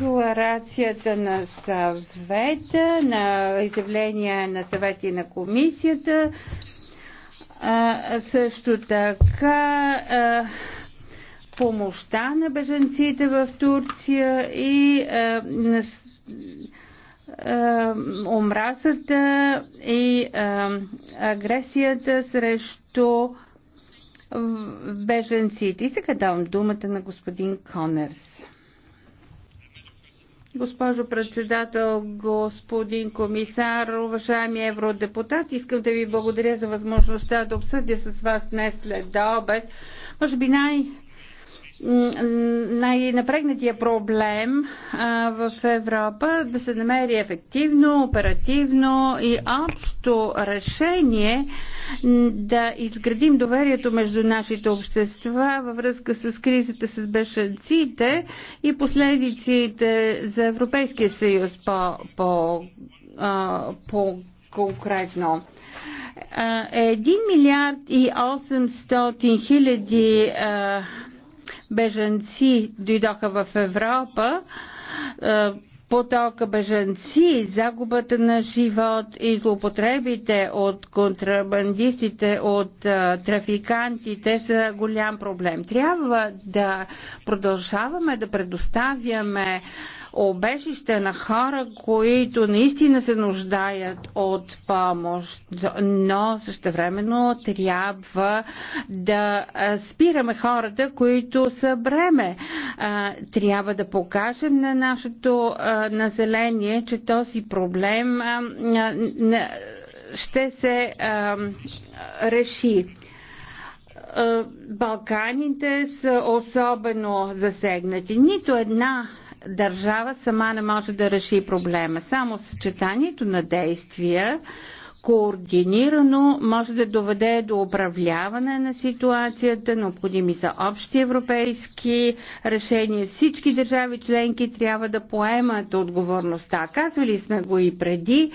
декларацията на съвета, на изявления на съвети и на комисията. А, също така а, помощта на беженците в Турция и а, на, а, омразата и а, агресията срещу беженците. И сега давам думата на господин Конерс. Госпожо председател, господин комисар, уважаеми евродепутат, искам да ви благодаря за възможността да обсъдя с вас днес след обед. Може би най- най-напрегнатия проблем в Европа да се намери ефективно, оперативно и общо решение да изградим доверието между нашите общества във връзка с кризата с бешенците и последиците за Европейския съюз по, по, по конкретно. Един милиард и 800 хиляди бежанци дойдоха в Европа, е, потока бежанци, загубата на живот и злоупотребите от контрабандистите, от е, трафикантите са голям проблем. Трябва да продължаваме да предоставяме обежище на хора, които наистина се нуждаят от помощ, но същевременно трябва да спираме хората, които са бреме. Трябва да покажем на нашето население, че този проблем ще се реши. Балканите са особено засегнати. Нито една държава сама не може да реши проблема. Само съчетанието на действия координирано може да доведе до управляване на ситуацията, необходими са общи европейски решения. Всички държави членки трябва да поемат отговорността. Казвали сме го и преди.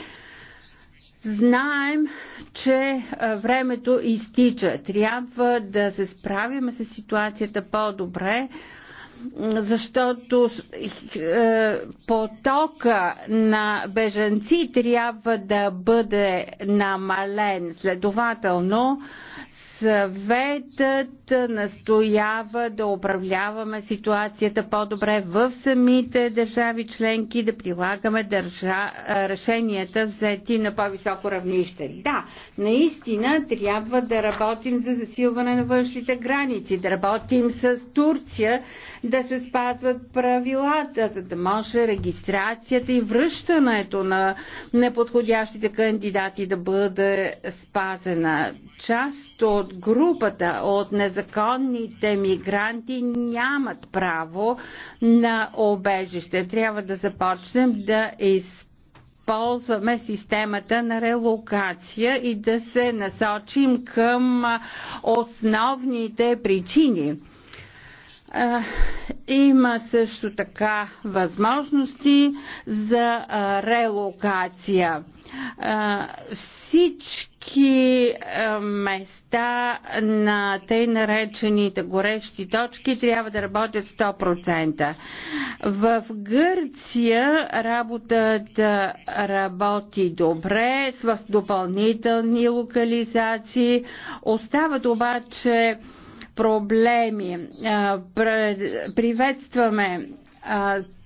Знаем, че времето изтича. Трябва да се справим с ситуацията по-добре защото е, потока на бежанци трябва да бъде намален. Следователно, Съветът настоява да управляваме ситуацията по-добре в самите държави членки, да прилагаме държа... решенията взети на по-високо равнище. Да, наистина трябва да работим за засилване на външните граници, да работим с Турция, да се спазват правилата, за да може регистрацията и връщането на неподходящите кандидати да бъде спазена. Част от от групата от незаконните мигранти нямат право на обежище. Трябва да започнем да използваме ползваме системата на релокация и да се насочим към основните причини. Има също така възможности за релокация. Всички всички е, места на тъй наречените горещи точки трябва да работят 100%. В Гърция работата работи добре с допълнителни локализации. Остават обаче проблеми. Е, приветстваме е,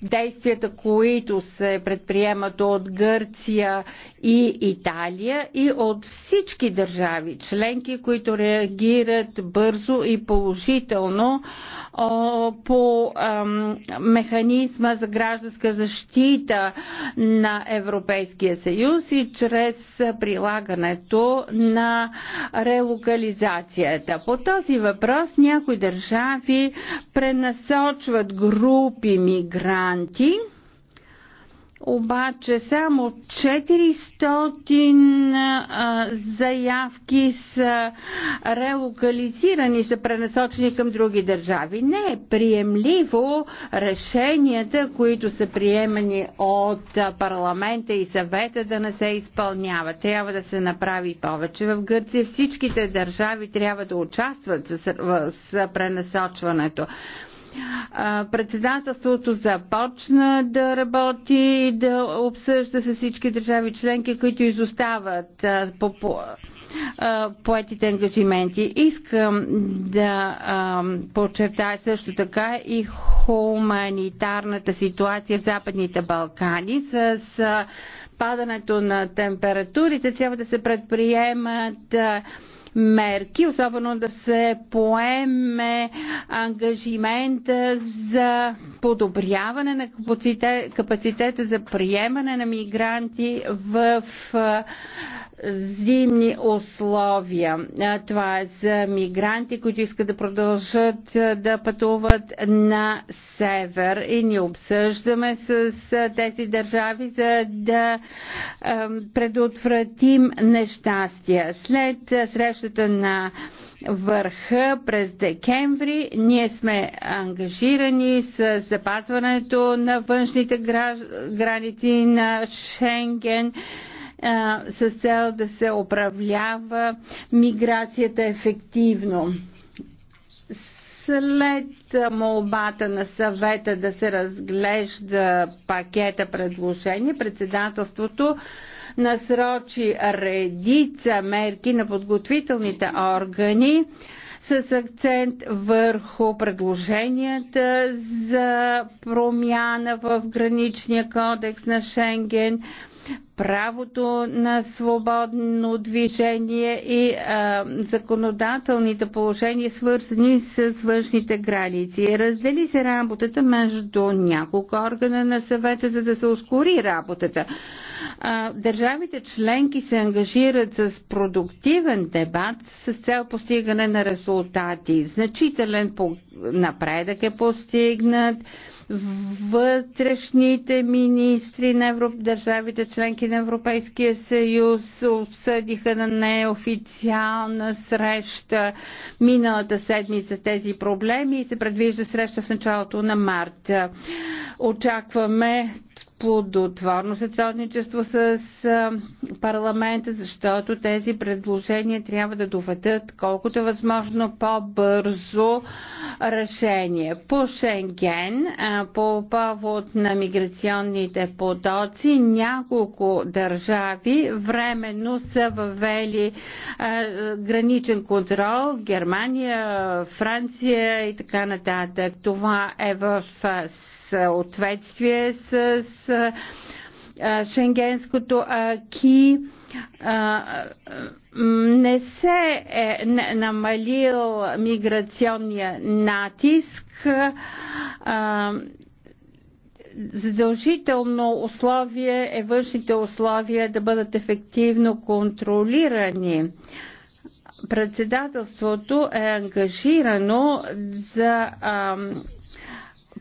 действията, които се предприемат от Гърция и Италия и от всички държави членки, които реагират бързо и положително о, по механизма за гражданска защита на Европейския съюз и чрез прилагането на релокализацията. По този въпрос някои държави пренасочват групи мигранти мигранти, обаче само 400 заявки са релокализирани, са пренасочени към други държави. Не е приемливо решенията, които са приемани от парламента и съвета да не се изпълняват. Трябва да се направи повече. В Гърция всичките държави трябва да участват с пренасочването. Председателството започна да работи и да обсъжда с всички държави членки, които изостават по, поетите ангажименти. Искам да подчертая също така и хуманитарната ситуация в Западните Балкани с падането на температурите. Трябва да се предприемат мерки, особено да се поеме ангажимента за подобряване на капацитета за приемане на мигранти в зимни условия. Това е за мигранти, които искат да продължат да пътуват на север. И ни обсъждаме с тези държави, за да предотвратим нещастия. След срещата на върха през декември ние сме ангажирани с запазването на външните граници на Шенген с цел да се управлява миграцията ефективно след молбата на съвета да се разглежда пакета предложения, председателството насрочи редица мерки на подготвителните органи с акцент върху предложенията за промяна в граничния кодекс на Шенген, правото на свободно движение и а, законодателните положения, свързани с външните граници. Раздели се работата между няколко органа на съвета, за да се ускори работата. А, държавите членки се ангажират с продуктивен дебат с цел постигане на резултати. Значителен напредък е постигнат Вътрешните министри на Европ... държавите членки на Европейския съюз обсъдиха на неофициална среща миналата седмица тези проблеми и се предвижда среща в началото на март. Очакваме плодотворно сътрудничество с парламента, защото тези предложения трябва да доведат колкото е възможно по-бързо решение. По Шенген, по повод на миграционните потоци, няколко държави временно са въвели граничен контрол Германия, Франция и така нататък. Това е в съответствие с шенгенското аки не се е намалил миграционния натиск. Задължително условие е външните условия да бъдат ефективно контролирани. Председателството е ангажирано за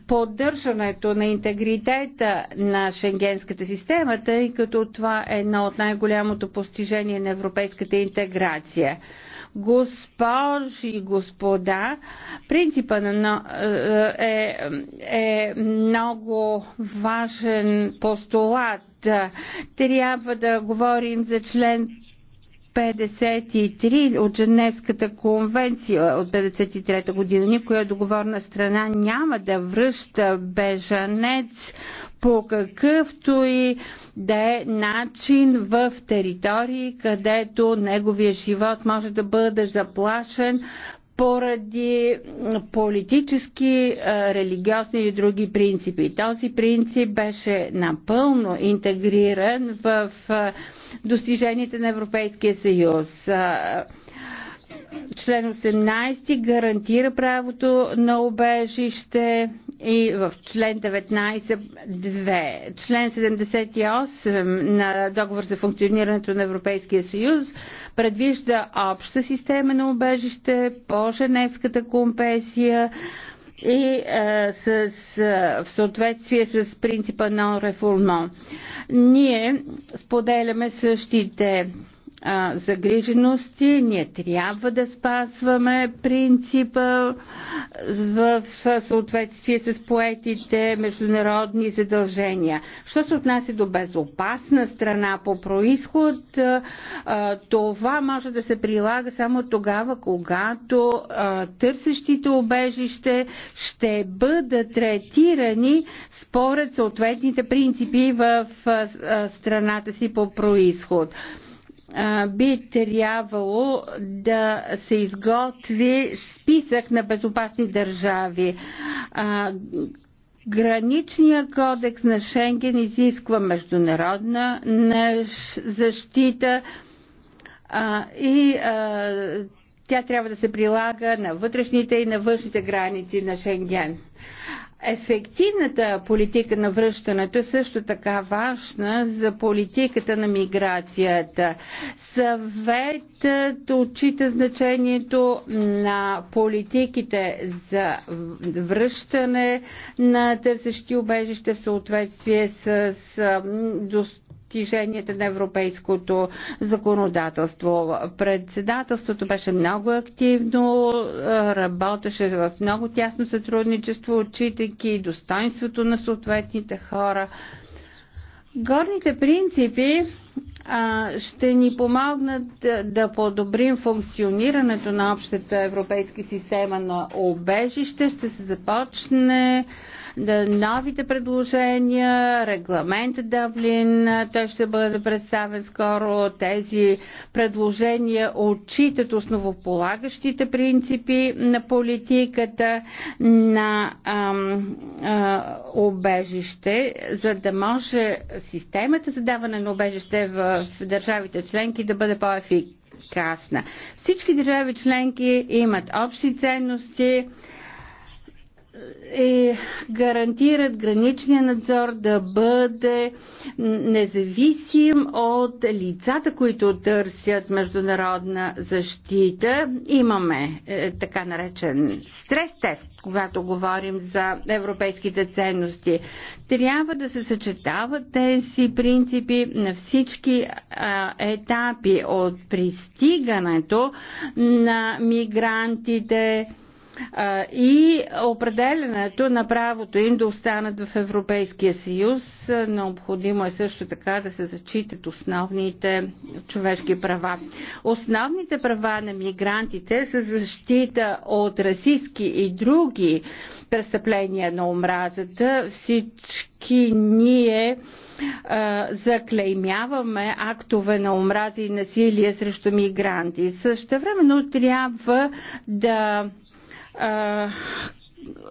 поддържането на интегритета на шенгенската система, тъй като това е едно от най-голямото постижение на европейската интеграция. Госпожи и господа, принципа на, е, е, е много важен постулат трябва да говорим за член 53 от Женевската конвенция от 53 година. Никоя договорна страна няма да връща бежанец по какъвто и да е начин в територии, където неговия живот може да бъде заплашен поради политически, религиозни или други принципи. Този принцип беше напълно интегриран в достиженията на Европейския съюз. Член 18 гарантира правото на обежище и в член 19.2. Член 78 на договор за функционирането на Европейския съюз предвижда обща система на убежище по Женевската компенсия и е, с, е, в съответствие с принципа на реформа. Ние споделяме същите а, загрижености, ние трябва да спазваме принципа в съответствие с поетите международни задължения. Що се отнася до безопасна страна по происход, а, това може да се прилага само тогава, когато а, търсещите обежище ще бъдат третирани според съответните принципи в а, страната си по происход би трябвало да се изготви списък на безопасни държави. Граничният кодекс на Шенген изисква международна защита и тя трябва да се прилага на вътрешните и на външните граници на Шенген. Ефективната политика на връщането е също така важна за политиката на миграцията. Съветът отчита значението на политиките за връщане на търсещи убежище в съответствие с достатъчно постиженията на европейското законодателство. Председателството беше много активно, работеше в много тясно сътрудничество, отчитайки достоинството на съответните хора. Горните принципи а, ще ни помогнат да подобрим функционирането на общата европейска система на обежище. Ще се започне а, новите предложения, регламент Дъблин, той ще бъде представен скоро. Тези предложения отчитат основополагащите принципи на политиката на ам, а, обежище, за да може системата за даване на обежище в държавите членки да бъде по-ефикасна. Всички държави членки имат общи ценности, е, гарантират граничния надзор да бъде независим от лицата, които търсят международна защита. Имаме е, така наречен стрес-тест, когато говорим за европейските ценности. Трябва да се съчетават тези принципи на всички е, етапи от пристигането на мигрантите, и определенето на правото им да останат в Европейския съюз. Необходимо е също така да се зачитат основните човешки права. Основните права на мигрантите са защита от расистски и други престъпления на омразата. Всички ние заклеймяваме актове на омраза и насилие срещу мигранти. времено трябва да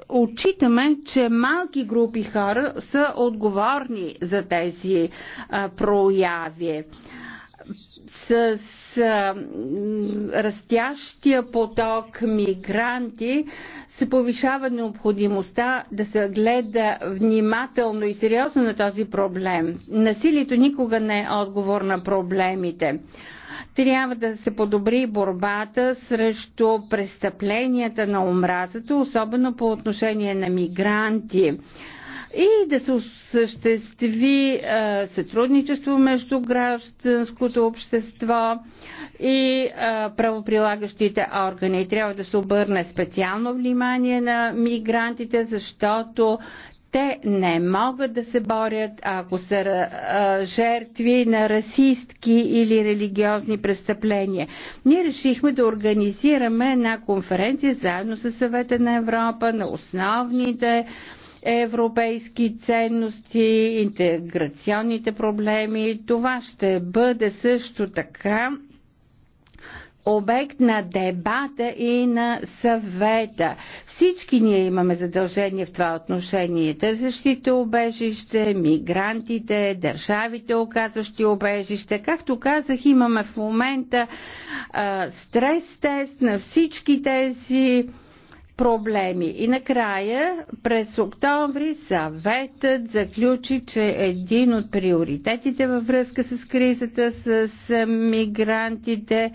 отчитаме, че малки групи хора са отговорни за тези а, прояви. С, с а, растящия поток мигранти се повишава необходимостта да се гледа внимателно и сериозно на този проблем. Насилието никога не е отговор на проблемите. Трябва да се подобри борбата срещу престъпленията на омразата, особено по отношение на мигранти и да се осъществи е, сътрудничество между гражданското общество и е, правоприлагащите органи. Трябва да се обърне специално внимание на мигрантите, защото те не могат да се борят, ако са а, жертви на расистки или религиозни престъпления. Ние решихме да организираме една конференция заедно с съвета на Европа на основните европейски ценности, интеграционните проблеми. Това ще бъде също така обект на дебата и на съвета. Всички ние имаме задължение в това отношение. Търсещите обежище, мигрантите, държавите, оказващи обежище. Както казах, имаме в момента а, стрес-тест на всички тези проблеми. И накрая, през октомври, съветът заключи, че един от приоритетите във връзка с кризата с, с мигрантите,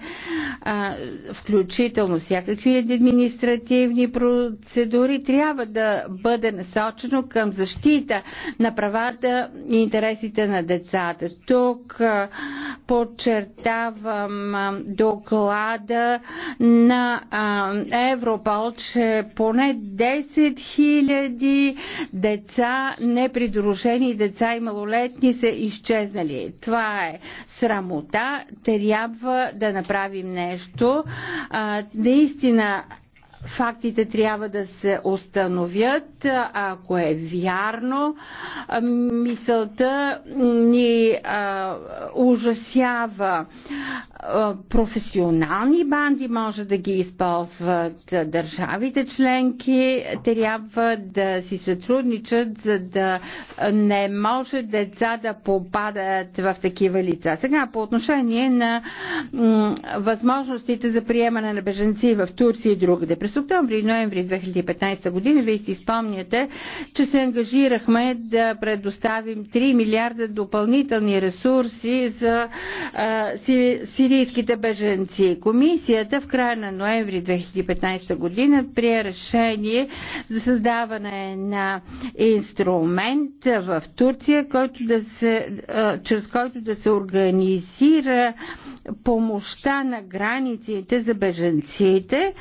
а, включително всякакви административни процедури, трябва да бъде насочено към защита на правата и интересите на децата. Тук а, подчертавам а, доклада на а, Европол, че поне 10 000 деца, непридружени деца и малолетни са изчезнали. Това е срамота. Трябва да направим нещо. А, наистина фактите трябва да се установят. Ако е вярно, мисълта ни а, ужасява. Професионални банди може да ги използват. Държавите членки трябва да си сътрудничат, за да не може деца да попадат в такива лица. Сега по отношение на възможностите за приемане на беженци в Турция и другаде. През през октомври и ноември 2015 година, вие си спомняте, че се ангажирахме да предоставим 3 милиарда допълнителни ресурси за а, си, сирийските беженци. Комисията в края на ноември 2015 година прие решение за създаване на инструмент в Турция, който да се, а, чрез който да се организира помощта на границите за беженците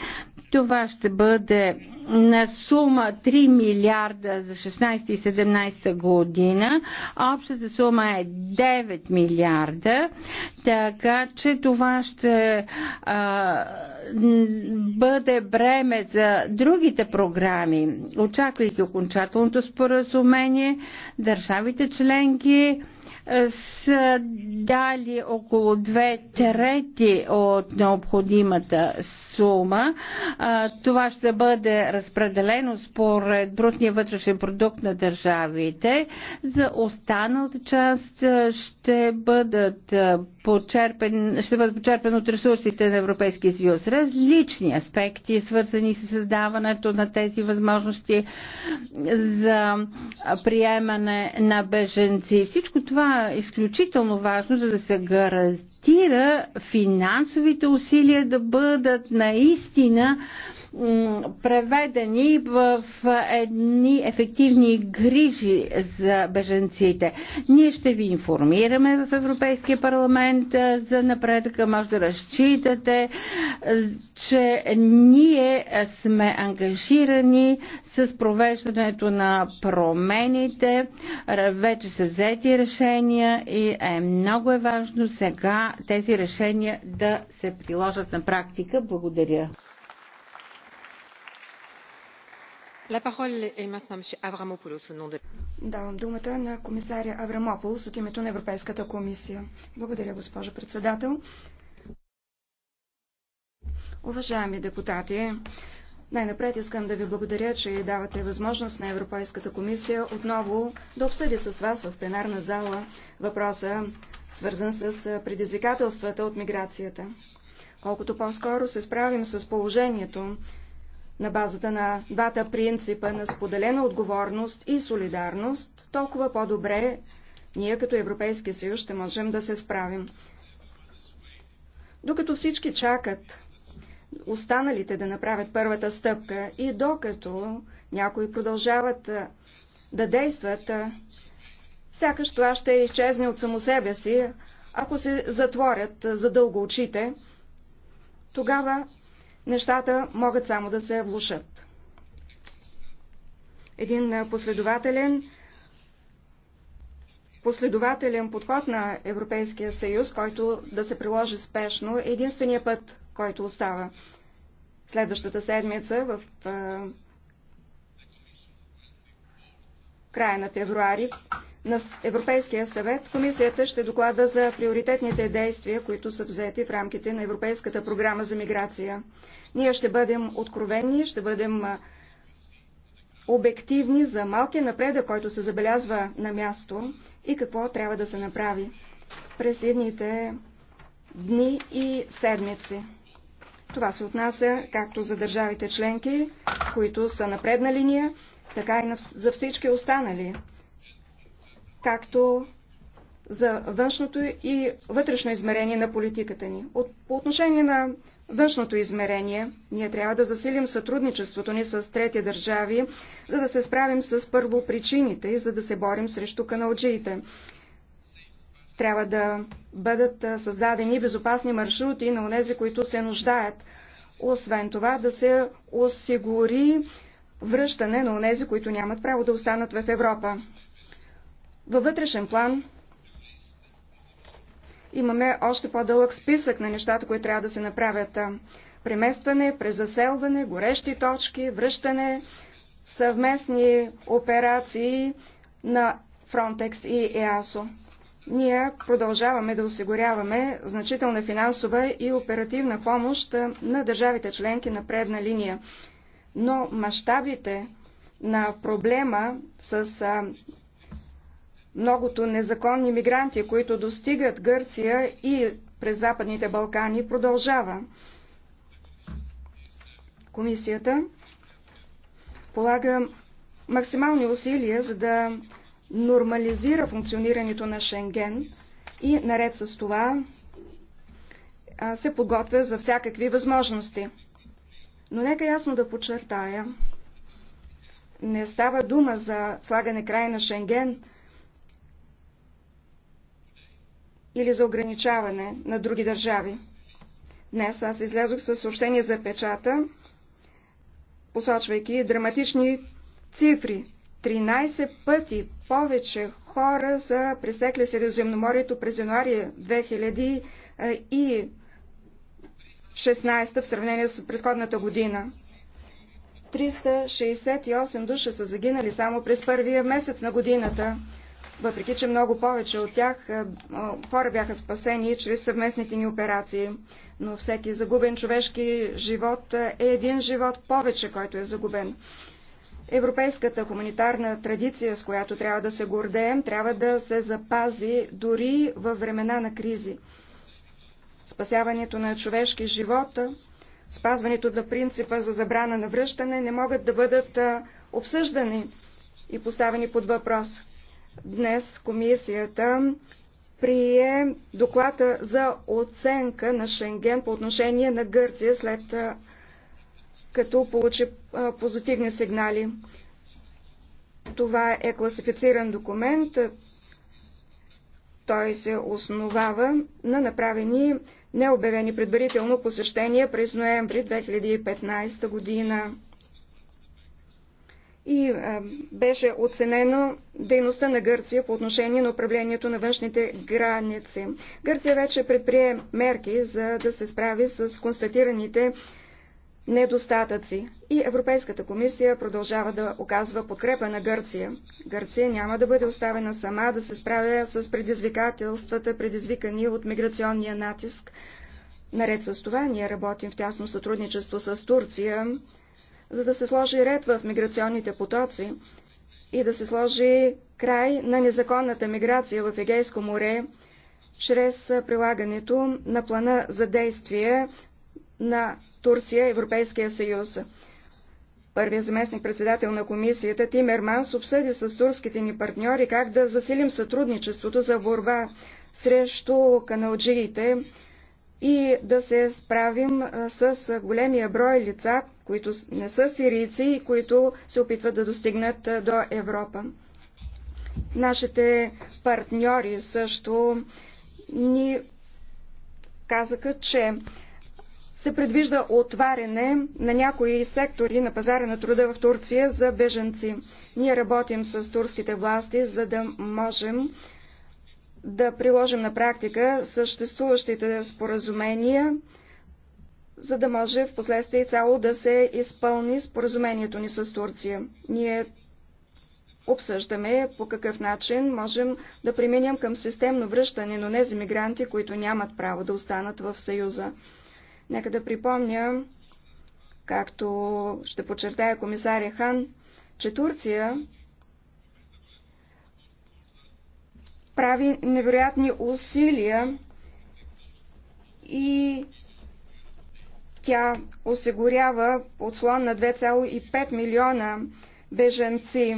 това ще бъде на сума 3 милиарда за 16 и 17 година. Общата сума е 9 милиарда. Така че това ще а, бъде бреме за другите програми. Очаквайки окончателното споразумение, държавите членки са дали около две трети от необходимата сума. Това ще бъде разпределено според брутния вътрешен продукт на държавите. За останалата част ще бъдат почерпен, ще бъдат почерпен от ресурсите на Европейския съюз. Различни аспекти, свързани с създаването на тези възможности за приемане на беженци. Всичко това е изключително важно, за да се гарантира инвестира финансовите усилия да бъдат наистина преведени в едни ефективни грижи за беженците. Ние ще ви информираме в Европейския парламент за напредъка. Може да разчитате, че ние сме ангажирани с провеждането на промените. Вече са взети решения и е много е важно сега тези решения да се приложат на практика. Благодаря. Давам думата на комисаря Аврамополос от името на Европейската комисия. Благодаря, госпожо председател. Уважаеми депутати, най-напред искам да ви благодаря, че давате възможност на Европейската комисия отново да обсъди с вас в пленарна зала въпроса, свързан с предизвикателствата от миграцията. Колкото по-скоро се справим с положението, на базата на двата принципа на споделена отговорност и солидарност, толкова по-добре ние като Европейски съюз ще можем да се справим. Докато всички чакат останалите да направят първата стъпка и докато някои продължават да действат, сякаш това ще изчезне от само себе си, ако се затворят дълго очите, тогава нещата могат само да се влушат. Един последователен, последователен подход на Европейския съюз, който да се приложи спешно, е единствения път, който остава. Следващата седмица в края на февруари на Европейския съвет комисията ще докладва за приоритетните действия, които са взети в рамките на Европейската програма за миграция. Ние ще бъдем откровени, ще бъдем обективни за малкия напредък, който се забелязва на място и какво трябва да се направи през едните дни и седмици. Това се отнася както за държавите членки, които са на предна линия, така и за всички останали както за външното и вътрешно измерение на политиката ни. От, по отношение на външното измерение, ние трябва да засилим сътрудничеството ни с трети държави, за да се справим с първо причините и за да се борим срещу каналджиите. Трябва да бъдат създадени безопасни маршрути на онези, които се нуждаят. Освен това, да се осигури връщане на онези, които нямат право да останат в Европа. Във вътрешен план имаме още по-дълъг списък на нещата, които трябва да се направят. Преместване, презаселване, горещи точки, връщане, съвместни операции на Frontex и EASO. Ние продължаваме да осигуряваме значителна финансова и оперативна помощ на държавите членки на предна линия. Но мащабите на проблема с Многото незаконни мигранти, които достигат Гърция и през Западните Балкани, продължава. Комисията полага максимални усилия, за да нормализира функционирането на Шенген и наред с това се подготвя за всякакви възможности. Но нека ясно да подчертая, не става дума за слагане край на Шенген, или за ограничаване на други държави. Днес аз излязох със съобщение за печата, посочвайки драматични цифри. 13 пъти повече хора са пресекли Средиземноморието през януари 2016 в сравнение с предходната година. 368 души са загинали само през първия месец на годината въпреки че много повече от тях е, хора бяха спасени чрез съвместните ни операции. Но всеки загубен човешки живот е, е един живот повече, който е загубен. Европейската хуманитарна традиция, с която трябва да се гордеем, трябва да се запази дори във времена на кризи. Спасяването на човешки живот, е, спазването на принципа за забрана на връщане не могат да бъдат обсъждани и поставени под въпрос. Днес комисията прие доклада за оценка на Шенген по отношение на Гърция след като получи позитивни сигнали. Това е класифициран документ. Той се основава на направени необявени предварително посещения през ноември 2015 година и беше оценено дейността на Гърция по отношение на управлението на външните граници. Гърция вече предприе мерки за да се справи с констатираните недостатъци и Европейската комисия продължава да оказва подкрепа на Гърция. Гърция няма да бъде оставена сама да се справя с предизвикателствата, предизвикани от миграционния натиск. Наред с това ние работим в тясно сътрудничество с Турция за да се сложи ред в миграционните потоци и да се сложи край на незаконната миграция в Егейско море чрез прилагането на плана за действие на Турция Европейския съюз. Първият заместник-председател на комисията Тимер Манс обсъди с турските ни партньори как да засилим сътрудничеството за борба срещу каналджиите, и да се справим с големия брой лица, които не са сирийци и които се опитват да достигнат до Европа. Нашите партньори също ни казаха, че се предвижда отваряне на някои сектори на пазара на труда в Турция за беженци. Ние работим с турските власти, за да можем да приложим на практика съществуващите споразумения, за да може в последствие цяло да се изпълни споразумението ни с Турция. Ние обсъждаме по какъв начин можем да преминем към системно връщане на тези мигранти, които нямат право да останат в Съюза. Нека да припомня, както ще подчертая комисаря Хан, че Турция прави невероятни усилия и тя осигурява подслон на 2,5 милиона беженци.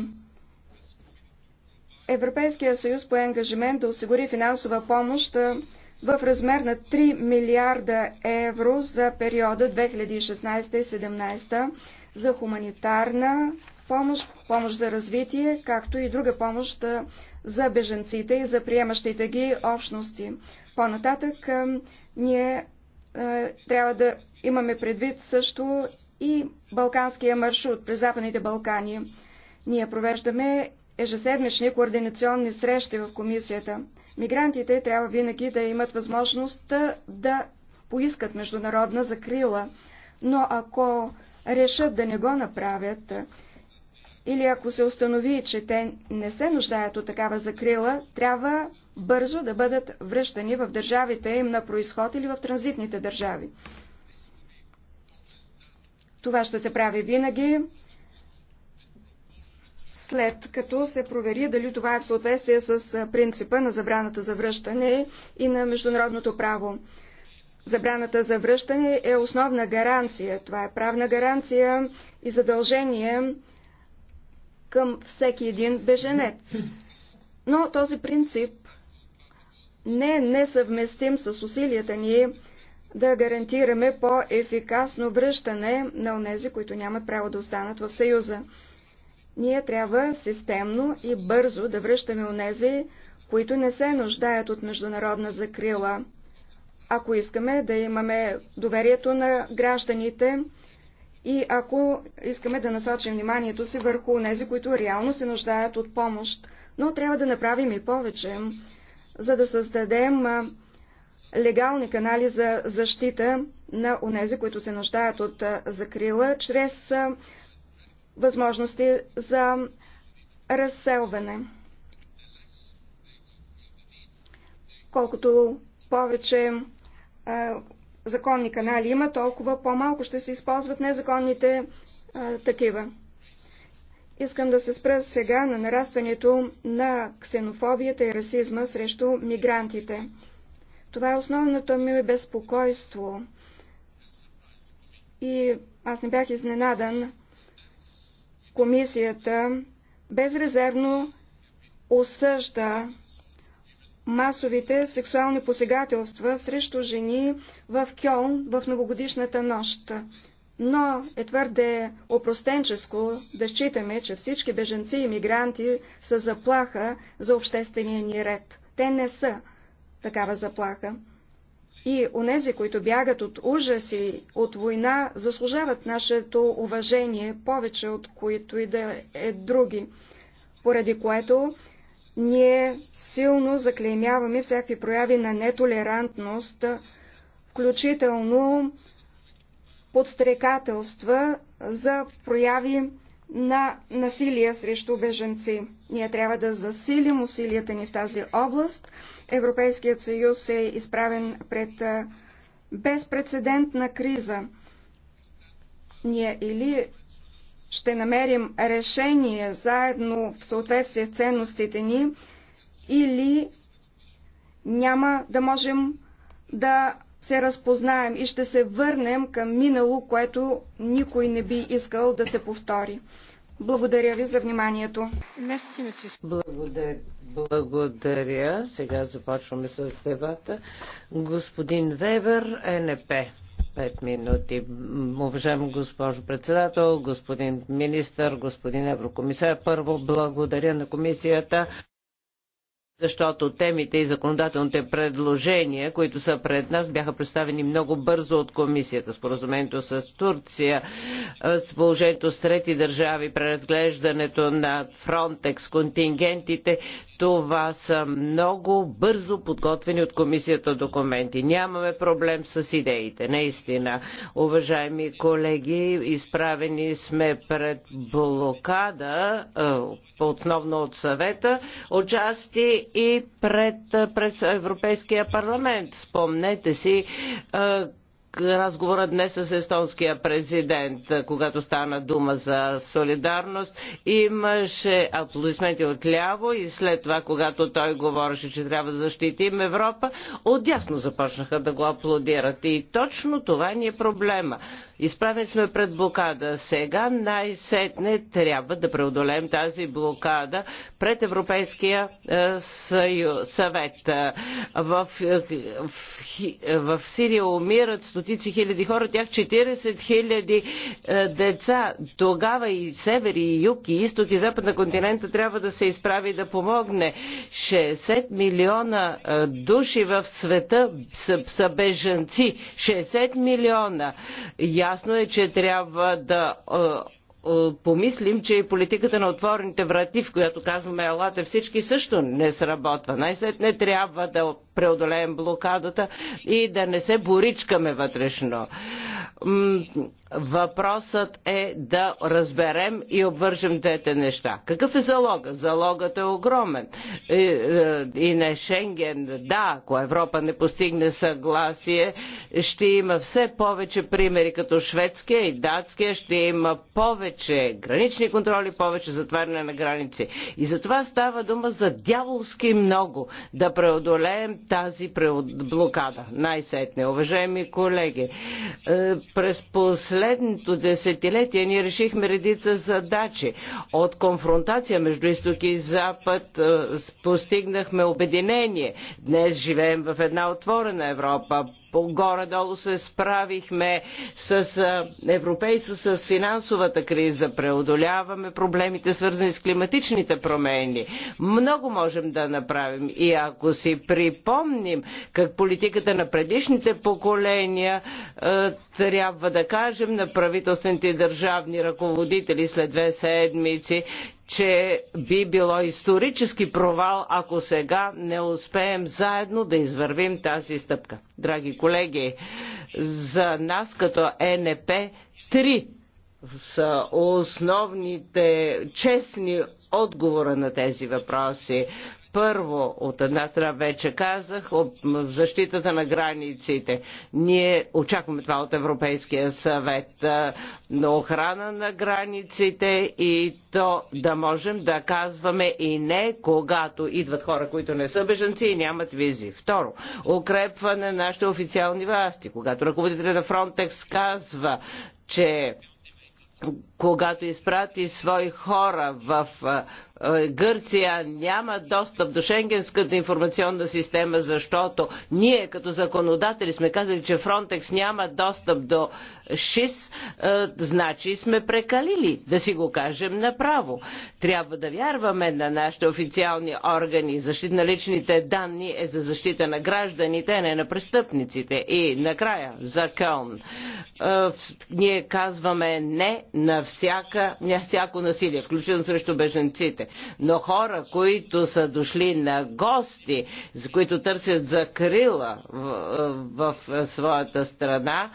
Европейския съюз по ангажимент да осигури финансова помощ в размер на 3 милиарда евро за периода 2016-2017 за хуманитарна помощ, помощ за развитие, както и друга помощ за беженците и за приемащите ги общности. По-нататък е, ние е, трябва да имаме предвид също и Балканския маршрут през Западните Балкани. Ние провеждаме ежеседмични координационни срещи в комисията. Мигрантите трябва винаги да имат възможност да поискат международна закрила, но ако решат да не го направят или ако се установи, че те не се нуждаят от такава закрила, трябва бързо да бъдат връщани в държавите им на происход или в транзитните държави. Това ще се прави винаги, след като се провери дали това е в съответствие с принципа на забраната за връщане и на международното право. Забраната за връщане е основна гаранция. Това е правна гаранция и задължение към всеки един беженец. Но този принцип не е несъвместим с усилията ни да гарантираме по-ефикасно връщане на онези, които нямат право да останат в Съюза. Ние трябва системно и бързо да връщаме онези, които не се нуждаят от международна закрила. Ако искаме да имаме доверието на гражданите, и ако искаме да насочим вниманието си върху тези, които реално се нуждаят от помощ. Но трябва да направим и повече, за да създадем легални канали за защита на онези, които се нуждаят от закрила, чрез възможности за разселване. Колкото повече законни канали има, толкова по-малко ще се използват незаконните а, такива. Искам да се спра сега на нарастването на ксенофобията и расизма срещу мигрантите. Това е основното ми безпокойство. И аз не бях изненадан. Комисията безрезервно осъжда масовите сексуални посегателства срещу жени в Кьолн в новогодишната нощ. Но е твърде опростенческо да считаме, че всички беженци и мигранти са заплаха за обществения ни ред. Те не са такава заплаха. И онези, които бягат от ужаси, от война, заслужават нашето уважение повече от които и да е други, поради което ние силно заклеймяваме всякакви прояви на нетолерантност, включително подстрекателства за прояви на насилие срещу беженци. Ние трябва да засилим усилията ни в тази област. Европейският съюз е изправен пред безпредседентна криза. Ние или ще намерим решение заедно в съответствие с ценностите ни или няма да можем да се разпознаем и ще се върнем към минало, което никой не би искал да се повтори. Благодаря ви за вниманието. Благодаря. Благодаря. Сега започваме с дебата. Господин Вебер, НП. Пет минути. Уважаема госпожо председател, господин министър, господин еврокомисар, първо благодаря на комисията защото темите и законодателните предложения, които са пред нас, бяха представени много бързо от комисията. Споразумението с Турция, положението с трети държави, преразглеждането на Фронтекс, контингентите, това са много бързо подготвени от комисията документи. Нямаме проблем с идеите, наистина. Уважаеми колеги, изправени сме пред блокада, е, основно от съвета, отчасти и пред, пред Европейския парламент. Спомнете си е, разговора днес с естонския президент, когато стана дума за солидарност. Имаше аплодисменти от ляво и след това, когато той говореше, че трябва да защитим Европа, отдясно започнаха да го аплодират. И точно това ни е проблема. Изправени сме пред блокада. Сега най-сетне трябва да преодолеем тази блокада пред Европейския е, съвет. В, е, в, в Сирия умират стотици хиляди хора, тях 40 хиляди е, деца. Тогава и север, и юг, и изток, и запад на континента трябва да се изправи да помогне. 60 милиона души в света са, са бежанци. 60 милиона. Ясно е, че трябва да е, е, помислим, че и политиката на отворените врати, в която казваме елате всички, също не сработва. Най-сетне трябва да преодолеем блокадата и да не се боричкаме вътрешно въпросът е да разберем и обвържем двете неща. Какъв е залога? Залогът е огромен. И, е, е, и не Шенген, да, ако Европа не постигне съгласие, ще има все повече примери като шведския и датския, ще има повече гранични контроли, повече затваряне на граници. И за това става дума за дяволски много да преодолеем тази блокада. Най-сетне, уважаеми колеги е, през последното десетилетие ние решихме редица задачи. От конфронтация между изток и запад е, постигнахме обединение. Днес живеем в една отворена Европа, горе-долу се справихме с европейство, с финансовата криза, преодоляваме проблемите свързани с климатичните промени. Много можем да направим и ако си припомним как политиката на предишните поколения трябва да кажем на правителствените и държавни ръководители след две седмици, че би било исторически провал, ако сега не успеем заедно да извървим тази стъпка. Драги колеги, за нас като ЕНП три са основните честни отговора на тези въпроси. Първо, от една страна вече казах, защитата на границите. Ние очакваме това от Европейския съвет на охрана на границите и то да можем да казваме и не, когато идват хора, които не са бежанци и нямат визи. Второ, укрепване на нашите официални власти. Когато ръководителя на Фронтекс казва, че когато изпрати свои хора в е, Гърция няма достъп до Шенгенската информационна система, защото ние като законодатели сме казали, че Фронтекс няма достъп до ШИС, е, значи сме прекалили, да си го кажем направо. Трябва да вярваме на нашите официални органи. Защита на личните данни е за защита на гражданите, а не на престъпниците. И накрая, за Кълн. Е, ние казваме не на, всяка, на всяко насилие, включително срещу беженците тук. Но хора, които са дошли на гости, за които търсят закрила в, в, в своята страна,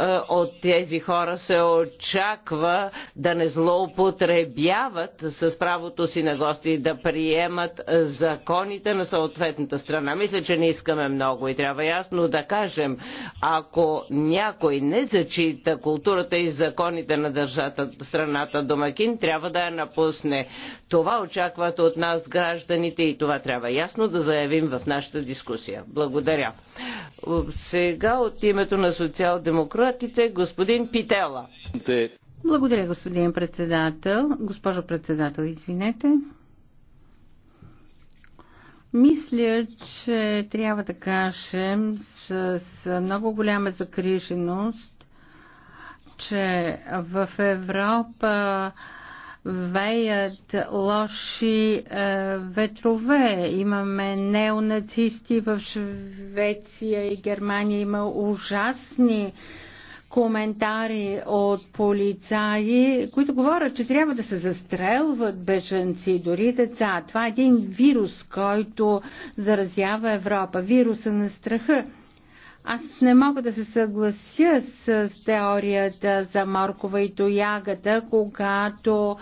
е, от тези хора се очаква да не злоупотребяват с правото си на гости да приемат законите на съответната страна. Мисля, че не искаме много и трябва ясно да кажем, ако някой не зачита културата и законите на държата, страната домакин, трябва да я напусне. Това очакват от нас гражданите и това трябва ясно да заявим в нашата дискусия. Благодаря. Сега от името на социал-демократите господин Питела. Благодаря, господин председател. Госпожо председател, извинете. Мисля, че трябва да кажем с, с много голяма загриженост, че в Европа веят лоши е, ветрове. Имаме неонацисти в Швеция и Германия. Има ужасни коментари от полицаи, които говорят, че трябва да се застрелват беженци, дори деца. Това е един вирус, който заразява Европа. Вируса на страха. Аз не мога да се съглася с теорията за моркова и тоягата, когато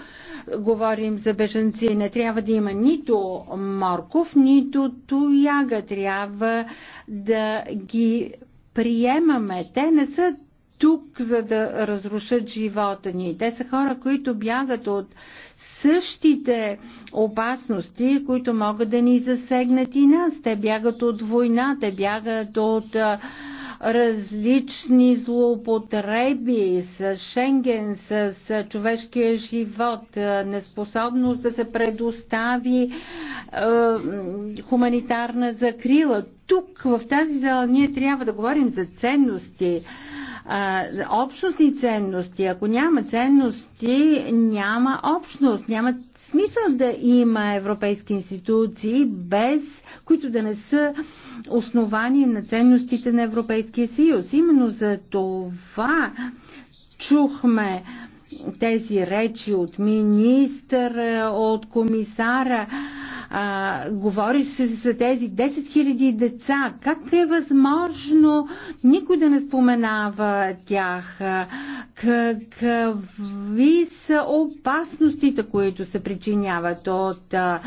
говорим за беженци. Не трябва да има нито морков, нито тояга. Трябва да ги приемаме. Те не са тук, за да разрушат живота ни. Те са хора, които бягат от същите опасности, които могат да ни засегнат и нас. Те бягат от война, те бягат от различни злоупотреби с Шенген, с човешкия живот, неспособност да се предостави е, хуманитарна закрила. Тук, в тази зала, ние трябва да говорим за ценности, а, общностни ценности. Ако няма ценности, няма общност, няма смисъл да има европейски институции, без които да не са основани на ценностите на Европейския съюз. Именно за това чухме тези речи от министър, от комисара а, говори се за тези 10 000 деца. Как е възможно никой да не споменава тях? Какви са опасностите, които се причиняват от а,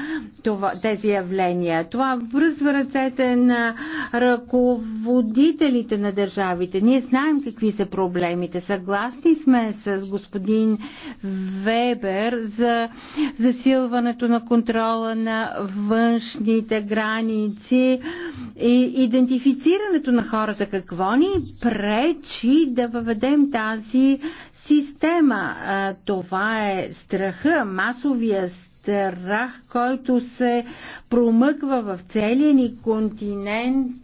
това, тези явления? Това връзва ръцете на ръководителите на държавите. Ние знаем какви са проблемите. Съгласни сме с господин Вебер за засилването на контрола на външните граници и идентифицирането на хората какво ни пречи да въведем тази система. Това е страха, масовия страх, който се промъква в целия ни континент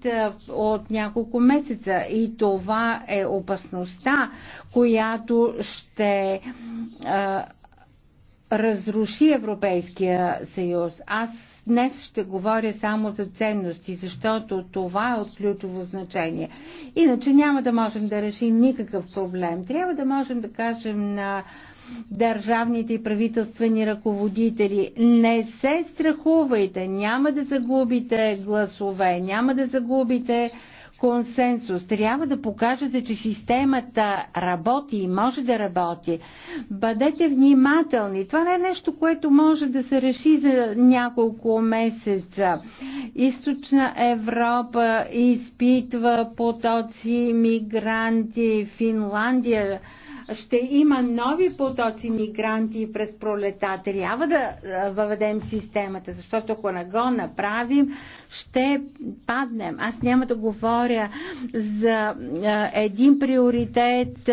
от няколко месеца. И това е опасността, която ще разруши Европейския съюз. Аз днес ще говоря само за ценности, защото това е от ключово значение. Иначе няма да можем да решим никакъв проблем. Трябва да можем да кажем на държавните и правителствени ръководители. Не се страхувайте, няма да загубите гласове, няма да загубите консенсус. Трябва да покажете, че системата работи и може да работи. Бъдете внимателни. Това не е нещо, което може да се реши за няколко месеца. Източна Европа изпитва потоци мигранти. Финландия ще има нови потоци мигранти през пролета. Трябва да въведем системата, защото ако не го направим, ще паднем. Аз няма да говоря за един приоритет,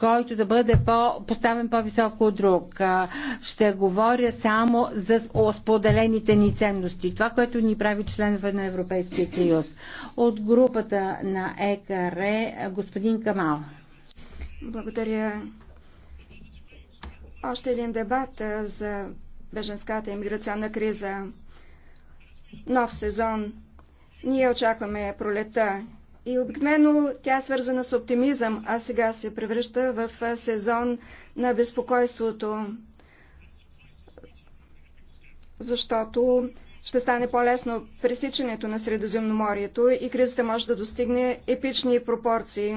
който да бъде по, поставен по-високо от друг. Ще говоря само за споделените ни ценности. Това, което ни прави членове на Европейския съюз. От групата на ЕКР господин Камал. Благодаря. Още един дебат за беженската иммиграционна криза. Нов сезон. Ние очакваме пролета. И обикновено тя е свързана с оптимизъм, а сега се превръща в сезон на безпокойството. Защото ще стане по-лесно пресичането на Средоземноморието и кризата може да достигне епични пропорции.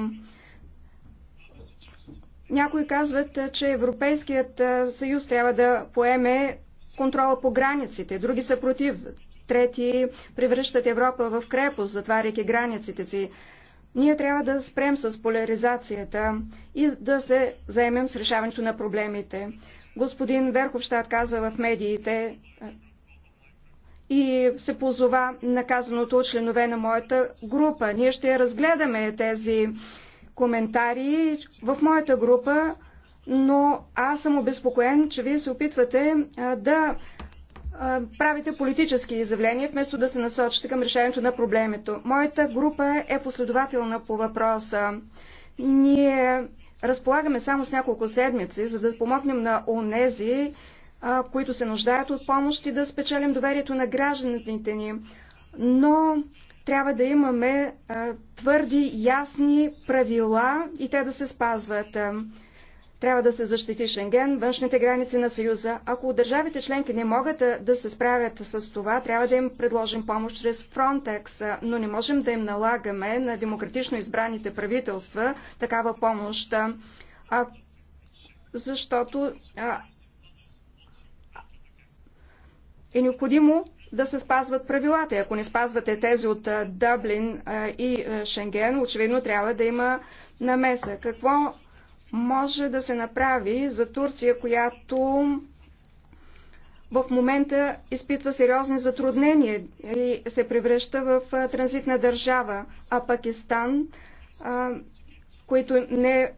Някои казват, че Европейският съюз трябва да поеме контрола по границите, други са против, трети превръщат Европа в крепост, затваряйки границите си. Ние трябва да спрем с поляризацията и да се заемем с решаването на проблемите. Господин Верховщад каза в медиите и се позова наказаното от членове на моята група. Ние ще разгледаме тези коментари в моята група, но аз съм обезпокоен, че вие се опитвате да правите политически изявления, вместо да се насочите към решението на проблемето. Моята група е последователна по въпроса. Ние разполагаме само с няколко седмици, за да помогнем на онези, които се нуждаят от помощ и да спечелим доверието на гражданите ни. Но трябва да имаме твърди, ясни правила и те да се спазват. Трябва да се защити Шенген, външните граници на Съюза. Ако държавите членки не могат да се справят с това, трябва да им предложим помощ чрез Frontex, но не можем да им налагаме на демократично избраните правителства такава помощ, а, защото а, е необходимо да се спазват правилата. Ако не спазвате тези от Дъблин и Шенген, очевидно трябва да има намеса. Какво може да се направи за Турция, която в момента изпитва сериозни затруднения и се превръща в транзитна държава, а Пакистан които не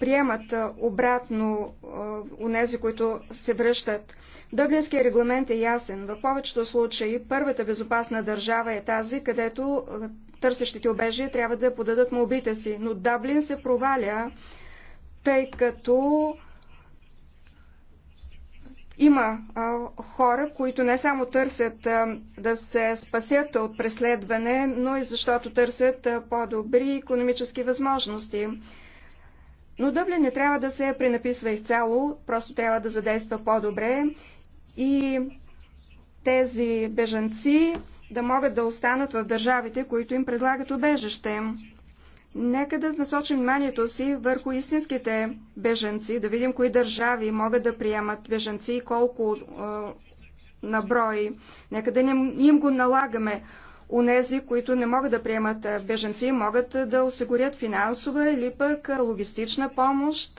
приемат обратно онези, които се връщат. Дъблинският регламент е ясен. В повечето случаи първата безопасна държава е тази, където търсещите обежие трябва да подадат молбите си. Но Дъблин се проваля, тъй като има а, хора, които не само търсят а, да се спасят от преследване, но и защото търсят по-добри економически възможности. Но Дъблин не трябва да се пренаписва изцяло, просто трябва да задейства по-добре и тези бежанци да могат да останат в държавите, които им предлагат убежище. Нека да насочим вниманието си върху истинските беженци, да видим кои държави могат да приемат беженци и колко е, наброи. Нека да не им го налагаме. Унези, които не могат да приемат е, беженци, могат е, да осигурят финансова или пък е, логистична помощ,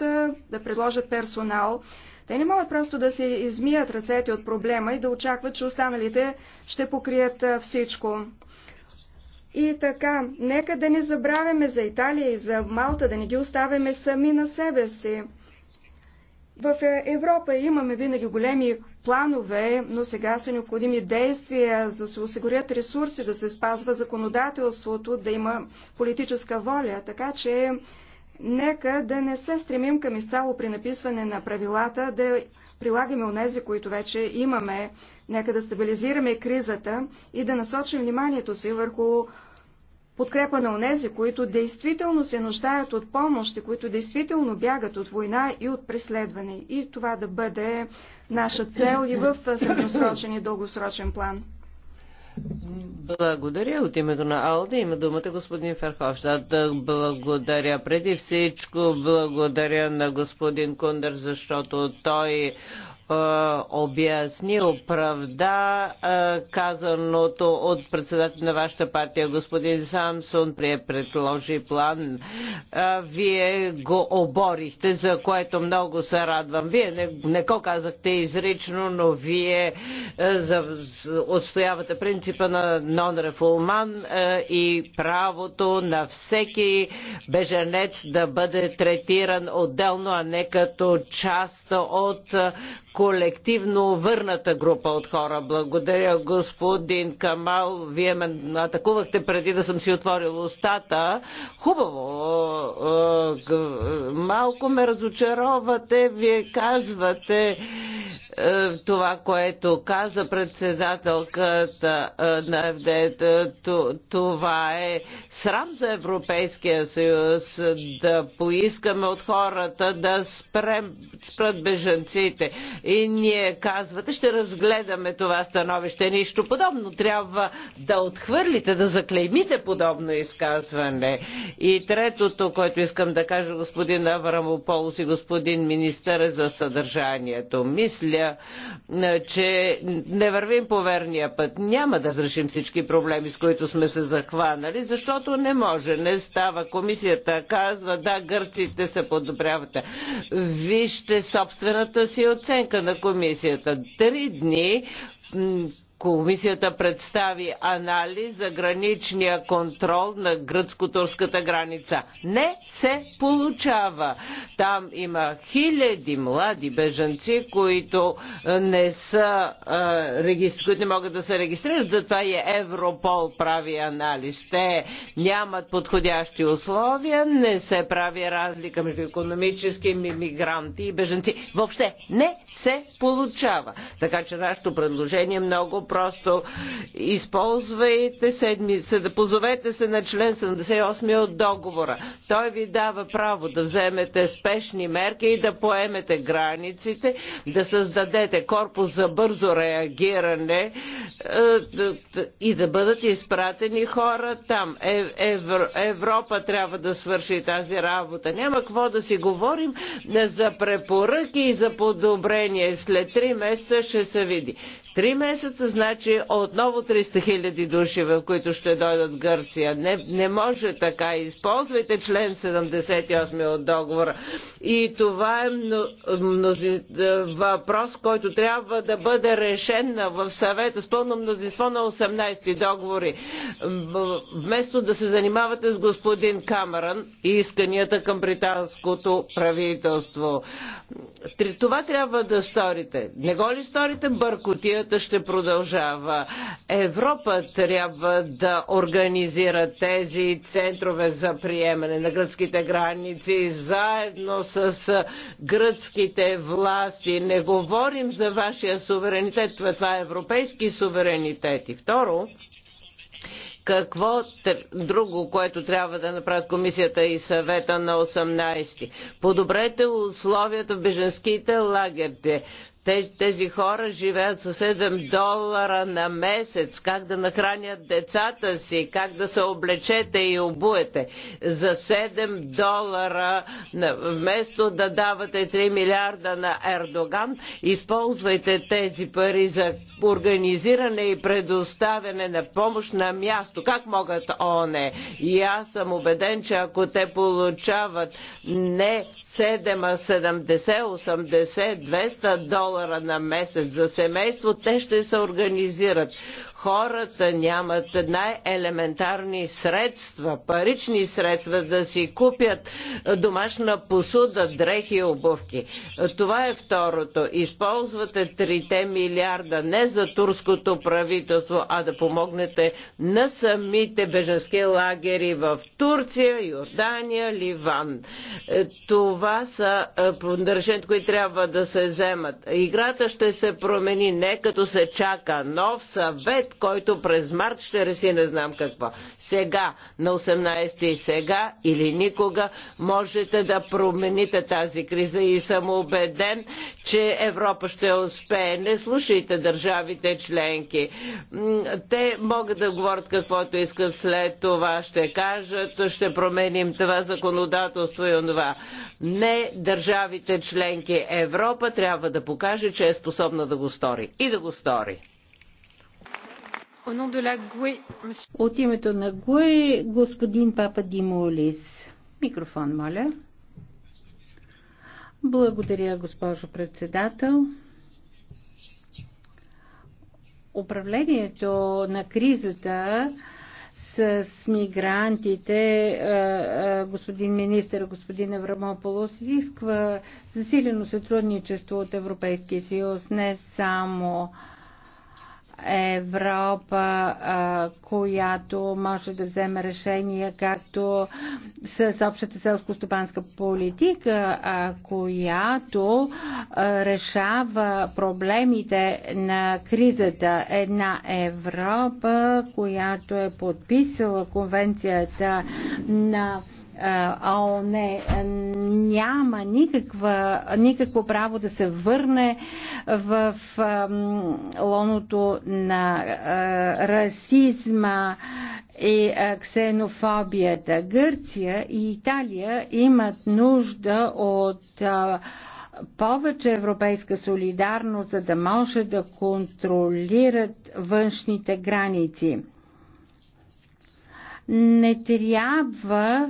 да предложат персонал. Те не могат просто да се измият ръцете от проблема и да очакват, че останалите ще покрият всичко. И така, нека да не забравяме за Италия и за Малта, да не ги оставяме сами на себе си. В е, Европа имаме винаги големи планове, но сега са необходими действия, за да се осигурят ресурси, да се спазва законодателството, да има политическа воля. Така че нека да не се стремим към изцяло при написване на правилата, да прилагаме онези, които вече имаме, нека да стабилизираме кризата и да насочим вниманието си върху подкрепа на онези, които действително се нуждаят от помощ и които действително бягат от война и от преследване. И това да бъде наша цел и в средносрочен и дългосрочен план. Благодаря от името на Алда. Има думата господин Ферховщад. Благодаря преди всичко. Благодаря на господин Кундър, защото той е, обясни, оправда е, казаното от председател на вашата партия господин Самсон, прие предложи план. Е, вие го оборихте, за което много се радвам. Вие не, не го казахте изрично, но вие за, отстоявате принципа на нон-рефулман и правото на всеки беженец да бъде третиран отделно, а не като част от колективно върната група от хора. Благодаря, господин Камал. Вие ме атакувахте преди да съм си отворил устата. Хубаво. Малко ме разочаровате. Вие казвате това, което каза председателката на ФД. Това е срам за Европейския съюз да поискаме от хората да спрем, спрат бежанците. И ние казвате, ще разгледаме това становище. Нищо подобно. Трябва да отхвърлите, да заклеймите подобно изказване. И третото, което искам да кажа господин Аврамополос и господин министър е за съдържанието. Мисля, че не вървим по верния път. Няма да разрешим всички проблеми, с които сме се захванали, защото не може, не става. Комисията казва, да, гърците се подобрявате. Вижте собствената си оценка оценка на комисията. Три дни Комисията представи анализ за граничния контрол на гръцко-турската граница. Не се получава. Там има хиляди млади бежанци, които не, са, които не могат да се регистрират. Затова и Европол прави анализ. Те нямат подходящи условия, не се прави разлика между економически мигранти и бежанци. Въобще не се получава. Така че нашето предложение е много Просто използвайте седми, се, да позовете се на член 78 от договора. Той ви дава право да вземете спешни мерки и да поемете границите, да създадете корпус за бързо реагиране е, и да бъдат изпратени хора там. Е, Европа трябва да свърши тази работа. Няма какво да си говорим за препоръки и за подобрение. След три месеца ще се види. Три месеца, значи отново 300 хиляди души, в които ще дойдат Гърция. Не, не може така. Използвайте член 78 от договора. И това е мнози... Е, въпрос, който трябва да бъде решен в съвета с пълно мнозинство на 18 договори. Вместо да се занимавате с господин Камерън и исканията към британското правителство. Това трябва да сторите. Не го ли сторите бъркотия историята ще продължава. Европа трябва да организира тези центрове за приемане на гръцките граници заедно с гръцките власти. Не говорим за вашия суверенитет, това е европейски суверенитет. И второ, какво друго, което трябва да направят комисията и съвета на 18. ти Подобрете условията в беженските лагерите тези хора живеят със 7 долара на месец. Как да нахранят децата си, как да се облечете и обуете. За 7 долара, вместо да давате 3 милиарда на Ердоган, използвайте тези пари за организиране и предоставяне на помощ на място. Как могат оне? И аз съм убеден, че ако те получават не 7, 70, 80, 200 долара на месец за семейство, те ще се организират хората нямат най-елементарни средства, парични средства да си купят домашна посуда, дрехи и обувки. Това е второто. Използвате 3 милиарда не за турското правителство, а да помогнете на самите беженски лагери в Турция, Йордания, Ливан. Е, това са е, решението, които трябва да се вземат. Играта ще се промени не като се чака нов съвет, който през март ще реши не знам какво. Сега, на 18 и сега или никога, можете да промените тази криза и съм убеден, че Европа ще успее. Не слушайте държавите членки. Те могат да говорят каквото искат след това, ще кажат, ще променим това законодателство и онова. Не държавите членки. Европа трябва да покаже, че е способна да го стори. И да го стори. E, от името на ГУЕ, e, господин Папа Димолис. Микрофон, моля. Благодаря, госпожо председател. Управлението на кризата с мигрантите, е, е, господин министър, господин Еврамополос, изисква засилено сътрудничество от Европейския съюз, не само Европа, която може да вземе решения както с общата селско-стопанска политика, която решава проблемите на кризата. Една Европа, която е подписала конвенцията на ООН няма никаква, никакво право да се върне в лоното на расизма и ксенофобията. Гърция и Италия имат нужда от повече европейска солидарност, за да може да контролират външните граници. Не трябва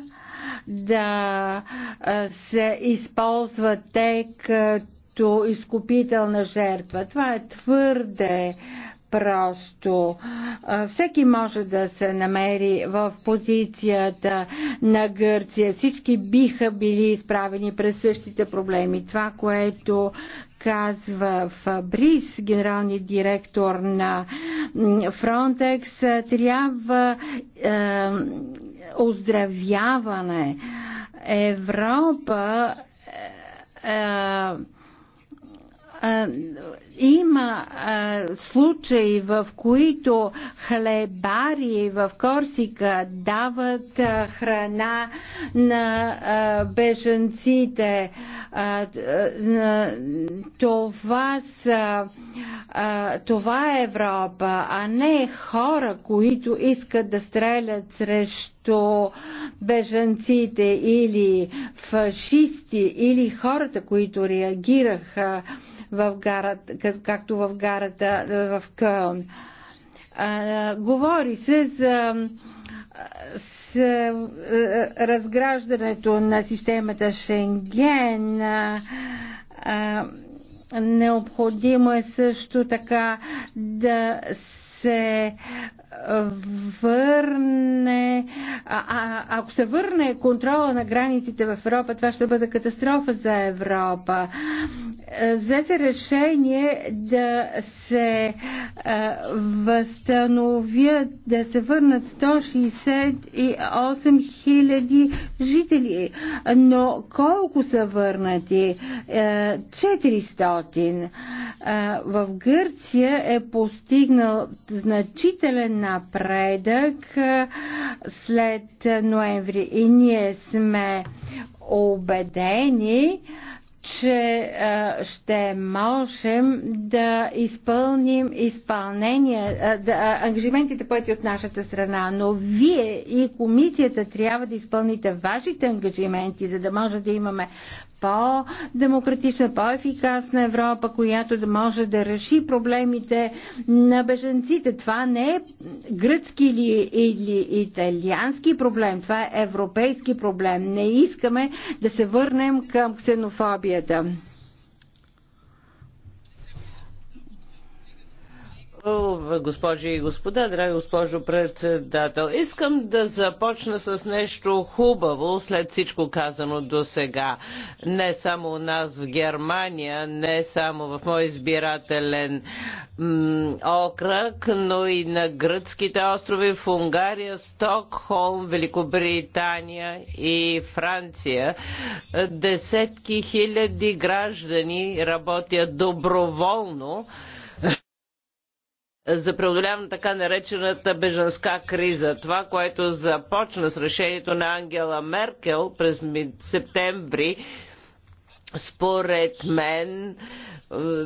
да се използва те като изкупителна жертва. Това е твърде просто. Всеки може да се намери в позицията на Гърция. Всички биха били изправени през същите проблеми. Това, което казва Фабрис, генералният директор на Фронтекс, трябва е, оздравяване. Европа е, е, има а, случаи, в които хлебари в Корсика дават а, храна на а, беженците. А, това, са, а, това е Европа, а не хора, които искат да стрелят срещу беженците или фашисти или хората, които реагираха в гарата, както в гарата в Кълн. Говори се за с разграждането на системата Шенген. Необходимо е също така да се върне, а, а, ако се върне контрола на границите в Европа, това ще бъде катастрофа за Европа. Взе се решение да се а, възстановят, да се върнат 168 хиляди жители, но колко са върнати? 400. Е, в Гърция е постигнал значителен напредък след ноември и ние сме убедени, че ще можем да изпълним изпълнение, да, ангажиментите пъти от нашата страна, но вие и комисията трябва да изпълните вашите ангажименти, за да може да имаме по-демократична, по-ефикасна Европа, която да може да реши проблемите на беженците. Това не е гръцки или, или италиански проблем, това е европейски проблем. Не искаме да се върнем към ксенофобията. Госпожи и господа, драги госпожо председател, искам да започна с нещо хубаво след всичко казано до сега. Не само у нас в Германия, не само в мой избирателен окръг, но и на гръцките острови в Унгария, Стокхолм, Великобритания и Франция. Десетки хиляди граждани работят доброволно за преодоляване така наречената бежанска криза. Това, което започна с решението на Ангела Меркел през септември, според мен е,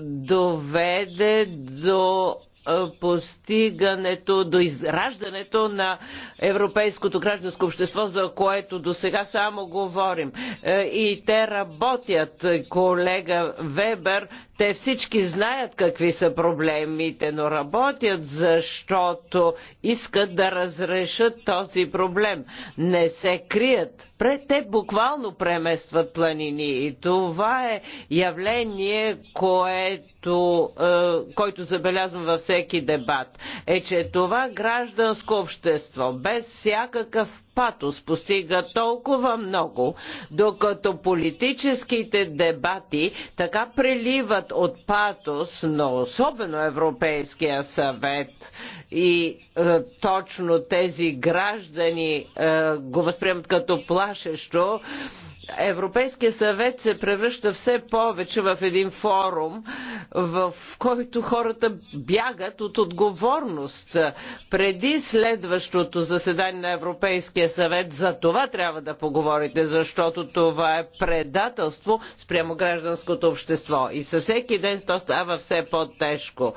доведе до е, постигането, до израждането на европейското гражданско общество, за което до сега само говорим. Е, и те работят, колега Вебер, те всички знаят какви са проблемите, но работят, защото искат да разрешат този проблем. Не се крият. Те буквално преместват планини и това е явление, което, е, който забелязвам във всеки дебат. Е, че това гражданско общество без всякакъв патос постига толкова много, докато политическите дебати така преливат от патос, но особено Европейския съвет и е, точно тези граждани е, го възприемат като плашещо, Европейския съвет се превръща все повече в един форум, в който хората бягат от отговорност. Преди следващото заседание на Европейския съвет за това трябва да поговорите, защото това е предателство спрямо гражданското общество. И със всеки ден то става все по-тежко.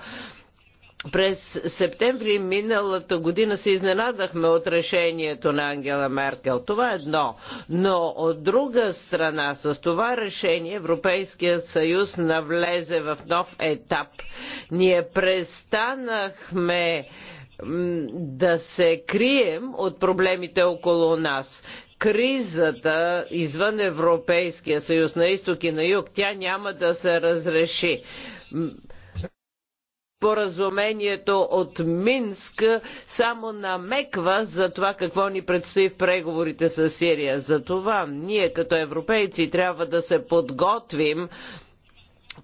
През септември миналата година се изненадахме от решението на Ангела Меркел. Това е едно. Но от друга страна, с това решение Европейският съюз навлезе в нов етап. Ние престанахме да се крием от проблемите около нас кризата извън Европейския съюз на изток и на юг, тя няма да се разреши споразумението от Минск само намеква за това какво ни предстои в преговорите с Сирия. Затова ние като европейци трябва да се подготвим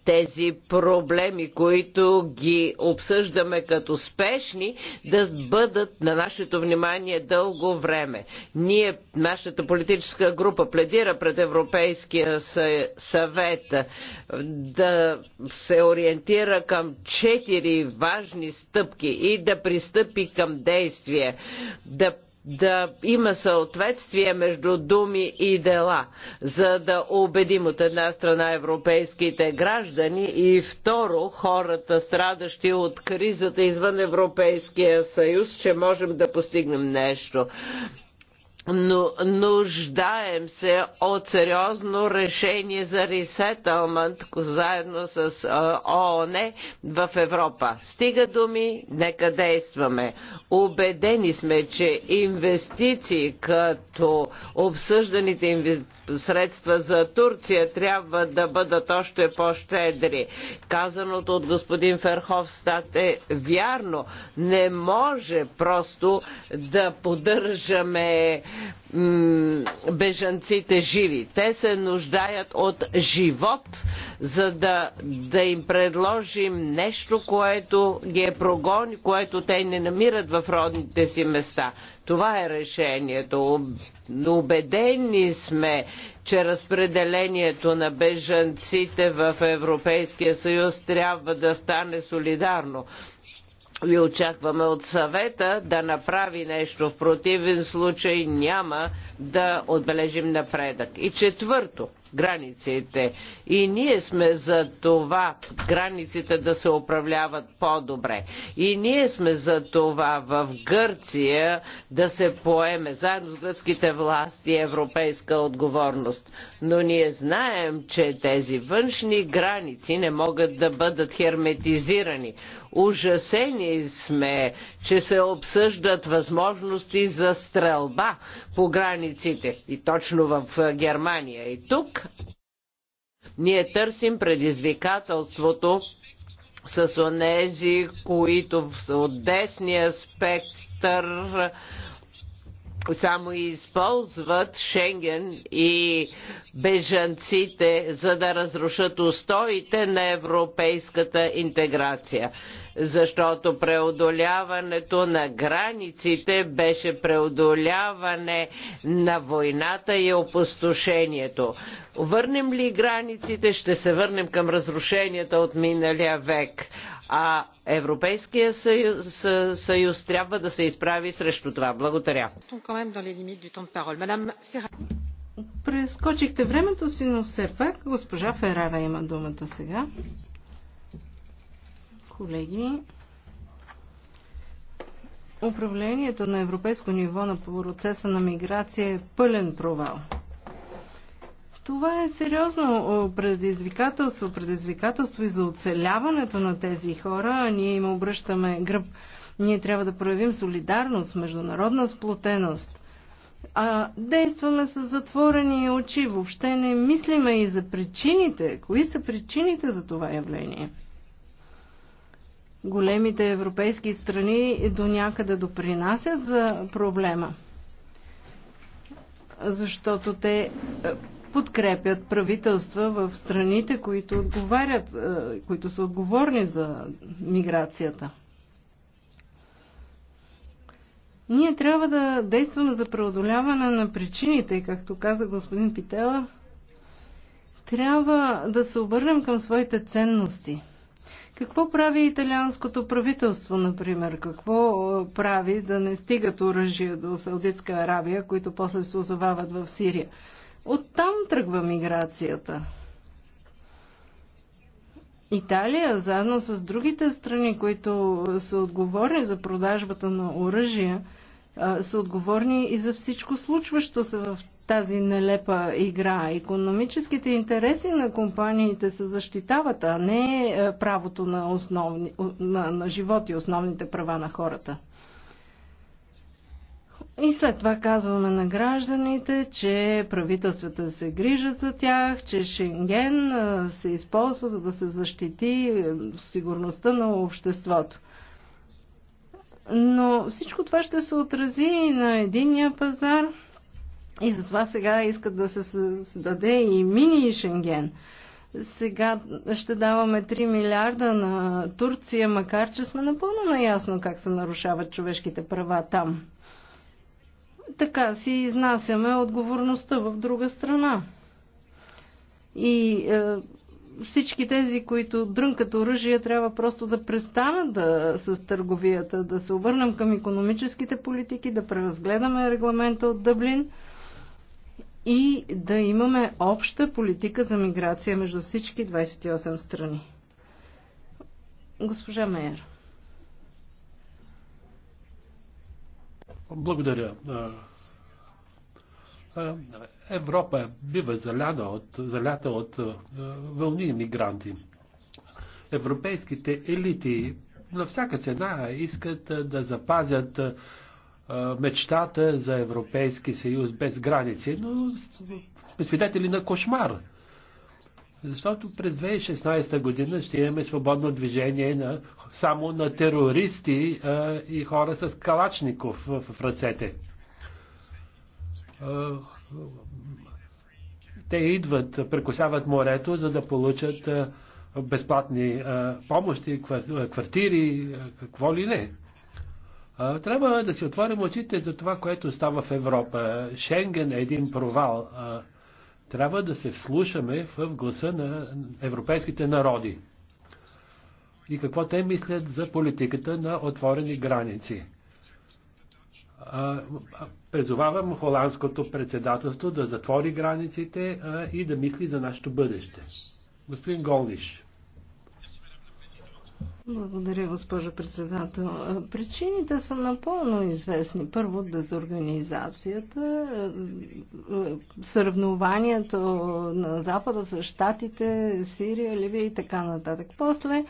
тези проблеми, които ги обсъждаме като спешни, да бъдат на нашето внимание дълго време. Ние, нашата политическа група пледира пред Европейския съвет да се ориентира към четири важни стъпки и да пристъпи към действие, да да има съответствие между думи и дела, за да убедим от една страна европейските граждани и второ хората, страдащи от кризата извън Европейския съюз, че можем да постигнем нещо но нуждаем се от сериозно решение за ресетълмент заедно с ООН в Европа. Стига думи, нека действаме. Убедени сме, че инвестиции като обсъжданите средства за Турция трябва да бъдат още по-щедри. Казаното от господин Ферховстат е вярно. Не може просто да поддържаме бежанците живи. Те се нуждаят от живот, за да, да им предложим нещо, което ги е прогони, което те не намират в родните си места. Това е решението. Убедени сме, че разпределението на бежанците в Европейския съюз трябва да стане солидарно ви очакваме от съвета да направи нещо. В противен случай няма да отбележим напредък. И четвърто – границите. И ние сме за това границите да се управляват по-добре. И ние сме за това в Гърция да се поеме заедно с гръцките власти европейска отговорност. Но ние знаем, че тези външни граници не могат да бъдат херметизирани. Ужасени сме, че се обсъждат възможности за стрелба по границите и точно в Германия. И тук ние търсим предизвикателството с онези, които от десния спектър само използват Шенген и бежанците, за да разрушат устоите на европейската интеграция. Защото преодоляването на границите беше преодоляване на войната и опустошението. Върнем ли границите, ще се върнем към разрушенията от миналия век а Европейския съюз, съюз трябва да се изправи срещу това. Благодаря. Прескочихте времето си, но все пак госпожа Ферара има думата сега. Колеги, управлението на европейско ниво на процеса на миграция е пълен провал. Това е сериозно предизвикателство, предизвикателство и за оцеляването на тези хора. Ние им обръщаме гръб. Ние трябва да проявим солидарност, международна сплотеност. А действаме с затворени очи, въобще не мислиме и за причините. Кои са причините за това явление? Големите европейски страни до някъде допринасят за проблема, защото те подкрепят правителства в страните, които, отговарят, е, които са отговорни за миграцията. Ние трябва да действаме за преодоляване на причините, както каза господин Питела. Трябва да се обърнем към своите ценности. Какво прави италианското правителство, например? Какво е, прави да не стигат оръжия до Саудитска Арабия, които после се озовават в Сирия? Оттам тръгва миграцията. Италия, заедно с другите страни, които са отговорни за продажбата на оръжия, са отговорни и за всичко случващо се в тази нелепа игра. Економическите интереси на компаниите се защитават, а не е, правото на, основни, на, на живот и основните права на хората. И след това казваме на гражданите, че правителствата се грижат за тях, че Шенген се използва за да се защити сигурността на обществото. Но всичко това ще се отрази и на единния пазар и затова сега искат да се създаде и мини Шенген. Сега ще даваме 3 милиарда на Турция, макар че сме напълно наясно как се нарушават човешките права там така си изнасяме отговорността в друга страна. И е, всички тези, които дрънкат оръжие, трябва просто да престанат да, с търговията, да се обърнем към економическите политики, да преразгледаме регламента от Дъблин и да имаме обща политика за миграция между всички 28 страни. Госпожа Мейер. Благодаря. Европа бива заляна от, залята от вълни мигранти. Европейските елити на всяка цена искат да запазят мечтата за Европейски съюз без граници, но сме свидетели на кошмар. Защото през 2016 година ще имаме свободно движение на, само на терористи а, и хора с Калачников в, в ръцете. А, те идват, прекусяват морето, за да получат а, безплатни а, помощи, квартири, какво ли не. А, трябва да си отворим очите за това, което става в Европа. Шенген е един провал. А, трябва да се вслушаме в гласа на европейските народи и какво те мислят за политиката на отворени граници. А, холандското председателство да затвори границите а, и да мисли за нашето бъдеще. Господин Голниш. Благодаря, госпожо председател. Причините са напълно известни. Първо, дезорганизацията, съревнованието на Запада с Штатите, Сирия, Ливия и така нататък. После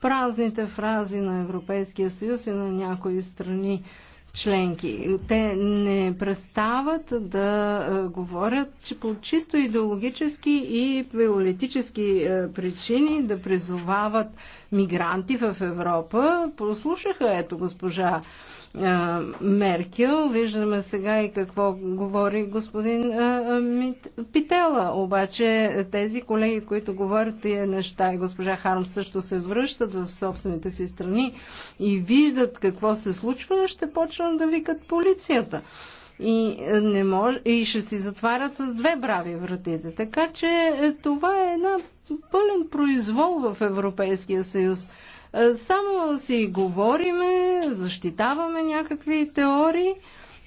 празните фрази на Европейския съюз и на някои страни членки. Те не престават да е, говорят, че по чисто идеологически и политически е, причини да призовават мигранти в Европа. Прослушаха ето госпожа Меркел. Виждаме сега и какво говори господин Питела. Обаче тези колеги, които говорят тия неща и госпожа Харм също се връщат в собствените си страни и виждат какво се случва, ще почнат да викат полицията и, не мож... и ще си затварят с две брави вратите. Така че е, това е една пълен произвол в Европейския съюз. Е, само си говориме, защитаваме някакви теории,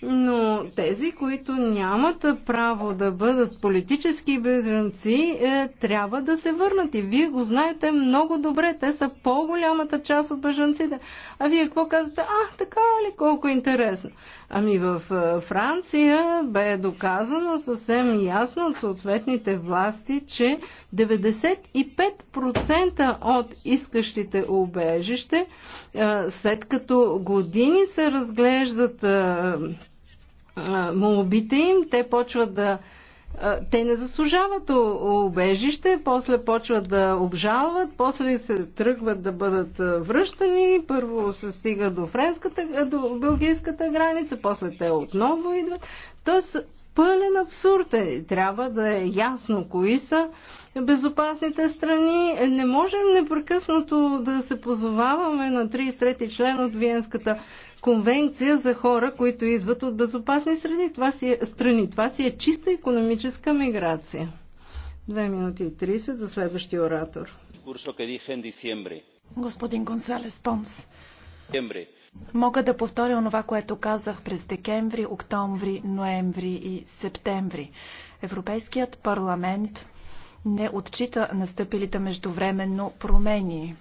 но тези, които нямат право да бъдат политически беженци, е, трябва да се върнат. И вие го знаете много добре. Те са по-голямата част от бежанците. А вие какво казвате? А, така ли? Колко интересно. Ами в е, Франция бе доказано съвсем ясно от съответните власти, че 95% от искащите убежище, е, след като години се разглеждат е, молбите им, те почват да те не заслужават убежище, после почват да обжалват, после се тръгват да бъдат връщани, първо се стига до френската, до белгийската граница, после те отново идват. Тоест пълен абсурд е. Трябва да е ясно кои са безопасните страни. Не можем непрекъснато да се позоваваме на 33 член от Виенската конвенция за хора, които идват от безопасни среди. Това си е, страни. Това си е чиста економическа миграция. Две минути и 30 за следващия оратор. Господин Гонсалес Понс. Мога да повторя онова, което казах през декември, октомври, ноември и септември. Европейският парламент не отчита настъпилите междувременно промени.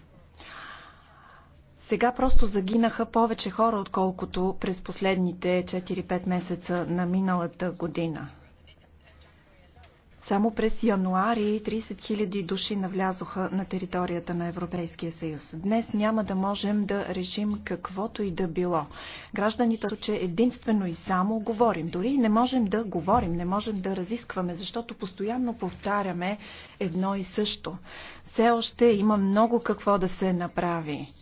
Сега просто загинаха повече хора, отколкото през последните 4-5 месеца на миналата година. Само през януари 30 000 души навлязоха на територията на Европейския съюз. Днес няма да можем да решим каквото и да било. Гражданите, че единствено и само говорим. Дори не можем да говорим, не можем да разискваме, защото постоянно повтаряме едно и също. Все още има много какво да се направи.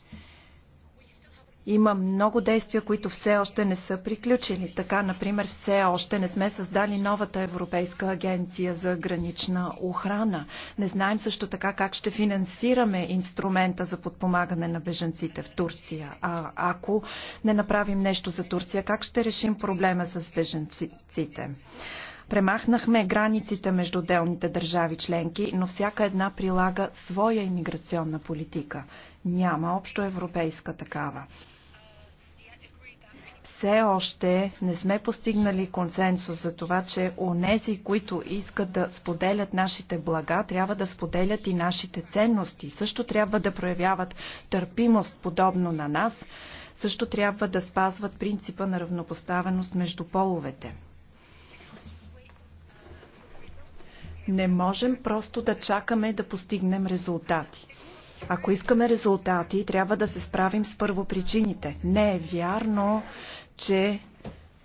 Има много действия, които все още не са приключени. Така, например, все още не сме създали новата Европейска агенция за гранична охрана. Не знаем също така как ще финансираме инструмента за подпомагане на беженците в Турция. А ако не направим нещо за Турция, как ще решим проблема с беженците? Премахнахме границите между отделните държави членки, но всяка една прилага своя иммиграционна политика. Няма общо европейска такава все още не сме постигнали консенсус за това, че онези, които искат да споделят нашите блага, трябва да споделят и нашите ценности. Също трябва да проявяват търпимост, подобно на нас. Също трябва да спазват принципа на равнопоставеност между половете. Не можем просто да чакаме да постигнем резултати. Ако искаме резултати, трябва да се справим с първопричините. Не е вярно, че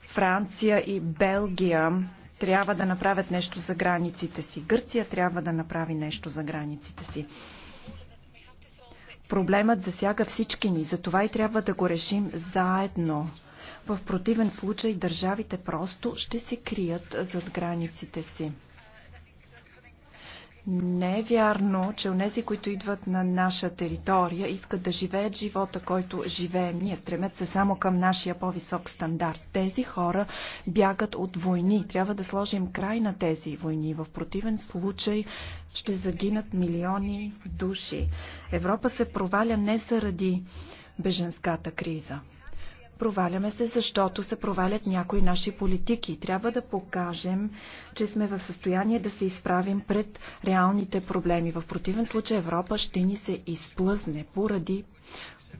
Франция и Белгия трябва да направят нещо за границите си. Гърция трябва да направи нещо за границите си. Проблемът засяга всички ни, затова и трябва да го решим заедно. В противен случай държавите просто ще се крият зад границите си. Не е вярно, че онези, които идват на наша територия, искат да живеят живота, който живеем ние. Стремят се само към нашия по-висок стандарт. Тези хора бягат от войни. Трябва да сложим край на тези войни. В противен случай ще загинат милиони души. Европа се проваля не заради беженската криза. Проваляме се, защото се провалят някои наши политики. Трябва да покажем, че сме в състояние да се изправим пред реалните проблеми. В противен случай Европа ще ни се изплъзне поради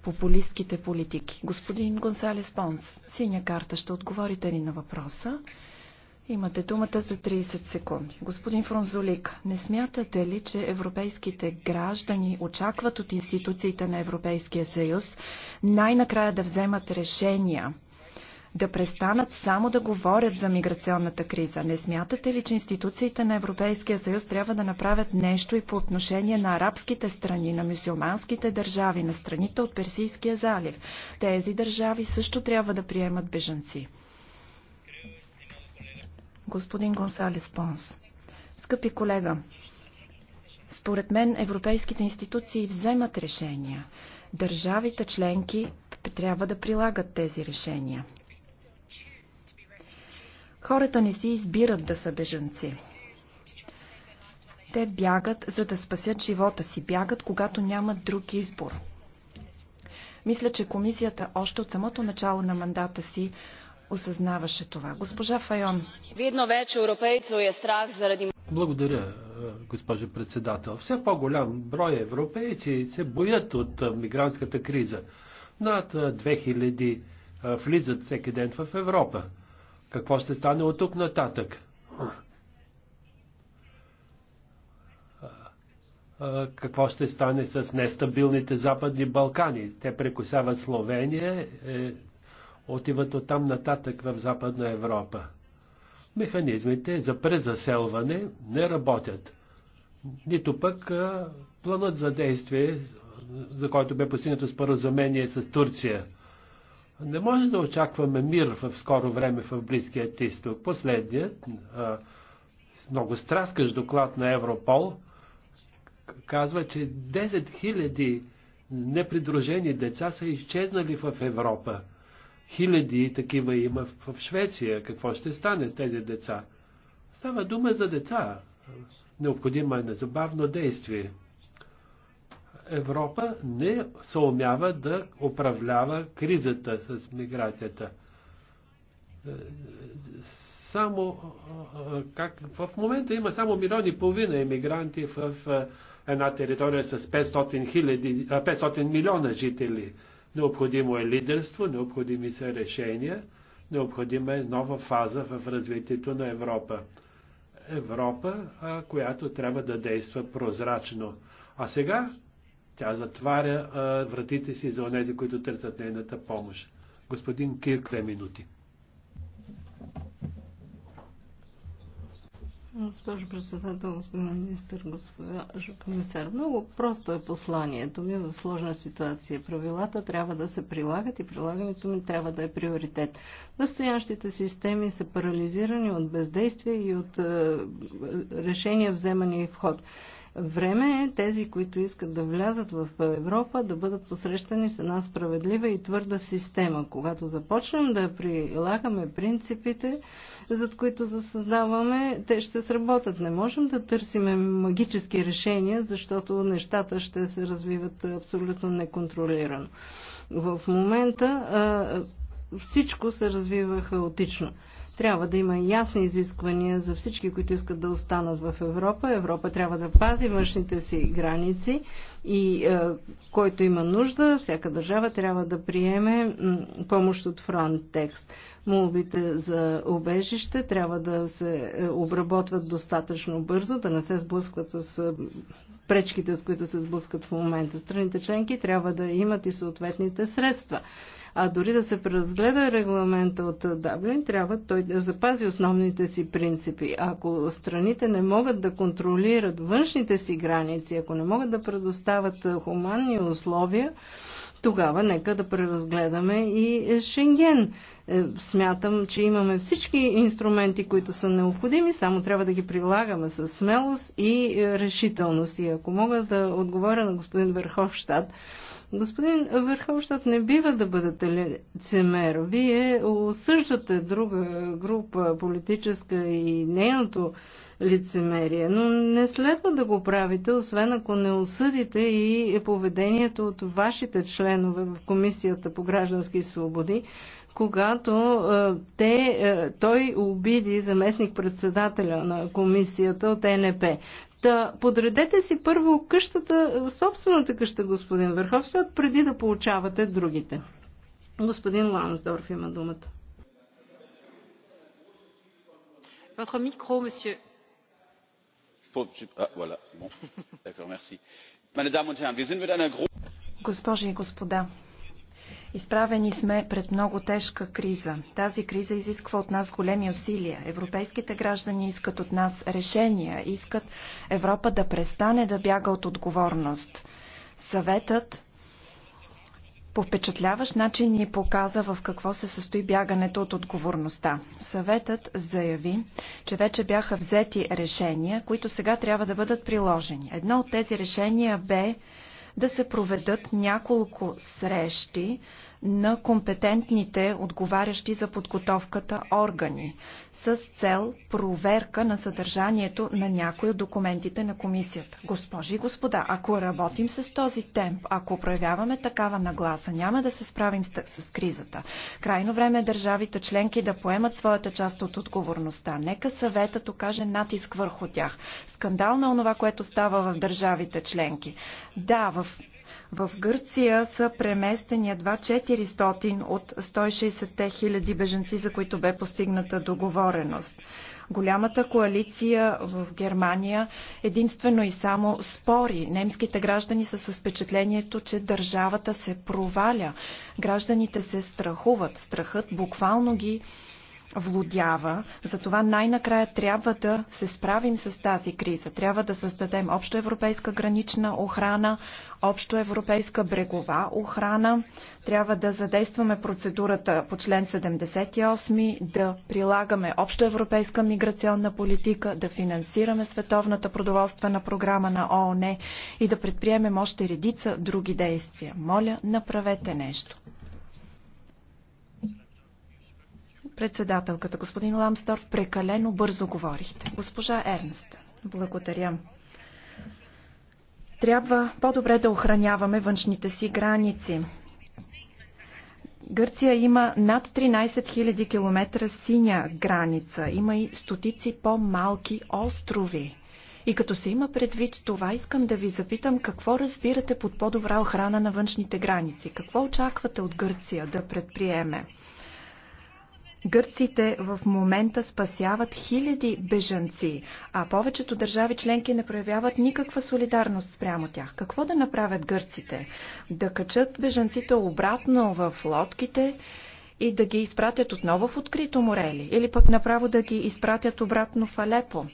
популистските политики. Господин Гонсалес Понс, синя карта, ще отговорите ни на въпроса? Имате думата за 30 секунди. Господин Фронзолик, не смятате ли, че европейските граждани очакват от институциите на Европейския съюз най-накрая да вземат решения? да престанат само да говорят за миграционната криза. Не смятате ли, че институциите на Европейския съюз трябва да направят нещо и по отношение на арабските страни, на мюсюлманските държави, на страните от Персийския залив? Тези държави също трябва да приемат бежанци. Господин Гонсалес Понс. Скъпи колега, според мен европейските институции вземат решения. Държавите членки трябва да прилагат тези решения. Хората не си избират да са бежанци. Те бягат, за да спасят живота си. Бягат, когато нямат друг избор. Мисля, че комисията още от самото начало на мандата си осъзнаваше това. Госпожа Файон. Видно вече европейцо е страх заради... Благодаря, е, госпожо председател. Все по-голям брой европейци се боят от е, мигрантската криза. Над 2000 е, влизат всеки ден в Европа. Какво ще стане от тук нататък? какво ще стане с нестабилните Западни Балкани. Те прекусяват Словения, отиват от там нататък в Западна Европа. Механизмите за презаселване не работят. Нито пък планът за действие, за който бе постигнато споразумение с Турция. Не може да очакваме мир в скоро време в Близкият изток. Последният, много страскащ доклад на Европол, казва, че 10 000 непридружени деца са изчезнали в Европа. Хиляди такива има в Швеция. Какво ще стане с тези деца? Става дума за деца. Необходимо е незабавно действие. Европа не съумява да управлява кризата с миграцията. Само как, в момента има само милиони и половина емигранти в една територия с 500, 000, 500 милиона жители. Необходимо е лидерство, необходими са решения, необходима е нова фаза в развитието на Европа. Европа, която трябва да действа прозрачно. А сега тя затваря вратите си за онези, които търсят нейната помощ. Господин Кирк, две минути. Госпожо председател, господин министр, госпожо комисар, много просто е посланието ми в сложна ситуация. Правилата трябва да се прилагат и прилагането ми трябва да е приоритет. Настоящите системи са парализирани от бездействие и от е, решения вземани и вход. Време е тези, които искат да влязат в Европа, да бъдат посрещани с една справедлива и твърда система. Когато започнем да прилагаме принципите, зад които засъздаваме, те ще сработат. Не можем да търсиме магически решения, защото нещата ще се развиват абсолютно неконтролирано. В момента всичко се развива хаотично. Трябва да има ясни изисквания за всички, които искат да останат в Европа. Европа трябва да пази външните си граници и е, който има нужда, всяка държава трябва да приеме помощ от Frontex. Молбите за обежище трябва да се е, обработват достатъчно бързо, да не се сблъскват с е, пречките, с които се сблъскат в момента. Страните членки трябва да имат и съответните средства. А дори да се преразгледа регламента от Даблин, трябва той да запази основните си принципи. Ако страните не могат да контролират външните си граници, ако не могат да предоставят хуманни условия, тогава нека да преразгледаме и Шенген. Е, смятам, че имаме всички инструменти, които са необходими, само трябва да ги прилагаме с смелост и е, решителност. И ако мога да отговоря на господин Верховщад, господин Верховщад не бива да бъдете лицемер. Вие осъждате друга група политическа и нейното лицемерие. Но не следва да го правите, освен ако не осъдите и поведението от вашите членове в Комисията по граждански свободи, когато е, те, е, той обиди заместник-председателя на комисията от НП. Та подредете си първо къщата, собствената къща, господин Верховсът, преди да получавате другите. Господин Лансдорф има думата. микро, micro, Ah, Госпожи и господа, изправени сме пред много тежка криза. Тази криза изисква от нас големи усилия. Европейските граждани искат от нас решения, искат Европа да престане да бяга от отговорност. Съветът по впечатляващ начин ни показа в какво се състои бягането от отговорността. Съветът заяви, че вече бяха взети решения, които сега трябва да бъдат приложени. Едно от тези решения бе да се проведат няколко срещи на компетентните, отговарящи за подготовката органи, с цел проверка на съдържанието на някои от документите на комисията. Госпожи и господа, ако работим с този темп, ако проявяваме такава нагласа, няма да се справим с, с кризата. Крайно време е държавите членки да поемат своята част от отговорността. Нека съветът окаже натиск върху тях. Скандално е онова, което става в държавите членки. Да, в в Гърция са преместени едва 400 от 160 хиляди беженци, за които бе постигната договореност. Голямата коалиция в Германия единствено и само спори. Немските граждани са с впечатлението, че държавата се проваля. Гражданите се страхуват. Страхът буквално ги влудява. Затова най-накрая трябва да се справим с тази криза. Трябва да създадем общо европейска гранична охрана, общо европейска брегова охрана. Трябва да задействаме процедурата по член 78, да прилагаме общо европейска миграционна политика, да финансираме Световната продоволствена програма на ООН и да предприемем още редица други действия. Моля, направете нещо. Председателката, господин Ламсторф, прекалено бързо говорихте. Госпожа Ернст, благодаря. Трябва по-добре да охраняваме външните си граници. Гърция има над 13 000 км синя граница. Има и стотици по-малки острови. И като се има предвид това, искам да ви запитам какво разбирате под по-добра охрана на външните граници? Какво очаквате от Гърция да предприеме? Гърците в момента спасяват хиляди бежанци, а повечето държави членки не проявяват никаква солидарност спрямо тях. Какво да направят гърците? Да качат бежанците обратно в лодките и да ги изпратят отново в открито море ли? Или пък направо да ги изпратят обратно в Алепо?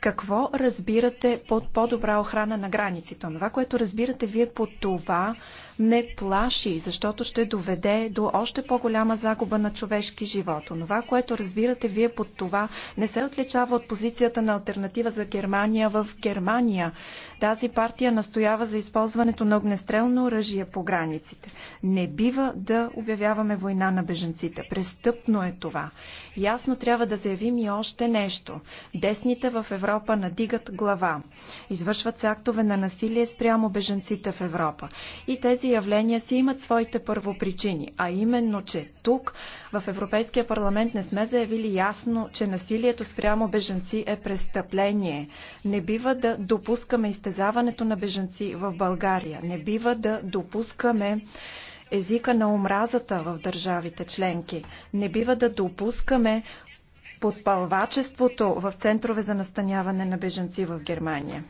Какво разбирате под по-добра охрана на границите? Това, което разбирате вие под това, ме плаши, защото ще доведе до още по-голяма загуба на човешки живот. Това, което разбирате вие под това, не се отличава от позицията на альтернатива за Германия в Германия. Тази партия настоява за използването на огнестрелно оръжие по границите. Не бива да обявяваме война на беженците. Престъпно е това. Ясно трябва да заявим и още нещо. Десните в Европа надигат глава. Извършват се актове на насилие спрямо беженците в Европа. И тези тези явления си имат своите първопричини, а именно, че тук в Европейския парламент не сме заявили ясно, че насилието спрямо беженци е престъпление. Не бива да допускаме изтезаването на беженци в България. Не бива да допускаме езика на омразата в държавите членки. Не бива да допускаме подпалвачеството в центрове за настаняване на беженци в Германия.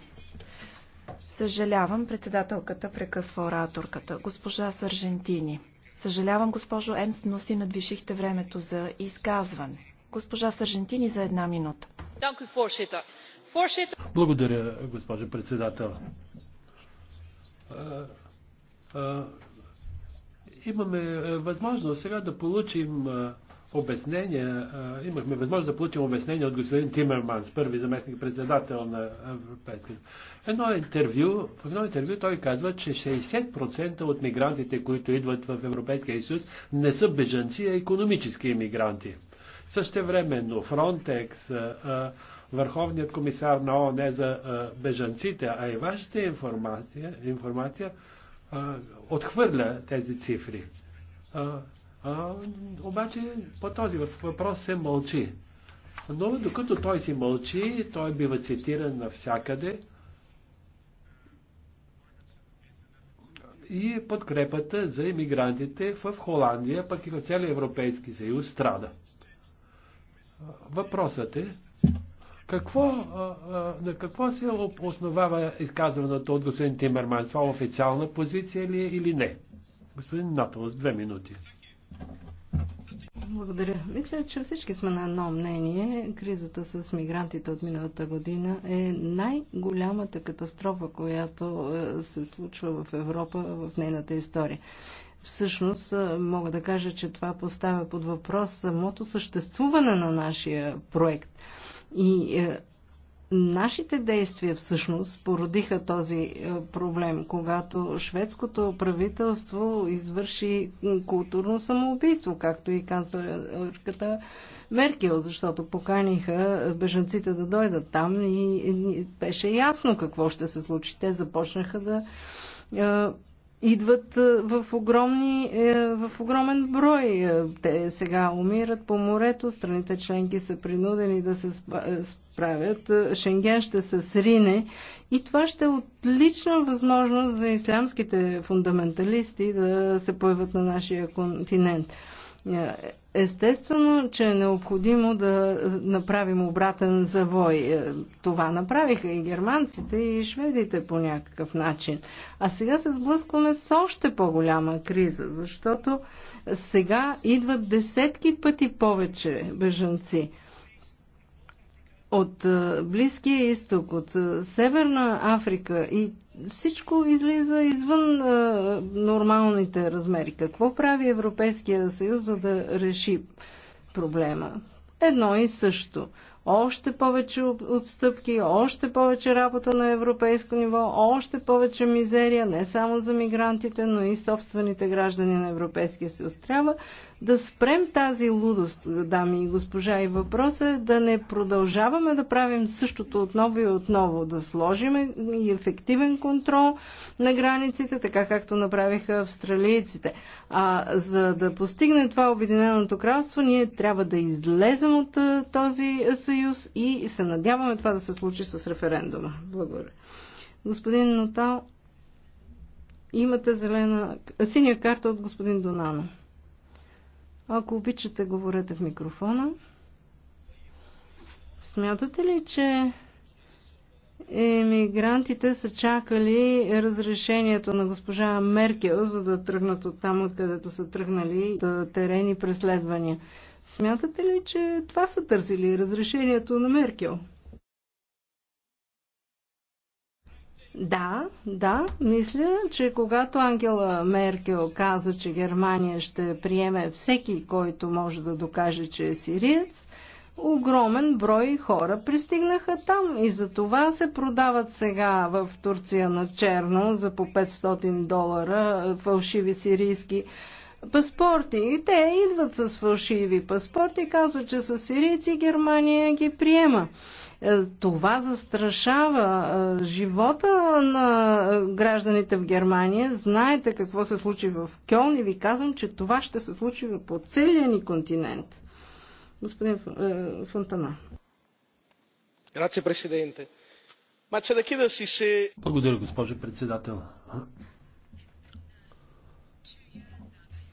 Съжалявам, председателката прекъсва ораторката. Госпожа Саржентини. Съжалявам, госпожо Енс, но си надвишихте времето за изказване. Госпожа Саржентини за една минута. Благодаря, госпожо председател. имаме възможност сега да получим а, обяснения, имахме възможност да получим обяснение от господин Тимерманс, първи заместник председател на Европейския. Едно интервю, в едно интервю той казва, че 60% от мигрантите, които идват в Европейския съюз, не са бежанци, а економически иммигранти. Същевременно Фронтекс, Върховният комисар на ООН е за бежанците, а и вашата информация, информация отхвърля тези цифри. А, обаче по този въпрос се мълчи. Но докато той си мълчи, той бива цитиран навсякъде. И подкрепата за иммигрантите в Холандия, пък и в целия Европейски съюз страда. Въпросът е, какво, на какво се основава изказването от господин Тимерман? Това официална позиция ли е или не? Господин Натълс, две минути. Благодаря. Мисля, че всички сме на едно мнение. Кризата с мигрантите от миналата година е най-голямата катастрофа, която е, се случва в Европа в нейната история. Всъщност, е, мога да кажа, че това поставя под въпрос самото съществуване на нашия проект. И е, Нашите действия всъщност породиха този е, проблем, когато шведското правителство извърши културно самоубийство, както и канцлерката Меркел, защото поканиха бежанците да дойдат там и беше ясно какво ще се случи. Те започнаха да е, идват е, в, огромни, е, в огромен брой. Е, те сега умират по морето, страните членки са принудени да се справят, Шенген ще се срине и това ще е отлична възможност за ислямските фундаменталисти да се появят на нашия континент. Естествено, че е необходимо да направим обратен завой. Е, това направиха и германците, и шведите по някакъв начин. А сега се сблъскваме с още по-голяма криза, защото сега идват десетки пъти повече бежанци от е, Близкия изток, от е, Северна Африка и всичко излиза извън а, нормалните размери. Какво прави Европейския съюз, за да реши проблема? Едно и също. Още повече отстъпки, още повече работа на европейско ниво, още повече мизерия, не само за мигрантите, но и собствените граждани на Европейския съюз. Трябва да спрем тази лудост, дами и госпожа. И въпросът е да не продължаваме да правим същото отново и отново, да сложим и ефективен контрол на границите, така както направиха австралийците. А за да постигне това Обединеното кралство, ние трябва да излезем от този съюз и се надяваме това да се случи с референдума. Благодаря. Господин Нотал, имате зелена, синя карта от господин Донано. Ако обичате, говорете в микрофона. Смятате ли, че емигрантите са чакали разрешението на госпожа Меркел, за да тръгнат от там, откъдето са тръгнали да терени преследвания? Смятате ли, че това са търсили разрешението на Меркел? Да, да, мисля, че когато Ангела Меркел каза, че Германия ще приеме всеки, който може да докаже, че е сириец, огромен брой хора пристигнаха там и за това се продават сега в Турция на черно за по 500 долара фалшиви сирийски паспорти. И те идват с фалшиви паспорти, казват, че са сирийци, Германия ги приема. Е, това застрашава е, живота на е, гражданите в Германия. Знаете какво се случи в Кьон, и ви казвам, че това ще се случи по целия ни континент. Господин Фонтана. Грация, президенте. Благодаря, госпожо председател.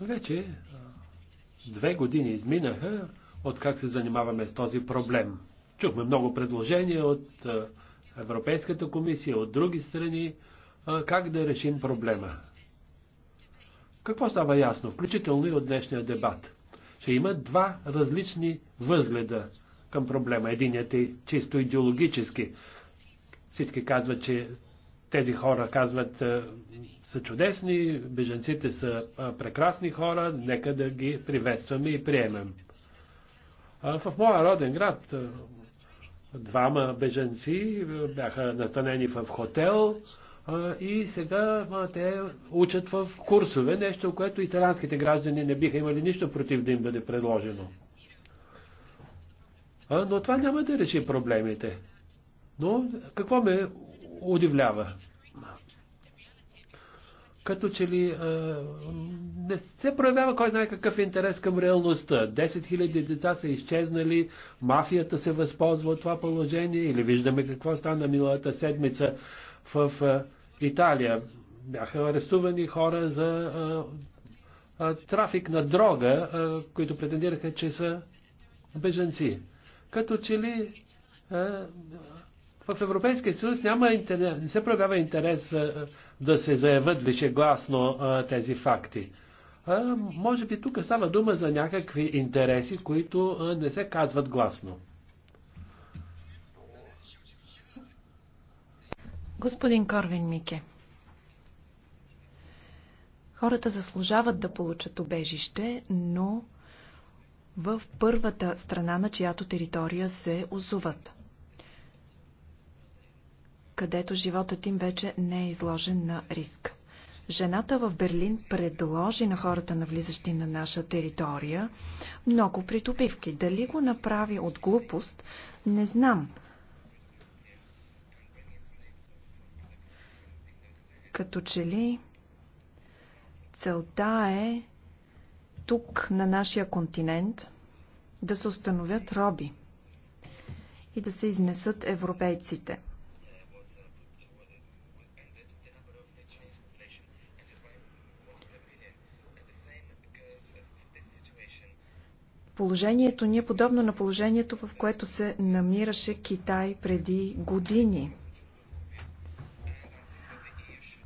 Вече две години изминаха, откак се занимаваме с този проблем. Чухме много предложения от Европейската комисия, от други страни, как да решим проблема. Какво става ясно, включително и от днешния дебат? Че има два различни възгледа към проблема. Единият е чисто идеологически. Всички казват, че тези хора казват са чудесни, беженците са прекрасни хора, нека да ги приветстваме и приемем. В моя роден град, Двама беженци бяха настанени в хотел и сега те учат в курсове, нещо, което италянските граждани не биха имали нищо против да им бъде предложено. Но това няма да реши проблемите. Но какво ме удивлява? като че ли а, не се проявява кой знае какъв интерес към реалността. 10 000 деца са изчезнали, мафията се възползва от това положение или виждаме какво стана миналата седмица в а, Италия. Бяха арестувани хора за а, а, трафик на дрога, а, които претендираха, че са беженци. Като че ли в Европейския съюз няма интерес, не се проявява интерес да се заявят вишегласно тези факти. А, може би тук става дума за някакви интереси, които а, не се казват гласно. Господин Корвин Мике, хората заслужават да получат обежище, но в първата страна, на чиято територия се озуват където животът им вече не е изложен на риск. Жената в Берлин предложи на хората, навлизащи на наша територия, много притопивки. Дали го направи от глупост, не знам. Като че ли целта е тук, на нашия континент, да се установят роби и да се изнесат европейците – Положението ни е подобно на положението, в което се намираше Китай преди години.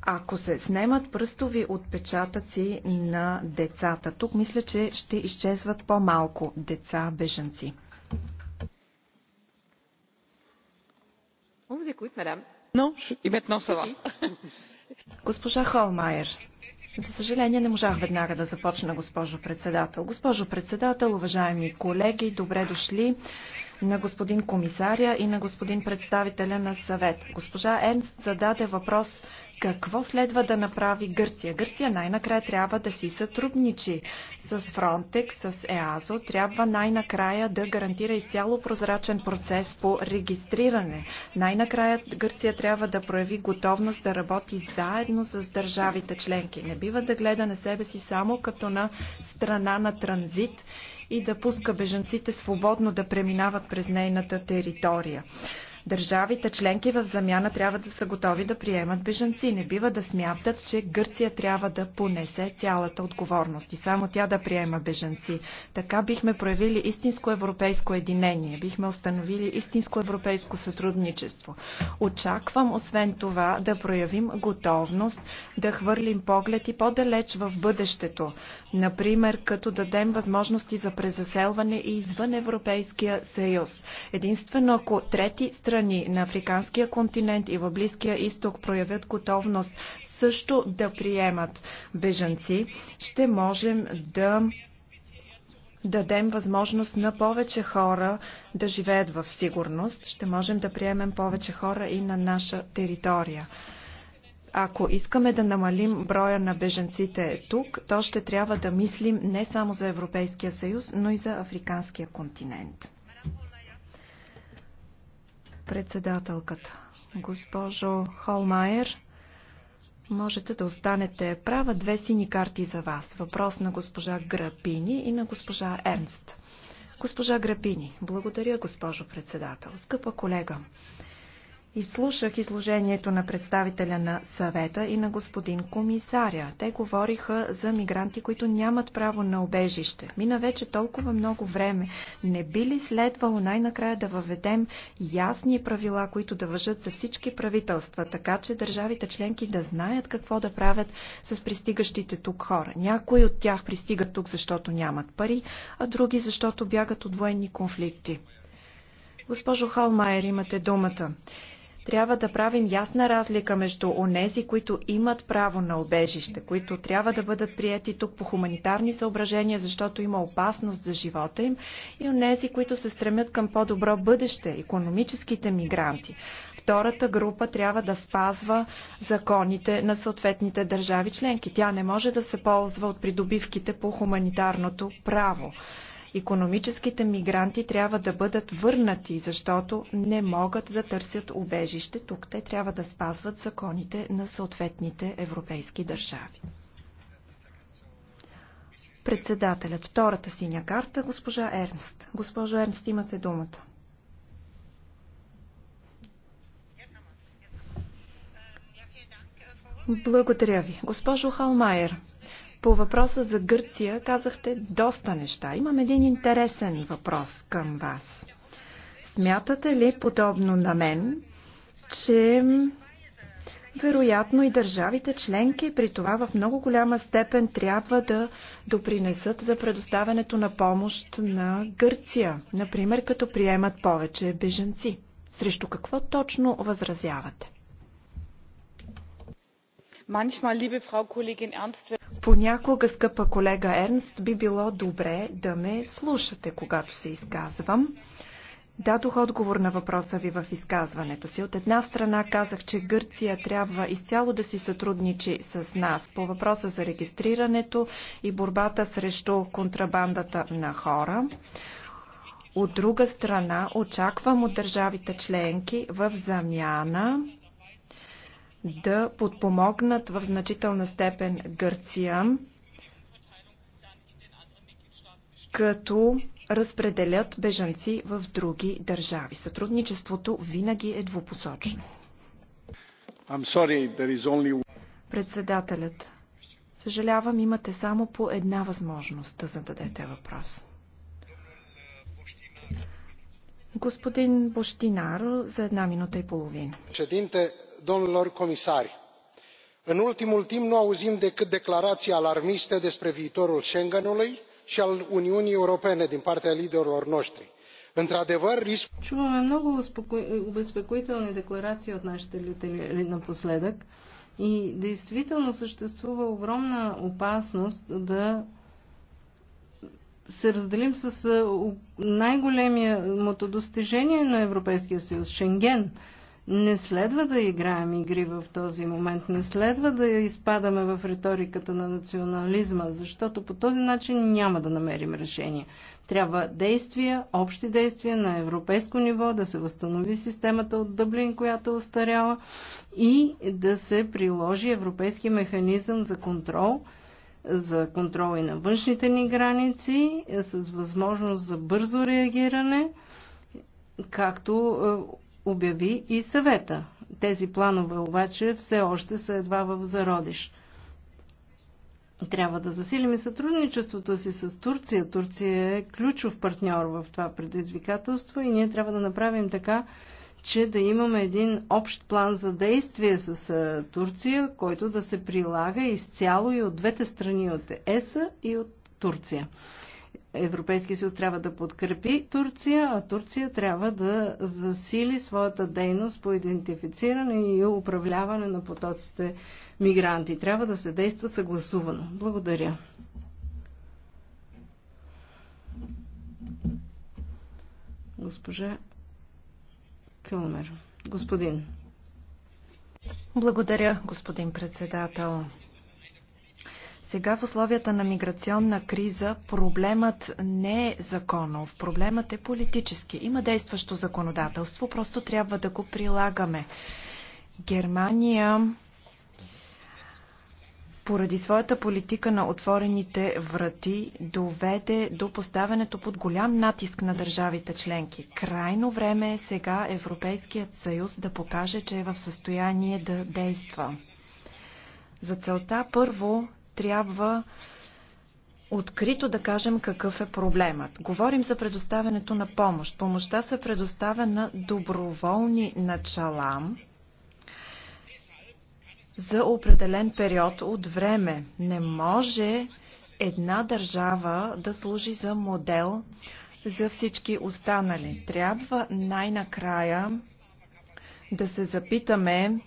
Ако се снемат пръстови отпечатъци на децата, тук мисля, че ще изчезват по-малко деца бежанци. Госпожа Холмайер. За съжаление не можах веднага да започна, госпожо председател. Госпожо председател, уважаеми колеги, добре дошли на господин комисаря и на господин представителя на съвет. Госпожа Енст зададе въпрос какво следва да направи Гърция? Гърция най-накрая трябва да си сътрудничи с Фронтекс, с ЕАЗО. Трябва най-накрая да гарантира изцяло прозрачен процес по регистриране. Най-накрая Гърция трябва да прояви готовност да работи заедно с държавите членки. Не бива да гледа на себе си само като на страна на транзит и да пуска бежанците свободно да преминават през нейната територия. Държавите членки в замяна трябва да са готови да приемат бежанци. Не бива да смятат, че Гърция трябва да понесе цялата отговорност и само тя да приема бежанци. Така бихме проявили истинско европейско единение, бихме установили истинско европейско сътрудничество. Очаквам, освен това, да проявим готовност да хвърлим поглед и по-далеч в бъдещето, Например, като дадем възможности за презаселване и извън Европейския съюз. Единствено, ако трети страни на африканския континент и в Близкия изток проявят готовност също да приемат бежанци, ще можем да дадем възможност на повече хора да живеят в сигурност, ще можем да приемем повече хора и на наша територия. Ако искаме да намалим броя на беженците тук, то ще трябва да мислим не само за Европейския съюз, но и за Африканския континент. Председателката. Госпожо Холмайер, можете да останете права. Две сини карти за вас. Въпрос на госпожа Грапини и на госпожа Ернст. Госпожа Грапини, благодаря, госпожо председател. Скъпа колега, Изслушах изложението на представителя на съвета и на господин комисаря. Те говориха за мигранти, които нямат право на обежище. Мина вече толкова много време. Не би ли следвало най-накрая да въведем ясни правила, които да въжат за всички правителства, така че държавите членки да знаят какво да правят с пристигащите тук хора. Някои от тях пристигат тук, защото нямат пари, а други, защото бягат от военни конфликти. Госпожо Холмайер, имате думата. Трябва да правим ясна разлика между онези, които имат право на обежище, които трябва да бъдат прияти тук по хуманитарни съображения, защото има опасност за живота им, и онези, които се стремят към по-добро бъдеще, економическите мигранти. Втората група трябва да спазва законите на съответните държави членки. Тя не може да се ползва от придобивките по хуманитарното право. Економическите мигранти трябва да бъдат върнати, защото не могат да търсят убежище тук. Те трябва да спазват законите на съответните европейски държави. Председателят, втората синя карта, госпожа Ернст. Госпожо Ернст, имате думата. Благодаря ви. Госпожо Халмайер, по въпроса за Гърция казахте доста неща. Имам един интересен въпрос към вас. Смятате ли, подобно на мен, че вероятно и държавите членки при това в много голяма степен трябва да допринесат за предоставянето на помощ на Гърция, например като приемат повече беженци. Срещу какво точно възразявате? Понякога, скъпа колега Ернст, би било добре да ме слушате, когато се изказвам. Дадох отговор на въпроса ви в изказването си. От една страна казах, че Гърция трябва изцяло да си сътрудничи с нас по въпроса за регистрирането и борбата срещу контрабандата на хора. От друга страна, очаквам от държавите членки в замяна да подпомогнат в значителна степен Гърция, като разпределят бежанци в други държави. Сътрудничеството винаги е двупосочно. Sorry, only... Председателят, съжалявам, имате само по една възможност да зададете въпрос. Господин Бощинар, за една минута и половина domnilor comisari în ultimul timp nu auzim decât declarații alarmiste despre viitorul schengenului și al uniunii europene din partea liderilor noștri. într adevăr riscul. чуваме много обезпокоителни декларации от нашите лидери напоследък и действително съществува огромна опасност да се разделим с най-големото достижение на Европейския съюз Шенген. Не следва да играем игри в този момент, не следва да изпадаме в риториката на национализма, защото по този начин няма да намерим решение. Трябва действия, общи действия на европейско ниво, да се възстанови системата от Дъблин, която остаряла е и да се приложи европейски механизъм за контрол, за контрол и на външните ни граници, с възможност за бързо реагиране, както е, обяви и съвета. Тези планове обаче все още са едва в зародиш. Трябва да засилим и сътрудничеството си с Турция. Турция е ключов партньор в това предизвикателство и ние трябва да направим така, че да имаме един общ план за действие с Турция, който да се прилага изцяло и от двете страни, от ЕСА и от Турция. Европейския съюз трябва да подкрепи Турция, а Турция трябва да засили своята дейност по идентифициране и управляване на потоците мигранти. Трябва да се действа съгласувано. Благодаря. Госпожа Кълмер. Господин. Благодаря, господин председател. Сега в условията на миграционна криза проблемът не е законов, проблемът е политически. Има действащо законодателство, просто трябва да го прилагаме. Германия поради своята политика на отворените врати доведе до поставянето под голям натиск на държавите членки. Крайно време е сега Европейският съюз да покаже, че е в състояние да действа. За целта първо трябва открито да кажем какъв е проблемът. Говорим за предоставянето на помощ. Помощта се предоставя на доброволни начала за определен период от време. Не може една държава да служи за модел за всички останали. Трябва най-накрая да се запитаме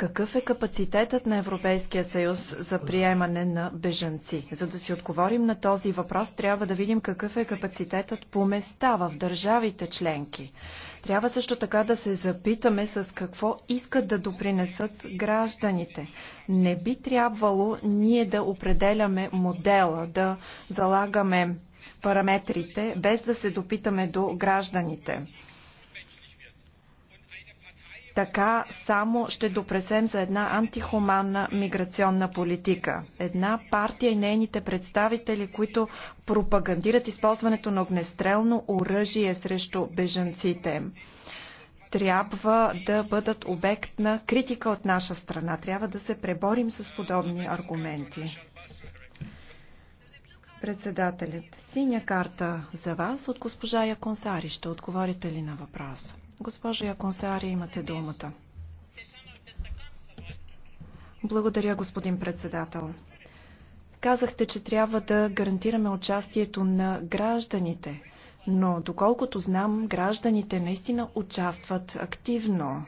какъв е капацитетът на Европейския съюз за приемане на бежанци? За да си отговорим на този въпрос, трябва да видим какъв е капацитетът по места в държавите членки. Трябва също така да се запитаме с какво искат да допринесат гражданите. Не би трябвало ние да определяме модела, да залагаме параметрите, без да се допитаме до гражданите. Така само ще допресем за една антихуманна миграционна политика. Една партия и нейните представители, които пропагандират използването на огнестрелно оръжие срещу бежанците трябва да бъдат обект на критика от наша страна. Трябва да се преборим с подобни аргументи. Председателят, синя карта за вас от госпожа Яконсари. Ще отговорите ли на въпроса? Госпожа Яконсари, имате думата. Благодаря, господин председател. Казахте, че трябва да гарантираме участието на гражданите, но доколкото знам, гражданите наистина участват активно.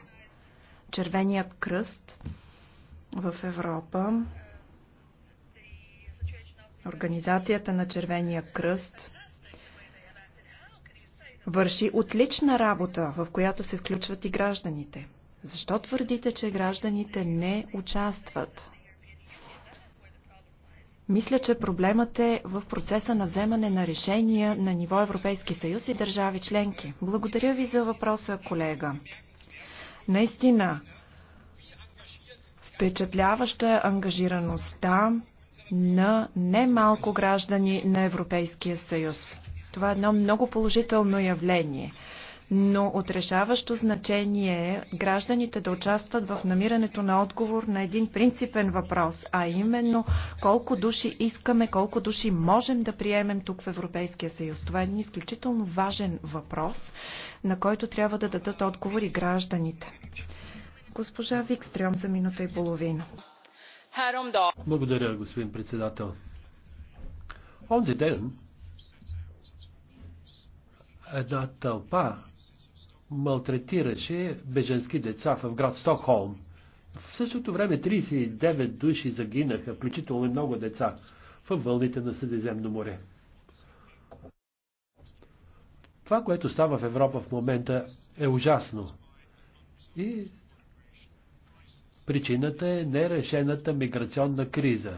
Червеният кръст в Европа, Организацията на Червения кръст – върши отлична работа, в която се включват и гражданите. Защо твърдите, че гражданите не участват? Мисля, че проблемът е в процеса на вземане на решения на ниво Европейски съюз и държави членки. Благодаря ви за въпроса, колега. Наистина, впечатляваща е ангажираността на немалко граждани на Европейския съюз. Това е едно много положително явление. Но отрешаващо значение е гражданите да участват в намирането на отговор на един принципен въпрос, а именно колко души искаме, колко души можем да приемем тук в Европейския съюз. Това е един изключително важен въпрос, на който трябва да дадат отговори гражданите. Госпожа Викстрем за минута и половина. Благодаря, господин председател. Онзи ден една тълпа малтретираше беженски деца в град Стокхолм. В същото време 39 души загинаха, включително и много деца, в вълните на Средиземно море. Това, което става в Европа в момента, е ужасно. И причината е нерешената миграционна криза.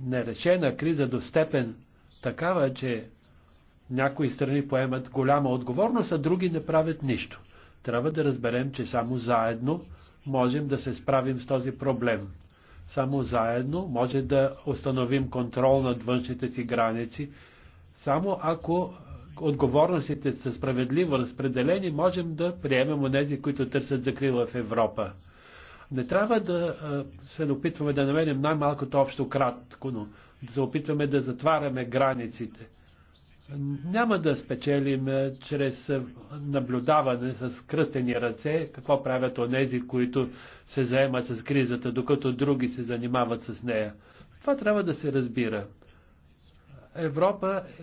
Нерешена криза до степен такава, че някои страни поемат голяма отговорност, а други не правят нищо. Трябва да разберем, че само заедно можем да се справим с този проблем. Само заедно може да установим контрол над външните си граници. Само ако отговорностите са справедливо разпределени, можем да приемем онези, които търсят закрила в Европа. Не трябва да се опитваме да намерим най-малкото общо кратко, но да се опитваме да затваряме границите – няма да спечелим е, чрез е, наблюдаване с кръстени ръце какво правят онези, които се заемат с кризата, докато други се занимават с нея. Това трябва да се разбира. Европа е,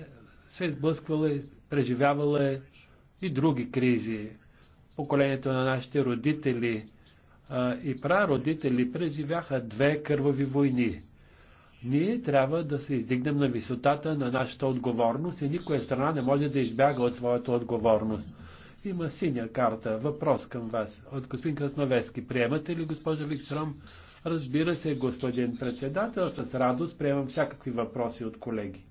се изблъсквала, преживявала и други кризи. Поколението на нашите родители и прародители преживяха две кървави войни. Ние трябва да се издигнем на висотата на нашата отговорност и никоя страна не може да избяга от своята отговорност. Има синя карта. Въпрос към вас. От господин Красновески. Приемате ли, госпожа Викстром? Разбира се, господин председател, с радост приемам всякакви въпроси от колеги.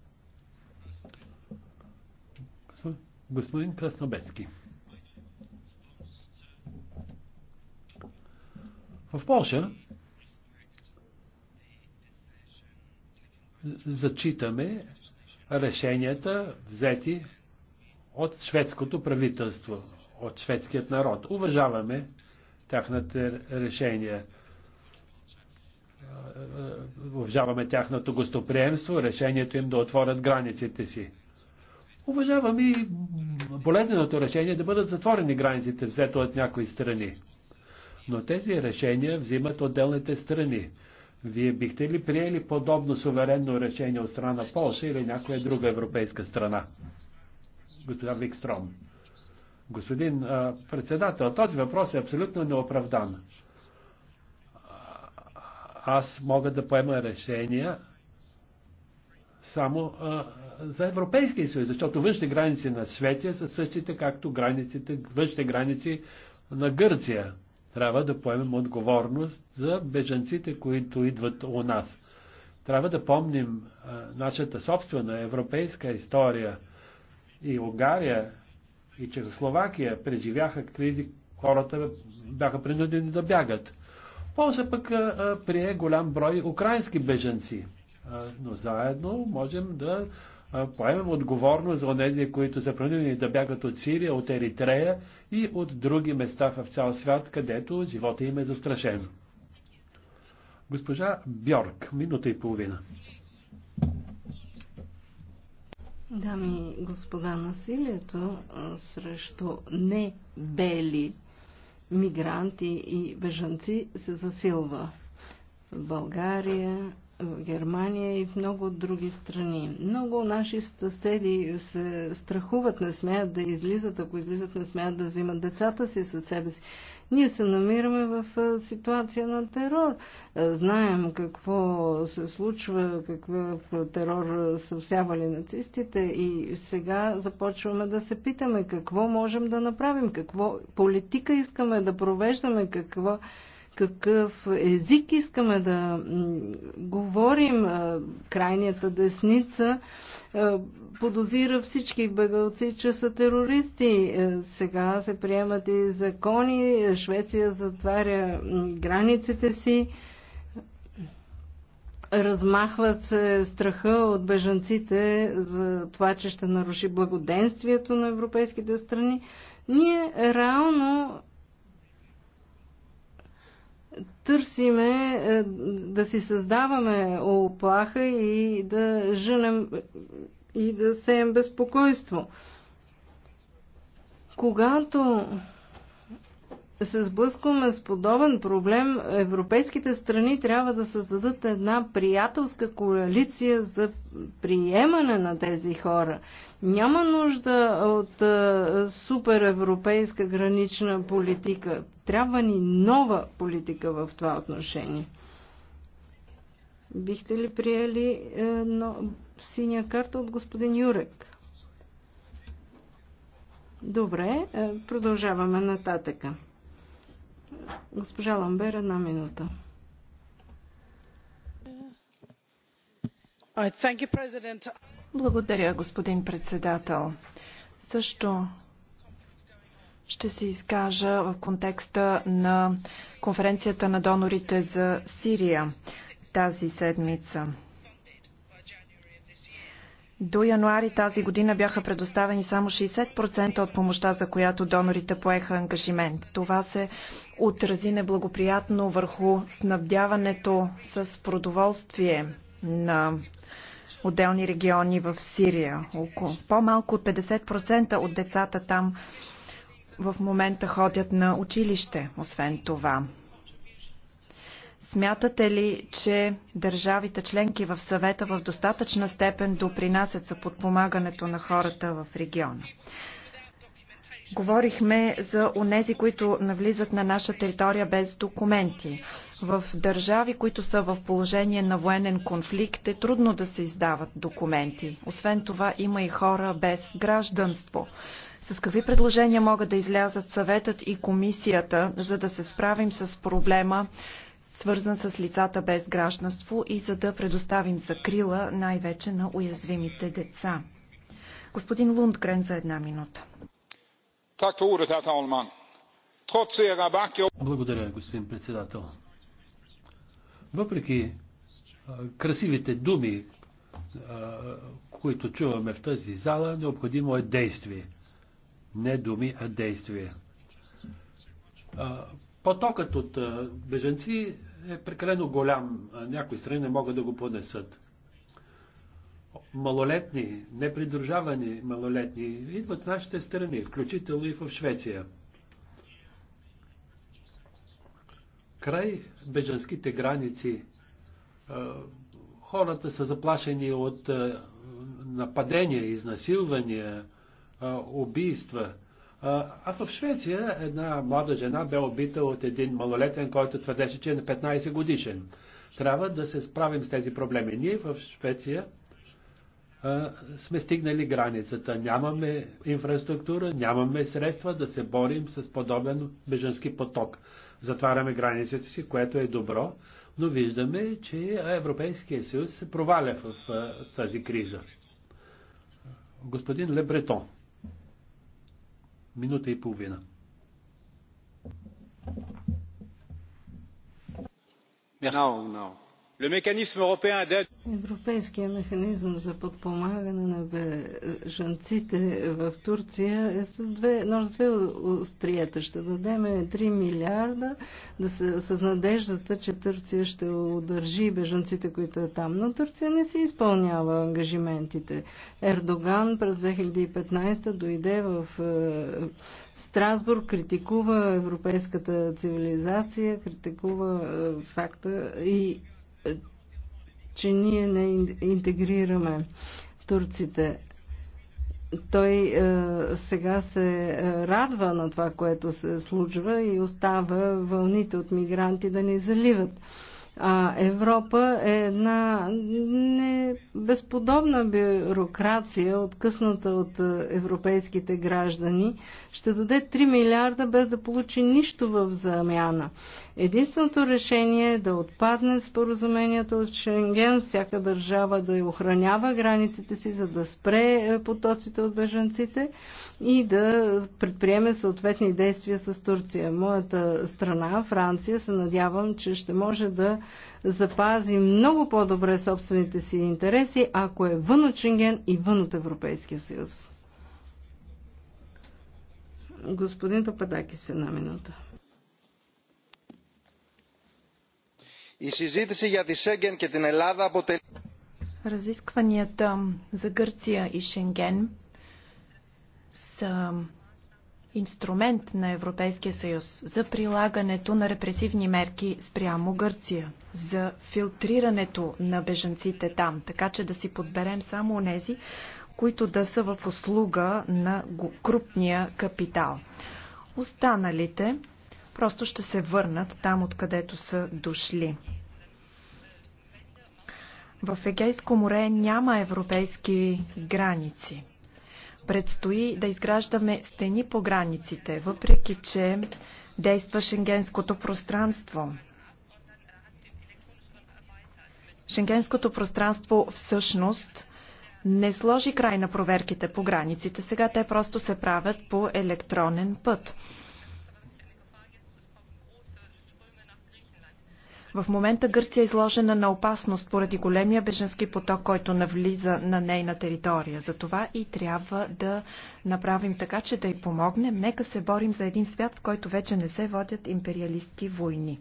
Господин Красновецки. В Польша зачитаме решенията взети от шведското правителство, от шведският народ. Уважаваме тяхната решения. Уважаваме тяхното гостоприемство, решението им да отворят границите си. Уважаваме и болезненото решение да бъдат затворени границите, взето от някои страни. Но тези решения взимат отделните страни. Вие бихте ли приели подобно суверенно решение от страна на Польша или някоя друга европейска страна? Господин Викстром. Господин а, председател, този въпрос е абсолютно неоправдан. Аз мога да поема решения само а, за Европейския съюз, защото външните граници на Швеция са същите, както границите, външните граници на Гърция. Трябва да поемем отговорност за бежанците, които идват у нас. Трябва да помним а, нашата собствена европейска история. И Угария и Чехословакия преживяха кризи, хората бяха принудени да бягат. Полша пък а, прие голям брой украински бежанци. А, но заедно можем да поемем отговорност за тези, които са принудени да бягат от Сирия, от Еритрея и от други места в цял свят, където живота им е застрашен. Госпожа Бьорк, минута и половина. Дами и господа, насилието срещу небели мигранти и бежанци се засилва. В България, в Германия и в много други страни. Много наши съседи се страхуват, не смеят да излизат, ако излизат, не смеят да взимат децата си със себе си. Ние се намираме в ситуация на терор. Знаем какво се случва, какъв терор са всявали нацистите и сега започваме да се питаме какво можем да направим, какво политика искаме да провеждаме, какво какъв език искаме да говорим. Крайнията десница подозира всички бегалци, че са терористи. Сега се приемат и закони. Швеция затваря границите си. Размахват се страха от бежанците за това, че ще наруши благоденствието на европейските страни. Ние реално търсиме е, да си създаваме оплаха и да женем и да сеем безпокойство. Когато се сблъскваме с подобен проблем, европейските страни трябва да създадат една приятелска коалиция за приемане на тези хора. Няма нужда от е, супер европейска гранична политика. Трябва ни нова политика в това отношение. Бихте ли приели е, но, синя карта от господин Юрек? Добре, е, продължаваме нататъка. Госпожа Ламбер, една минута. Благодаря, господин председател. Също ще се изкажа в контекста на конференцията на донорите за Сирия тази седмица. До януари тази година бяха предоставени само 60% от помощта, за която донорите поеха ангажимент. Това се отрази неблагоприятно върху снабдяването с продоволствие на отделни региони в Сирия. Около по-малко от 50% от децата там в момента ходят на училище, освен това. Смятате ли, че държавите членки в съвета в достатъчна степен допринасят за подпомагането на хората в региона? Говорихме за онези, които навлизат на наша територия без документи. В държави, които са в положение на военен конфликт, е трудно да се издават документи. Освен това, има и хора без гражданство. С какви предложения могат да излязат съветът и комисията, за да се справим с проблема свързан с лицата без гражданство и за да предоставим закрила най-вече на уязвимите деца. Господин Лундгрен за една минута. Благодаря, господин председател. Въпреки красивите думи, които чуваме в тази зала, необходимо е действие. Не думи, а действие. Потокът от беженци е прекалено голям. Някои страни не могат да го понесат. Малолетни, непридружавани малолетни идват в нашите страни, включително и в Швеция. Край бежанските граници хората са заплашени от нападения, изнасилвания, убийства – а в Швеция една млада жена бе убита от един малолетен, който твърдеше, че е на 15 годишен. Трябва да се справим с тези проблеми. Ние в Швеция а, сме стигнали границата. Нямаме инфраструктура, нямаме средства да се борим с подобен беженски поток. Затваряме границите си, което е добро, но виждаме, че Европейския съюз се проваля в а, тази криза. Господин Лебретон минута и половина. Yes. Now, now. Европейския механизъм за подпомагане на бежанците в Турция е с две, но с две острията. Ще дадем 3 милиарда да се, с надеждата, че Турция ще удържи бежанците, които е там. Но Турция не си изпълнява ангажиментите. Ердоган през 2015 дойде в е, Страсбург критикува европейската цивилизация, критикува е, факта и че ние не интегрираме турците. Той е, сега се радва на това, което се случва и остава вълните от мигранти да ни заливат. А Европа е една не безподобна бюрокрация, откъсната от европейските граждани, ще даде 3 милиарда без да получи нищо в замяна. Единственото решение е да отпадне споразумението от Шенген, всяка държава да охранява границите си, за да спре е, потоците от беженците и да предприеме съответни действия с Турция. Моята страна, Франция, се надявам, че ще може да запази много по-добре собствените си интереси, ако е вън от Шенген и вън от Европейския съюз. Господин Пападакис, една минута. И συζήτηση για τη Σέγγεν την Ελλάδα αποτελεί... Разискванията за Гърция и Шенген са инструмент на Европейския съюз за прилагането на репресивни мерки спрямо Гърция, за филтрирането на бежанците там, така че да си подберем само онези, които да са в услуга на крупния капитал. Останалите просто ще се върнат там, откъдето са дошли. В Егейско море няма европейски граници. Предстои да изграждаме стени по границите, въпреки че действа шенгенското пространство. Шенгенското пространство всъщност не сложи край на проверките по границите. Сега те просто се правят по електронен път. В момента Гърция е изложена на опасност поради големия беженски поток, който навлиза на нейна територия. Затова и трябва да направим така, че да й помогнем. Нека се борим за един свят, в който вече не се водят империалистки войни.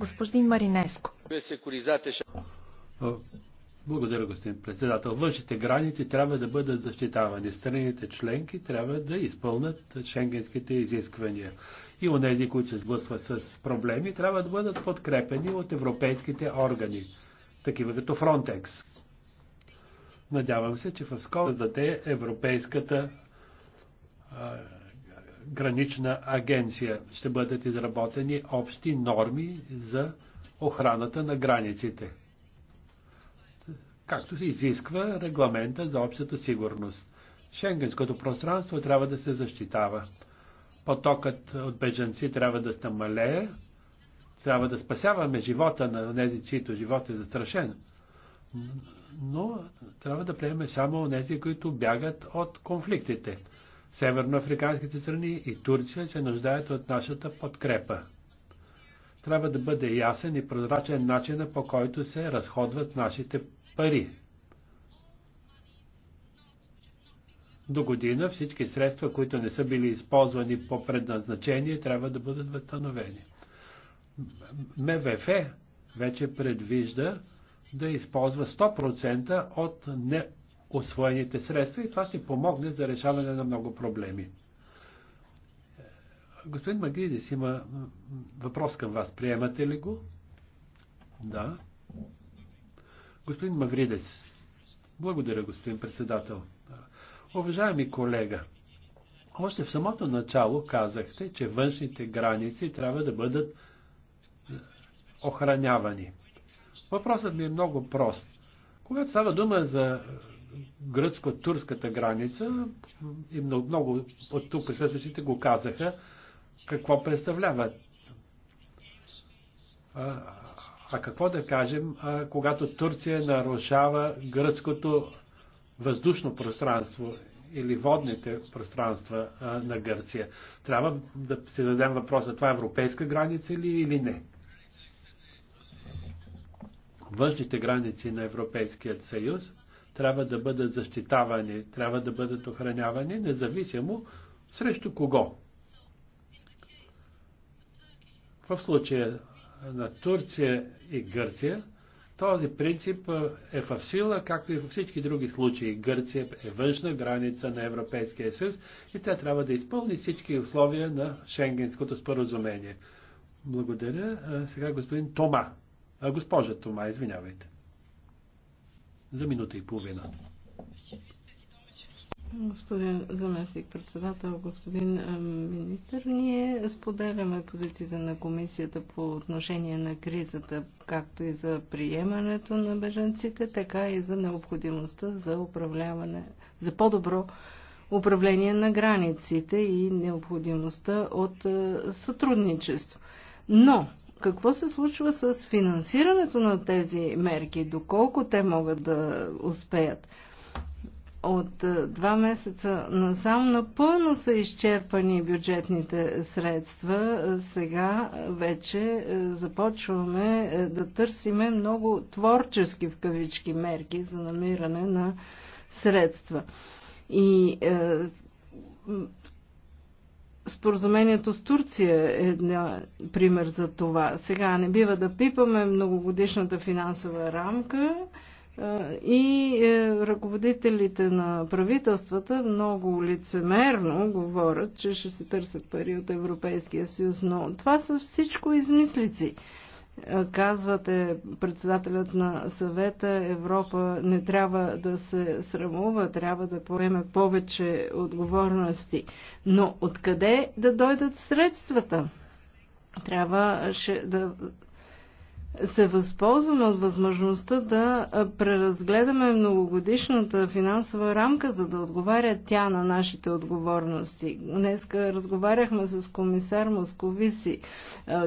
Господин Маринеско. Благодаря, господин председател. Външните граници трябва да бъдат защитавани. Страните членки трябва да изпълнат шенгенските изисквания и онези, които се сблъскват с проблеми, трябва да бъдат подкрепени от европейските органи, такива като Фронтекс. Надявам се, че в скоро даде Европейската а, гранична агенция. Ще бъдат изработени общи норми за охраната на границите, както се изисква регламента за общата сигурност. Шенгенското пространство трябва да се защитава потокът от бежанци трябва да стамалее, трябва да спасяваме живота на тези, чието живот е застрашен. Но трябва да приемем само тези, които бягат от конфликтите. Северноафриканските страни и Турция се нуждаят от нашата подкрепа. Трябва да бъде ясен и прозрачен начина по който се разходват нашите пари. до година всички средства, които не са били използвани по предназначение, трябва да бъдат възстановени. МВФ вече предвижда да използва 100% от неосвоените средства и това ще помогне за решаване на много проблеми. Господин Магридис има въпрос към вас. Приемате ли го? Да. Господин Мавридес. Благодаря, господин председател. Уважаеми колега, още в самото начало казахте, че външните граници трябва да бъдат е, охранявани. Въпросът ми е много прост. Когато става дума за е, гръцко-турската граница, и много, много от тук присъстващите го казаха, какво представлява. А, а какво да кажем, а, когато Турция нарушава гръцкото въздушно пространство или водните пространства а, на Гърция. Трябва да си дадем въпроса, това е европейска граница ли или не? Външните граници на Европейският съюз трябва да бъдат защитавани, трябва да бъдат охранявани, независимо срещу кого. В случая на Турция и Гърция, този принцип е в сила, както и във всички други случаи. Гърция е външна граница на Европейския съюз и тя трябва да изпълни всички условия на Шенгенското споразумение. Благодаря. Сега господин Тома. А, госпожа Тома, извинявайте. За минута и половина. Господин заместник председател, господин министр, ние споделяме позицията на комисията по отношение на кризата, както и за приемането на беженците, така и за необходимостта за управляване, за по-добро управление на границите и необходимостта от сътрудничество. Но какво се случва с финансирането на тези мерки? Доколко те могат да успеят? от е, два месеца насам напълно са изчерпани бюджетните средства. Е, сега вече е, започваме да търсиме много творчески в кавички мерки за намиране на средства. И споразумението с Турция е пример за това. Сега не бива да пипаме многогодишната финансова рамка и е, ръководителите на правителствата много лицемерно говорят, че ще се търсят пари от Европейския съюз, но това са всичко измислици казвате, председателят на съвета Европа не трябва да се срамува, трябва да поеме повече отговорности. Но откъде да дойдат средствата? Трябваше да се възползваме от възможността да преразгледаме многогодишната финансова рамка, за да отговаря тя на нашите отговорности. Днес разговаряхме с комисар Московиси.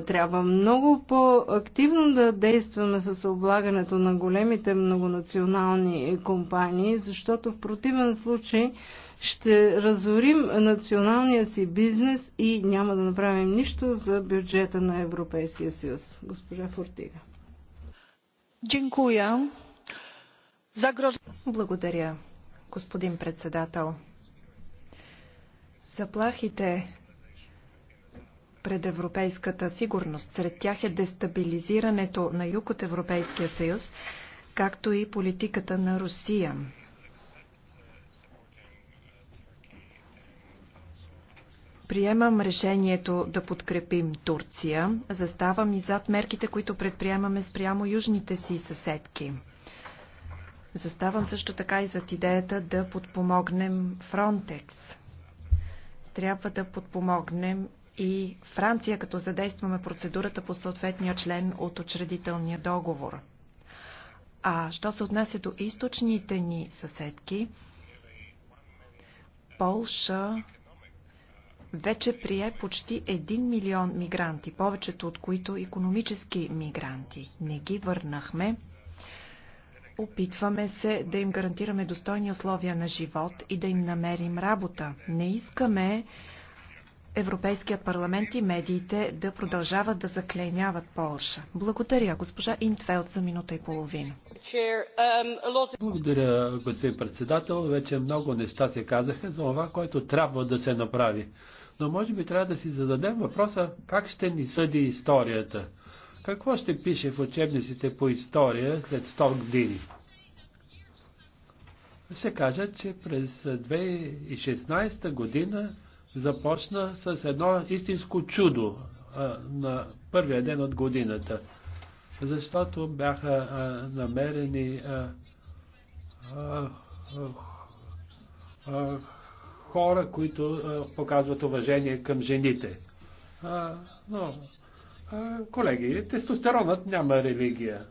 Трябва много по-активно да действаме с облагането на големите многонационални компании, защото в противен случай ще разорим националния си бизнес и няма да направим нищо за бюджета на Европейския съюз. Госпожа Фортига. Дякую. Благодаря, господин председател. Заплахите пред европейската сигурност. Сред тях е дестабилизирането на юг от Европейския съюз, както и политиката на Русия. Приемам решението да подкрепим Турция. Заставам и зад мерките, които предприемаме спрямо южните си съседки. Заставам също така и зад идеята да подпомогнем Фронтекс. Трябва да подпомогнем и Франция, като задействаме процедурата по съответния член от учредителния договор. А що се отнася до източните ни съседки, Полша, вече прие почти 1 милион мигранти, повечето от които економически мигранти. Не ги върнахме. Опитваме се да им гарантираме достойни условия на живот и да им намерим работа. Не искаме Европейският парламент и медиите да продължават да заклеймяват Полша. Благодаря, госпожа Интфелд, за минута и половина. Благодаря, господин председател. Вече много неща се казаха за това, което трябва да се направи. Но може би трябва да си зададем въпроса как ще ни съди историята. Какво ще пише в учебниците по история след 100 години? Ще кажа, че през 2016 година започна с едно истинско чудо а, на първия ден от годината, защото бяха а, намерени а, а, а, а, хора, които показват уважение към жените. Но, колеги, тестостеронът няма религия.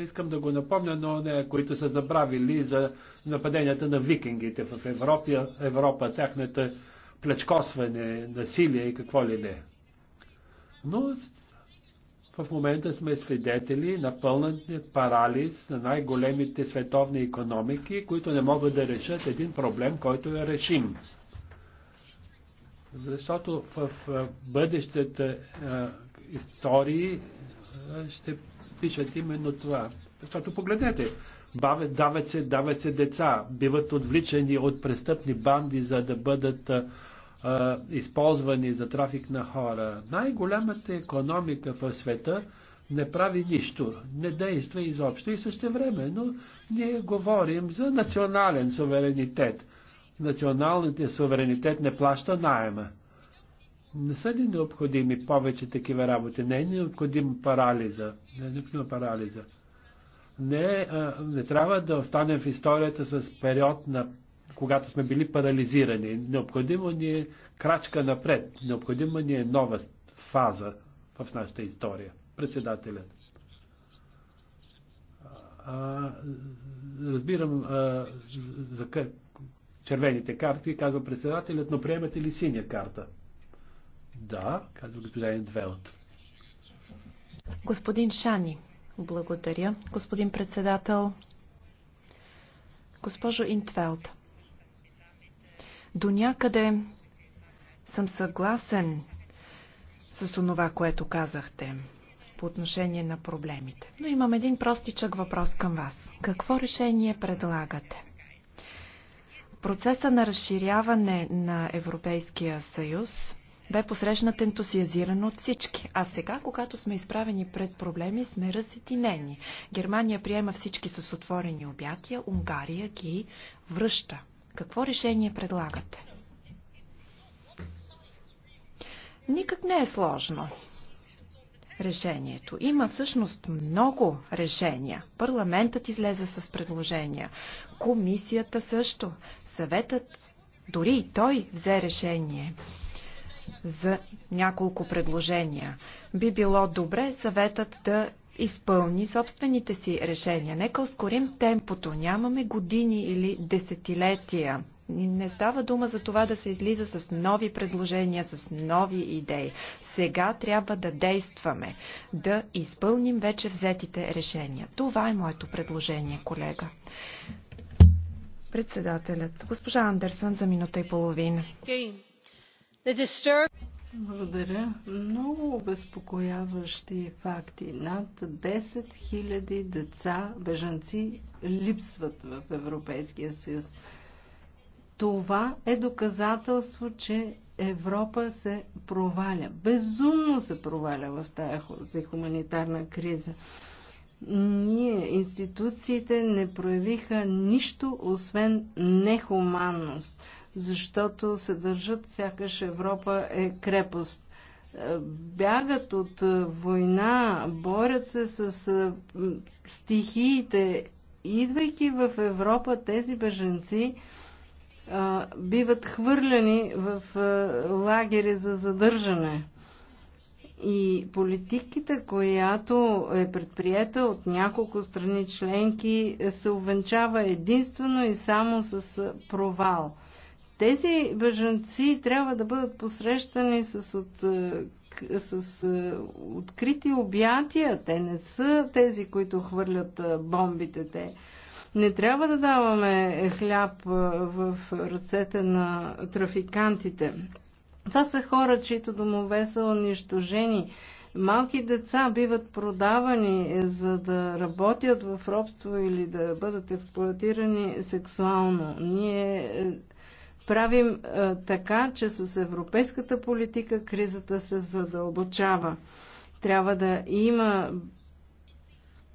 Искам да го напомня, но не, които са забравили за нападенията на викингите в Европа, Европа тяхната плечкосване, насилие и какво ли не. Но в момента сме свидетели на пълнат парализ на най-големите световни економики, които не могат да решат един проблем, който е решим. Защото в бъдещата е, истории е, ще пишат именно това. Защото погледнете, бавят, дават се, дават се деца, биват отвличани от престъпни банди, за да бъдат е, а, използвани за трафик на хора. Най-голямата економика в света не прави нищо, не действа изобщо и също време, но ние говорим за национален суверенитет. Националният суверенитет не плаща найема. Не са ли необходими повече такива работи? Не е необходим парализа. Не е необходима парализа. Не, а, не трябва да останем в историята с период на когато сме били парализирани. Необходимо ни е крачка напред. Необходима ни е нова фаза в нашата история. Председателят. А, разбирам а, за червените карти, казва председателят, но приемате ли синя карта? Да, казва господин Двелт. Господин Шани, благодаря. Господин председател, госпожо Интвелт, до някъде съм съгласен с това, което казахте по отношение на проблемите. Но имам един простичък въпрос към вас. Какво решение предлагате? Процеса на разширяване на Европейския съюз бе посрещнат ентусиазирано от всички. А сега, когато сме изправени пред проблеми, сме разединени. Германия приема всички с отворени обятия, Унгария ги връща какво решение предлагате? Никак не е сложно решението. Има всъщност много решения. Парламентът излезе с предложения. Комисията също. Съветът, дори и той взе решение за няколко предложения. Би било добре съветът да изпълни собствените си решения. Нека ускорим темпото. Нямаме години или десетилетия. Не става дума за това да се излиза с нови предложения, с нови идеи. Сега трябва да действаме, да изпълним вече взетите решения. Това е моето предложение, колега. Председателят, госпожа Андерсън за минута и половина. Благодаря. Много обезпокояващи факти. Над 10 000 деца, бежанци, липсват в Европейския съюз. Това е доказателство, че Европа се проваля. Безумно се проваля в тази хуманитарна криза. Ние, институциите, не проявиха нищо, освен нехуманност защото се държат сякаш Европа е крепост. Е, бягат от е, война, борят се с е, стихиите. Идвайки в Европа, тези беженци биват хвърляни в лагери за задържане. И политиките, която е предприета от няколко страни членки, се увенчава единствено и само с провал – тези бъженци трябва да бъдат посрещани с, от, е, с е, открити обятия. Те не са тези, които хвърлят е, бомбите. Те не трябва да даваме хляб в ръцете на трафикантите. Това са хора, чието домове са унищожени. Малки деца биват продавани, за да работят в робство или да бъдат експлуатирани сексуално. Ние правим а, е, така, че с европейската политика кризата се задълбочава. Трябва да има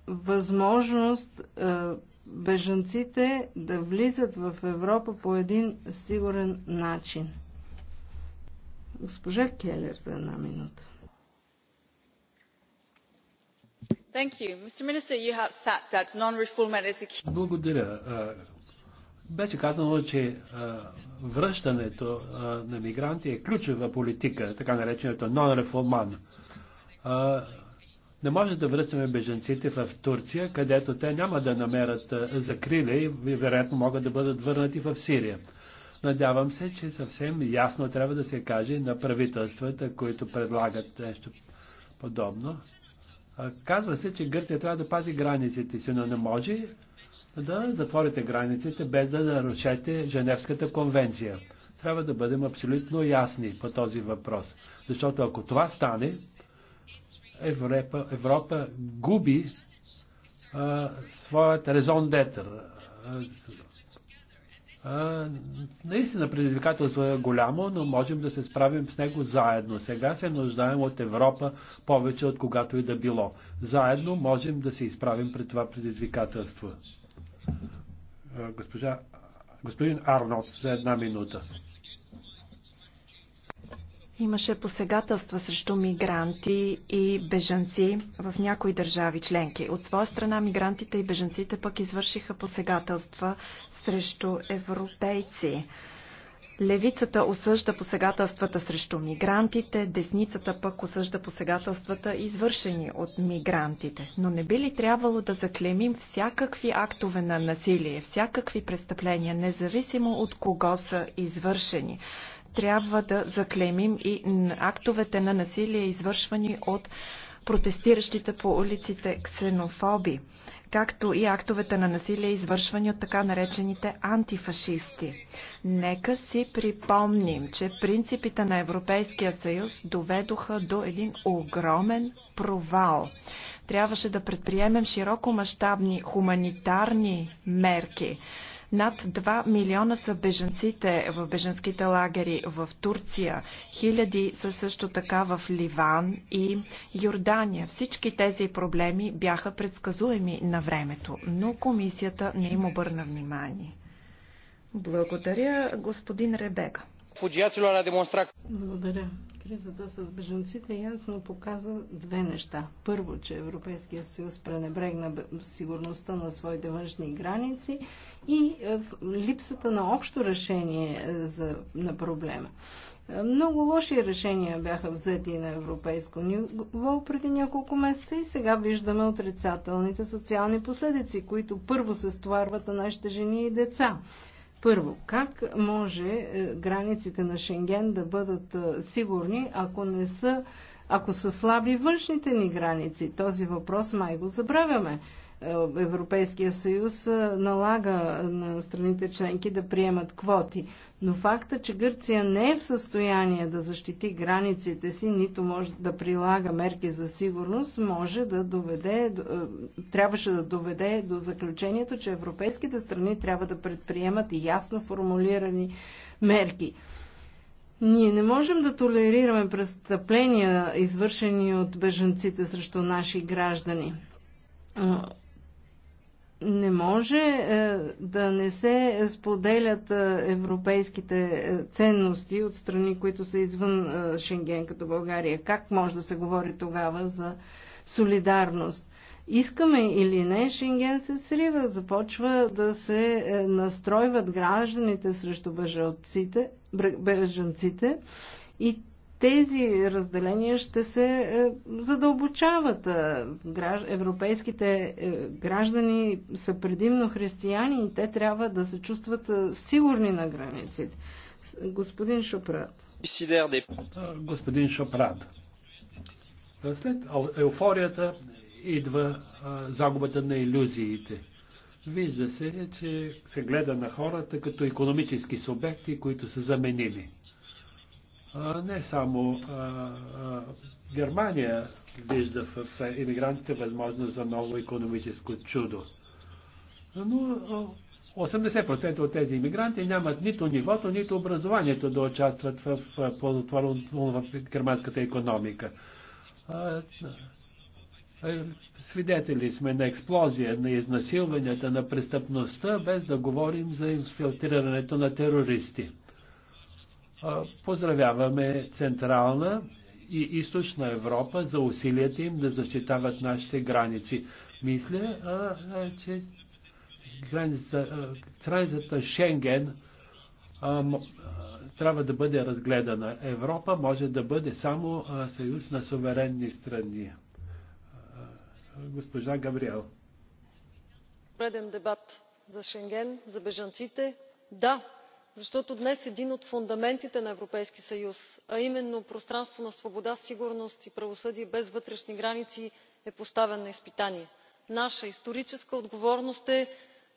възможност а, е, бежанците да влизат в Европа по един сигурен начин. Госпожа Келер за една минута. Благодаря. Беше казано, че а, връщането а, на мигранти е ключова политика, така нареченото non-reforman. Не може да връщаме беженците в Турция, където те няма да намерят закриле и вероятно могат да бъдат върнати в Сирия. Надявам се, че съвсем ясно трябва да се каже на правителствата, които предлагат нещо подобно. Казва се, че Гърция трябва да пази границите си, но не може да затворите границите без да нарушете Женевската конвенция. Трябва да бъдем абсолютно ясни по този въпрос. Защото ако това стане, Европа, Европа губи а, своят резон детър. А, наистина предизвикателство е голямо, но можем да се справим с него заедно. Сега се нуждаем от Европа повече от когато и да било. Заедно можем да се изправим пред това предизвикателство. Е, госпожа, господин Арнот за една минута. Имаше посегателства срещу мигранти и бежанци в някои държави членки. От своя страна мигрантите и бежанците пък извършиха посегателства срещу европейци. Левицата осъжда посегателствата срещу мигрантите, десницата пък осъжда посегателствата, извършени от мигрантите. Но не би ли трябвало да заклемим всякакви актове на насилие, всякакви престъпления, независимо от кого са извършени? Трябва да заклемим и актовете на насилие, извършвани от протестиращите по улиците ксенофоби както и актовете на насилие, извършвани от така наречените антифашисти. Нека си припомним, че принципите на Европейския съюз доведоха до един огромен провал. Трябваше да предприемем широко хуманитарни мерки над 2 милиона са беженците в беженските лагери в Турция. Хиляди са също така в Ливан и Йордания. Всички тези проблеми бяха предсказуеми на времето, но комисията не им обърна внимание. Благодаря, господин Ребека. Благодаря. Кризата с беженците ясно показва две неща. Първо, че Европейския съюз пренебрегна сигурността на своите външни граници и е, липсата на общо решение е, за, на проблема. Е, много лоши решения бяха взети на европейско ниво преди няколко месеца и сега виждаме отрицателните социални последици, които първо се стоварват на нашите жени и деца. Първо, как може е, границите на Шенген да бъдат е, сигурни, ако не са ако са слаби външните ни граници? Този въпрос май го забравяме. Европейския съюз налага на страните членки да приемат квоти. Но факта, че Гърция не е в състояние да защити границите си, нито може да прилага мерки за сигурност, може да доведе, е, трябваше да доведе до заключението, че европейските страни трябва да предприемат ясно формулирани мерки. Ние не можем да толерираме престъпления, извършени от бежанците срещу наши граждани не може е, да не се споделят е, европейските е, ценности от страни, които са извън Шенген, като България. Как може да се говори тогава за солидарност? Искаме или не, Шенген се срива, започва да се настройват гражданите срещу бежанците, бежанците и тези разделения ще се е, задълбочават. Е, европейските е, граждани са предимно християни и те трябва да се чувстват сигурни на границите. Господин Шопрат. Господин Шопрат. След еуфорията идва загубата на иллюзиите. Вижда се, че се гледа на хората като економически субекти, които са заменили не само Германия вижда в иммигрантите възможност за ново економическо чудо. Но 80% от тези иммигранти нямат нито нивото, нито образованието да участват в полнотворно в германската економика. Свидетели сме на експлозия, на изнасилванията, на престъпността, без да говорим за инфилтрирането на терористи. Поздравяваме Централна и Източна Европа за усилията им да защитават нашите граници. Мисля, а, а, че границата, границата Шенген а, трябва да бъде разгледана. Европа може да бъде само а, съюз на суверенни страни. Госпожа Габриел. Преден дебат за Шенген, за бежанците. Да, защото днес един от фундаментите на европейския съюз а именно пространство на свобода сигурност и правосъдие без вътрешни граници е поставен на изпитание. наша историческа отговорност е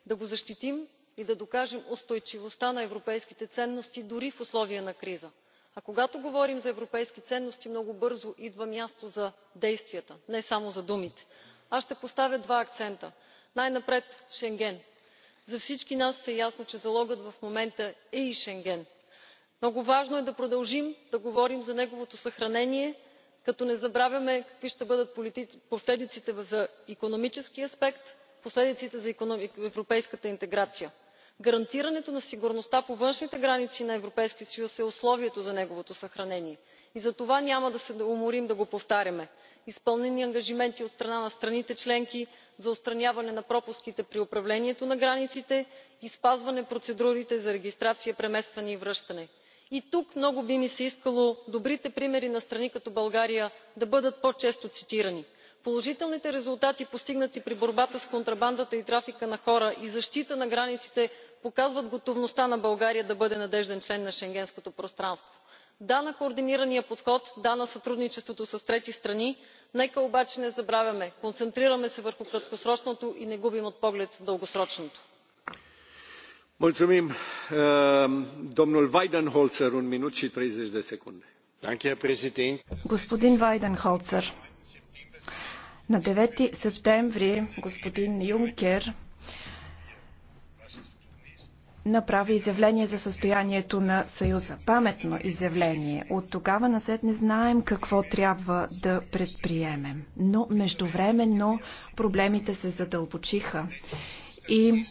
да го защитим и да докажем устойчивостта на европейските ценности дори в условия на криза. а когато говорим за европейски ценности много бързо идва място за действията не само за думите. аз ще поставя два акцента. най напред шенген за всички нас е ясно че залогът в момента е и шенген. много важно е да продължим да говорим за неговото съхранение като не забравяме какви ще бъдат последиците за икономическия аспект последиците за европейската интеграция. гарантирането на сигурността по външните граници на европейския съюз е условието за неговото съхранение и затова няма да се уморим да го повтаряме изпълнени ангажименти от страна на страните членки за отстраняване на пропуските при управлението на границите и спазване процедурите за регистрация преместване и връщане. и тук много би ми се искало добрите примери на страни като българия да бъдат по често цитирани. положителните резултати постигнати при борбата с контрабандата и трафика на хора и защита на границите показват готовността на българия да бъде надежден член на шенгенското пространство да на координирания подход да на сътрудничеството с трети страни. нека обаче не забравяме концентрираме се върху краткосрочното и не губим от поглед дългосрочното. господин вайденхолцер на девети септември господин юнкер направи изявление за състоянието на Съюза. Паметно изявление. От тогава насет не знаем какво трябва да предприемем. Но междувременно проблемите се задълбочиха и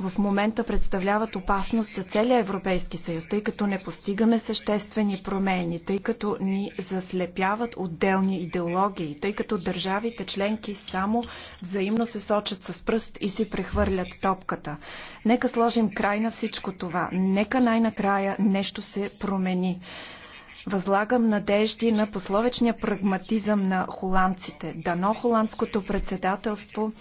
в момента представляват опасност за целия Европейски съюз, тъй като не постигаме съществени промени, тъй като ни заслепяват отделни идеологии, тъй като държавите членки само взаимно се сочат с пръст и си прехвърлят топката. Нека сложим край на всичко това. Нека най-накрая нещо се промени. Възлагам надежди на пословечния прагматизъм на холандците. Дано холандското председателство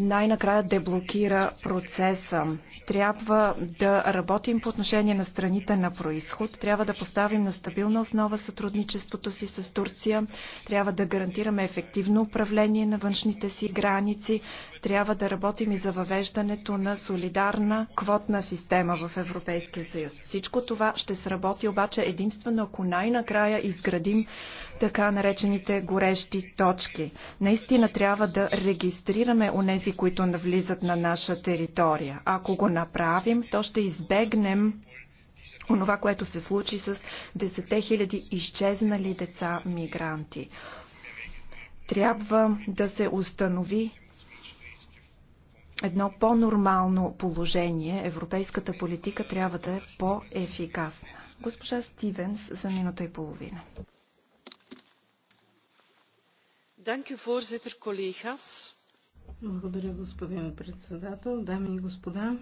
най-накрая деблокира процеса. Трябва да работим по отношение на страните на происход, трябва да поставим на стабилна основа сътрудничеството си с Турция, трябва да гарантираме ефективно управление на външните си граници, трябва да работим и за въвеждането на солидарна квотна система в Европейския съюз. Всичко това ще сработи обаче единствено ако най-накрая изградим така наречените горещи точки. Наистина трябва да регистрираме онези, които навлизат на наша територия. Ако го направим, то ще избегнем онова, което се случи с 10 000 изчезнали деца мигранти трябва да се установи едно по-нормално положение, европейската политика трябва да е по-ефикасна. Госпожа Стивенс за минута и половина. Благодаря, господин председател. Дами и господа,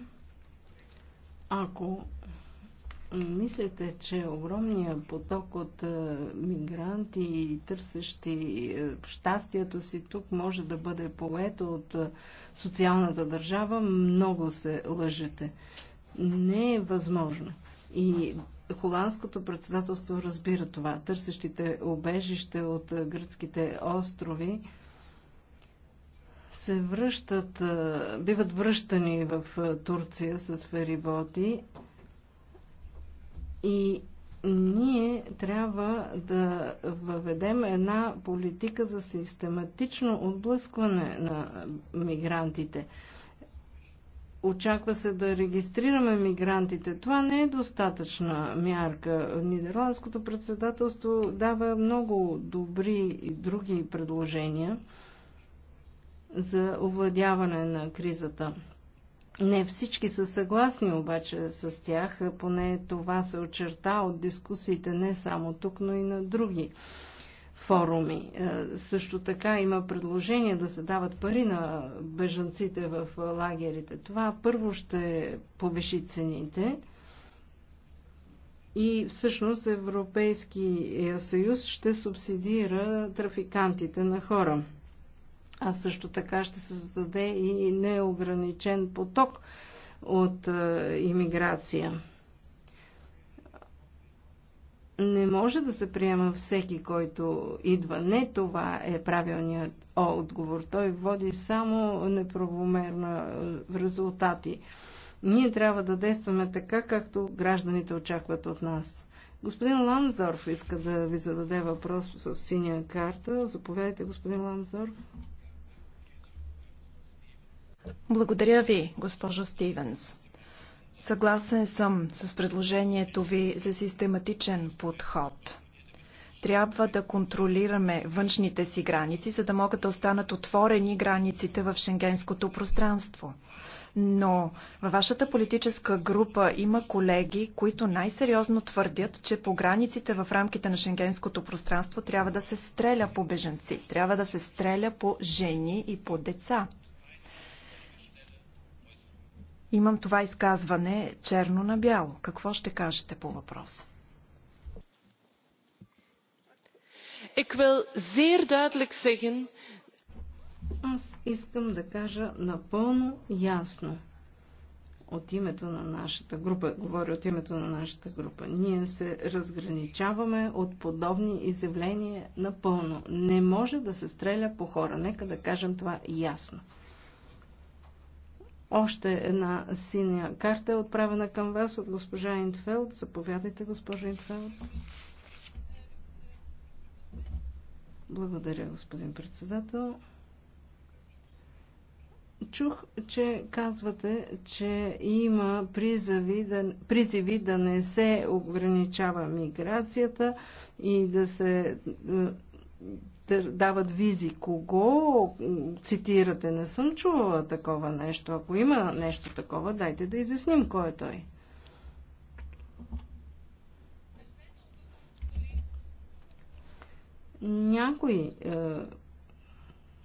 ако Мислите, че огромният поток от мигранти и търсещи щастието си тук може да бъде поет от социалната държава? Много се лъжете. Не е възможно. И холандското председателство разбира това. Търсещите обежище от гръцките острови се връщат, биват връщани в Турция с фериботи и ние трябва да въведем една политика за систематично отблъскване на мигрантите. Очаква се да регистрираме мигрантите. Това не е достатъчна мярка. Нидерландското председателство дава много добри и други предложения за овладяване на кризата. Не всички са съгласни обаче с тях, поне това се очерта от дискусиите не само тук, но и на други форуми. Е, също така има предложение да се дават пари на бежанците в лагерите. Това първо ще повиши цените и всъщност Европейския съюз ще субсидира трафикантите на хора а също така ще се създаде и неограничен поток от е, иммиграция. Не може да се приема всеки, който идва. Не това е правилният отговор. Той води само неправомерно е, резултати. Ние трябва да действаме така, както гражданите очакват от нас. Господин Ламсдорф иска да ви зададе въпрос с синя карта. Заповядайте, господин Ламсдорф. Благодаря ви, госпожо Стивенс. Съгласен съм с предложението ви за систематичен подход. Трябва да контролираме външните си граници, за да могат да останат отворени границите в шенгенското пространство. Но във вашата политическа група има колеги, които най-сериозно твърдят, че по границите в рамките на шенгенското пространство трябва да се стреля по беженци, трябва да се стреля по жени и по деца имам това изказване черно на бяло. Какво ще кажете по въпроса? Ik wil zeer duidelijk zeggen. Аз искам да кажа напълно ясно от името на нашата група, говоря от името на нашата група, ние се разграничаваме от подобни изявления напълно. Не може да се стреля по хора. Нека да кажем това ясно. Още една синя карта е отправена към вас от госпожа Интфелд. Заповядайте, госпожа Интфелд. Благодаря, господин председател. Чух, че казвате, че има призиви да, призиви да не се ограничава миграцията и да се дават визи. Кого цитирате? Не съм чувала такова нещо. Ако има нещо такова, дайте да изясним кой е той. Някои е,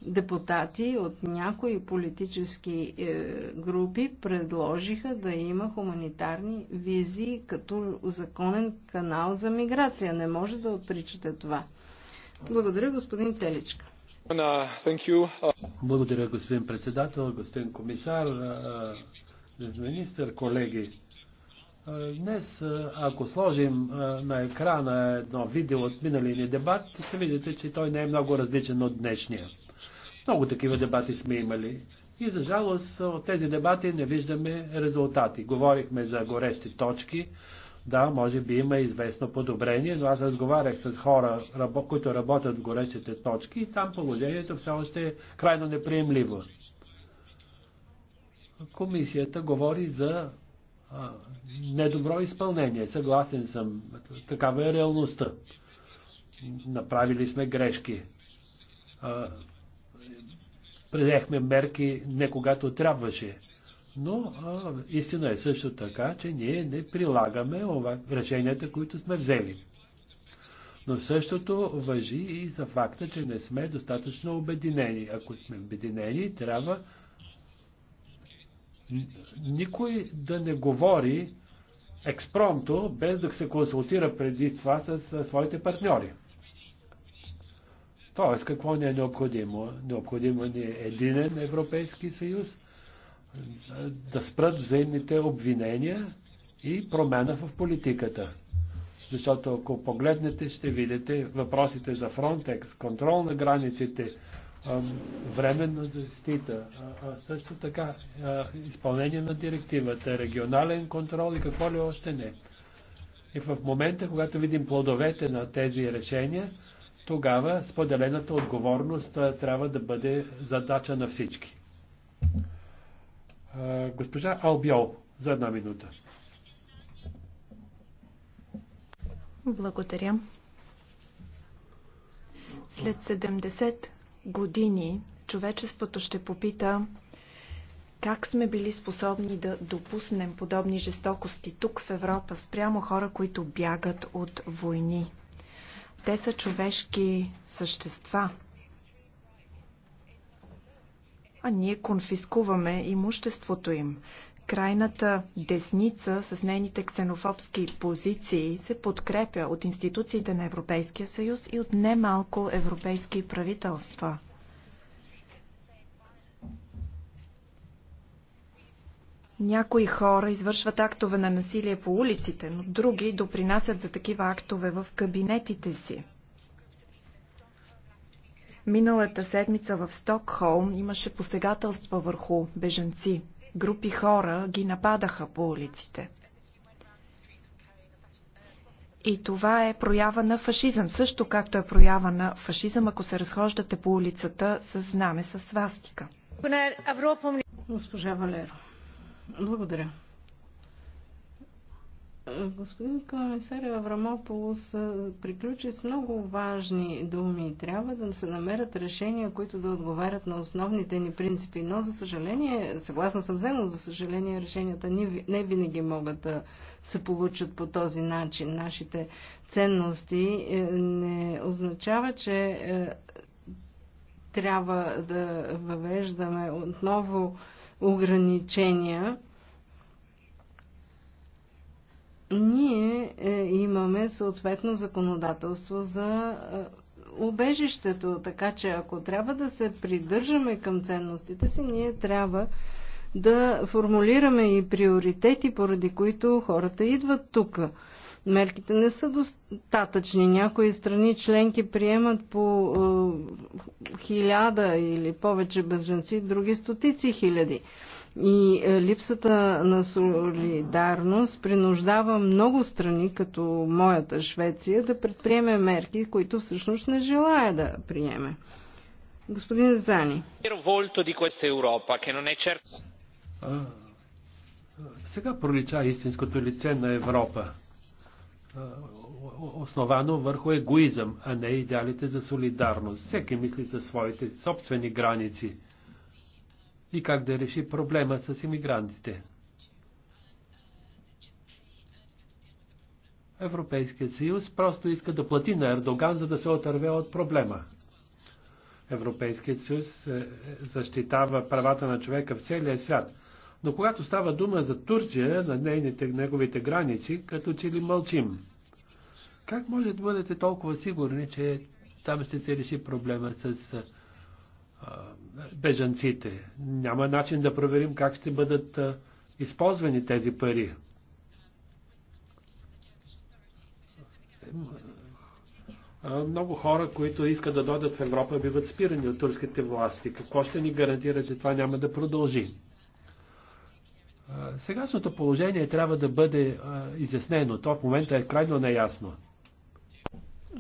депутати от някои политически е, групи предложиха да има хуманитарни визии като законен канал за миграция. Не може да отричате това. Благодаря, господин Теличка. Благодаря, господин председател, господин комисар, министър, колеги. Днес, ако сложим на екрана едно видео от миналия ни дебат, ще видите, че той не е много различен от днешния. Много такива дебати сме имали. И за жалост от тези дебати не виждаме резултати. Говорихме за горещи точки, да, може би има известно подобрение, но аз разговарях с хора, които работят в горещите точки и там положението все още е крайно неприемливо. Комисията говори за а, недобро изпълнение. Съгласен съм. Такава е реалността. Направили сме грешки. А, предехме мерки не когато трябваше. Но а, истина е също така, че ние не прилагаме ова, решенията, които сме взели. Но същото въжи и за факта, че не сме достатъчно обединени. Ако сме обединени, трябва никой да не говори експромто, без да се консултира преди това с своите партньори. Тоест, какво ни е необходимо? Необходимо ни е единен Европейски съюз, да спрат взаимните обвинения и промена в политиката. Защото ако погледнете, ще видите въпросите за Фронтекс, контрол на границите, временна защита, а също така изпълнение на директивата, регионален контрол и какво ли още не. И в момента, когато видим плодовете на тези решения, тогава споделената отговорност трябва да бъде задача на всички. Госпожа Албиол, за една минута. Благодаря. След 70 години човечеството ще попита как сме били способни да допуснем подобни жестокости тук в Европа спрямо хора, които бягат от войни. Те са човешки същества, а ние конфискуваме имуществото им. Крайната десница с нейните ксенофобски позиции се подкрепя от институциите на Европейския съюз и от немалко европейски правителства. Някои хора извършват актове на насилие по улиците, но други допринасят за такива актове в кабинетите си. Миналата седмица в Стокхолм имаше посегателства върху бежанци. Групи хора ги нападаха по улиците. И това е проява на фашизъм, също както е проява на фашизъм, ако се разхождате по улицата с знаме, с свастика. Госпожа Валеро, благодаря. Господин комисар Аврамополос приключи с много важни думи. Трябва да се намерят решения, които да отговарят на основните ни принципи. Но, за съжаление, съгласна съм взема, за съжаление, решенията не винаги могат да се получат по този начин. Нашите ценности е, не означава, че е, трябва да въвеждаме отново ограничения ние е, имаме съответно законодателство за е, убежището, така че ако трябва да се придържаме към ценностите си, ние трябва да формулираме и приоритети, поради които хората идват тук. Мерките не са достатъчни. Някои страни членки приемат по е, хиляда или повече бъженци, други стотици хиляди. И е, липсата на солидарност принуждава много страни, като моята Швеция, да предприеме мерки, които всъщност не желая да приеме. Господин Зани. А, сега пролича истинското лице на Европа, основано върху егоизъм, а не идеалите за солидарност. Всеки мисли за своите собствени граници – и как да реши проблема с иммигрантите. Европейският съюз просто иска да плати на Ердоган, за да се отърве от проблема. Европейският съюз е, е, защитава правата на човека в целия свят. Но когато става дума за Турция, на нейните, неговите граници, като че ли мълчим. Как може да бъдете толкова сигурни, че там ще се реши проблема с е, а, бежанците. Няма начин да проверим как ще бъдат използвани тези пари. Много хора, които искат да дойдат в Европа, биват спирани от турските власти. Какво ще ни гарантира, че това няма да продължи? Сегашното положение трябва да бъде изяснено. То в момента е крайно неясно.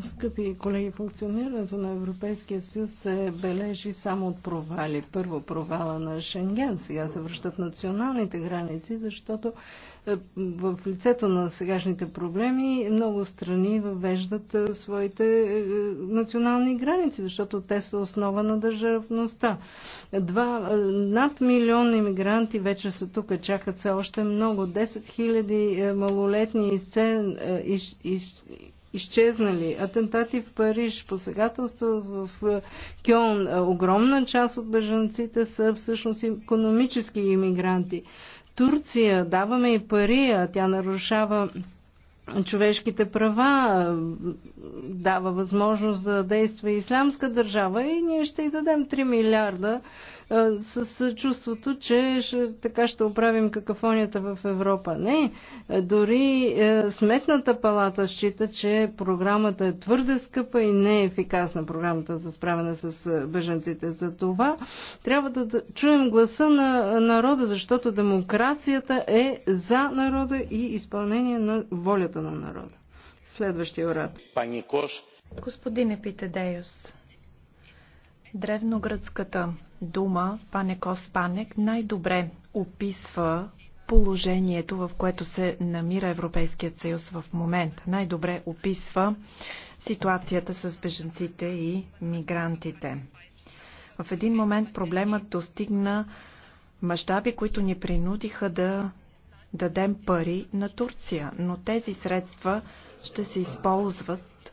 Скъпи колеги, функционирането на Европейския съюз се бележи само от провали. Първо провала на Шенген, сега се връщат националните граници, защото е, в лицето на сегашните проблеми много страни въвеждат е, своите е, национални граници, защото те са основа на държавността. Два, над милион иммигранти вече са тук, чакат се още много. 10 хиляди малолетни изцен, из, из, изчезнали. Атентати в Париж, посегателства в Кьон, огромна част от бежанците са всъщност економически иммигранти. Турция, даваме и пари, а тя нарушава човешките права, дава възможност да действа и ислямска държава и ние ще й дадем 3 милиарда с чувството, че ще, така ще оправим какафонията в Европа. Не, дори Сметната палата счита, че програмата е твърде скъпа и не е ефикасна програмата за справяне с бежанците. За това трябва да чуем гласа на народа, защото демокрацията е за народа и изпълнение на волята на народа. Следващия оратор. Паникош. Господине Питедеус, древногръцката дума Панекос Панек най-добре описва положението, в което се намира Европейският съюз в момент. Най-добре описва ситуацията с беженците и мигрантите. В един момент проблемът достигна мащаби, които ни принудиха да дадем пари на Турция, но тези средства ще се използват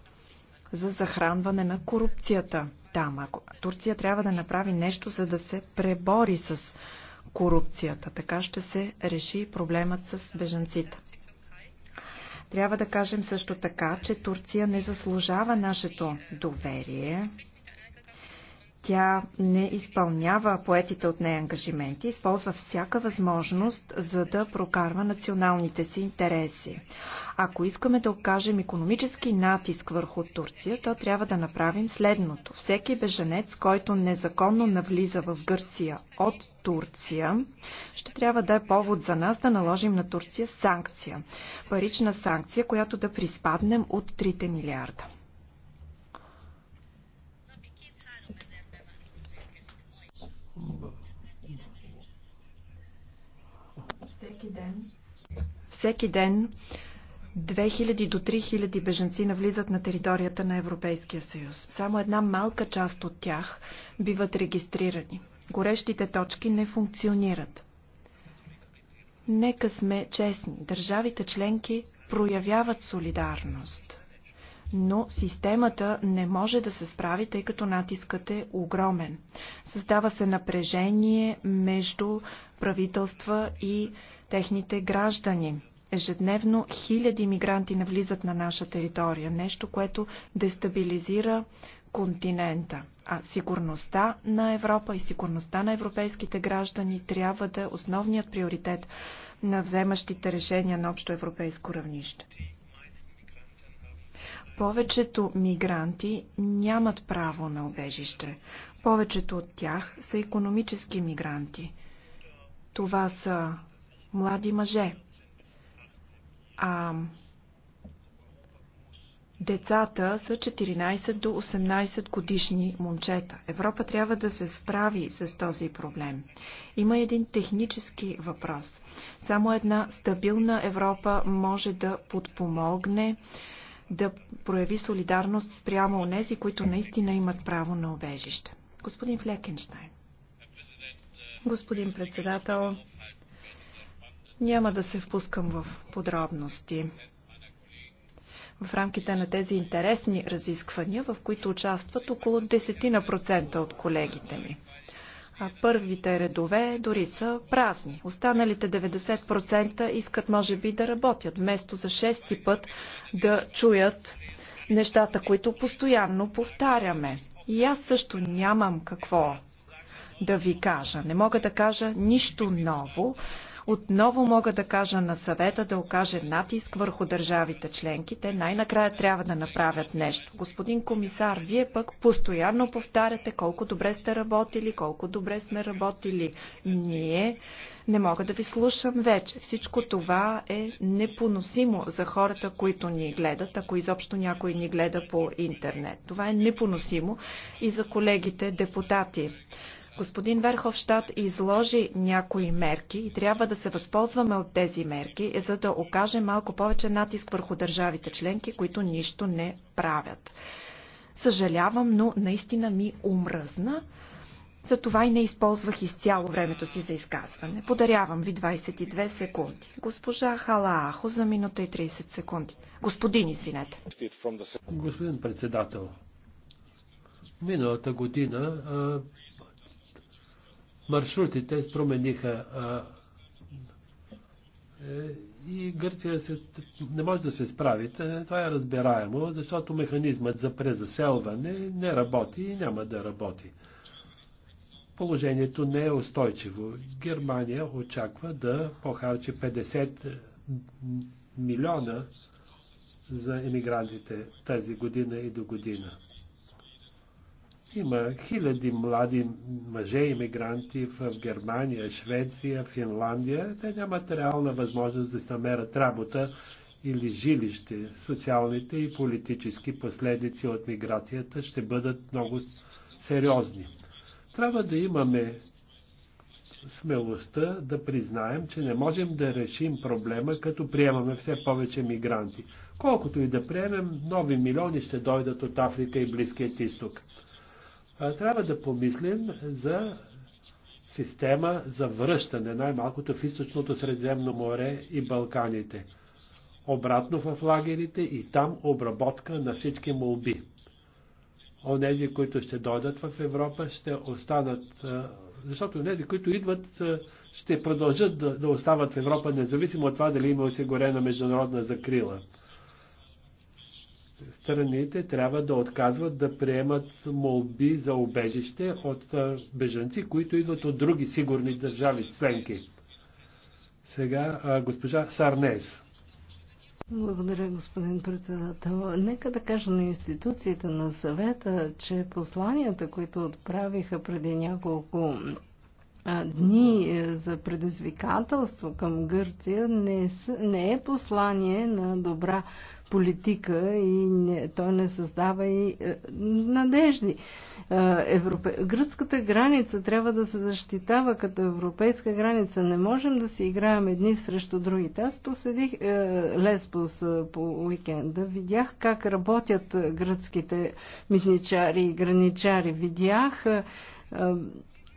за захранване на корупцията там. Ако Турция трябва да направи нещо, за да се пребори с корупцията, така ще се реши проблемът с бежанците. Трябва да кажем също така, че Турция не заслужава нашето доверие тя не изпълнява поетите от нея ангажименти, използва всяка възможност, за да прокарва националните си интереси. Ако искаме да окажем економически натиск върху Турция, то трябва да направим следното. Всеки беженец, който незаконно навлиза в Гърция от Турция, ще трябва да е повод за нас да наложим на Турция санкция. Парична санкция, която да приспаднем от 3 милиарда. Всеки ден. Всеки ден 2000 до 3000 беженци навлизат на територията на Европейския съюз. Само една малка част от тях биват регистрирани. Горещите точки не функционират. Нека сме честни. Държавите членки проявяват солидарност но системата не може да се справи, тъй като натискът е огромен. Създава се напрежение между правителства и техните граждани. Ежедневно хиляди мигранти навлизат на наша територия, нещо, което дестабилизира континента. А сигурността на Европа и сигурността на европейските граждани трябва да е основният приоритет на вземащите решения на общо европейско равнище. Повечето мигранти нямат право на убежище. Повечето от тях са економически мигранти. Това са млади мъже. А Децата са 14 до 18 годишни момчета. Европа трябва да се справи с този проблем. Има един технически въпрос. Само една стабилна Европа може да подпомогне да прояви солидарност спрямо онези, които наистина имат право на обежище. Господин Флекенштайн. Господин председател, няма да се впускам в подробности. В рамките на тези интересни разисквания, в които участват около 10% от колегите ми а първите редове дори са празни. Останалите 90% искат, може би, да работят, вместо за шести път да чуят нещата, които постоянно повтаряме. И аз също нямам какво да ви кажа. Не мога да кажа нищо ново, отново мога да кажа на съвета да окаже натиск върху държавите членки. Те най-накрая трябва да направят нещо. Господин комисар, вие пък постоянно повтаряте колко добре сте работили, колко добре сме работили ние. Не мога да ви слушам вече. Всичко това е непоносимо за хората, които ни гледат, ако изобщо някой ни гледа по интернет. Това е непоносимо и за колегите депутати. Господин Верховщад изложи някои мерки и трябва да се възползваме от тези мерки, е, за да окаже малко повече натиск върху държавите членки, които нищо не правят. Съжалявам, но наистина ми умръзна. Затова и не използвах изцяло времето си за изказване. Подарявам ви 22 секунди. Госпожа Халаахо за минута и 30 секунди. Господин, извинете. Господин председател, миналата година маршрутите промениха а, е, и Гърция се, не може да се справи. Това е разбираемо, защото механизмът за презаселване не работи и няма да работи. Положението не е устойчиво. Германия очаква да похарчи 50 милиона за емигрантите тази година и до година. Има хиляди млади мъже иммигранти в Германия, Швеция, Финландия. Те нямат реална възможност да намерят работа или жилище. Социалните и политически последици от миграцията ще бъдат много сериозни. Трябва да имаме смелостта да признаем, че не можем да решим проблема, като приемаме все повече мигранти. Колкото и да приемем, нови милиони ще дойдат от Африка и Близкият изток трябва да помислим за система за връщане, най-малкото в източното Средземно море и Балканите. Обратно в лагерите и там обработка на всички молби. Онези, които ще дойдат в Европа, ще останат, защото онези, които идват, ще продължат да, да остават в Европа, независимо от това дали има осигурена международна закрила страните трябва да отказват да приемат молби за обежище от бежанци, които идват от други сигурни държави членки. Сега госпожа Сарнес. Благодаря, господин председател. Нека да кажа на институциите на съвета, че посланията, които отправиха преди няколко дни е, за предизвикателство към Гърция не е послание на добра политика и не, той не създава и е, надежди. Е, европе... Гръцката граница трябва да се защитава като европейска граница. Не можем да си играем едни срещу другите. Аз поседих е, Леспос е, по уикенда, видях как работят гръцките митничари и граничари, видях е, е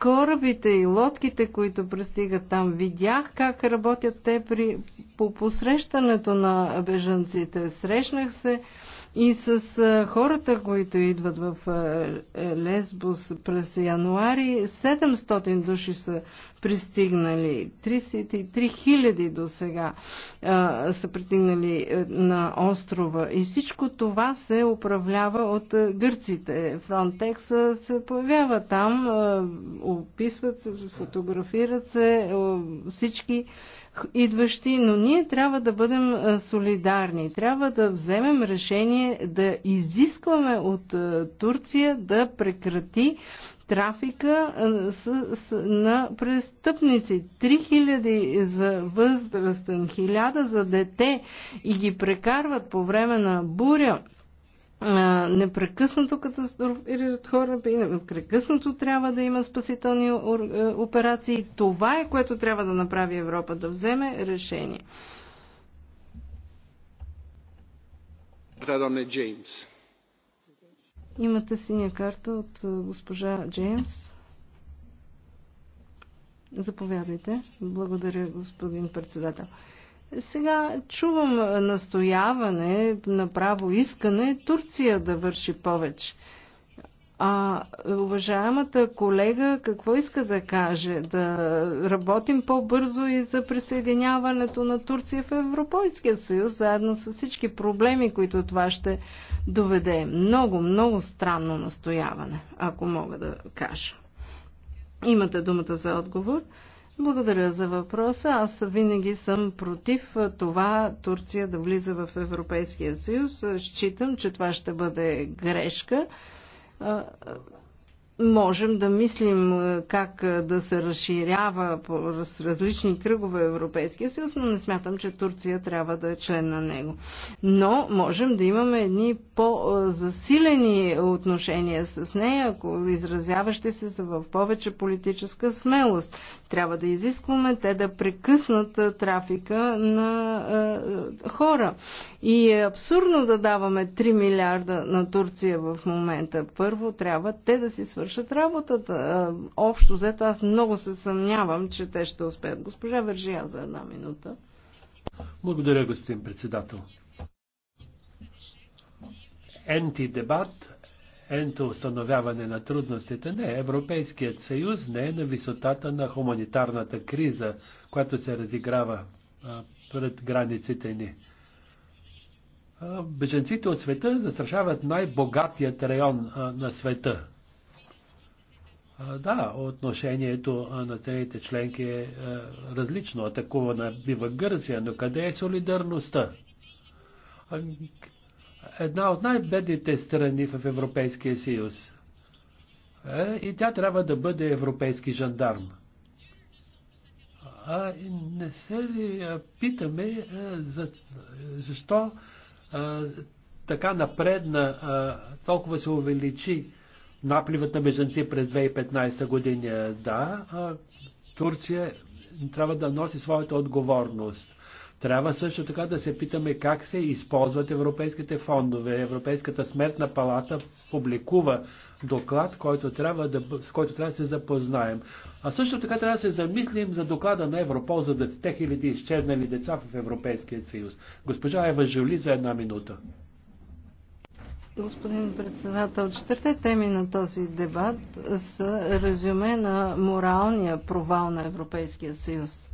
корабите и лодките, които пристигат там. Видях как работят те при, по посрещането на бежанците. Срещнах се и с хората, които идват в е, Лесбос през януари. 700 души са пристигнали, 33 хиляди до сега са пристигнали е, на острова и всичко това се управлява от е, гърците. Фронтекс се появява там, описват се, фотографират се всички идващи, но ние трябва да бъдем солидарни. Трябва да вземем решение да изискваме от Турция да прекрати трафика с, с, на престъпници. 3000 за възрастен, 1000 за дете и ги прекарват по време на буря непрекъснато катастрофират хора, непрекъснато трябва да има спасителни е, операции. Това е което трябва да направи Европа, да вземе решение. Джеймс. Имате синя карта от е, госпожа Джеймс. Заповядайте. Благодаря, господин председател. Сега чувам настояване, направо искане Турция да върши повече. А уважаемата колега какво иска да каже? Да работим по-бързо и за присъединяването на Турция в Европейския съюз, заедно с всички проблеми, които това ще доведе. Много, много странно настояване, ако мога да кажа. Имате думата за отговор. Благодаря за въпроса. Аз винаги съм против това Турция да влиза в Европейския съюз. Считам, че това ще бъде грешка можем да мислим е, как е, да се разширява по различни кръгове Европейския съюз, но не смятам, че Турция трябва да е член на него. Но можем да имаме едни по-засилени отношения с нея, ако изразяващи се в повече политическа смелост. Трябва да изискваме те да прекъснат е, трафика на хора. И е абсурдно да даваме 3 милиарда на Турция в момента. Първо трябва те да си свършат свършат работата. Общо взето аз много се съмнявам, че те ще успеят. Госпожа Вържия за една минута. Благодаря, господин председател. Енти дебат, енто установяване на трудностите. Не, Европейският съюз не е на висотата на хуманитарната криза, която се разиграва а, пред границите ни. Беженците от света застрашават най-богатият район а, на света. Да, отношението на страните членки е, е различно. Атакувана бива Гърция, но къде е солидарността? Една от най-бедните страни в Европейския съюз. Е, и тя трябва да бъде европейски жандарм. А не се ли питаме е, за, защо а, така напредна, толкова се увеличи напливът на бежанци през 2015 година. Да, Турция трябва да носи своята отговорност. Трябва също така да се питаме как се използват европейските фондове. Европейската смертна палата публикува доклад, който трябва да, с който трябва да се запознаем. А също така трябва да се замислим за доклада на Европол за 10 000 изчезнали деца в Европейския съюз. Госпожа Ева Жули за една минута. Господин председател, четирите теми на този дебат са резюме на моралния провал на Европейския съюз.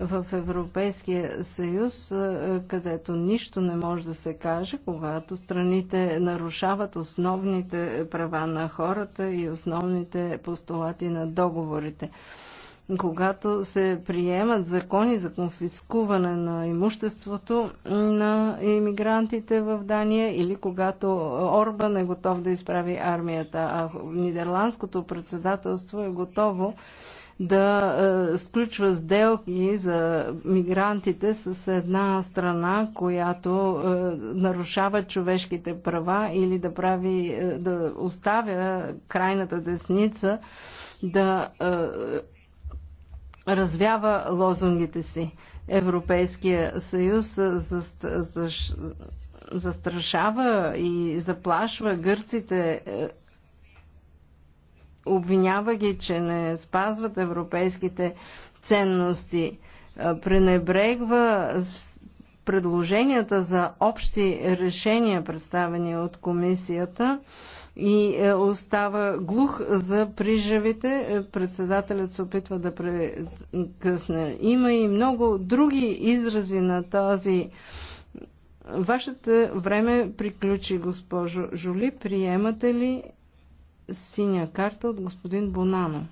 В Европейския съюз, е, където нищо не може да се каже, когато страните нарушават основните права на хората и основните постулати на договорите когато се приемат закони за конфискуване на имуществото на иммигрантите в Дания или когато Орбан е готов да изправи армията, а нидерландското председателство е готово да е, сключва сделки за мигрантите с една страна, която е, нарушава човешките права или да прави, е, да оставя крайната десница да развява лозунгите си. Европейския съюз застрашава и заплашва гърците, е, обвинява ги, че не спазват европейските ценности, е, пренебрегва предложенията за общи решения, представени от комисията, и е, остава глух за прижавите. Е, председателят се опитва да прекъсне. Има и много други изрази на този. Вашето време приключи, госпожо Жули. Приемате ли синя карта от господин Бонано?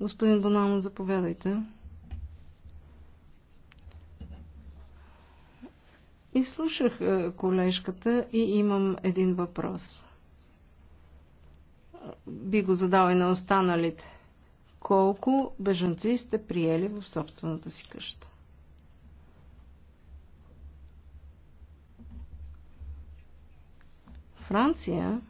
Господин Бонано, заповядайте. И слушах е, колежката и имам един въпрос. Би го задал и на останалите. Колко бежанци сте приели в собствената си къща? Франция,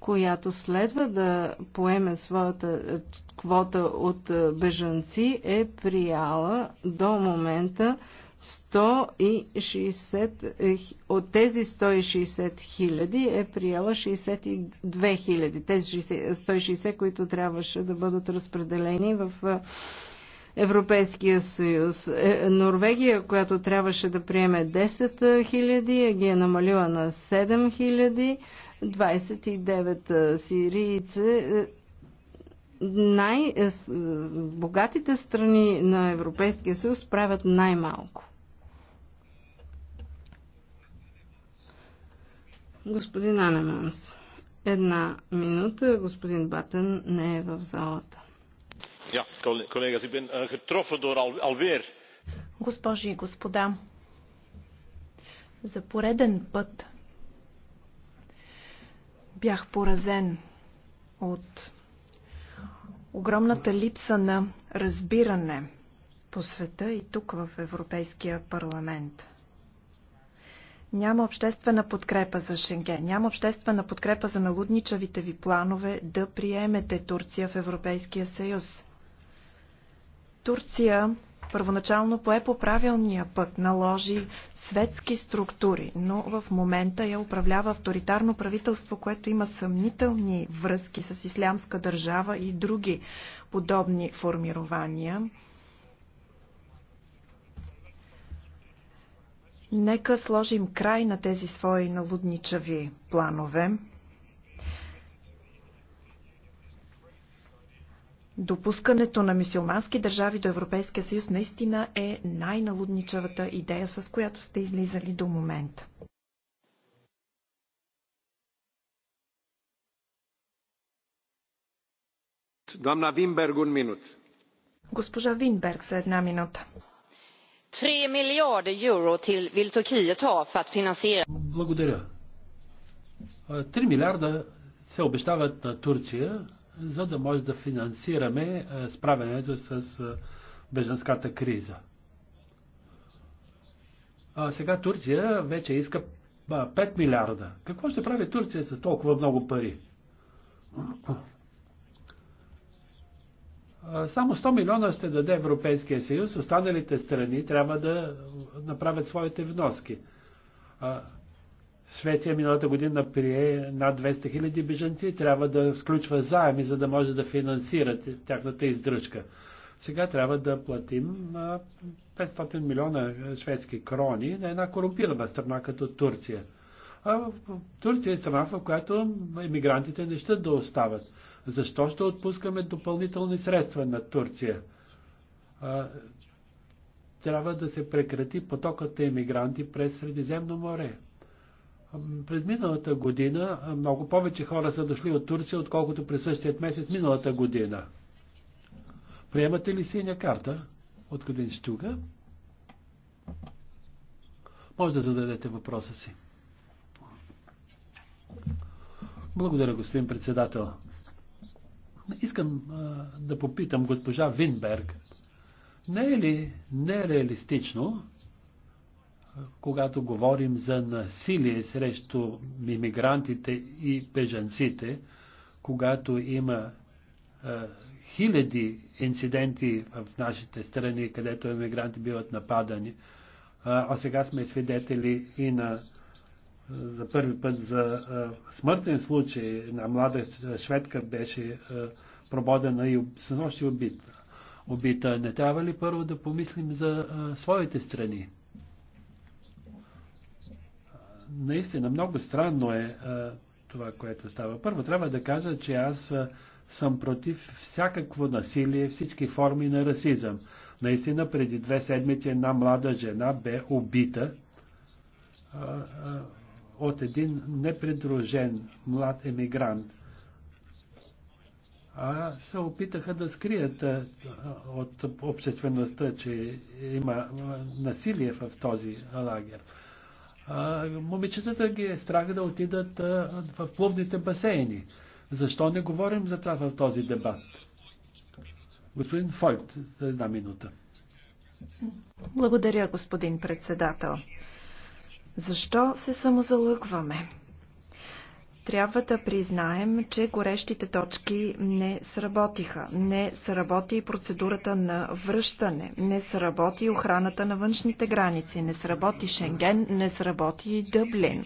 която следва да поеме своята е, квота от е, бежанци, е прияла до момента 160, от тези 160 хиляди е приела 62 хиляди. Тези 160, които трябваше да бъдат разпределени в Европейския съюз. Е, Норвегия, която трябваше да приеме 10 хиляди, ги е намалила на 7 хиляди. 29 сирийци е, най-богатите страни на Европейския съюз правят най-малко. Господин Анеманс, една минута. Господин Батен не е в залата. Ja, collega's, ik ben uh, getroffen door al, alweer. Госпожи и господа, за пореден път бях поразен от огромната липса на разбиране по света и тук в Европейския парламент. Няма обществена подкрепа за Шенген, няма обществена подкрепа за налудничавите ви планове да приемете Турция в Европейския съюз. Турция първоначално пое по правилния път, наложи светски структури, но в момента я управлява авторитарно правителство, което има съмнителни връзки с ислямска държава и други подобни формирования. Нека сложим край на тези свои налудничави планове. Допускането на мисиомански държави до Европейския съюз наистина е най-налудничавата идея, с която сте излизали до момента. Doamna Винберг, un минут. Госпожа Винберг за една минута. 3 милиарда евро till vill Turkiet ha för att finansiera... Благодаря. 3 милиарда се обещават на Турция за да може да финансираме е, справянето с е, беженската криза. А сега Турция вече иска 5 милиарда. Какво ще прави Турция с толкова много пари? Само 100 милиона ще даде Европейския съюз, останалите страни трябва да направят своите вноски. Швеция миналата година прие над 200 хиляди бежанци, трябва да включва заеми, за да може да финансират тяхната издръжка. Сега трябва да платим 500 милиона шведски крони на една корумпирана страна като Турция. А Турция е страна, в която емигрантите не ще да остават. Защо ще отпускаме допълнителни средства на Турция? А, трябва да се прекрати потокът на емигранти през Средиземно море. През миналата година много повече хора са дошли от Турция, отколкото през същият месец миналата година. Приемате ли синя карта от Кадин Штуга? Може да зададете въпроса си. Благодаря, господин председател. Искам а, да попитам госпожа Винберг. Не е ли нереалистично когато говорим за насилие срещу иммигрантите и бежанците, когато има а, хиляди инциденти в нашите страни, където иммигранти биват нападани, а, а сега сме свидетели и на за първи път за а, смъртен случай на млада шведка беше а, прободена и с нощи убита. убита. Не трябва ли първо да помислим за а, своите страни? наистина много странно е а, това, което става. Първо трябва да кажа, че аз а, съм против всякакво насилие, всички форми на расизъм. Наистина преди две седмици една млада жена бе убита а, а, от един непредружен млад емигрант. А се опитаха да скрият а, от обществеността, че има насилие в този лагер момичетата ги е страх да отидат в плувните басейни. Защо не говорим за това в този дебат? Господин Фойт, за една минута. Благодаря, господин председател. Защо се самозалъгваме? Трябва да признаем, че горещите точки не сработиха. Не сработи и процедурата на връщане. Не сработи охраната на външните граници. Не сработи Шенген. Не сработи и Дъблин.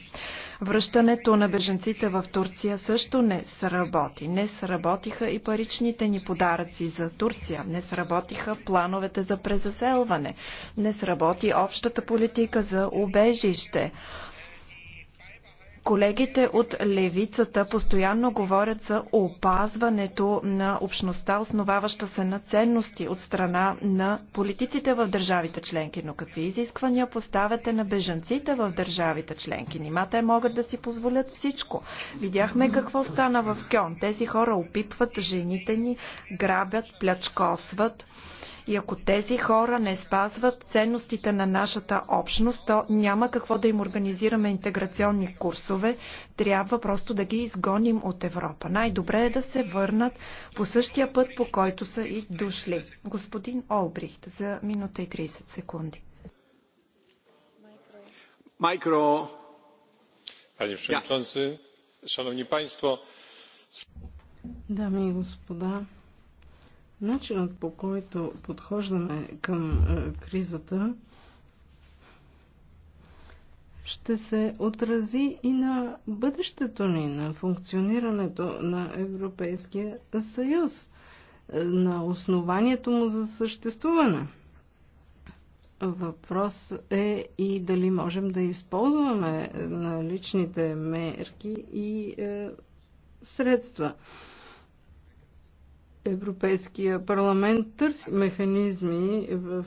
Връщането на беженците в Турция също не сработи. Не сработиха и паричните ни подаръци за Турция. Не сработиха плановете за презаселване. Не сработи общата политика за убежище. Колегите от левицата постоянно говорят за опазването на общността, основаваща се на ценности от страна на политиците в държавите членки. Но какви изисквания поставяте на бежанците в държавите членки? Нима те могат да си позволят всичко. Видяхме какво стана в Кьон. Тези хора опипват жените ни, грабят, плячкосват. И ако тези хора не спазват ценностите на нашата общност, то няма какво да им организираме интеграционни курсове. Трябва просто да ги изгоним от Европа. Най-добре е да се върнат по същия път, по който са и дошли. Господин Олбрихт, за минута и 30 секунди. Майкро. Пани Przewodniczący, шановни Państwo. Дами и господа, Начинът по който подхождаме към е, кризата ще се отрази и на бъдещето ни, на функционирането на Европейския съюз, е, на основанието му за съществуване. Въпрос е и дали можем да използваме наличните мерки и е, средства. Европейския парламент търси механизми в,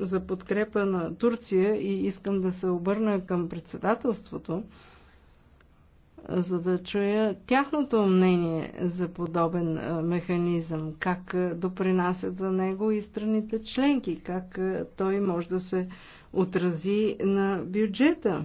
за подкрепа на Турция и искам да се обърна към председателството, за да чуя тяхното мнение за подобен механизъм, как допринасят за него и страните членки, как той може да се отрази на бюджета.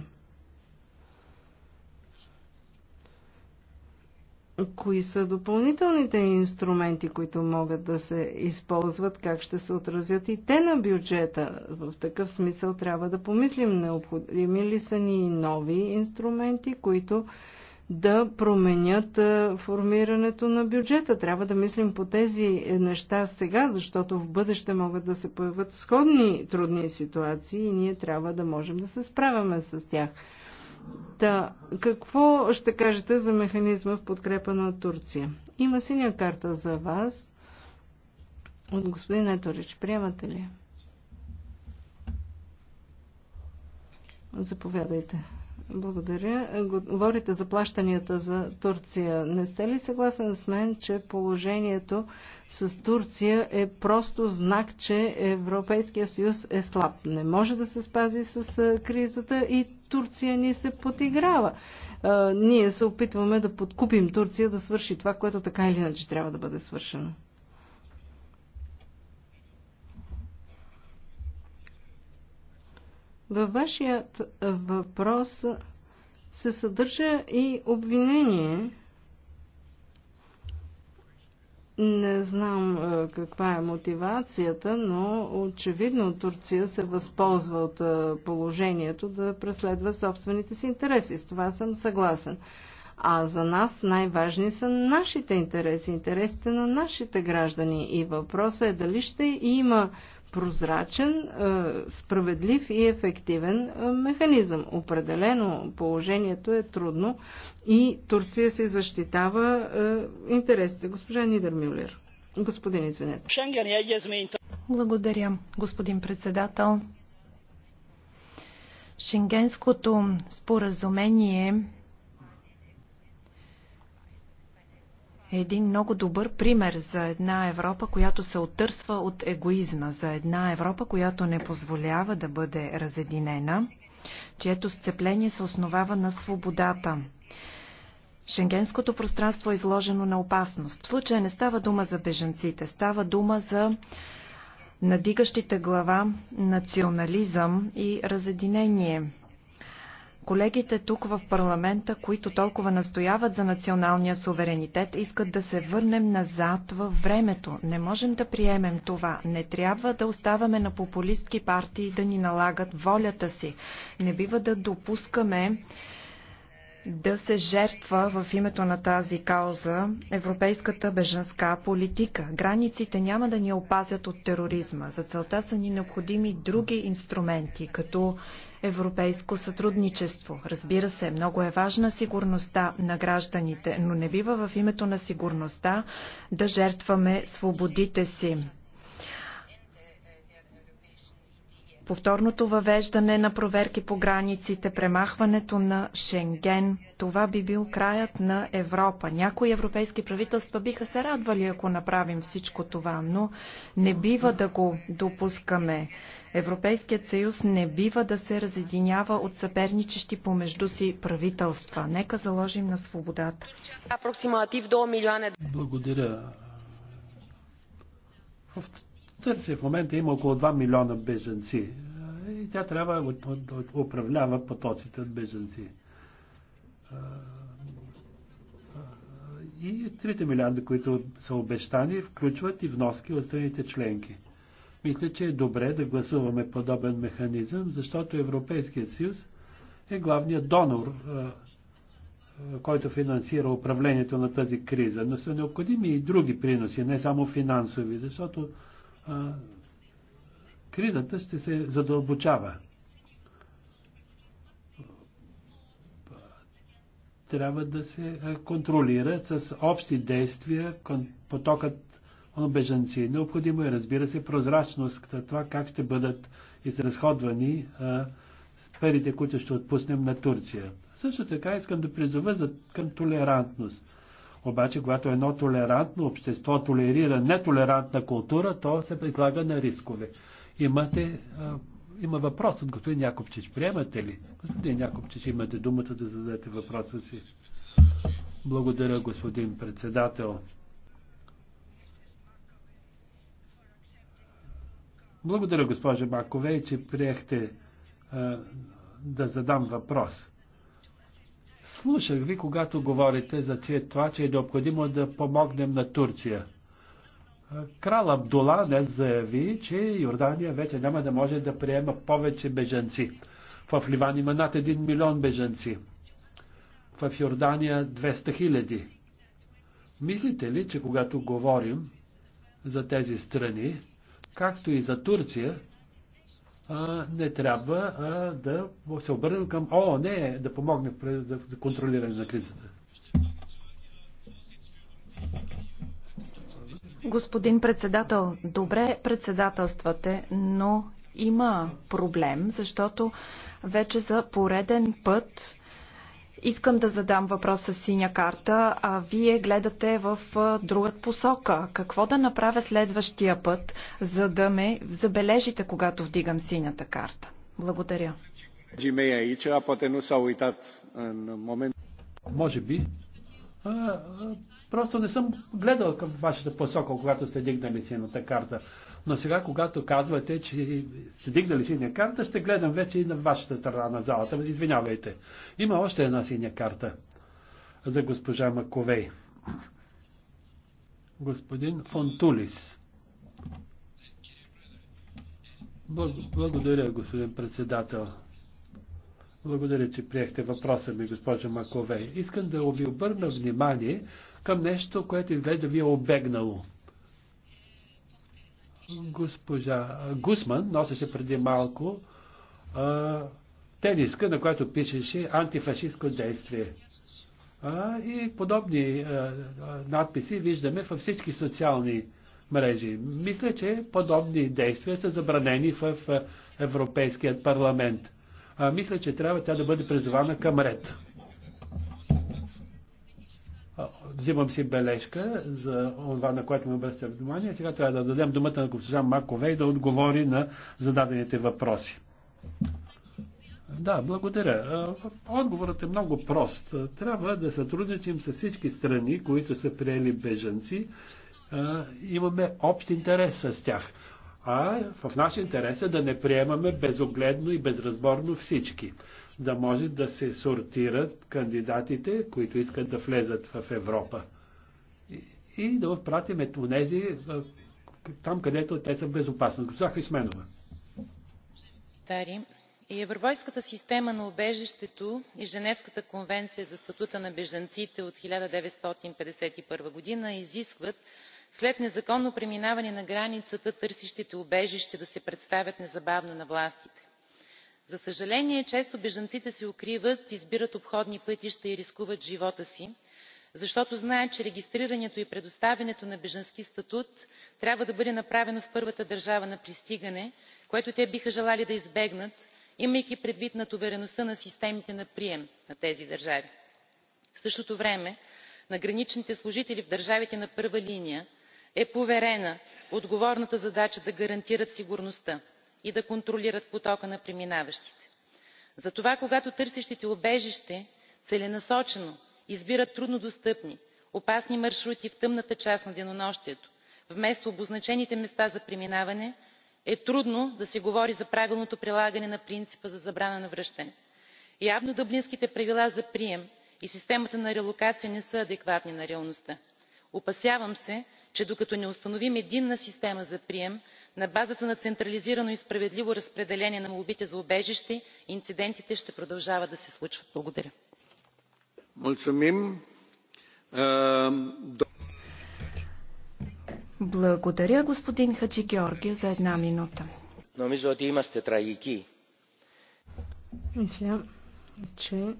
кои са допълнителните инструменти, които могат да се използват, как ще се отразят и те на бюджета. В такъв смисъл трябва да помислим, необходими ли са ни нови инструменти, които да променят формирането на бюджета. Трябва да мислим по тези е, неща сега, защото в бъдеще могат да се появят сходни трудни ситуации и ние трябва да можем да се справяме с тях. Да, какво ще кажете за механизма в подкрепа на Турция? Има синя карта за вас от господин Еторич. Приемате ли? Заповядайте. Благодаря. Говорите за плащанията за Турция. Не сте ли съгласен с мен, че положението с Турция е просто знак, че Европейския съюз е слаб? Не може да се спази с кризата и Турция ни се подиграва. Ние се опитваме да подкупим Турция да свърши това, което така или иначе трябва да бъде свършено. Във вашият въпрос се съдържа и обвинение. Не знам е, каква е мотивацията, но очевидно Турция се възползва от е, положението да преследва собствените си интереси. С това съм съгласен. А за нас най-важни са нашите интереси, интересите на нашите граждани. И въпросът е дали ще има прозрачен, е, справедлив и ефективен е, механизъм. Определено положението е трудно и Турция се защитава е, интересите. Госпожа Нидермюлер. Господин, извинете. Благодаря, господин председател. Шенгенското споразумение е един много добър пример за една Европа, която се оттърсва от егоизма, за една Европа, която не позволява да бъде разединена, чието сцепление се основава на свободата. Шенгенското пространство е изложено на опасност. В случая не става дума за бежанците, става дума за надигащите глава национализъм и разединение – Колегите тук в парламента, които толкова настояват за националния суверенитет, искат да се върнем назад във времето. Не можем да приемем това. Не трябва да оставаме на популистки партии да ни налагат волята си. Не бива да допускаме да се жертва в името на тази кауза европейската беженска политика. Границите няма да ни опазят от тероризма. За целта са ни необходими други инструменти, като европейско сътрудничество. Разбира се, много е важна сигурността на гражданите, но не бива в името на сигурността да жертваме свободите си. повторното въвеждане на проверки по границите, премахването на Шенген. Това би бил краят на Европа. Някои европейски правителства биха се радвали, ако направим всичко това, но не бива да го допускаме. Европейският съюз не бива да се разединява от съперничещи помежду си правителства. Нека заложим на свободата. Благодаря. В Търция в момента има около 2 милиона беженци. И тя трябва да управлява потоците от беженци. И 3 милиарда, които са обещани, включват и вноски от страните членки. Мисля, че е добре да гласуваме подобен механизъм, защото Европейският съюз е главният донор, който финансира управлението на тази криза. Но са необходими и други приноси, не само финансови, защото а, кризата ще се задълбочава. Трябва да се контролират с общи действия потокът бежанци. Необходимо е, разбира се, прозрачност за това как ще бъдат изразходвани а, парите, които ще отпуснем на Турция. Също така искам да призова за, към толерантност. Обаче, когато едно толерантно общество толерира нетолерантна култура, то се излага на рискове. Имате, а, има въпрос от господин Якобчич. Приемате ли? Господин Якобчич, имате думата да зададете въпроса си. Благодаря, господин председател. Благодаря, госпожа Макове, че приехте а, да задам въпрос. Слушах ви, когато говорите за това, че е необходимо да помогнем на Турция. Крал Абдула не заяви, че Йордания вече няма да може да приема повече бежанци. В Ливан има над 1 милион бежанци. В Йордания 200 хиляди. Мислите ли, че когато говорим за тези страни, както и за Турция, не трябва да се обърнем към не, да помогне за контролиране на кризата. Господин председател, добре председателствате, но има проблем, защото вече за пореден път Искам да задам въпрос с синя карта, а вие гледате в друга посока. Какво да направя следващия път, за да ме забележите, когато вдигам синята карта? Благодаря. Може би. А, а, просто не съм гледал към вашата посока, когато сте дигнали синята карта. Но сега, когато казвате, че сте дигнали синя карта, ще гледам вече и на вашата страна на залата. Извинявайте. Има още една синя карта за госпожа Маковей. Господин Фонтулис. Благодаря, господин председател. Благодаря, че приехте въпроса ми, госпожа Маковей. Искам да ви обърна внимание към нещо, което изглежда ви е обегнало госпожа Гусман носеше преди малко а, тениска, на която пишеше антифашистско действие. А, и подобни а, надписи виждаме във всички социални мрежи. Мисля, че подобни действия са забранени в Европейският парламент. А, мисля, че трябва тя да бъде призована към ред. Взимам си бележка за това, на което ме обръща внимание. Сега трябва да дадем думата на госпожа Макове и да отговори на зададените въпроси. Да, благодаря. Отговорът е много прост. Трябва да сътрудничим с всички страни, които са приели бежанци. Имаме общ интерес с тях. А в наш интерес е да не приемаме безогледно и безразборно всички да може да се сортират кандидатите, които искат да влезат в Европа. И, и да отпратим тези е, там, където те са в Госпожа Хрисменова. Тари, и Европейската система на убежището и Женевската конвенция за статута на бежанците от 1951 година изискват след незаконно преминаване на границата търсещите убежище да се представят незабавно на властите за съжаление често бежанците се укриват избират обходни пътища и рискуват живота си защото знаят че регистрирането и предоставянето на бежански статут трябва да бъде направено в първата държава на пристигане което те биха желали да избегнат имайки предвид натовареността на системите на прием на тези държави. в същото време на граничните служители в държавите на първа линия е поверена отговорната задача да гарантират сигурността и да контролират потока на преминаващите. затова когато търсещите убежище целенасочено избират труднодостъпни опасни маршрути в тъмната част на денонощието вместо обозначените места за преминаване е трудно да се говори за правилното прилагане на принципа за забрана на връщане. явно дъблинските правила за прием и системата на релокация не са адекватни на реалността. опасявам се че докато не установим единна система за прием на базата на централизирано и справедливо разпределение на молбите за убежище инцидентите ще продължават да се случват. благодаря. Е, благодаря, господин Хаджигеоргиев, за една минута. Мисля, че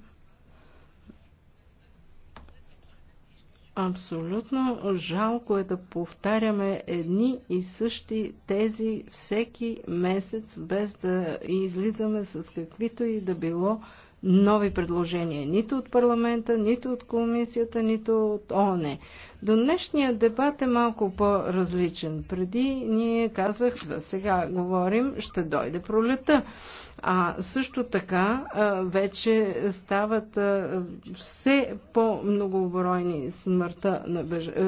Абсолютно жалко е да повтаряме едни и същи тези всеки месец, без да излизаме с каквито и да било нови предложения нито от парламента, нито от комисията, нито от ООН. До днешния дебат е малко по-различен. Преди ние казвах, сега говорим, ще дойде пролета. А също така вече стават все по-многобройни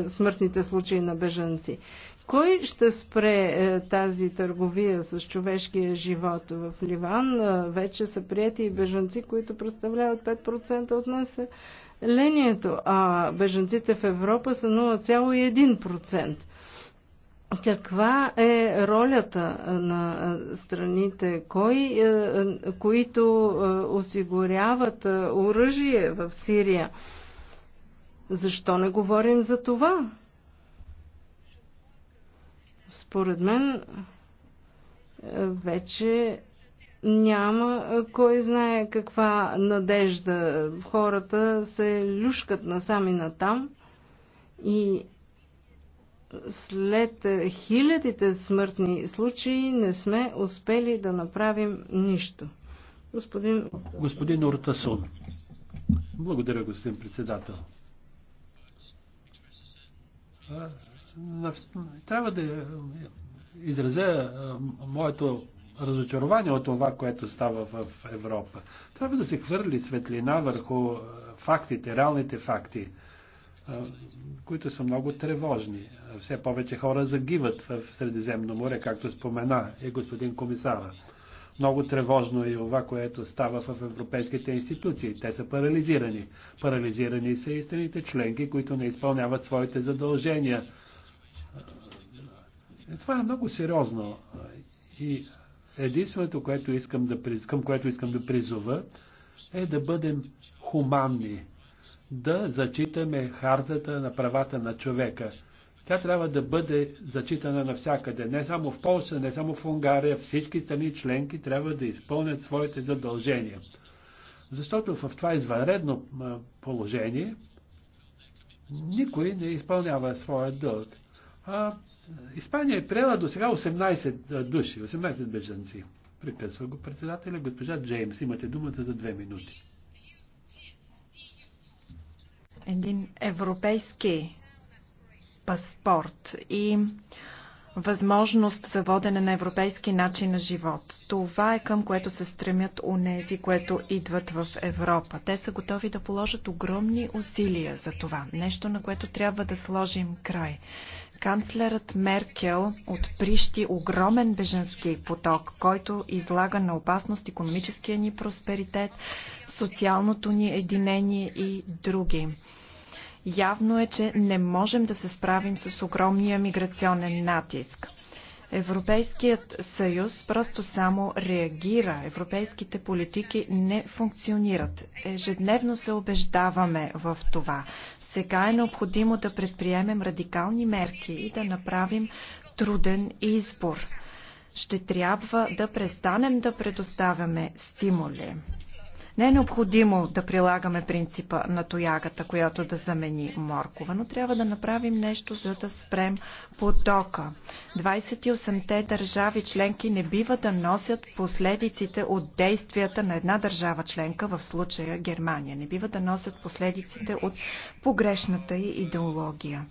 смъртните случаи на бежанци. Кой ще спре е, тази търговия с човешкия живот в Ливан? Е, вече са прияти и бежанци, които представляват 5% от населението, а бежанците в Европа са 0,1%. Каква е ролята е, на страните, кой, които осигуряват оръжие в Сирия? Защо не говорим за това? Според мен е, вече няма е, кой знае каква надежда. Хората се люшкат насам и натам и след е, хилядите смъртни случаи не сме успели да направим нищо. Господин, господин Ортасон. Благодаря, господин председател трябва да изразя моето разочарование от това, което става в Европа. Трябва да се хвърли светлина върху фактите, реалните факти, които са много тревожни. Все повече хора загиват в Средиземно море, както спомена и господин комисара. Много тревожно е и това, което става в европейските институции. Те са парализирани. Парализирани са и страните членки, които не изпълняват своите задължения това е много сериозно. И единственото, което искам да, към което искам да призова, е да бъдем хуманни, да зачитаме хартата на правата на човека. Тя трябва да бъде зачитана навсякъде, не само в Польша, не само в Унгария, всички страни членки трябва да изпълнят своите задължения. Защото в това извънредно положение никой не изпълнява своя дълг. А, Испания е приела до сега 18 души, 18 бежанци. Прекъсва го председателя. Госпожа Джеймс, имате думата за две минути. Един европейски паспорт и възможност за водене на европейски начин на живот. Това е към което се стремят унези, което идват в Европа. Те са готови да положат огромни усилия за това. Нещо, на което трябва да сложим край. Канцлерът Меркел отприщи огромен беженски поток, който излага на опасност економическия ни просперитет, социалното ни единение и други. Явно е, че не можем да се справим с огромния миграционен натиск. Европейският съюз просто само реагира. Европейските политики не функционират. Ежедневно се убеждаваме в това. Сега е необходимо да предприемем радикални мерки и да направим труден избор. Ще трябва да престанем да предоставяме стимули. Не е необходимо да прилагаме принципа на тоягата, която да замени моркова, но трябва да направим нещо, за да спрем потока. 28-те държави членки не бива да носят последиците от действията на една държава членка, в случая Германия. Не бива да носят последиците от погрешната и идеология.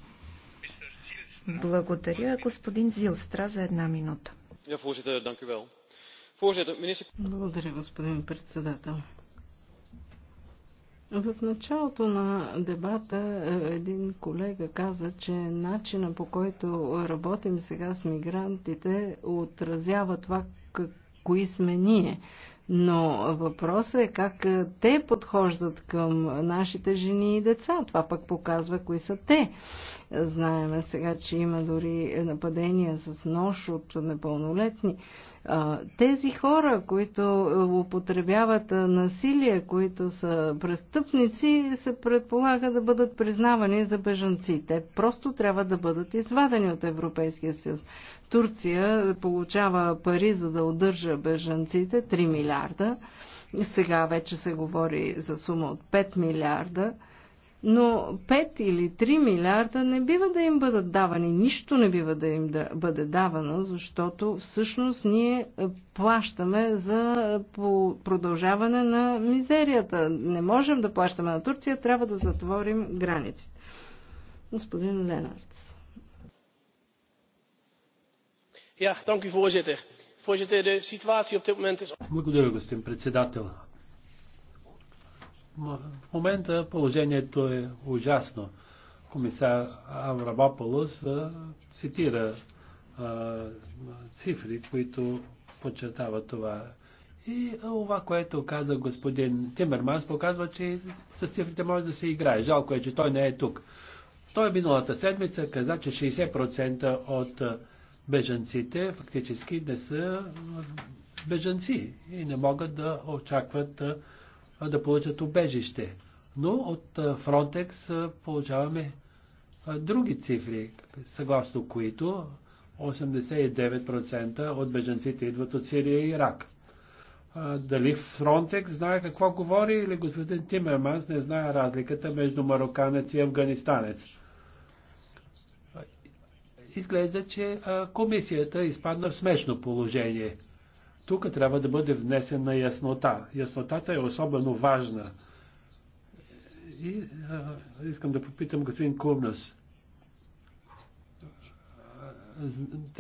Благодаря, господин Зилстра, за една минута. Благодаря, господин председател. В началото на дебата е, един колега каза, че начина по който работим сега с мигрантите отразява това, кои сме ние. Но въпросът е как е, те подхождат към нашите жени и деца. Това пък показва кои са те. Знаеме сега, че има дори нападения с нож от непълнолетни. Тези хора, които е, употребяват е, насилие, които са престъпници, се предполага да бъдат признавани за бежанци. Те просто трябва да бъдат извадени от Европейския съюз. Турция получава пари за да удържа бежанците 3 милиарда. Сега вече се говори за сума от 5 милиарда но 5 или 3 милиарда не бива да им бъдат давани, нищо не бива да им да бъде давано, защото всъщност ние е, плащаме за е, продължаване на мизерията. Не можем да плащаме на Турция, трябва да затворим границите. Господин Ленарц. voorzitter. Voorzitter, de situatie op dit moment is... Благодаря, господин председател. В момента положението е ужасно. Комисар Аврабополос цитира а, цифри, които подчертават това. И това, което каза господин Тимерманс, показва, че с цифрите може да се играе. Жалко е, че той не е тук. Той миналата седмица каза, че 60% от бежанците фактически не са бежанци и не могат да очакват да получат убежище. Но от Фронтекс получаваме други цифри, съгласно които 89% от беженците идват от Сирия и Ирак. Дали Фронтекс знае какво говори или господин Тимерманс не знае разликата между мароканец и афганистанец? Изглежда, че комисията изпадна в смешно положение – тук трябва да бъде внесена яснота. Яснотата е особено важна. И а, искам да попитам господин Курнас.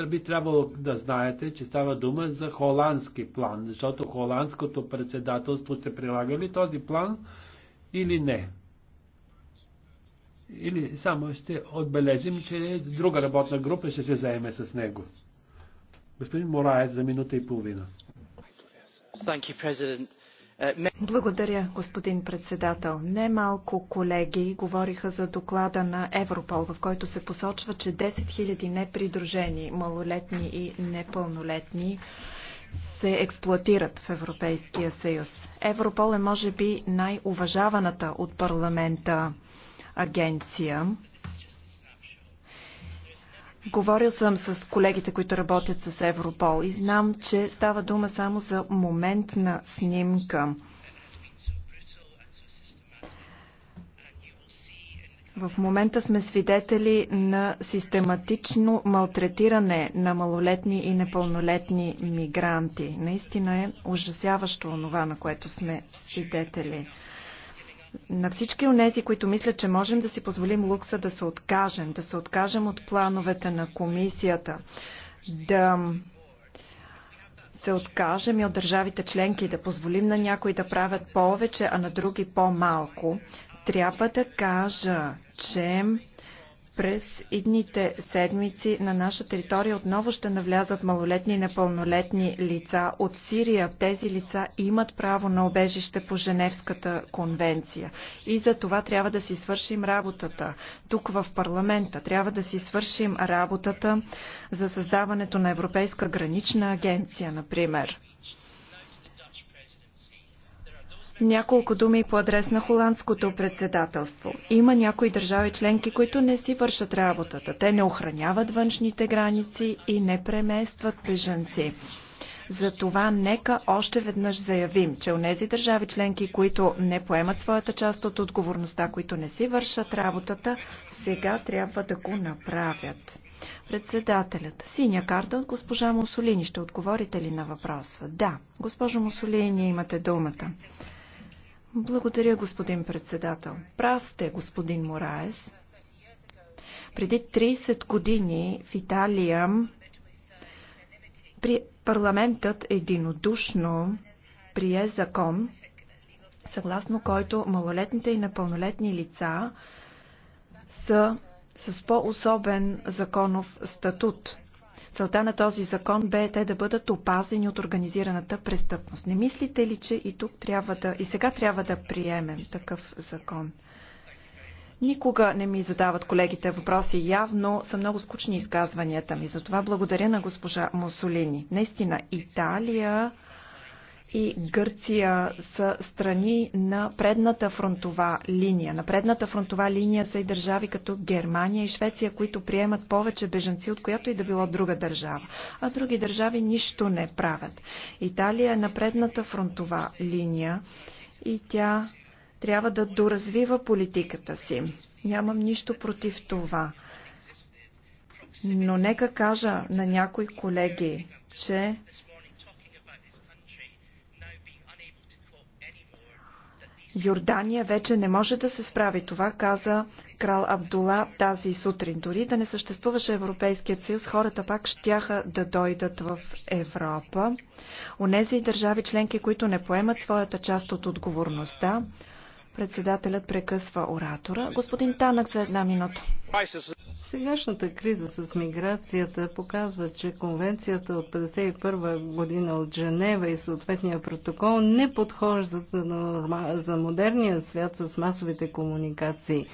Би трябвало да знаете, че става дума за холандски план, защото холандското председателство ще прилага ли този план или не. Или само ще отбележим, че друга работна група ще се заеме с него. Господин за минута и половина. Uh, Благодаря, господин председател. Немалко колеги говориха за доклада на Европол, в който се посочва, че 10 000 непридружени, малолетни и непълнолетни се експлуатират в Европейския съюз. Европол е може би най-уважаваната от парламента агенция. Говорил съм с колегите, които работят с Европол и знам, че става дума само за моментна снимка. В момента сме свидетели на систематично малтретиране на малолетни и непълнолетни мигранти. Наистина е ужасяващо онова, на което сме свидетели. На всички онези, които мислят, че можем да си позволим лукса да се откажем, да се откажем от плановете на комисията, да се откажем и от държавите членки, да позволим на някои да правят повече, а на други по-малко, трябва да кажа, че през идните седмици на наша територия отново ще навлязат малолетни и непълнолетни лица от Сирия. Тези лица имат право на обежище по Женевската конвенция. И за това трябва да си свършим работата. Тук в парламента трябва да си свършим работата за създаването на Европейска гранична агенция, например. Няколко думи по адрес на холандското председателство. Има някои държави членки, които не си вършат работата. Те не охраняват външните граници и не преместват бежанци. Затова нека още веднъж заявим, че онези държави членки, които не поемат своята част от отговорността, които не си вършат работата, сега трябва да го направят. Председателят. Синя карта от госпожа Мусолини. Ще отговорите ли на въпроса? Да. Госпожо Мусолини, имате думата. Благодаря, господин председател. Прав сте, господин Мораес. Преди 30 години в Италия при парламентът единодушно прие закон, съгласно който малолетните и непълнолетни лица са с по-особен законов статут. Целта на този закон бе те да бъдат опазени от организираната престъпност. Не мислите ли, че и тук трябва да, и сега трябва да приемем такъв закон? Никога не ми задават колегите въпроси. Явно са много скучни изказванията ми. Затова благодаря на госпожа Мусолини. Наистина, Италия и Гърция са страни на предната фронтова линия. На предната фронтова линия са и държави като Германия и Швеция, които приемат повече бежанци, от която и да било друга държава. А други държави нищо не правят. Италия е на предната фронтова линия и тя трябва да доразвива политиката си. Нямам нищо против това. Но нека кажа на някои колеги, че Йордания вече не може да се справи. Това каза крал Абдула тази сутрин. Дори да не съществуваше Европейският съюз, хората пак щяха да дойдат в Европа. Унези държави членки, които не поемат своята част от отговорността, Председателят прекъсва оратора. Господин Танък за една минута. Сегашната криза с миграцията показва, че конвенцията от 1951 година от Женева и съответния протокол не подхождат за модерния свят с масовите комуникации.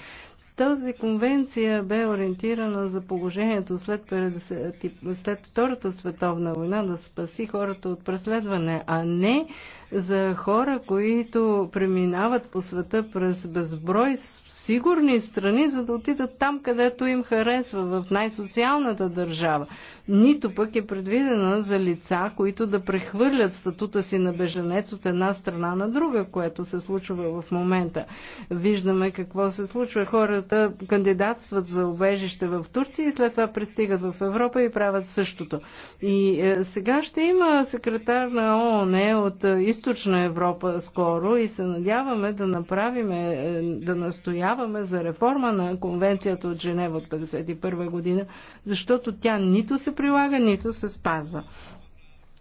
Тази конвенция бе ориентирана за положението след, 50, след Втората световна война да спаси хората от преследване, а не за хора, които преминават по света през безброй сигурни страни, за да отидат там, където им харесва, в най-социалната държава нито пък е предвидена за лица, които да прехвърлят статута си на беженец от една страна на друга, което се случва в момента. Виждаме какво се случва. Хората кандидатстват за обежище в Турция и след това пристигат в Европа и правят същото. И е, сега ще има секретар на ООН от е, източна Европа скоро и се надяваме да направиме, е, да настояваме за реформа на конвенцията от Женева от 1951 година, защото тя нито се прилага, нито се спазва.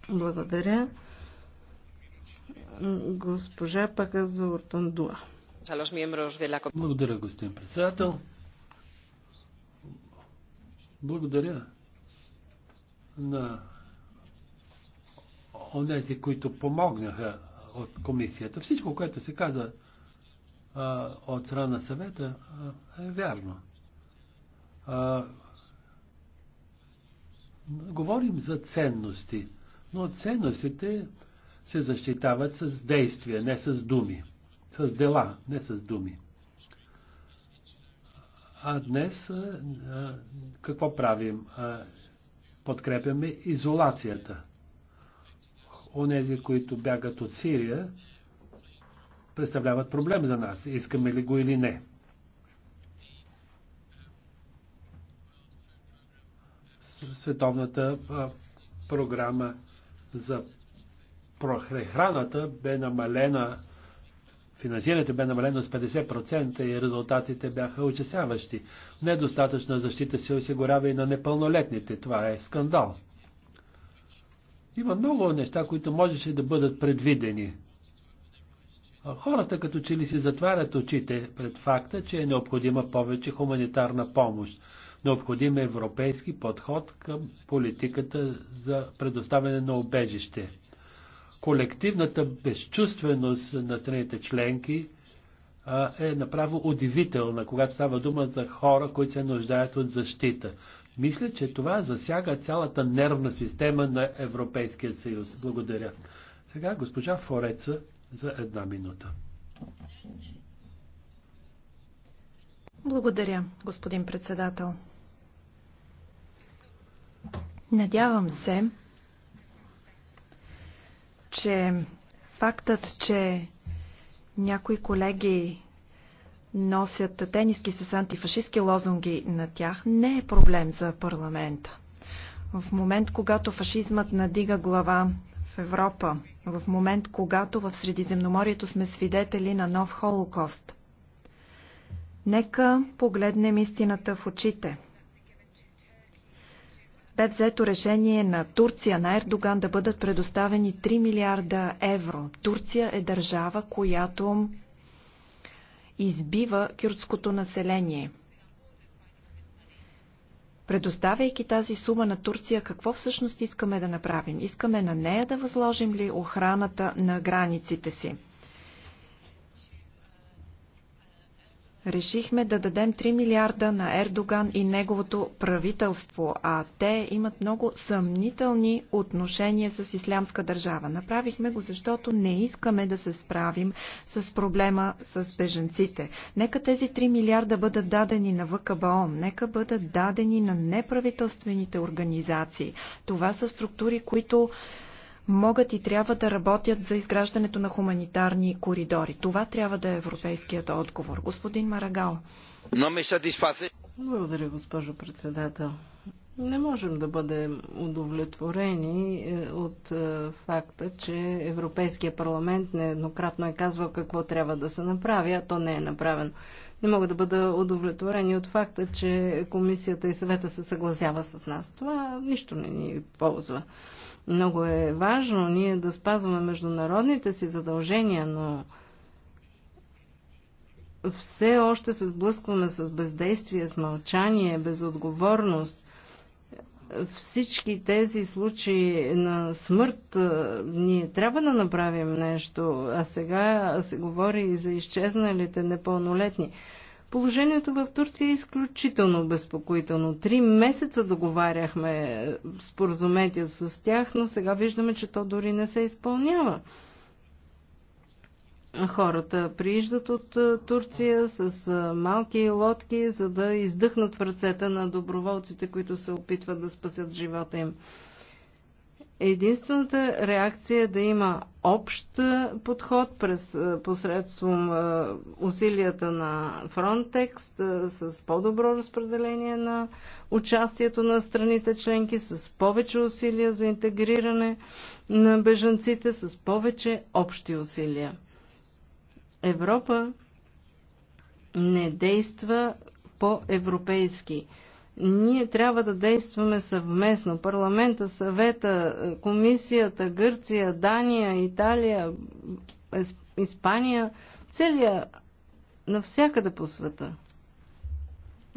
Благодаря. Госпожа Пака за Ортандуа. Благодаря, господин председател. Благодаря на онези, които помогнаха от комисията. Всичко, което се каза а, от страна на съвета, а, е вярно. А, Говорим за ценности, но ценностите се защитават с действия, не с думи. С дела, не с думи. А днес какво правим? Подкрепяме изолацията. Онези, които бягат от Сирия, представляват проблем за нас, искаме ли го или не. световната програма за прехраната бе намалена, финансирането бе намалено с 50% и резултатите бяха учесяващи. Недостатъчна защита се осигурява и на непълнолетните. Това е скандал. Има много неща, които можеше да бъдат предвидени. Хората като че ли си затварят очите пред факта, че е необходима повече хуманитарна помощ. Необходим е европейски подход към политиката за предоставяне на обежище. Колективната безчувственост на страните членки е направо удивителна, когато става дума за хора, които се нуждаят от защита. Мисля, че това засяга цялата нервна система на Европейския съюз. Благодаря. Сега госпожа Фореца за една минута. Благодаря, господин председател. Надявам се, че фактът, че някои колеги носят тениски с антифашистски лозунги на тях, не е проблем за парламента. В момент, когато фашизмът надига глава в Европа, в момент, когато в Средиземноморието сме свидетели на нов холокост, нека погледнем истината в очите – бе взето решение на Турция, на Ердоган да бъдат предоставени 3 милиарда евро. Турция е държава, която избива кюрдското население. Предоставяйки тази сума на Турция, какво всъщност искаме да направим? Искаме на нея да възложим ли охраната на границите си? Решихме да дадем 3 милиарда на Ердоган и неговото правителство, а те имат много съмнителни отношения с ислямска държава. Направихме го, защото не искаме да се справим с проблема с беженците. Нека тези 3 милиарда бъдат дадени на ВКБОМ, нека бъдат дадени на неправителствените организации. Това са структури, които могат и трябва да работят за изграждането на хуманитарни коридори. Това трябва да е европейският отговор. Господин Марагал. Благодаря, госпожо председател. Не можем да бъдем удовлетворени е, от е, факта, че Европейския парламент нееднократно е казвал какво трябва да се направи, а то не е направено. Не мога да бъда удовлетворени от факта, че комисията и съвета се съгласява с нас. Това нищо не ни ползва. Много е важно ние да спазваме международните си задължения, но все още се сблъскваме с бездействие, с мълчание, безотговорност. Всички тези случаи на смърт ние трябва да направим нещо, а сега се говори и за изчезналите непълнолетни. Положението в Турция е изключително безпокоително. Три месеца договаряхме споразумение с тях, но сега виждаме, че то дори не се изпълнява. Хората прииждат от е, Турция с е, малки лодки, за да издъхнат в ръцете на доброволците, които се опитват да спасят живота им. Единствената реакция е да има общ подход през посредством усилията на Frontex с по-добро разпределение на участието на страните членки, с повече усилия за интегриране на бежанците, с повече общи усилия. Европа не действа по-европейски. Ние трябва да действаме съвместно. Парламента, съвета, комисията, Гърция, Дания, Италия, Испания, целия навсякъде по света.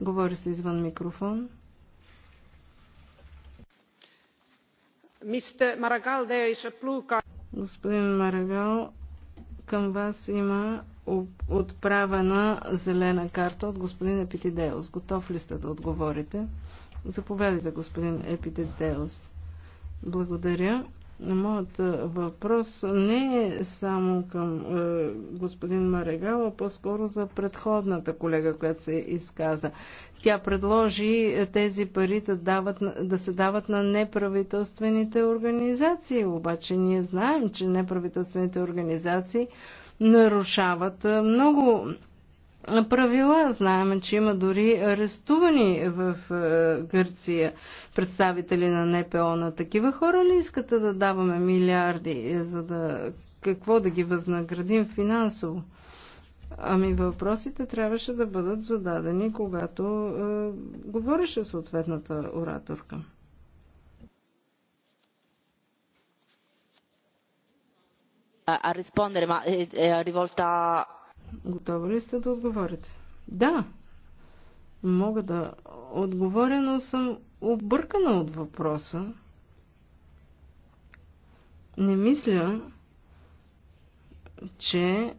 Говори се извън микрофон. Господин Марагал, към вас има отправена зелена карта от господин Епитидеус. Готов ли сте да отговорите? Заповядайте, господин Епитидеус. Благодаря. Моят е, въпрос не е само към е, господин Марегал, а по-скоро за предходната колега, която се изказа. Тя предложи е, тези пари да, дават, да се дават на неправителствените организации, обаче ние знаем, че неправителствените организации нарушават много правила. Знаем, че има дори арестувани в Гърция представители на НПО на такива хора ли искате да даваме милиарди, е, за да какво да ги възнаградим финансово? Ами въпросите трябваше да бъдат зададени, когато е, говореше съответната ораторка. а респондере, ма е, е револта... Готова ли сте да отговорите? Да. Мога да отговоря, но съм объркана от въпроса. Не мисля, че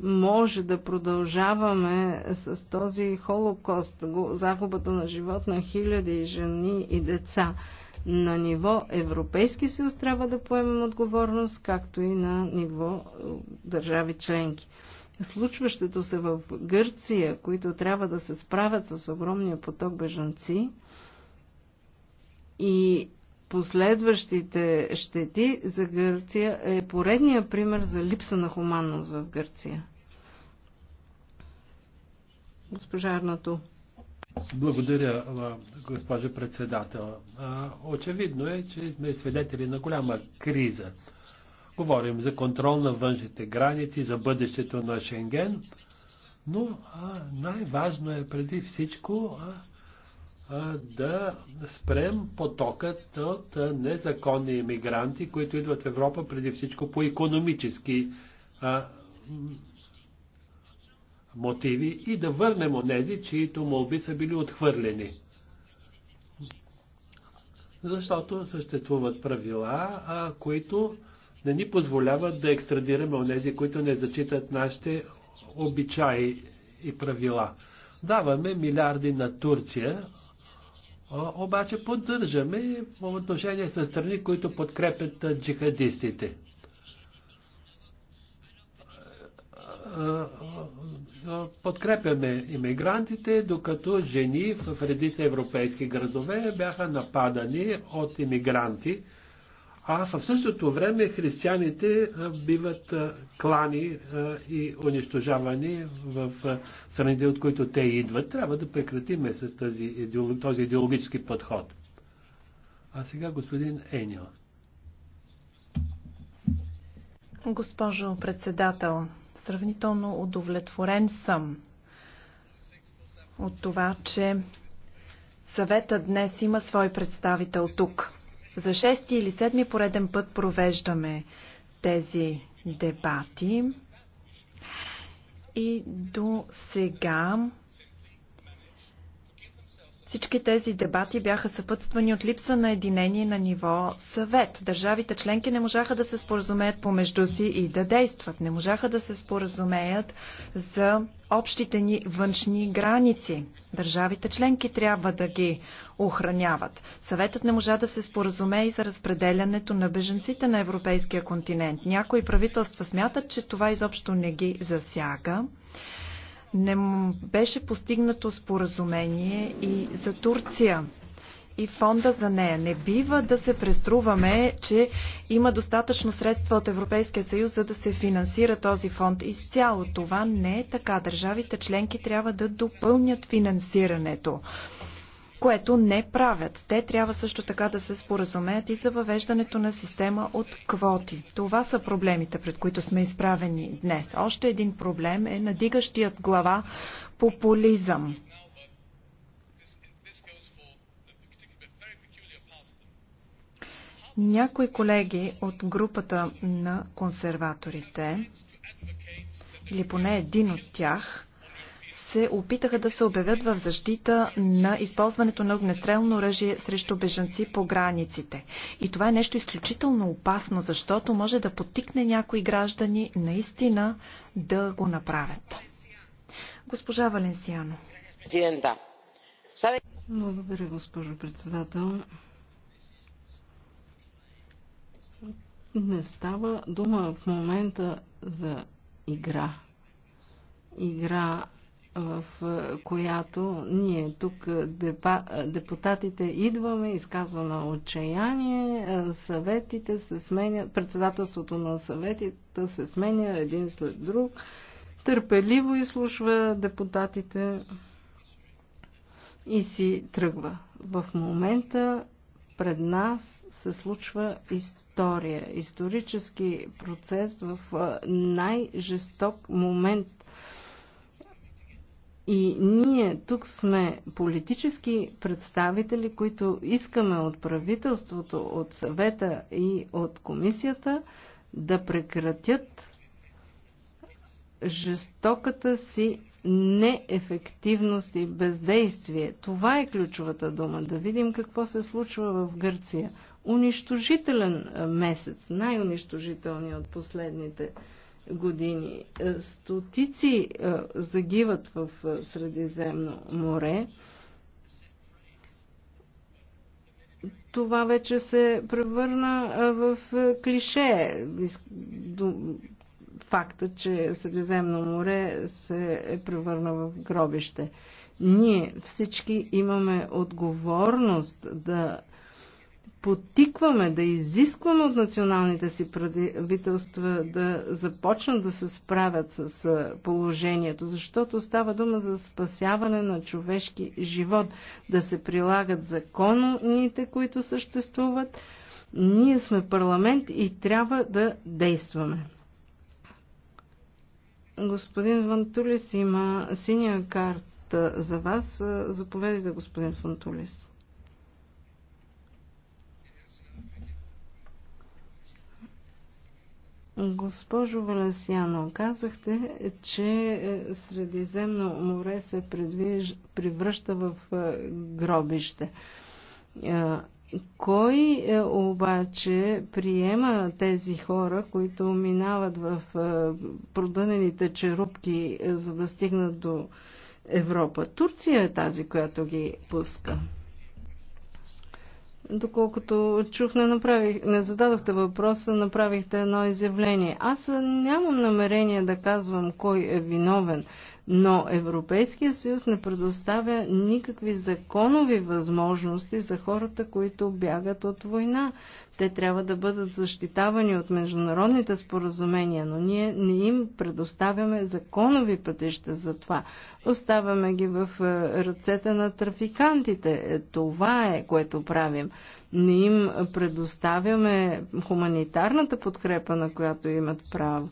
може да продължаваме с този холокост, загубата на живот на хиляди жени и деца. На ниво Европейски съюз трябва да поемем отговорност, както и на ниво е, държави членки. Случващото се в Гърция, които трябва да се справят с огромния поток бежанци и последващите щети за Гърция е поредния пример за липса на хуманност в Гърция. Госпожа Арнато. Благодаря, госпожо председател. Очевидно е, че сме свидетели на голяма криза. Говорим за контрол на външните граници, за бъдещето на Шенген, но най-важно е преди всичко да спрем потокът от незаконни иммигранти, които идват в Европа преди всичко по економически мотиви и да върнем онези, чието молби са били отхвърлени. Защото съществуват правила, а, които не ни позволяват да екстрадираме онези, които не зачитат нашите обичаи и правила. Даваме милиарди на Турция, обаче поддържаме в отношение с страни, които подкрепят джихадистите е, подкрепяме иммигрантите, докато жени в редица европейски градове бяха нападани от иммигранти, а в същото време християните е, биват е, клани и унищожавани в страните, от които те идват. Трябва да прекратиме с тази, този идеологически подход. А сега господин Енио. Госпожо председател, Сравнително удовлетворен съм от това, че съвета днес има свой представител тук. За шести или седми пореден път провеждаме тези дебати. И до сега всички тези дебати бяха съпътствани от липса на единение на ниво съвет. Държавите членки не можаха да се споразумеят помежду си и да действат. Не можаха да се споразумеят за общите ни външни граници. Държавите членки трябва да ги охраняват. Съветът не можа да се споразуме и за разпределянето на беженците на европейския континент. Някои правителства смятат, че това изобщо не ги засяга. Не беше постигнато споразумение и за Турция и фонда за нея. Не бива да се преструваме, че има достатъчно средства от Европейския съюз, за да се финансира този фонд. Изцяло това не е така. Държавите членки трябва да допълнят финансирането което не правят. Те трябва също така да се споразумеят и за въвеждането на система от квоти. Това са проблемите, пред които сме изправени днес. Още един проблем е надигащият глава популизъм. Някои колеги от групата на консерваторите, или поне един от тях, се опитаха да се обявят в защита на използването на огнестрелно оръжие срещу бежанци по границите. И това е нещо изключително опасно, защото може да потикне някои граждани наистина да го направят. Госпожа Валенсиано. Благодаря, госпожо председател. Не става дума в момента за игра. Игра в която ние тук депутатите идваме, изказваме отчаяние, съветите се сменят, председателството на съветите се сменя един след друг, търпеливо изслушва депутатите и си тръгва. В момента пред нас се случва история, исторически процес в най-жесток момент и ние тук сме политически представители, които искаме от правителството, от съвета и от комисията да прекратят жестоката си неефективност и бездействие. Това е ключовата дума. Да видим какво се случва в Гърция. Унищожителен месец, най-унищожителният от последните години. Е, стотици е, загиват в е, Средиземно море. Това вече се превърна в клише. Факта, че Средиземно море се е превърна в гробище. Ние всички имаме отговорност да потикваме, да изискваме от националните си правителства да започнат да се справят с положението, защото става дума за спасяване на човешки живот, да се прилагат законите, които съществуват. Ние сме парламент и трябва да действаме. Господин Вантулис има синия карта за вас. Заповедите, господин Фантулис. Госпожо Валесяно, казахте, че е, Средиземно море се предвиж... превръща в е, гробище. Е, кой обаче приема тези хора, които минават в продънените черупки, за да стигнат до Европа? Турция е тази, която ги пуска доколкото чух, не, направих, не зададохте въпроса, направихте едно изявление. Аз нямам намерение да казвам кой е виновен но Европейския съюз не предоставя никакви законови възможности за хората, които бягат от война. Те трябва да бъдат защитавани от международните споразумения, но ние не им предоставяме законови пътища за това. Оставяме ги в е, ръцете на трафикантите. Е, това е, което правим не им предоставяме хуманитарната подкрепа, на която имат право.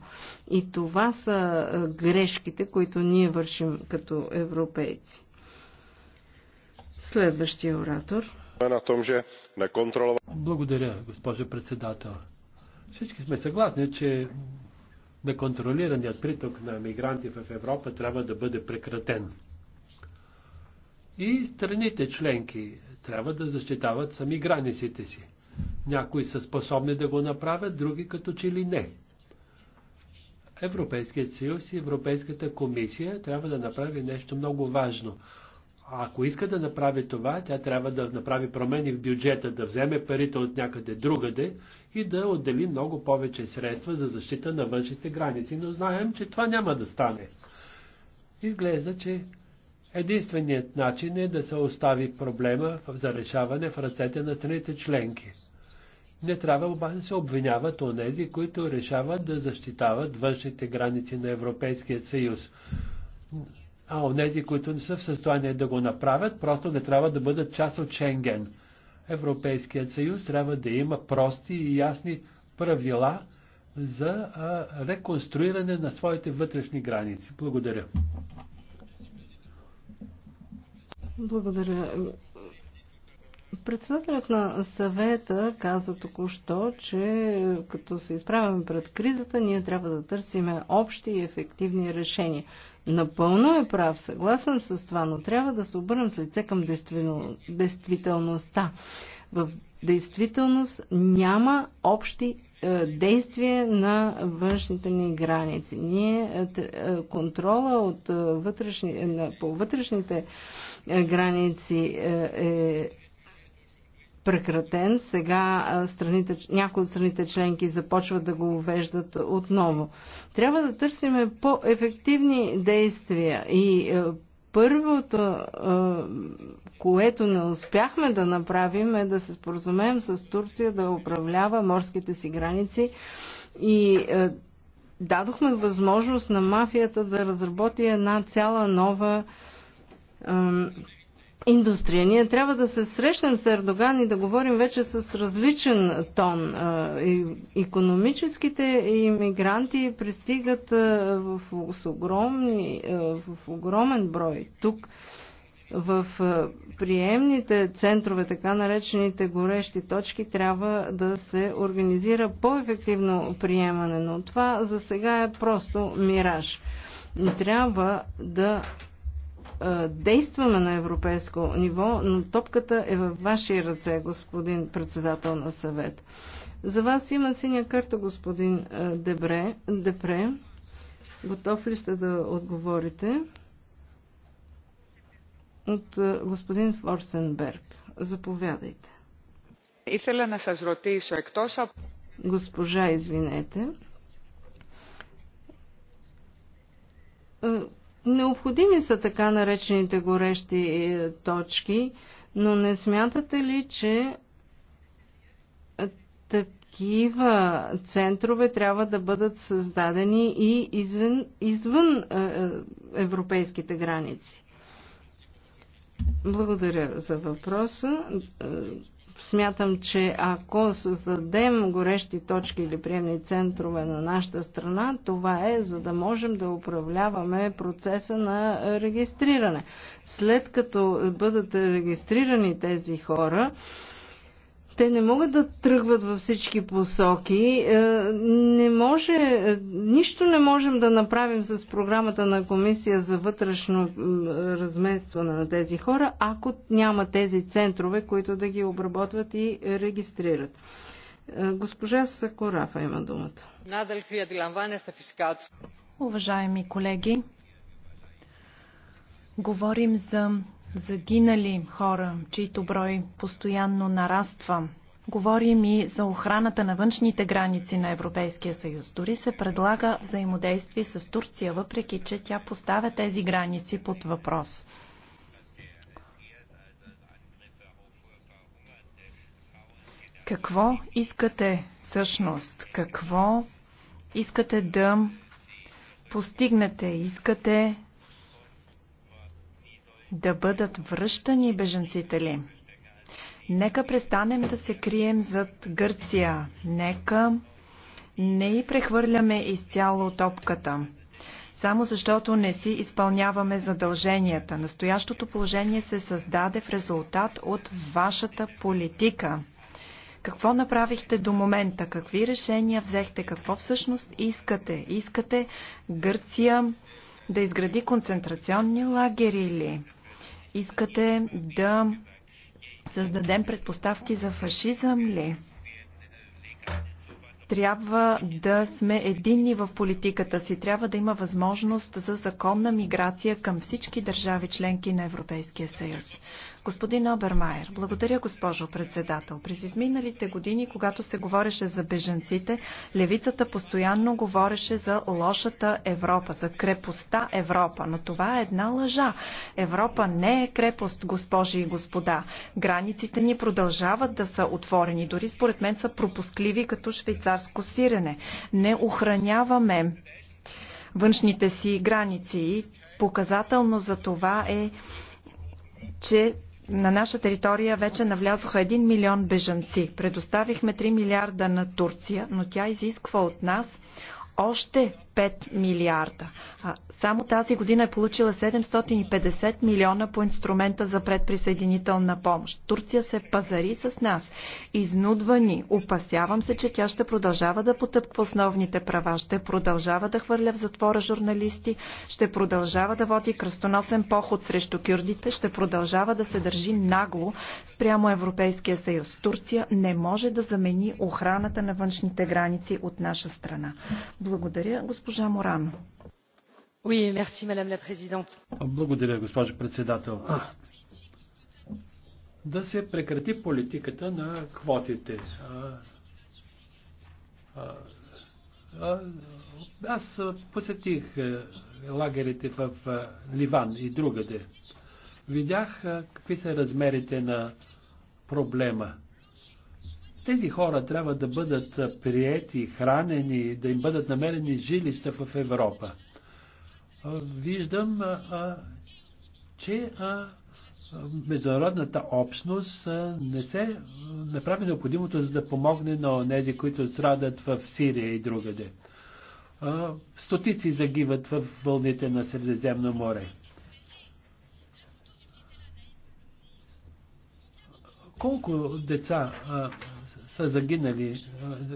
И това са е, грешките, които ние вършим като европейци. Следващия оратор. Благодаря, госпожо председател. Всички сме съгласни, че неконтролираният приток на мигранти в Европа трябва да бъде прекратен. И страните членки трябва да защитават сами границите си. Някои са способни да го направят, други като че ли не. Европейският съюз и Европейската комисия трябва да направи нещо много важно. А ако иска да направи това, тя трябва да направи промени в бюджета, да вземе парите от някъде другаде и да отдели много повече средства за защита на външните граници. Но знаем, че това няма да стане. Изглежда, че Единственият начин е да се остави проблема за решаване в ръцете на страните членки. Не трябва обаче да се обвиняват онези, които решават да защитават външните граници на Европейския съюз. А онези, които не са в състояние да го направят, просто не трябва да бъдат част от Шенген. Европейският съюз трябва да има прости и ясни правила за реконструиране на своите вътрешни граници. Благодаря. Благодаря. Председателят на съвета каза току-що, че като се изправяме пред кризата, ние трябва да търсиме общи и ефективни решения. Напълно е прав, съгласен с това, но трябва да се обърнем с лице към действителността. В действителност няма общи е, действие на външните ни граници. Ние е, е, контрола от вътрешни, по вътрешните е, граници е, е прекратен. Сега е, страните, някои от страните членки започват да го увеждат отново. Трябва да търсиме по-ефективни действия и първото, което не успяхме да направим е да се споразумеем с Турция да управлява морските си граници и дадохме възможност на мафията да разработи една цяла нова индустрия. Ние трябва да се срещнем с Ердоган и да говорим вече с различен тон. Економическите иммигранти пристигат в, с огромни, в огромен брой тук в приемните центрове, така наречените горещи точки, трябва да се организира по-ефективно приемане, но това за сега е просто мираж. Трябва да е, действаме на европейско ниво, но топката е във ваши ръце, господин председател на съвет. За вас има синя карта, господин е, Дебре, Депре. Готов ли сте да отговорите? От е, господин Форсенберг. Заповядайте. Ήθελα να σας ρωτήσω, εκτός από... Госпожа, извинете Необходими са така наречените горещи е, точки, но не смятате ли, че е, такива центрове трябва да бъдат създадени и извън, извън е, европейските граници? Благодаря за въпроса смятам, че ако създадем горещи точки или приемни центрове на нашата страна, това е за да можем да управляваме процеса на регистриране. След като бъдат регистрирани тези хора, те не могат да тръгват във всички посоки. Е, не може, е, нищо не можем да направим с програмата на комисия за вътрешно разместване на тези хора, ако няма тези центрове, които да ги обработват и регистрират. Е, госпожа Сакорафа има думата. Уважаеми колеги, говорим за загинали хора, чието брой постоянно нараства. Говорим и за охраната на външните граници на Европейския съюз. Дори се предлага взаимодействие с Турция, въпреки че тя поставя тези граници под въпрос. Какво искате всъщност? Какво искате да постигнете? Искате да бъдат връщани беженците ли? Нека престанем да се крием зад Гърция. Нека не и прехвърляме изцяло топката. Само защото не си изпълняваме задълженията. Настоящото положение се създаде в резултат от вашата политика. Какво направихте до момента? Какви решения взехте? Какво всъщност искате? Искате Гърция да изгради концентрационни лагери ли? Искате да създадем предпоставки за фашизъм ли? трябва да сме единни в политиката си. Трябва да има възможност за законна миграция към всички държави членки на Европейския съюз. Господин Обермайер, благодаря госпожо председател. През изминалите години, когато се говореше за беженците, левицата постоянно говореше за лошата Европа, за крепостта Европа. Но това е една лъжа. Европа не е крепост, госпожи и господа. Границите ни продължават да са отворени. Дори според мен са пропускливи като швейцарско сирене. Не охраняваме външните си граници. Показателно за това е че на наша територия вече навлязоха 1 милион бежанци. Предоставихме 3 милиарда на Турция, но тя изисква от нас още 5 милиарда. А само тази година е получила 750 милиона по инструмента за предприсъединителна помощ. Турция се пазари с нас. Изнудва ни. Опасявам се, че тя ще продължава да потъпква основните права, ще продължава да хвърля в затвора журналисти, ще продължава да води кръстоносен поход срещу кюрдите, ще продължава да се държи нагло спрямо Европейския съюз. Турция не може да замени охраната на външните граници от наша страна. Благодаря, господин госпожа Морано. Благодаря, госпожо председател. Да се прекрати политиката на квотите. Аз посетих е, лагерите в е, Ливан и другаде. Видях е, какви са размерите на проблема. Тези хора трябва да бъдат приети, хранени, да им бъдат намерени жилища в Европа. Виждам, че международната общност не се направи необходимото, за да помогне на тези, които страдат в Сирия и другаде. Стотици загиват в вълните на Средиземно море. Колко деца са загинали е,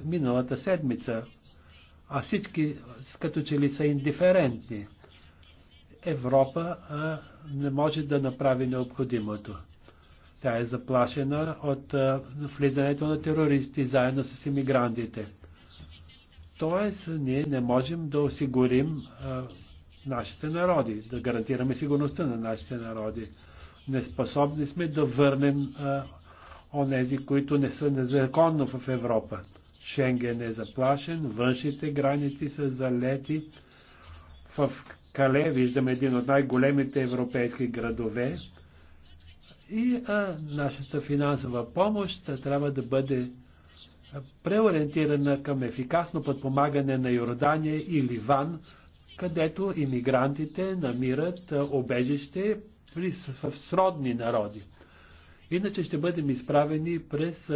миналата седмица, а всички като че ли са индиферентни. Европа а, не може да направи необходимото. Тя е заплашена от а, влизането на терористи заедно с иммигрантите. Тоест, ние не можем да осигурим а, нашите народи, да гарантираме сигурността на нашите народи. Неспособни сме да върнем а, онези, които не са незаконно в Европа. Шенген е заплашен, външните граници са залети. В Кале виждаме един от най-големите европейски градове. И а, нашата финансова помощ трябва да бъде преориентирана към ефикасно подпомагане на Йордания и Ливан, където иммигрантите намират обежище в сродни народи. Иначе ще бъдем изправени през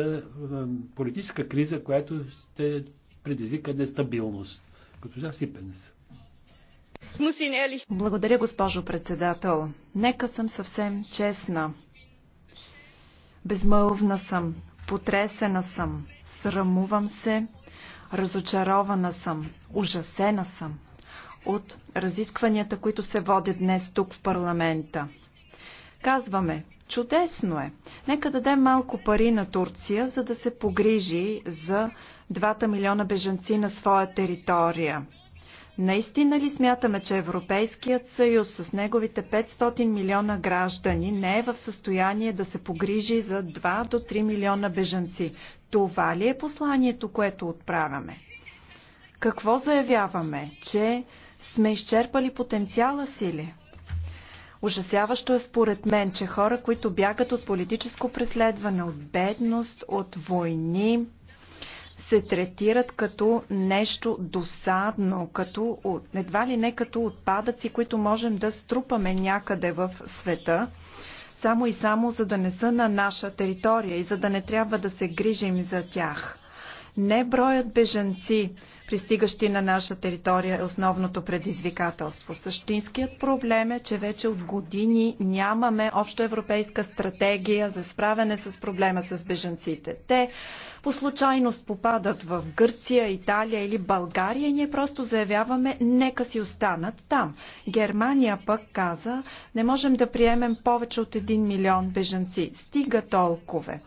политическа криза, която ще предизвика нестабилност. Госпожа Сипенс. Благодаря, госпожо председател. Нека съм съвсем честна. Безмълвна съм, потресена съм, срамувам се, разочарована съм, ужасена съм от разискванията, които се водят днес тук в парламента. Казваме, чудесно е. Нека дадем малко пари на Турция, за да се погрижи за 2 милиона бежанци на своя територия. Наистина ли смятаме, че Европейският съюз с неговите 500 милиона граждани не е в състояние да се погрижи за 2 до 3 милиона бежанци? Това ли е посланието, което отправяме? Какво заявяваме? Че сме изчерпали потенциала си ли? Ужасяващо е според мен, че хора, които бягат от политическо преследване, от бедност, от войни, се третират като нещо досадно, като едва ли не като отпадъци, които можем да струпаме някъде в света, само и само за да не са на наша територия и за да не трябва да се грижим за тях. Не броят бежанци, пристигащи на наша територия, е основното предизвикателство. Същинският проблем е, че вече от години нямаме общо европейска стратегия за справяне с проблема с бежанците. Те по случайност попадат в Гърция, Италия или България и ние просто заявяваме нека си останат там. Германия пък каза не можем да приемем повече от 1 милион бежанци. Стига толкова.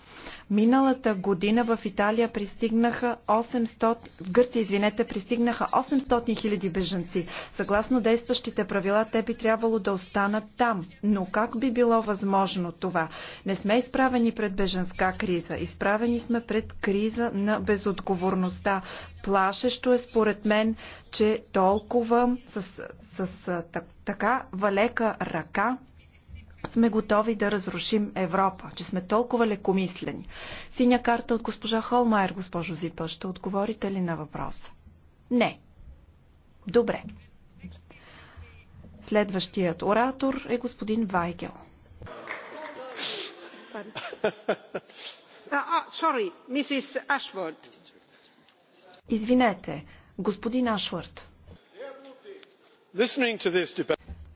Миналата година в Италия пристигнаха 800, в Гърция, извинете, пристигнаха 800 хиляди бежанци. Съгласно действащите правила, те би трябвало да останат там. Но как би било възможно това? Не сме изправени пред бежанска криза. Изправени сме пред криза на безотговорността. Плашещо е според мен, че толкова с, с, с така валека ръка сме готови да разрушим Европа, че сме толкова лекомислени. Синя карта от госпожа Холмайер, госпожо Зипа, ще отговорите ли на въпроса? Не. Добре. Следващият оратор е господин Вайгел. Uh, uh, Извинете, господин Ашвард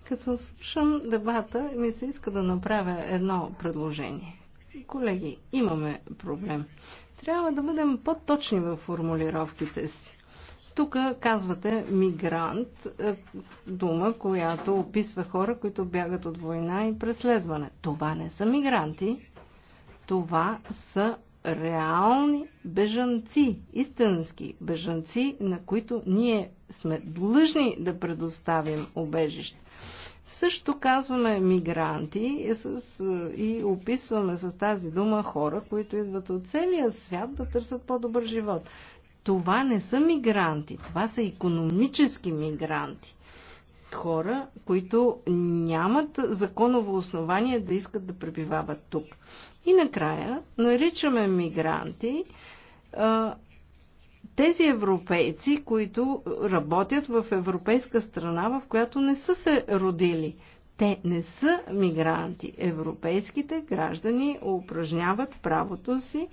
като слушам дебата, ми се иска да направя едно предложение. Колеги, имаме проблем. Трябва да бъдем по-точни в формулировките си. Тук казвате мигрант, е, дума, която описва хора, които бягат от война и преследване. Това не са мигранти, това са реални бежанци, истински бежанци, на които ние сме длъжни да предоставим обежище. Също казваме мигранти и, с, и описваме с тази дума хора, които идват от целия свят да търсят по-добър живот. Това не са мигранти, това са економически мигранти. Хора, които нямат законово основание да искат да пребивават тук. И накрая наричаме мигранти тези европейци, които работят в европейска страна, в която не са се родили. Те не са мигранти. Европейските граждани упражняват правото си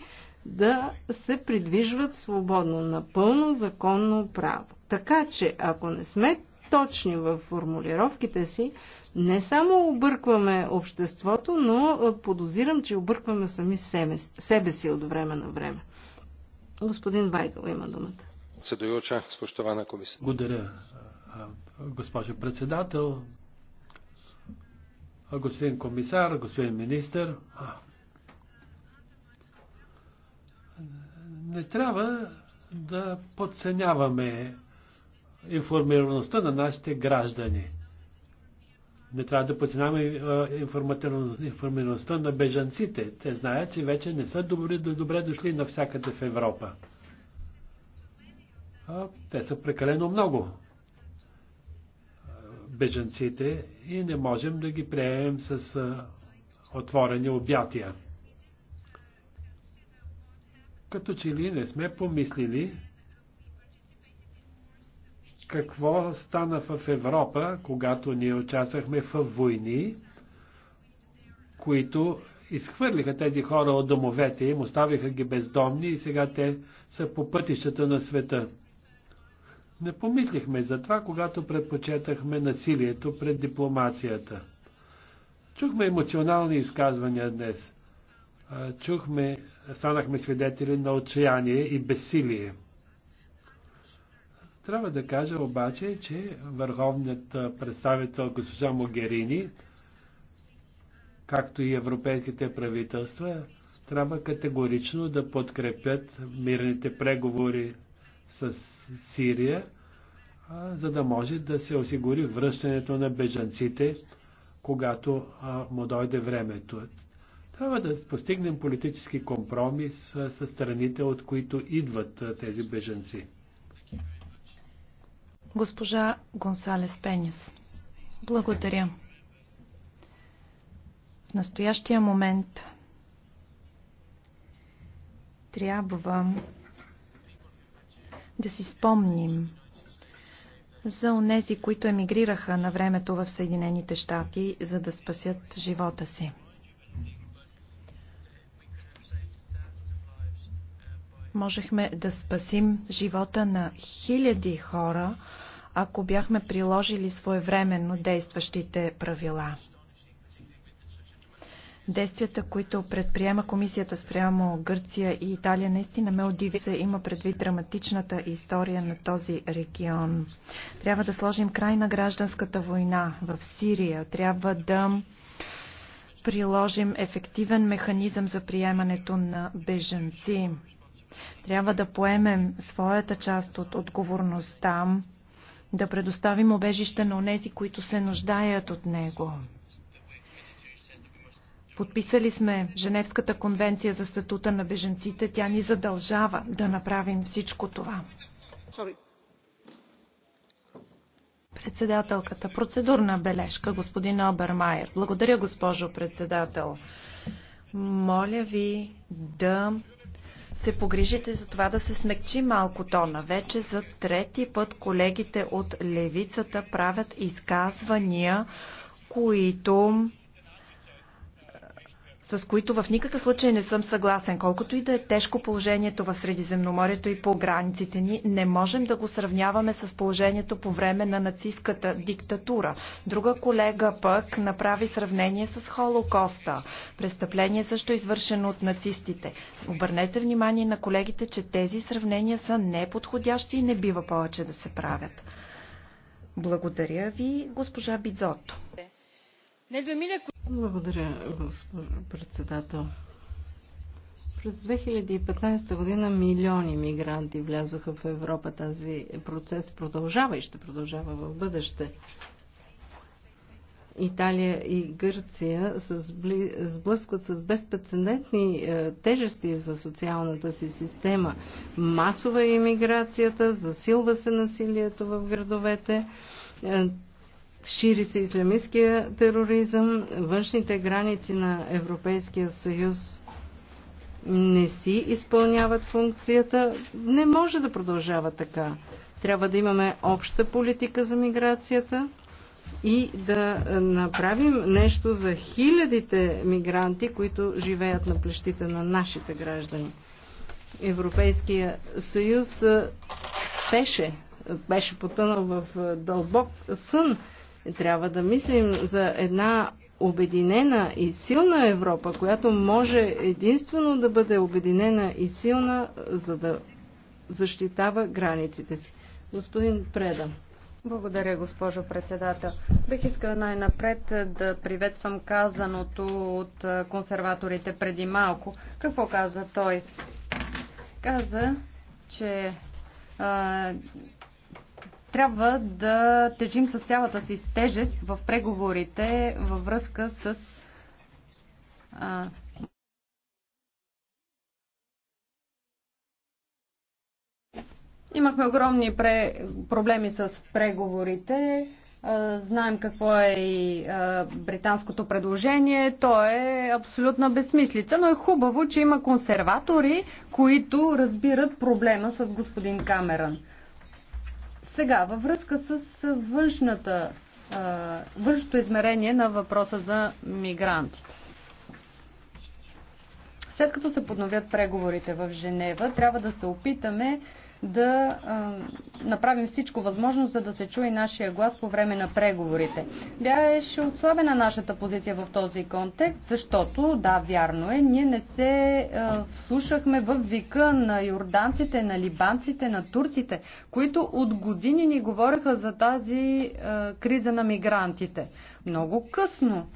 да се придвижват свободно, напълно законно право. Така че, ако не сме точни в формулировките си, не само объркваме обществото, но подозирам, че объркваме сами себе си от време на време. Господин Байгал има думата. Седоюча, спочтована комисия. Благодаря, госпожо председател, господин комисар, господин министр. Не трябва да подценяваме информираността на нашите граждани – не трябва да подценяваме информираността на бежанците. Те знаят, че вече не са добре, добре дошли навсякъде в Европа. А, те са прекалено много бежанците и не можем да ги приемем с а, отворени обятия. Като че ли не сме помислили какво стана в Европа, когато ние участвахме в войни, които изхвърлиха тези хора от домовете им, оставиха ги бездомни и сега те са по пътищата на света. Не помислихме за това, когато предпочетахме насилието пред дипломацията. Чухме емоционални изказвания днес. Чухме, станахме свидетели на отчаяние и бесилие. Трябва да кажа обаче, че върховният представител госпожа Могерини, както и европейските правителства, трябва категорично да подкрепят мирните преговори с Сирия, за да може да се осигури връщането на бежанците, когато му дойде времето. Трябва да постигнем политически компромис с страните, от които идват тези бежанци. Госпожа Гонсалес Пенис. Благодаря. В настоящия момент трябва да си спомним за онези, които емигрираха на времето в Съединените щати, за да спасят живота си. Можехме да спасим живота на хиляди хора, ако бяхме приложили своевременно действащите правила. Действията, които предприема комисията спрямо Гърция и Италия, наистина ме удиви се има предвид драматичната история на този регион. Трябва да сложим край на гражданската война в Сирия. Трябва да приложим ефективен механизъм за приемането на беженци. Трябва да поемем своята част от отговорността да предоставим обежище на онези, които се нуждаят от него. Подписали сме Женевската конвенция за статута на беженците. Тя ни задължава да направим всичко това. Председателката. Процедурна бележка, господин Обермайер. Благодаря, госпожо председател. Моля ви да се погрижите за това да се смекчи малко тона. Вече за трети път колегите от левицата правят изказвания, които с които в никакъв случай не съм съгласен. Колкото и да е тежко положението в Средиземноморието и по границите ни, не можем да го сравняваме с положението по време на нацистската диктатура. Друга колега пък направи сравнение с Холокоста. Престъпление също е извършено от нацистите. Обърнете внимание на колегите, че тези сравнения са неподходящи и не бива повече да се правят. Благодаря ви, госпожа Бидзото. Благодаря, госпожо председател. През 2015 година милиони мигранти влязоха в Европа. Тази процес продължава и ще продължава в бъдеще. Италия и Гърция се сблъскват с безпредседентни е, тежести за социалната си система. Масова е иммиграцията, засилва се насилието в градовете, е, Шири се ислямистския тероризъм, външните граници на Европейския съюз не си изпълняват функцията. Не може да продължава така. Трябва да имаме обща политика за миграцията и да направим нещо за хилядите мигранти, които живеят на плещите на нашите граждани. Европейския съюз спеше, беше потънал в дълбок сън трябва да мислим за една обединена и силна Европа, която може единствено да бъде обединена и силна, за да защитава границите си. Господин Преда. Благодаря, госпожо председател. Бих искала най-напред да приветствам казаното от консерваторите преди малко. Какво каза той? Каза, че трябва да тежим с цялата си тежест в преговорите във връзка с а, Имахме огромни пре... проблеми с преговорите. Знаем какво е и британското предложение. То е абсолютна безсмислица, но е хубаво, че има консерватори, които разбират проблема с господин Камеран. Сега, във връзка с външната, външното измерение на въпроса за мигрантите. След като се подновят преговорите в Женева, трябва да се опитаме да направим всичко възможно, за да се чуе нашия глас по време на преговорите. Беше отслабена нашата позиция в този контекст, защото, да, вярно е, ние не се вслушахме в вика на юрданците, на либанците, на турците, които от години ни говореха за тази криза на мигрантите. Много късно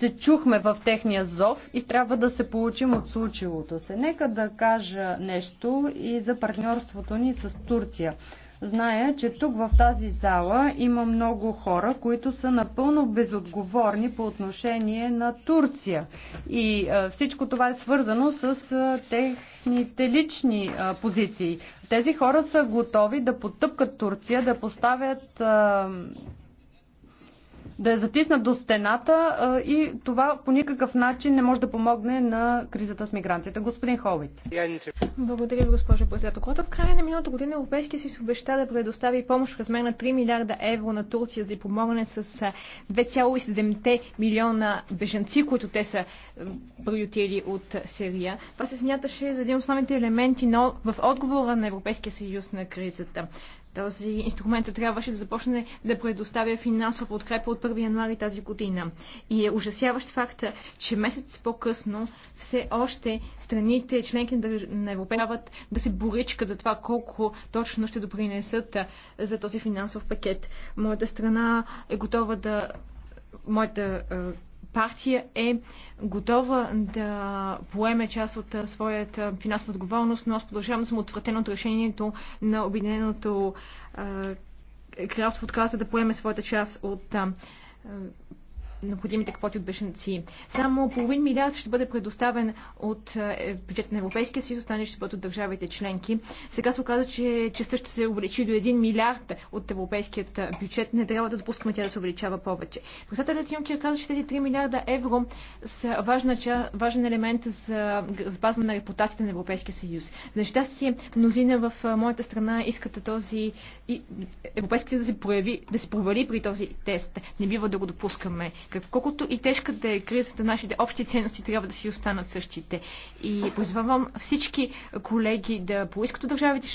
се чухме в техния зов и трябва да се получим от случилото се. Нека да кажа нещо и за партньорството ни с Турция. Зная, че тук в тази зала има много хора, които са напълно безотговорни по отношение на Турция. И всичко това е свързано с техните лични позиции. Тези хора са готови да потъпкат Турция, да поставят да е затиснат до стената и това по никакъв начин не може да помогне на кризата с мигрантите. Господин Холвит. Благодаря госпожа госпожо Когато в края на миналата година Европейския съюз обеща да предостави помощ в размер на 3 милиарда евро на Турция за да помогне с 2,7 милиона бежанци, които те са приютили от Сирия. Това се смяташе за един от основните елементи но в отговора на Европейския съюз на кризата. Този инструмент трябваше да започне да предоставя финансова подкрепа от 1 януари тази година. И е ужасяващ факта, че месец по-късно все още страните членки на Европеяват да се боричкат за това колко точно ще допринесат за този финансов пакет. Моята страна е готова да моята партия е готова да поеме част от своята финансова отговорност, но аз продължавам да съм отвратен от решението на Обединеното кралство отказа да поеме своята част от необходимите квоти от бешенци. Само половин милиард ще бъде предоставен от е, бюджета на Европейския съюз, останали ще бъдат от държавите членки. Сега се оказа, че частта ще се увеличи до 1 милиард от европейският е, бюджет. Не трябва да допускаме тя да се увеличава повече. Председателят Юнкер каза, че тези 3 милиарда евро са важна, важен елемент за запазване на репутацията на Европейския съюз. За нещастие, мнозина в е, моята страна искат този Европейски съюз да се, прояви, да се провали при този тест. Не бива да го допускаме. Колкото и тежка да е кризата, нашите общи ценности трябва да си останат същите. И позвавам всички колеги да поискат от държавите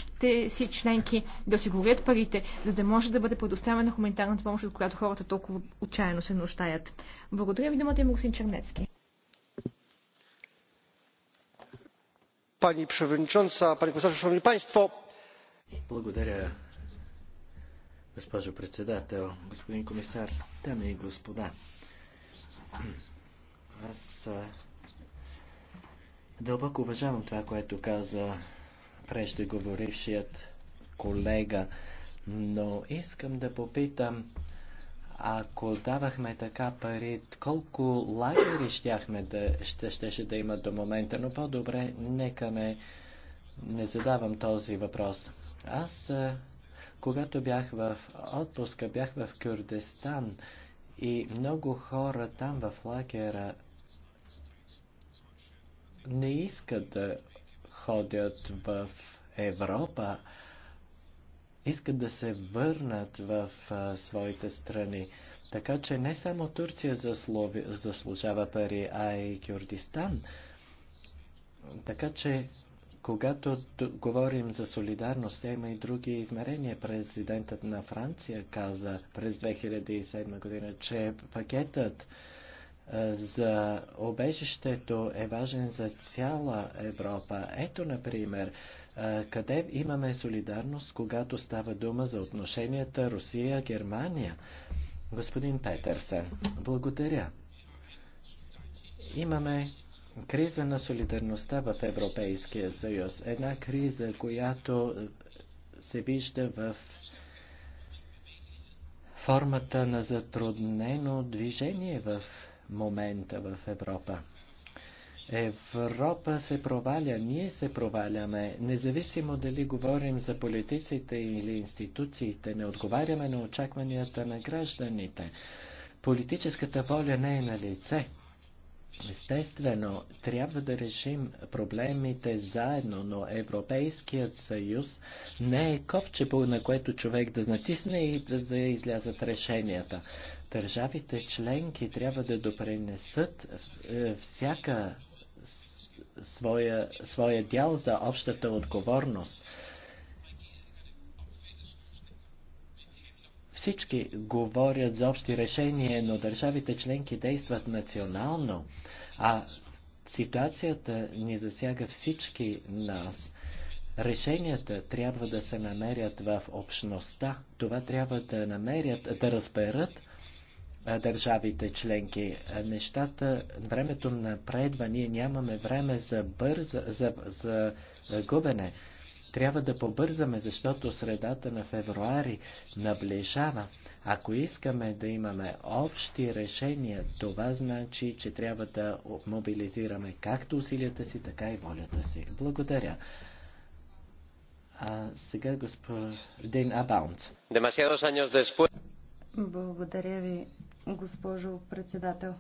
си членки да осигурят парите, за да може да бъде предоставена хуманитарната помощ, от която хората толкова отчаяно се нуждаят. Благодаря ви, думата има господин Чернецки. Пани Пшевенчонца, пани Косачо, szanowni państwo! Благодаря, госпожо председател, господин комисар, дами и господа. Аз дълбоко уважавам това, което каза преждеговорившият колега, но искам да попитам, ако давахме така пари, колко лагери щяхме да, ще, ще да има до момента, но по-добре нека ме не задавам този въпрос. Аз, когато бях в отпуска, бях в Кюрдестан, и много хора там в лагера не искат да ходят в Европа, искат да се върнат в а, своите страни. Така че не само Турция заслужава пари, а и Кюрдистан. Така че когато говорим за солидарност, има и други измерения. Президентът на Франция каза през 2007 година, че пакетът за обежището е важен за цяла Европа. Ето, например, къде имаме солидарност, когато става дума за отношенията Русия-Германия. Господин Петърсен, благодаря. Имаме криза на солидарността в Европейския съюз. Една криза, която се вижда в формата на затруднено движение в момента в Европа. Европа се проваля, ние се проваляме, независимо дали говорим за политиците или институциите, не отговаряме на очакванията на гражданите. Политическата воля не е на лице. Естествено, трябва да решим проблемите заедно, но Европейският съюз не е копче, на което човек да натисне и да, да излязат решенията. Държавите членки трябва да допринесат е, всяка своя, своя дял за общата отговорност. Всички говорят за общи решения, но държавите членки действат национално, а ситуацията ни засяга всички нас. Решенията трябва да се намерят в общността. Това трябва да намерят, да разберат държавите членки. Нещата, времето напредва, ние нямаме време за бърза, за, за губене. Трябва да побързаме, защото средата на февруари наближава. Ако искаме да имаме общи решения, това значи, че трябва да мобилизираме както усилията си, така и волята си. Благодаря. А сега господин Абаунт. Благодаря ви, госпожо председател.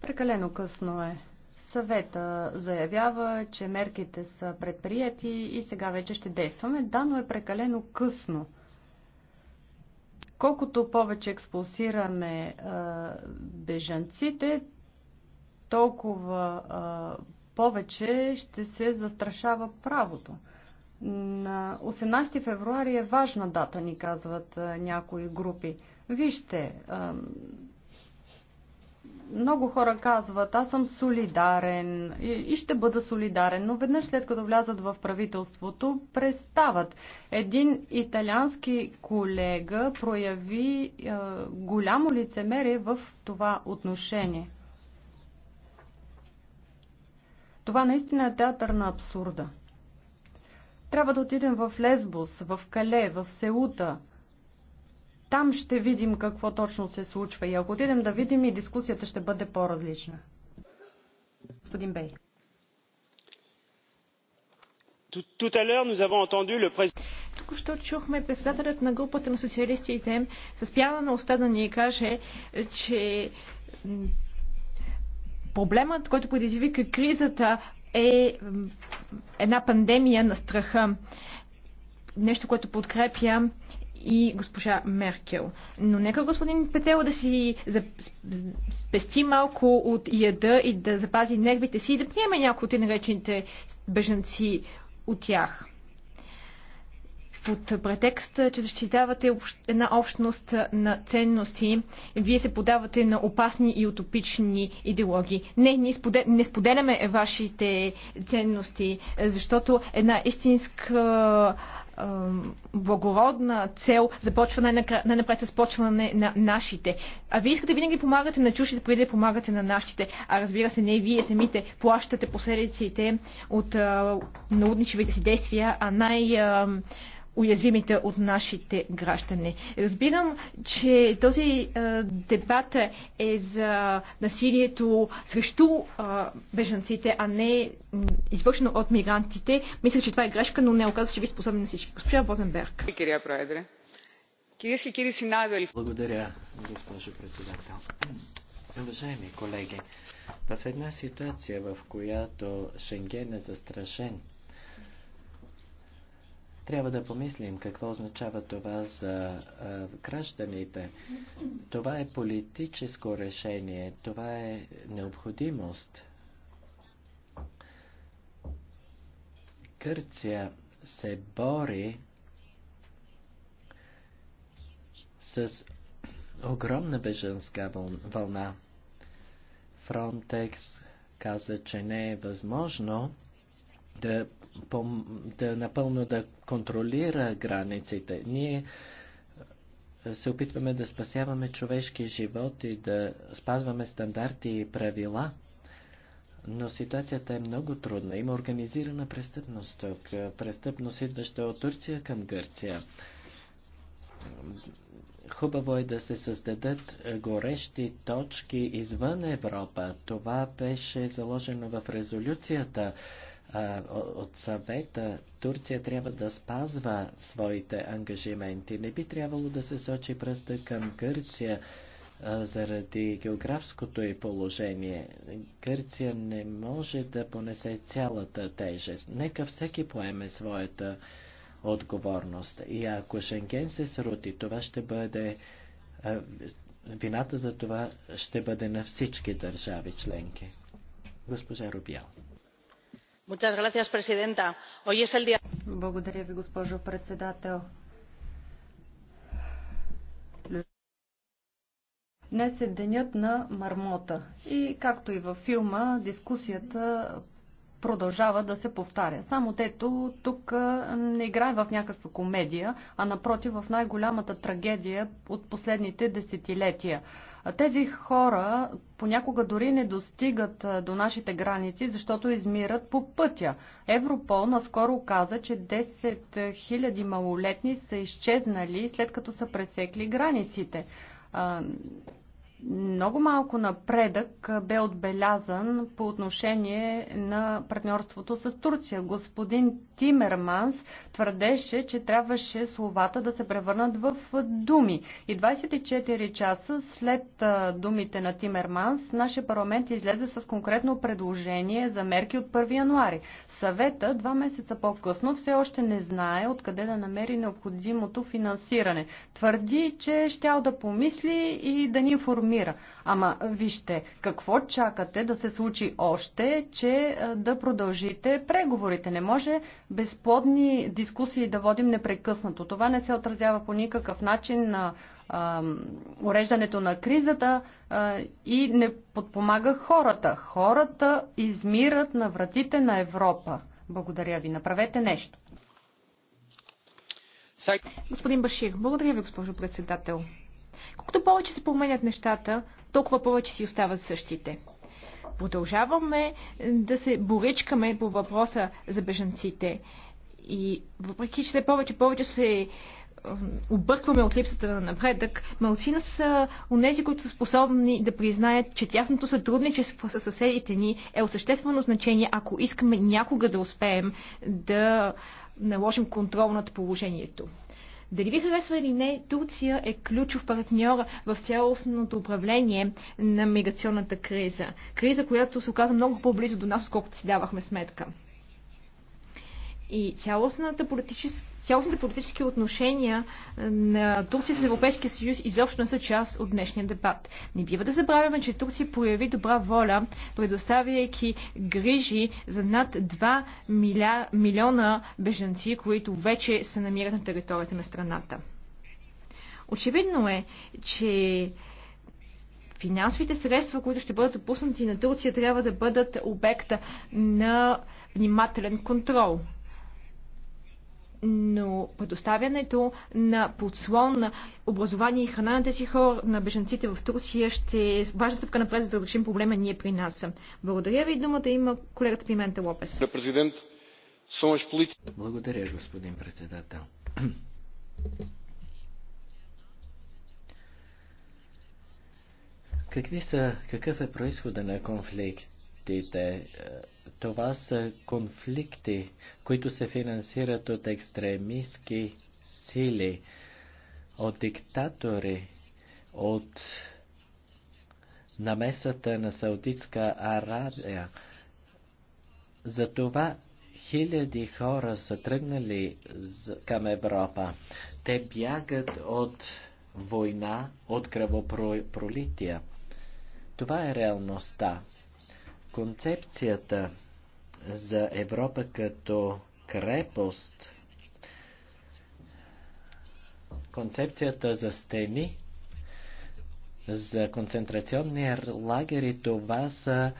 Прекалено късно е. Съвета заявява, че мерките са предприяти и сега вече ще действаме. Да, но е прекалено късно. Колкото повече експулсираме а, бежанците, толкова а, повече ще се застрашава правото. На 18 февруари е важна дата, ни казват някои групи. Вижте, много хора казват, аз съм солидарен и ще бъда солидарен, но веднъж след като влязат в правителството, престават. Един италиански колега прояви е, голямо лицемерие в това отношение. Това наистина е театър на абсурда. Трябва да отидем в Лесбос, в Кале, в Сеута, там ще видим какво точно се случва и ако отидем да видим и дискусията ще бъде по-различна. Господин Бей. Tout à l'heure, nous avons entendu le président току-що чухме председателят на групата на социалистите с пяна на уста да ни каже, че проблемът, който предизвика кризата е една пандемия на страха. Нещо, което подкрепя и госпожа Меркел. Но нека господин Петел да си спести малко от яда и да запази нервите си и да приеме някои от наречените бежанци от тях под претекст, че защитавате една общност на ценности, вие се подавате на опасни и утопични идеологии. Не, ние не споделяме вашите ценности, защото една истинска благородна цел започва най-напред с почване на нашите. А вие искате винаги помагате на чушите, преди да помагате на нашите. А разбира се, не вие самите плащате последиците от наудничевите си действия, а най- уязвимите от нашите граждани. Разбирам, че този а, дебат е за насилието срещу а, бежанците, а не извършено от мигрантите. Мисля, че това е грешка, но не оказа, че ви способен на всички. Госпожа Бозенберг. Благодаря, госпожо председател. Уважаеми колеги, в една ситуация, в която Шенген е застрашен, трябва да помислим какво означава това за а, гражданите. Това е политическо решение, това е необходимост. Гърция се бори с огромна беженска вълна. Фронтекс каза, че не е възможно да да напълно да контролира границите. Ние е, се опитваме да спасяваме човешки живот и да спазваме стандарти и правила, но ситуацията е много трудна. Има организирана престъпност тук, е, престъпност идваща от Турция към Гърция. Хубаво е да се създадат е, горещи точки извън Европа. Това беше заложено в резолюцията от съвета Турция трябва да спазва своите ангажименти. Не би трябвало да се сочи пръста към Гърция заради географското и положение. Гърция не може да понесе цялата тежест. Нека всеки поеме своята отговорност. И ако Шенген се срути, това ще бъде вината за това ще бъде на всички държави членки. Госпожа Рубял. Благодаря ви, госпожо председател. Днес е денят на мармота и, както и във филма, дискусията продължава да се повтаря. Само тето тук не играе в някаква комедия, а напротив в най-голямата трагедия от последните десетилетия. Тези хора понякога дори не достигат до нашите граници, защото измират по пътя. Европол наскоро каза, че 10 000 малолетни са изчезнали след като са пресекли границите много малко напредък бе отбелязан по отношение на партньорството с Турция. Господин Тимерманс твърдеше, че трябваше словата да се превърнат в думи. И 24 часа след думите на Тимерманс, нашия парламент излезе с конкретно предложение за мерки от 1 януари. Съвета два месеца по-късно все още не знае откъде да намери необходимото финансиране. Твърди, че е щял да помисли и да ни информира намира. Ама вижте, какво чакате да се случи още, че да продължите преговорите? Не може безплодни дискусии да водим непрекъснато. Това не се отразява по никакъв начин на уреждането на кризата и не подпомага хората. Хората измират на вратите на Европа. Благодаря ви. Направете нещо. Господин Башир, благодаря ви, госпожо председател. Колкото повече се променят нещата, толкова повече си остават същите. Продължаваме е, да се боричкаме по въпроса за бежанците. И въпреки, че все повече повече се е, объркваме от липсата на напредък, мълцина са онези, които са способни да признаят, че тясното сътрудничество с съседите ни е от съществено значение, ако искаме някога да успеем да наложим контрол над положението. Дали ви харесва или не, Турция е ключов партньор в цялостното управление на миграционната криза. Криза, която се оказа много по-близо до нас, отколкото си давахме сметка. И цялостната политическа цялостните политически отношения е, на Турция с Европейския съюз изобщо не са част от днешния дебат. Не бива да забравяме, че Турция прояви добра воля, предоставяйки грижи за над 2 миля, милиона бежанци, които вече се намират на територията на страната. Очевидно е, че финансовите средства, които ще бъдат опуснати на Турция, трябва да бъдат обекта на внимателен контрол но предоставянето на подслон, на образование и храна на тези хора, на беженците в Турция ще е важна стъпка напред, за да решим проблема ние при нас. Благодаря ви. Думата има колегата Пимента Лопес. Е Благодаря, господин председател. Какви са, какъв е происхода на конфликт? конфликтите. Е, това са конфликти, които се финансират от екстремистски сили, от диктатори, от намесата на Саудитска Арабия. Затова хиляди хора са тръгнали към Европа. Те бягат от война, от кръвопролития. Това е реалността. Концепцията за Европа като крепост, концепцията за стени, за концентрационни лагери, това са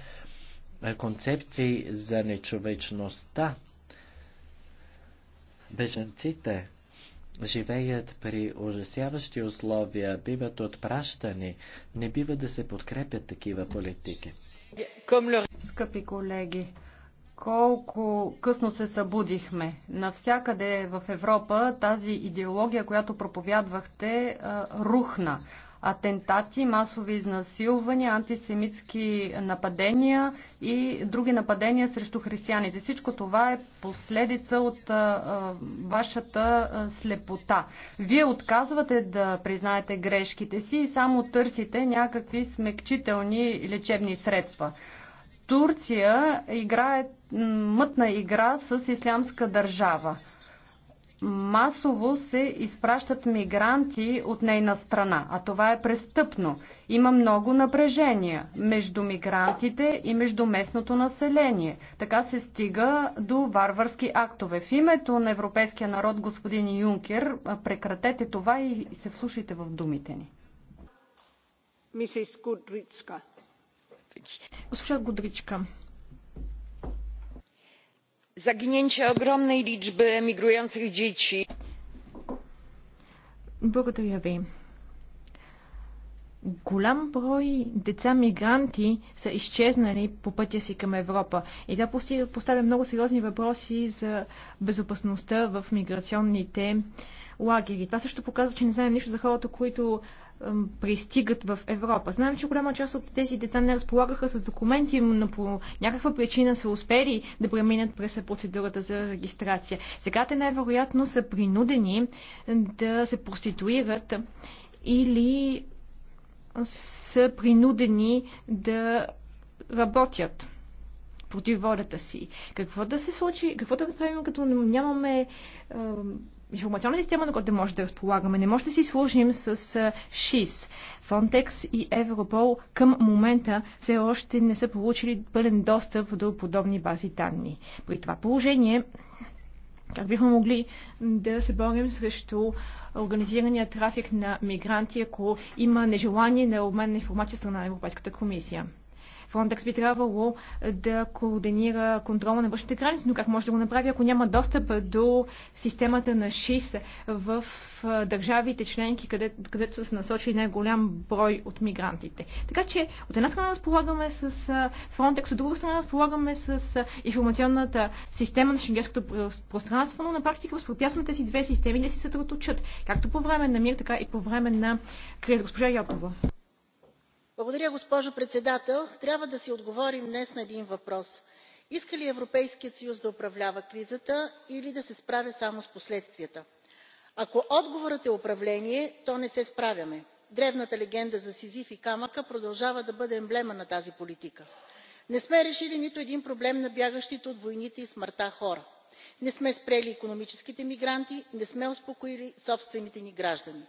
е, концепции за нечовечността. Беженците живеят при ужасяващи условия, биват отпращани, не бива да се подкрепят такива политики. Скъпи колеги, колко късно се събудихме. Навсякъде в Европа тази идеология, която проповядвахте, рухна атентати, масови изнасилвания, антисемитски нападения и други нападения срещу християните. Всичко това е последица от вашата слепота. Вие отказвате да признаете грешките си и само търсите някакви смекчителни лечебни средства. Турция играе мътна игра с ислямска държава масово се изпращат мигранти от нейна страна, а това е престъпно. Има много напрежения между мигрантите и между местното население. Така се стига до варварски актове. В името на европейския народ, господин Юнкер, прекратете това и се вслушайте в думите ни. Госпожа Гудричка zaginięcie ogromnej liczby emigrujących dzieci. Благодаря ви. Голям брой деца мигранти са изчезнали по пътя си към Европа. И това поставя много сериозни въпроси за безопасността в миграционните лагери. Това също показва, че не знаем нищо за хората, които пристигат в Европа. Знаем, че голяма част от тези деца не разполагаха с документи, но по някаква причина са успели да преминат през процедурата за регистрация. Сега те най-вероятно са принудени да се проституират или са принудени да работят против волята си. Какво да се случи, какво да направим, като нямаме информационна система, на която може да разполагаме. Не може да си служим с ШИС. Frontex и Европол към момента все още не са получили пълен достъп до подобни бази данни. При това положение как бихме могли да се борим срещу организирания трафик на мигранти, ако има нежелание на обмен на информация страна на Европейската комисия. Фронтекс би трябвало да координира контрола на външните граници, но как може да го направи, ако няма достъп до системата на ШИС в държавите членки, къде, където са насочили най-голям брой от мигрантите. Така че от една страна разполагаме с Фронтекс, от друга страна разполагаме с информационната система на шенгенското пространство, но на практика възпрепятстваме тези две системи да си сътрудничат, както по време на мир, така и по време на криз. Госпожа Йотова. Благодаря, госпожо председател трябва да си отговорим днес на един въпрос иска ли европейският съюз да управлява кризата или да се справя само с последствията? ако отговорът е управление то не се справяме. древната легенда за сизиф и камъка продължава да бъде емблема на тази политика. не сме решили нито един проблем на бягащите от войните и смъртта хора. не сме спрели економическите мигранти не сме успокоили собствените ни граждани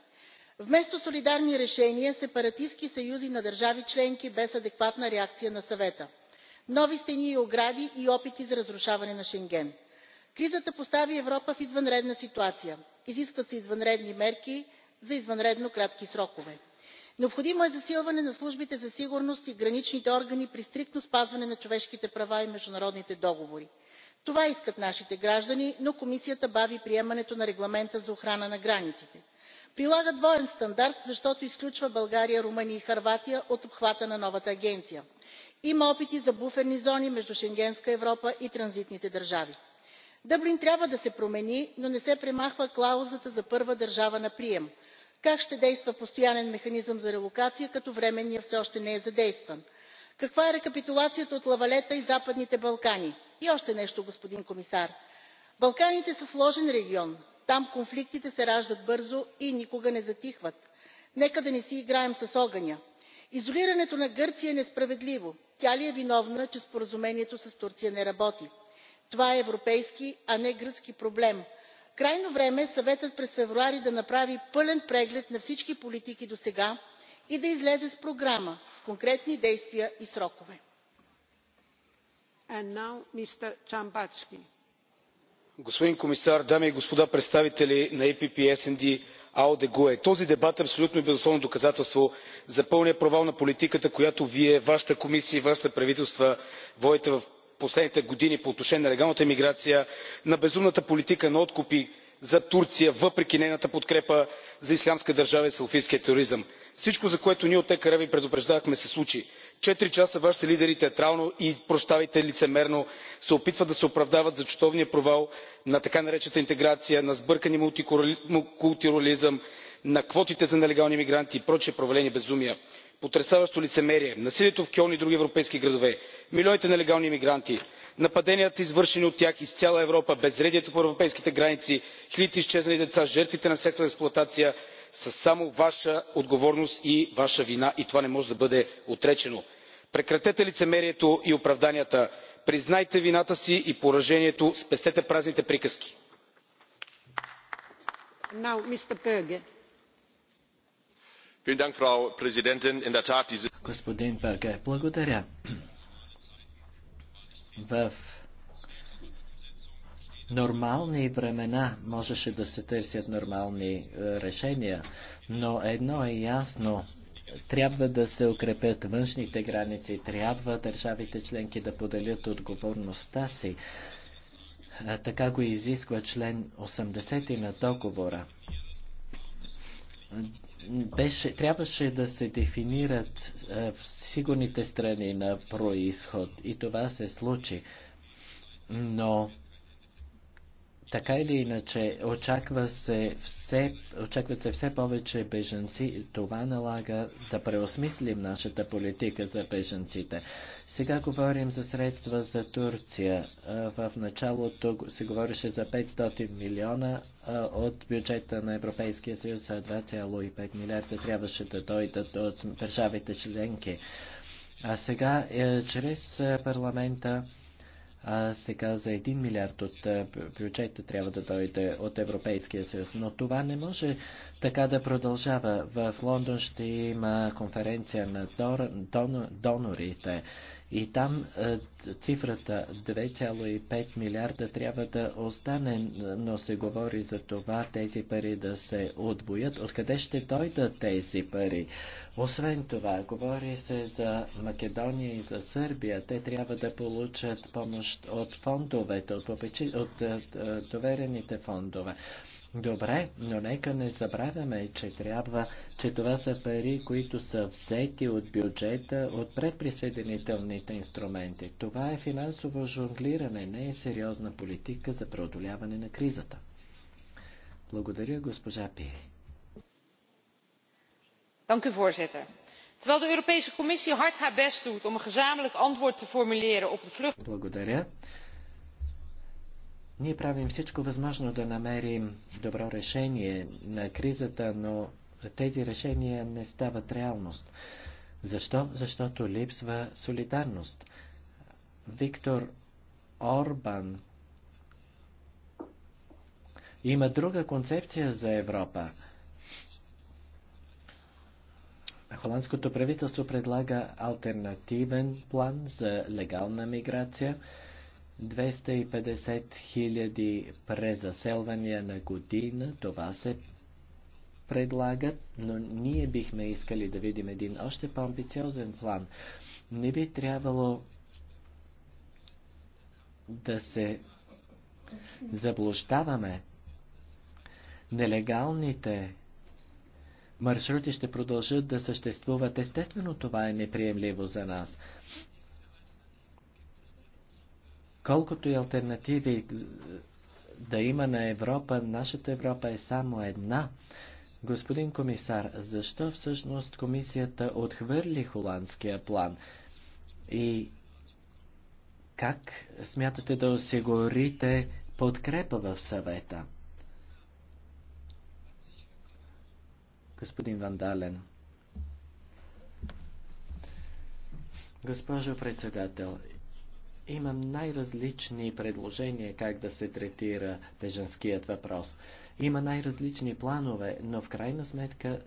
вместо солидарни решения сепаратистки съюзи на държави членки без адекватна реакция на съвета нови стени и огради и опити за разрушаване на шенген. кризата постави европа в извънредна ситуация изискват се извънредни мерки за извънредно кратки срокове. необходимо е засилване на службите за сигурност и граничните органи при стриктно спазване на човешките права и международните договори. това искат нашите граждани но комисията бави приемането на регламента за охрана на границите прилага двоен стандарт защото изключва българя румъния и хърватия от обхвата на новата агенция. има опити за буферни зони между шенгенска европа и транзитните държави. дъблин трябва да се промени но не се премахва клаузата за първа държава на прием. как ще действа постоянен механизъм за релокация като временният все още не е задействан? каква е рекапитулацията от ла валета и западните балкани? и още нещо господин комисар балканите са сложен регион там конфликтите се раждат бързо и никога не затихват. нека да не си играем с огъня. изолирането на гърция е несправедливо. тя ли е виновна че споразумението с турция не работи? това е европейски а не гръцки проблем. крайно време е съветът през февруари да направи пълен преглед на всички политики досега и да излезе с програма с конкретни действия и срокове господин комисар дами и господа представители на ppe sd алде гue този дебат е абсолютно и безусловно доказателство за пълния провал на политиката която вие вашата комисия и вашите правителства водите в последните години по отношение на легалната миграция на безумната политика на откупи за турция въпреки нейната подкрепа за ислямска държава и салфийския тероризъм. всичко за което ние от екр ви предупреждавахме се случи четири часа вашите лидери театрално и прощавайте лицемерно се опитват да се оправдават за чутовния провал на така наречената интеграция на сбъркания мултикултурализъм на квотите за нелегални мигранти и прочие провалени безумия. потресаващо лицемерие насилието в кьолн и други европейски градове милионите нелегални мигранти нападенията извършени от тях из цяла европа безредието по европейските граници хилядите изчезнали деца жертвите на сексуална експлоатация са само ваша отговорност и ваша вина и това не може да бъде отречено прекратете лицемерието и оправданията признайте вината си и поражението спестете празните приказки. господин бге благодаря. в нормални времена можеше да се търсят нормални е, решения, но едно е ясно трябва да се укрепят външните граници, трябва държавите членки да поделят отговорността си. Така го изисква член 80 на договора. Беше, трябваше да се дефинират е, сигурните страни на происход и това се случи. Но така или иначе, очаква се все, очакват се все повече беженци. Това налага да преосмислим нашата политика за беженците. Сега говорим за средства за Турция. В началото се говореше за 500 милиона от бюджета на Европейския съюз, а 2,5 милиарда трябваше да дойдат от държавите членки. А сега, е, чрез е, парламента, а сега за 1 милиард от бюджета трябва да дойде от Европейския съюз. Но това не може така да продължава. В Лондон ще има конференция на донорите. И там е, цифрата 2,5 милиарда трябва да остане, но се говори за това тези пари да се отвоят. Откъде ще дойдат тези пари? Освен това, говори се за Македония и за Сърбия. Те трябва да получат помощ от фондовете, от, попечи, от, от, е, от е, доверените фондове. Добре, но нека не забравяме, че трябва, че това са пари, които са взети от бюджета, от предприсъединителните инструменти. Това е финансово жонглиране, не е сериозна политика за преодоляване на кризата. Благодаря, госпожа Пири. Dank u, voorzitter. Terwijl de Europese Commissie hard haar best doet om een gezamenlijk antwoord te formuleren op de vlucht... Благодаря. Ние правим всичко възможно да намерим добро решение на кризата, но тези решения не стават реалност. Защо? Защото липсва солидарност. Виктор Орбан има друга концепция за Европа. Холандското правителство предлага альтернативен план за легална миграция – 250 хиляди презаселвания на година, това се предлагат, но ние бихме искали да видим един още по-амбициозен план. Не би трябвало да се заблуждаваме. Нелегалните маршрути ще продължат да съществуват. Естествено, това е неприемливо за нас. Колкото и альтернативи е, да има на Европа, нашата Европа е само една. Господин комисар, защо всъщност комисията отхвърли холандския план? И как смятате да осигурите подкрепа в съвета? Господин Вандален. Госпожо председател, Имам най-различни предложения как да се третира беженският въпрос. Има най-различни планове, но в крайна сметка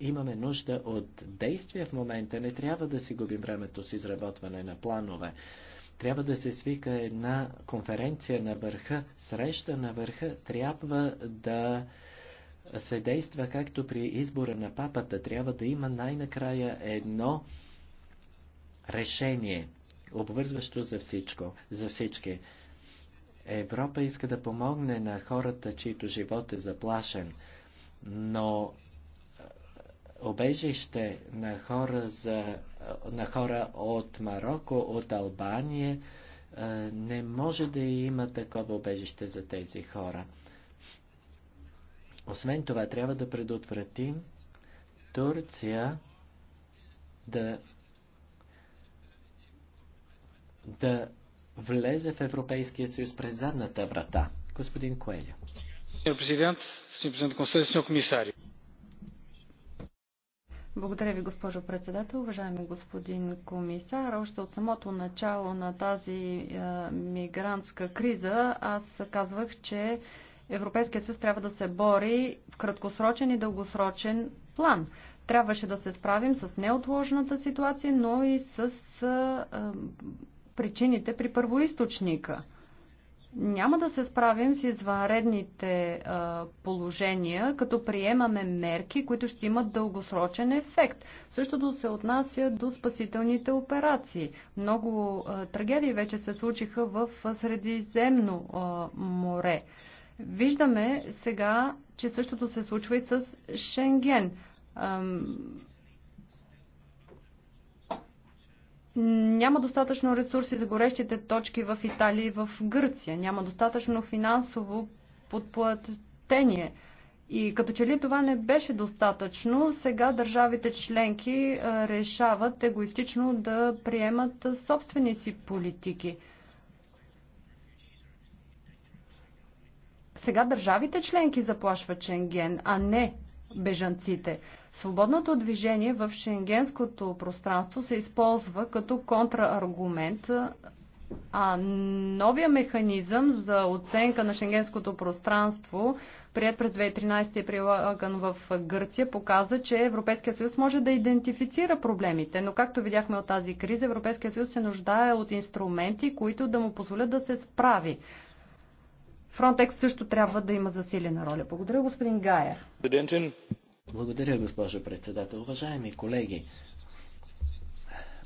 имаме нужда от действия в момента. Не трябва да си губим времето с изработване на планове. Трябва да се свика една конференция на върха, среща на върха. Трябва да се действа както при избора на папата. Трябва да има най-накрая едно решение – обвързващо за всичко, за всички. Европа иска да помогне на хората, чието живот е заплашен, но обежище на хора, за, на хора от Марокко, от Албания, не може да има такова обежище за тези хора. Освен това, трябва да предотвратим Турция да да влезе в Европейския съюз през задната врата. Господин Коелю. Сеньор президент, сеньор президент консенсус, сеньор комисари. Благодаря ви, госпожо председател. Уважаеми господин комисар, още от самото начало на тази е, мигрантска криза аз казвах, че Европейският съюз трябва да се бори в краткосрочен и дългосрочен план. Трябваше да се справим с неотложната ситуация, но и с е, е причините при първоисточника. Няма да се справим с извънредните а, положения, като приемаме мерки, които ще имат дългосрочен ефект. Същото се отнася до спасителните операции. Много а, трагедии вече се случиха в Средиземно а, море. Виждаме сега, че същото се случва и с Шенген. Няма достатъчно ресурси за горещите точки в Италия и в Гърция. Няма достатъчно финансово подплатение. И като че ли това не беше достатъчно, сега държавите членки е, решават егоистично да приемат собствени си политики. Сега държавите членки заплашват Шенген, а не бежанците. Свободното движение в шенгенското пространство се използва като контрааргумент, а новия механизъм за оценка на шенгенското пространство, прият през 2013 и прилаган в Гърция, показа, че Европейския съюз може да идентифицира проблемите, но както видяхме от тази криза, Европейския съюз се нуждае от инструменти, които да му позволят да се справи. Фронтекс също трябва да има засилена роля. Благодаря, господин Гайер. Благодаря, госпожо председател. Уважаеми колеги,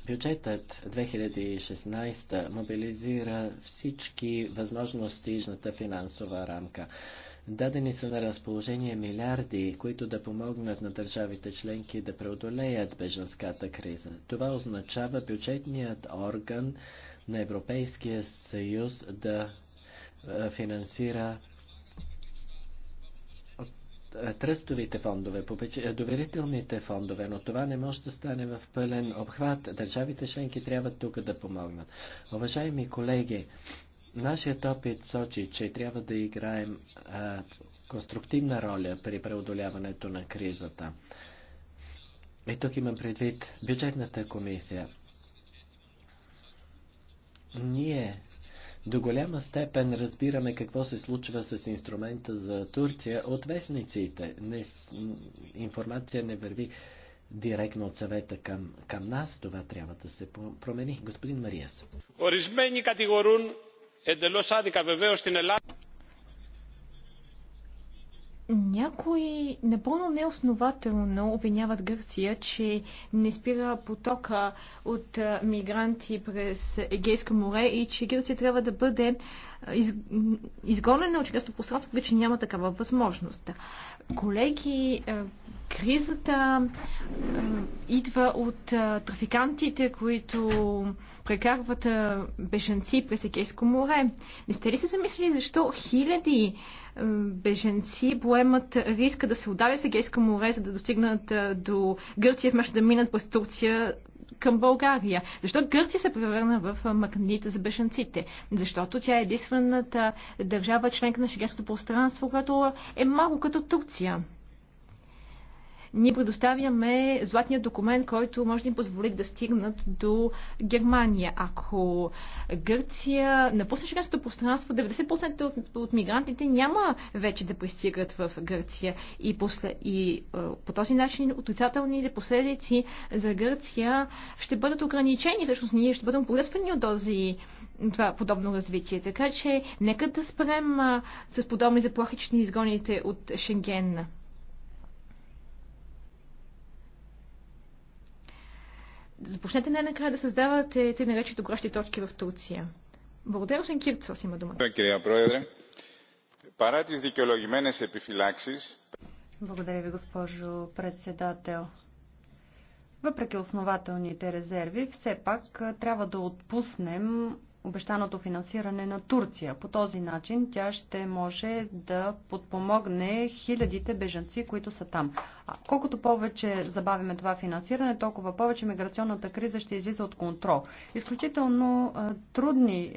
Бюджетът 2016 мобилизира всички възможности ижната финансова рамка. Дадени са на разположение милиарди, които да помогнат на държавите членки да преодолеят беженската криза. Това означава бюджетният орган на Европейския съюз да финансира е, тръстовите фондове, е, доверителните фондове, но това не може да стане в пълен обхват. Държавите членки трябва тук да помогнат. Уважаеми колеги, нашият опит сочи, че трябва да играем а, е, конструктивна роля при преодоляването на кризата. И тук имам предвид бюджетната комисия. Ние до голяма степен разбираме какво се случва с инструмента за Турция от вестниците. Не, информация не върви директно от съвета към, към нас. Това трябва да се промени. Господин Мариас. Ορισμένοι κατηγορούν εντελώς άδικα βεβαίως την някои напълно неоснователно обвиняват Гърция, че не спира потока от мигранти през Егейско море и че Гърция трябва да бъде из, изгонена на чудесно пространство, че няма такава възможност. Колеги, е, кризата е, идва от е, трафикантите, които прекарват беженци през Екейско море. Не сте ли се замислили защо хиляди беженци поемат риска да се удавят в Егейско море, за да достигнат до Гърция, вместо да минат през Турция към България? Защо Гърция се превърна в магнит за бешенците? Защото тя е единствената държава членка на шегенското пространство, която е малко като Турция ние предоставяме златния документ, който може да им позволи да стигнат до Германия. Ако Гърция напусне шенгенското пространство, 90% от, от мигрантите няма вече да пристигат в Гърция. И, после, и е, по този начин отрицателните последици за Гърция ще бъдат ограничени. Всъщност ние ще бъдем поръсвани от този това подобно развитие. Така че нека да спрем а, е, с подобни заплахи, че ни изгоните от Шенген. започнете най-накрая да създавате те наречените горещи точки в Турция. Благодаря, господин Кирцос, има думата. Благодаря, проедре. епифилаксис. Благодаря ви, госпожо председател. Въпреки основателните резерви, все пак трябва да отпуснем обещаното финансиране на Турция. По този начин тя ще може да подпомогне хилядите бежанци, които са там. А колкото повече забавиме това финансиране, толкова повече миграционната криза ще излиза от контрол. Изключително трудни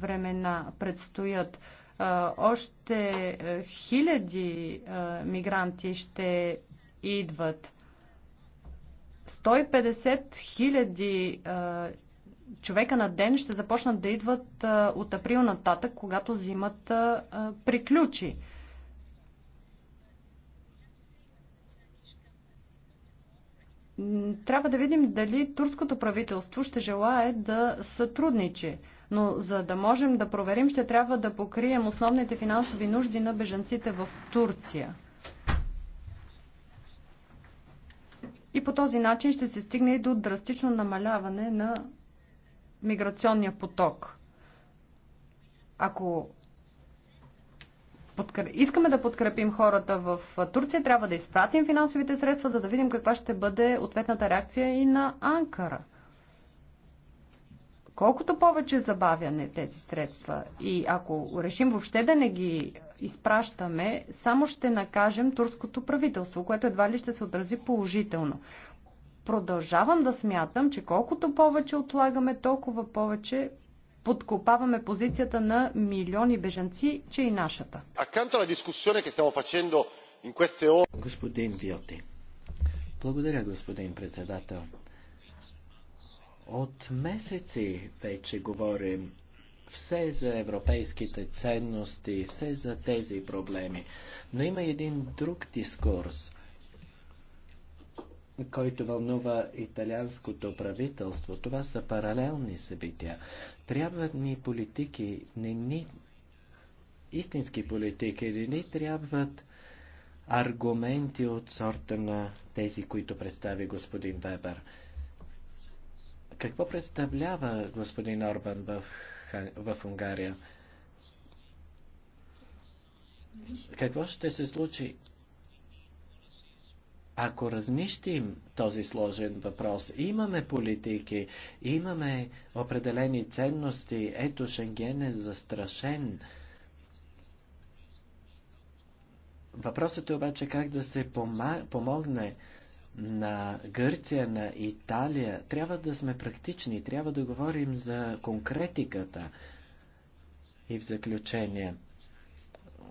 времена предстоят още хиляди мигранти ще идват. 150 хиляди човека на ден ще започнат да идват от април нататък, когато зимата приключи. Трябва да видим дали турското правителство ще желае да сътрудничи. Но за да можем да проверим, ще трябва да покрием основните финансови нужди на бежанците в Турция. И по този начин ще се стигне и до драстично намаляване на миграционния поток. Ако искаме да подкрепим хората в Турция, трябва да изпратим финансовите средства, за да видим каква ще бъде ответната реакция и на Анкара. Колкото повече забавяне тези средства и ако решим въобще да не ги изпращаме, само ще накажем турското правителство, което едва ли ще се отрази положително. Продължавам да смятам, че колкото повече отлагаме, толкова повече подкопаваме позицията на милиони бежанци, че и нашата. Господин Виоти. благодаря, господин председател. От месеци вече говорим все за европейските ценности, все за тези проблеми. Но има един друг дискурс който вълнува италианското правителство. Това са паралелни събития. Трябват ни политики, не ни истински политики, не ни трябват аргументи от сорта на тези, които представи господин Вебер. Какво представлява господин Орбан в, в Унгария? Какво ще се случи ако разнищим този сложен въпрос, имаме политики, имаме определени ценности, ето Шенген е застрашен. Въпросът е обаче как да се помогне на Гърция, на Италия. Трябва да сме практични, трябва да говорим за конкретиката. И в заключение,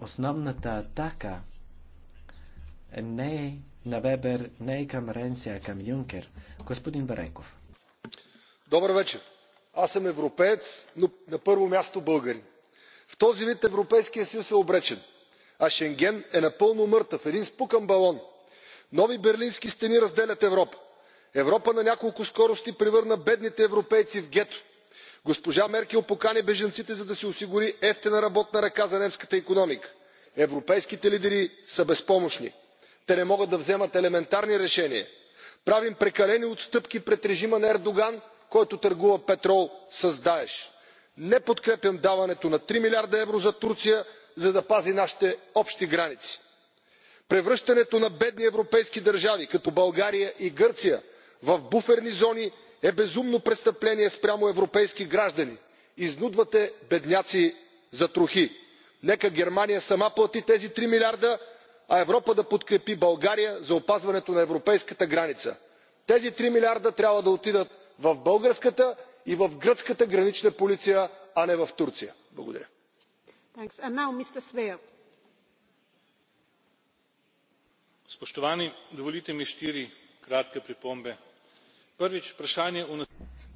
основната атака не е на Вебер не и към Ренси, а към Юнкер. Господин Бареков. Добър вечер. Аз съм европеец, но на първо място българин. В този вид европейския съюз е обречен, а Шенген е напълно мъртъв, един спукан балон. Нови берлински стени разделят Европа. Европа на няколко скорости превърна бедните европейци в гето. Госпожа Меркел покани бежанците, за да се осигури ефтена работна ръка за немската економика. Европейските лидери са безпомощни те не могат да вземат елементарни решения. правим прекалени отстъпки пред режима на ердоган който търгува петрол с даеш. не подкрепям даването на три милиарда евро за турция за да пази нашите общи граници. превръщането на бедни европейски държави като българия и гърция в буферни зони е безумно престъпление спрямо европейски граждани. изнудвате бедняци за трохи. нека германия сама плати тези три милиарда а европа да подкрепи българя за опазването на европейската граница. тези три милиарда трябва да отидат в българската и в гръцката гранична полиция а не в турция. благодаря.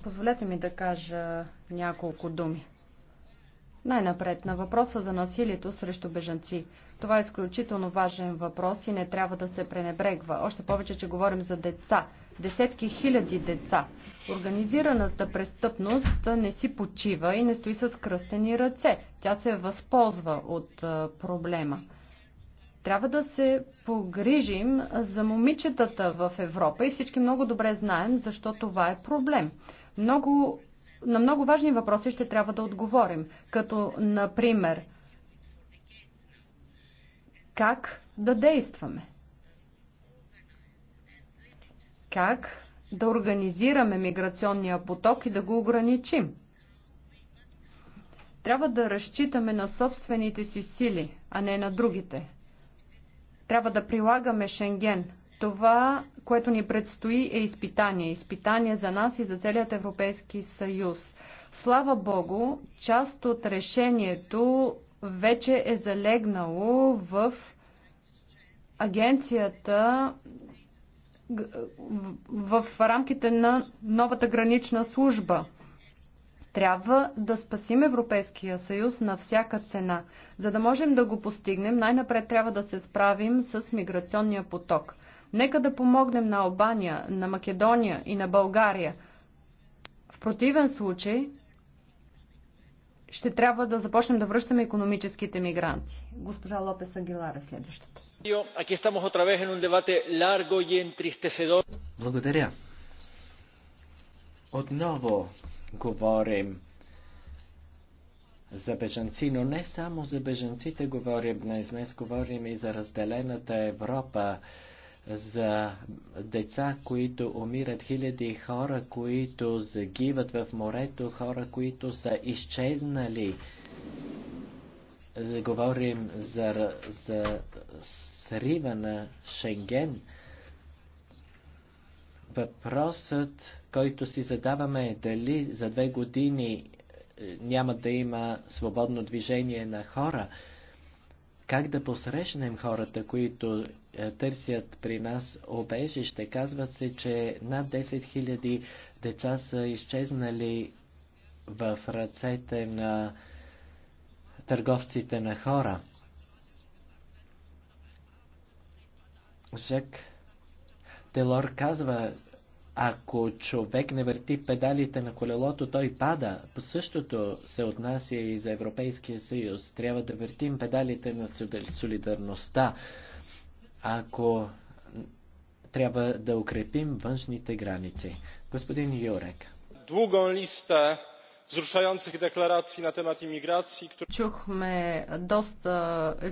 позволете ми да кажа няколко думи. най-напред на въпроса за насилието срещу бежанци. Това е изключително важен въпрос и не трябва да се пренебрегва. Още повече, че говорим за деца. Десетки хиляди деца. Организираната престъпност не си почива и не стои с кръстени ръце. Тя се възползва от проблема трябва да се погрижим за момичетата в Европа и всички много добре знаем защо това е проблем. Много, на много важни въпроси ще трябва да отговорим, като например как да действаме. Как да организираме миграционния поток и да го ограничим. Трябва да разчитаме на собствените си сили, а не на другите. Трябва да прилагаме Шенген. Това, което ни предстои, е изпитание. Изпитание за нас и за целият Европейски съюз. Слава Богу, част от решението вече е залегнало в агенцията в рамките на новата гранична служба. Трябва да спасим Европейския съюз на всяка цена. За да можем да го постигнем, най-напред трябва да се справим с миграционния поток. Нека да помогнем на Албания, на Македония и на България. В противен случай ще трябва да започнем да връщаме економическите мигранти. Госпожа Лопес Агилара е следващата. Благодаря. Отново говорим за бежанци, но не само за бежанците говорим днес. Днес говорим и за разделената Европа за деца, които умират, хиляди хора, които загиват в морето, хора, които са изчезнали. Говорим за, за срива на Шенген. Въпросът, който си задаваме е дали за две години е, няма да има свободно движение на хора. Как да посрещнем хората, които е, търсят при нас обежище? Казват се, че над 10 000 деца са изчезнали в ръцете на търговците на хора. Жак Телор казва, ако човек не върти педалите на колелото, той пада. По същото се отнася и за Европейския съюз. Трябва да въртим педалите на солидарността. Ако трябва да укрепим външните граници. Господин Юрек. Długą листа wzruszających deklaracji na temat imigracji. Чухме доста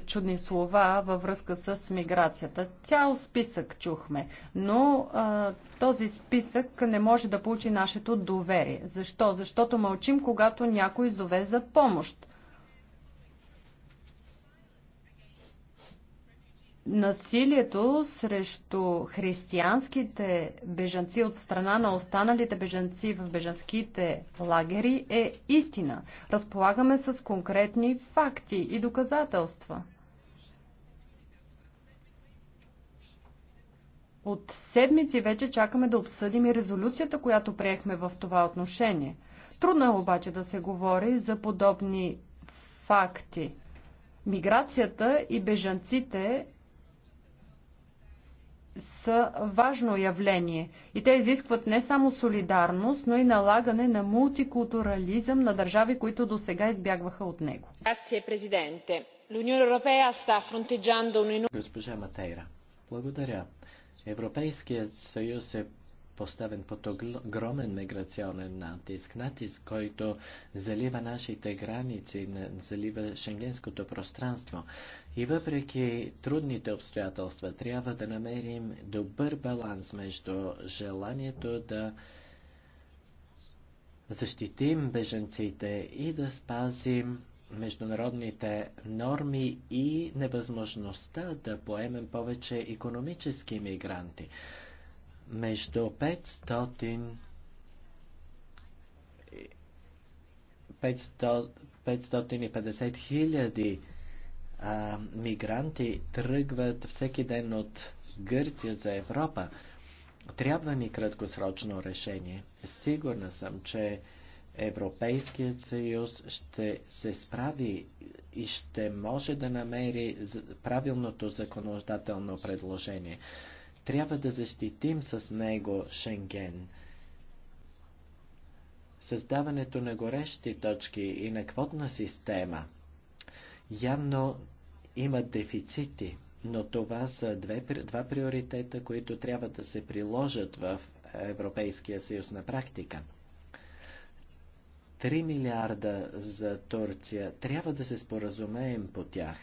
чудни слова във връзка с миграцията. Цял списък чухме, но а, този списък не може да получи нашето доверие. Защо? Защото мълчим, когато някой зове за помощ. Насилието срещу християнските бежанци от страна на останалите бежанци в бежанските лагери е истина. Разполагаме с конкретни факти и доказателства. От седмици вече чакаме да обсъдим и резолюцията, която приехме в това отношение. Трудно е обаче да се говори за подобни факти. Миграцията и бежанците са важно явление и те изискват не само солидарност, но и налагане на мултикултурализъм на държави, които до сега избягваха от него. Госпожа Матейра, благодаря. Европейският съюз е поставен под огромен миграционен натиск, натиск, който залива нашите граници, залива шенгенското пространство. И въпреки трудните обстоятелства, трябва да намерим добър баланс между желанието да защитим беженците и да спазим международните норми и невъзможността да поемем повече економически мигранти между 550 хиляди мигранти тръгват всеки ден от Гърция за Европа. Трябва ни краткосрочно решение. Сигурна съм, че Европейският съюз ще се справи и ще може да намери правилното законодателно предложение. Трябва да защитим с него Шенген. Създаването на горещи точки и на квотна система явно има дефицити, но това са две, два приоритета, които трябва да се приложат в Европейския съюз на практика. 3 милиарда за Турция. Трябва да се споразумеем по тях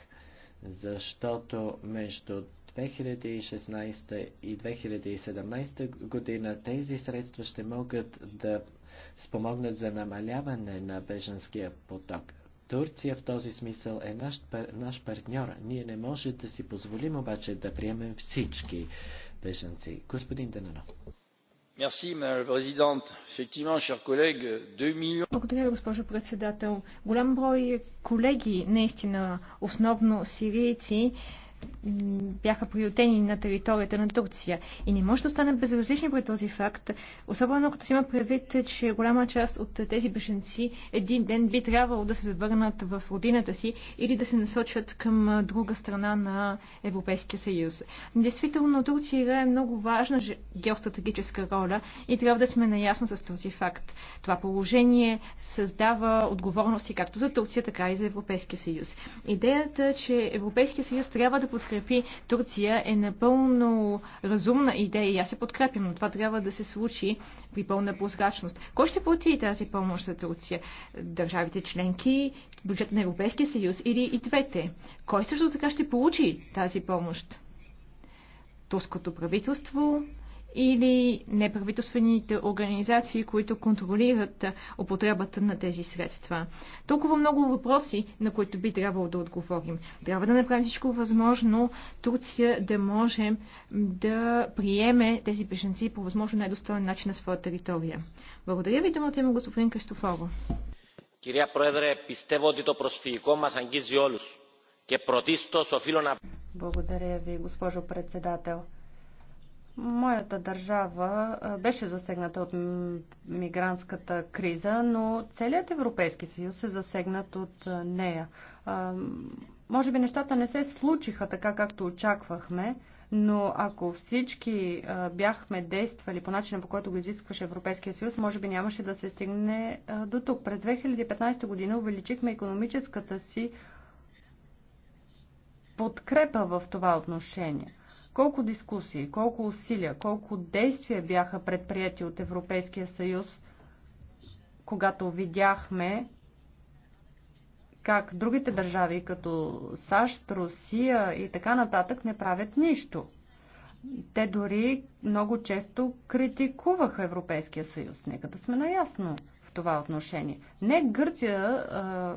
защото между 2016 и 2017 година тези средства ще могат да спомогнат за намаляване на беженския поток. Турция в този смисъл е наш, наш партньор. Ние не можем да си позволим обаче да приемем всички беженци. Господин Денано. Madame la Présidente, effectivement, chers collègues, millions... Благодаря ви, госпожо председател. Голям брой колеги, наистина, основно сирийци, бяха приютени на територията на Турция. И не може да остане безразлични при този факт, особено като си има предвид, че голяма част от тези бешенци един ден би трябвало да се завърнат в родината си или да се насочат към друга страна на Европейския съюз. Действително, Турция играе много важна геостратегическа роля и трябва да сме наясно с този факт. Това положение създава отговорности както за Турция, така и за Европейския съюз. Идеята, че Европейския съюз трябва да подкрепи Турция е напълно разумна идея и аз се подкрепям, но това трябва да се случи при пълна прозрачност. Кой ще плати тази помощ за Турция? Държавите членки, бюджет на Европейския съюз или и двете? Кой също така ще получи тази помощ? Турското правителство, или неправителствените организации, които контролират употребата на тези средства. Толкова много въпроси, на които би трябвало да отговорим. Трябва да направим всичко възможно Турция да може да приеме тези беженци по възможно най-достоен начин на своя територия. Благодаря ви, думата има господин Кристофово. Кирия Проедре, πιστεύω ότι το προσφυγικό μας αγγίζει και πρωτίστως οφείλω να... Благодаря ви, госпожо председател. Моята държава беше засегната от мигрантската криза, но целият Европейски съюз е засегнат от нея. Може би нещата не се случиха така, както очаквахме, но ако всички бяхме действали по начина, по който го изискваше Европейския съюз, може би нямаше да се стигне до тук. През 2015 година увеличихме економическата си подкрепа в това отношение. Колко дискусии, колко усилия, колко действия бяха предприяти от Европейския съюз, когато видяхме как другите държави, като САЩ, Русия и така нататък, не правят нищо. Те дори много често критикуваха Европейския съюз. Нека да сме наясно в това отношение. Не Гърция а,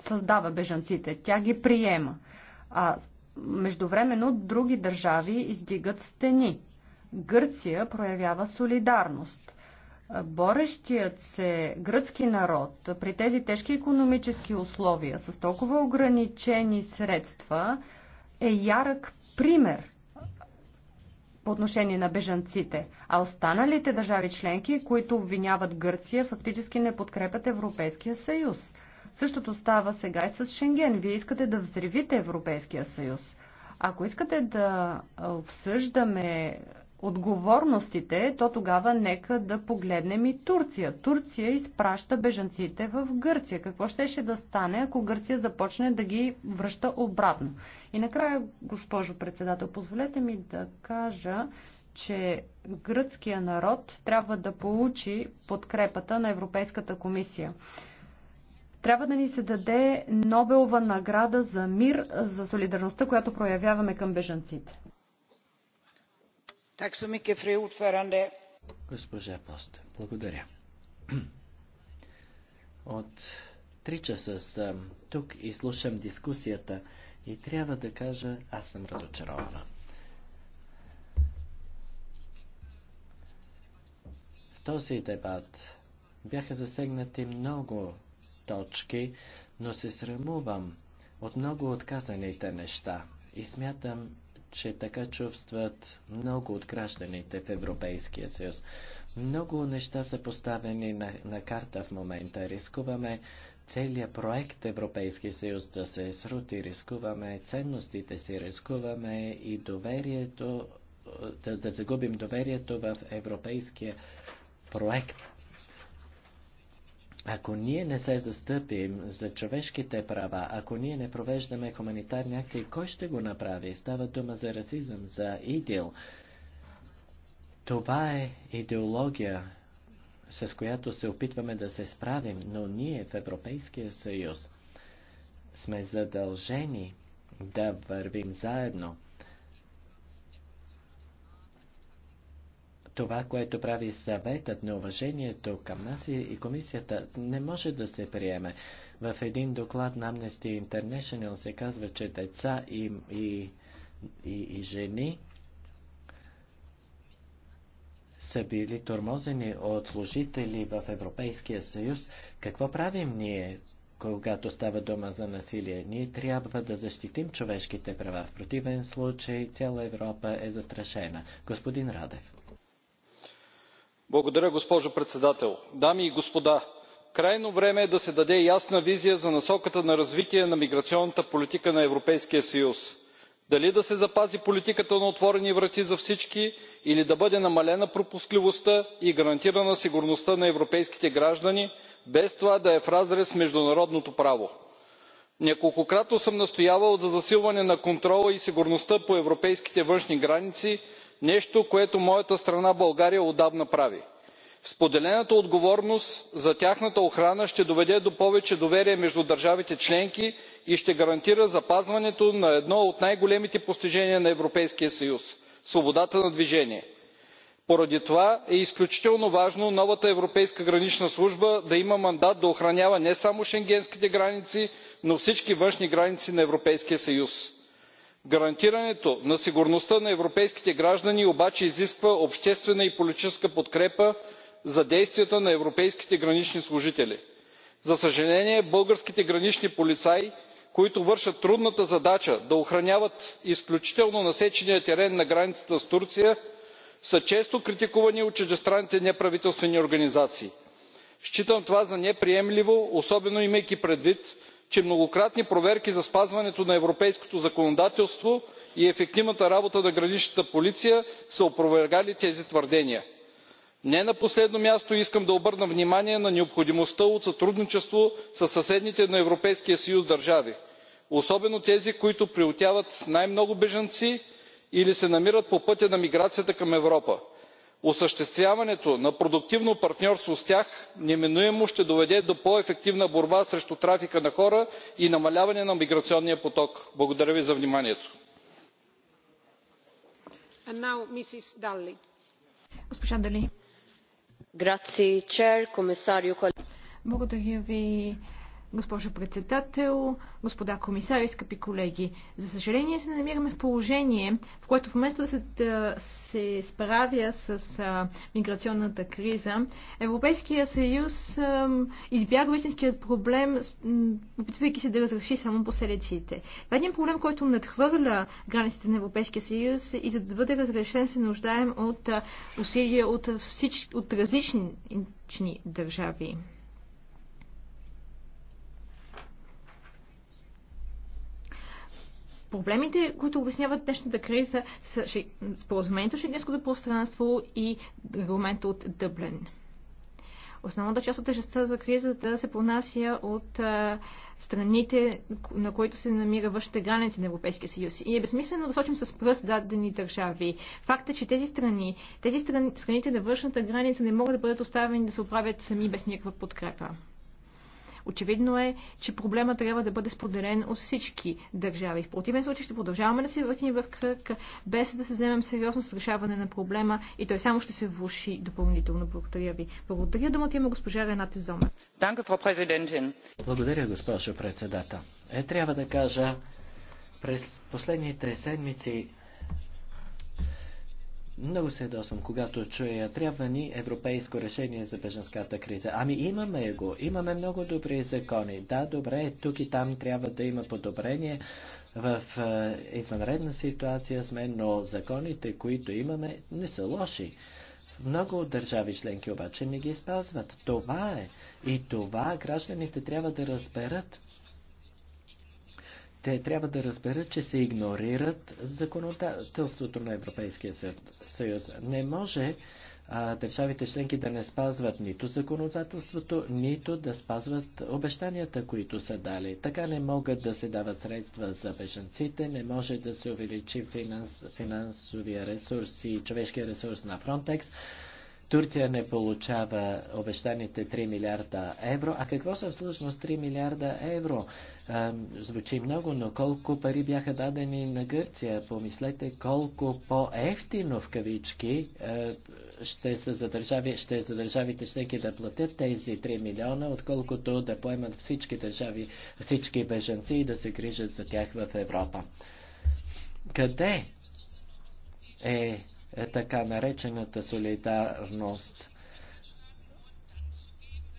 създава бежанците, тя ги приема. А Междувременно други държави издигат стени. Гърция проявява солидарност. Борещият се гръцки народ при тези тежки економически условия с толкова ограничени средства е ярък пример по отношение на бежанците, а останалите държави членки, които обвиняват Гърция, фактически не подкрепят Европейския съюз. Същото става сега и с Шенген. Вие искате да взривите Европейския съюз. Ако искате да обсъждаме отговорностите, то тогава нека да погледнем и Турция. Турция изпраща бежанците в Гърция. Какво ще ще да стане, ако Гърция започне да ги връща обратно? И накрая, госпожо председател, позволете ми да кажа, че гръцкия народ трябва да получи подкрепата на Европейската комисия. Трябва да ни се даде Нобелова награда за мир, за солидарността, която проявяваме към бежанците. Госпожа Пост, благодаря. От три часа съм тук и слушам дискусията и трябва да кажа, аз съм разочарована. В този дебат бяха засегнати много точки, но се срамувам от много отказаните неща и смятам, че така чувстват много от гражданите в Европейския съюз. Много неща са поставени на, на карта в момента. Рискуваме целият проект Европейски съюз да се срути, рискуваме ценностите си, рискуваме и доверието, да, да загубим доверието в европейския проект. Ако ние не се застъпим за човешките права, ако ние не провеждаме хуманитарни акции, кой ще го направи? Става дума за расизъм, за идил. Това е идеология, с която се опитваме да се справим, но ние в Европейския съюз сме задължени да вървим заедно. това, което прави съветът, на уважението към нас и комисията не може да се приеме. В един доклад на Amnesty International се казва, че деца и, и, и, и жени са били тормозени от служители в Европейския съюз. Какво правим ние, когато става дома за насилие? Ние трябва да защитим човешките права. В противен случай цяла Европа е застрашена. Господин Радев госпожо председател дами и господа крайно време е да се даде ясна визия за насоката на развитие на миграционната политика на европейския съюз дали да се запази политиката на отворени врати за всички или да бъде намалена пропускливостта и гарантирана сигурността на европейските граждани без това да е в разрез с международното право. неколкократно съм настоявал за засилване на контрола и сигурността по европейските външни граници нещо което моята страна България отдавна прави. споделената отговорност за тяхната охрана ще доведе до повече доверие между държавите членки и ще гарантира запазването на едно от най големите постижения на европейския съюз свободата на движение. поради това е изключително важно новата европейска гранична служба да има мандат да охранява не само шенгенските граници но всички външни граници на европейския съюз гарантирането на сигурността на европейските граждани обаче изисква обществена и политическа подкрепа за действията на европейските гранични служители. за съжаление българските гранични полицаи които вършат трудната задача да охраняват изключително насечения терен на границата с турция са често критикувани от чуждестранните неправителствени организации. считам това за неприемливо особено имайки предвид че многократни проверки за спазването на европейското законодателство и ефективната работа на граничната полиция са опровергали тези твърдения. не на последно място искам да обърна внимание на необходимостта от сътрудничество със съседните на европейския съюз държави особено тези които приютяват най много бежанци или се намират по пътя на миграцията към европа осъществяването на продуктивно партньорство с тях неминуемо ще доведе до по ефективна борба срещу трафика на хора и намаляване на миграционния поток. благодаря ви за вниманието госпожо председател, господа комисари, скъпи колеги. За съжаление се намираме в положение, в което вместо да се, да се справя с а, миграционната криза, Европейския съюз а, избягва истинският проблем, опитвайки се да разреши само поселиците. Това е един проблем, който надхвърля границите на Европейския съюз и за да бъде разрешен се нуждаем от а, усилия от, всич, от различни държави. Проблемите, които обясняват днешната криза, са споразумението Шенгенското пространство и регламент от Дъблен. Основната част от тежестта за кризата се понася от а, страните, на които се намира външните граници на Европейския съюз. И е безсмислено да сочим с пръст дадени държави. Факт е, че тези страни, тези страни, страните на външната граница не могат да бъдат оставени да се оправят сами без никаква подкрепа. Очевидно е, че проблема трябва да бъде споделен от всички държави. В противен случай ще продължаваме да се въртим в кръг, без да се вземем сериозно с решаване на проблема и той само ще се влуши допълнително. Благодаря ви. Благодаря думата има госпожа Рената Зоме. Благодаря, госпожо председател. Е, трябва да кажа, през последните седмици много се ядосвам, когато чуя, трябва ни европейско решение за беженската криза. Ами имаме го, имаме много добри закони. Да, добре, тук и там трябва да има подобрение в е, извънредна ситуация сме, но законите, които имаме, не са лоши. Много държави членки обаче не ги спазват. Това е. И това гражданите трябва да разберат те трябва да разберат, че се игнорират законодателството на Европейския съюз. Не може а, държавите членки да не спазват нито законодателството, нито да спазват обещанията, които са дали. Така не могат да се дават средства за бежанците, не може да се увеличи финанс, финансовия ресурс и човешкия ресурс на Фронтекс. Турция не получава обещаните 3 милиарда евро. А какво са всъщност 3 милиарда евро? звучи много, но колко пари бяха дадени на Гърция? Помислете колко по-ефтино в кавички ще, са задържави, ще задържавите членки да платят тези 3 милиона, отколкото да поемат всички държави, всички беженци и да се грижат за тях в Европа. Къде е, е така наречената солидарност?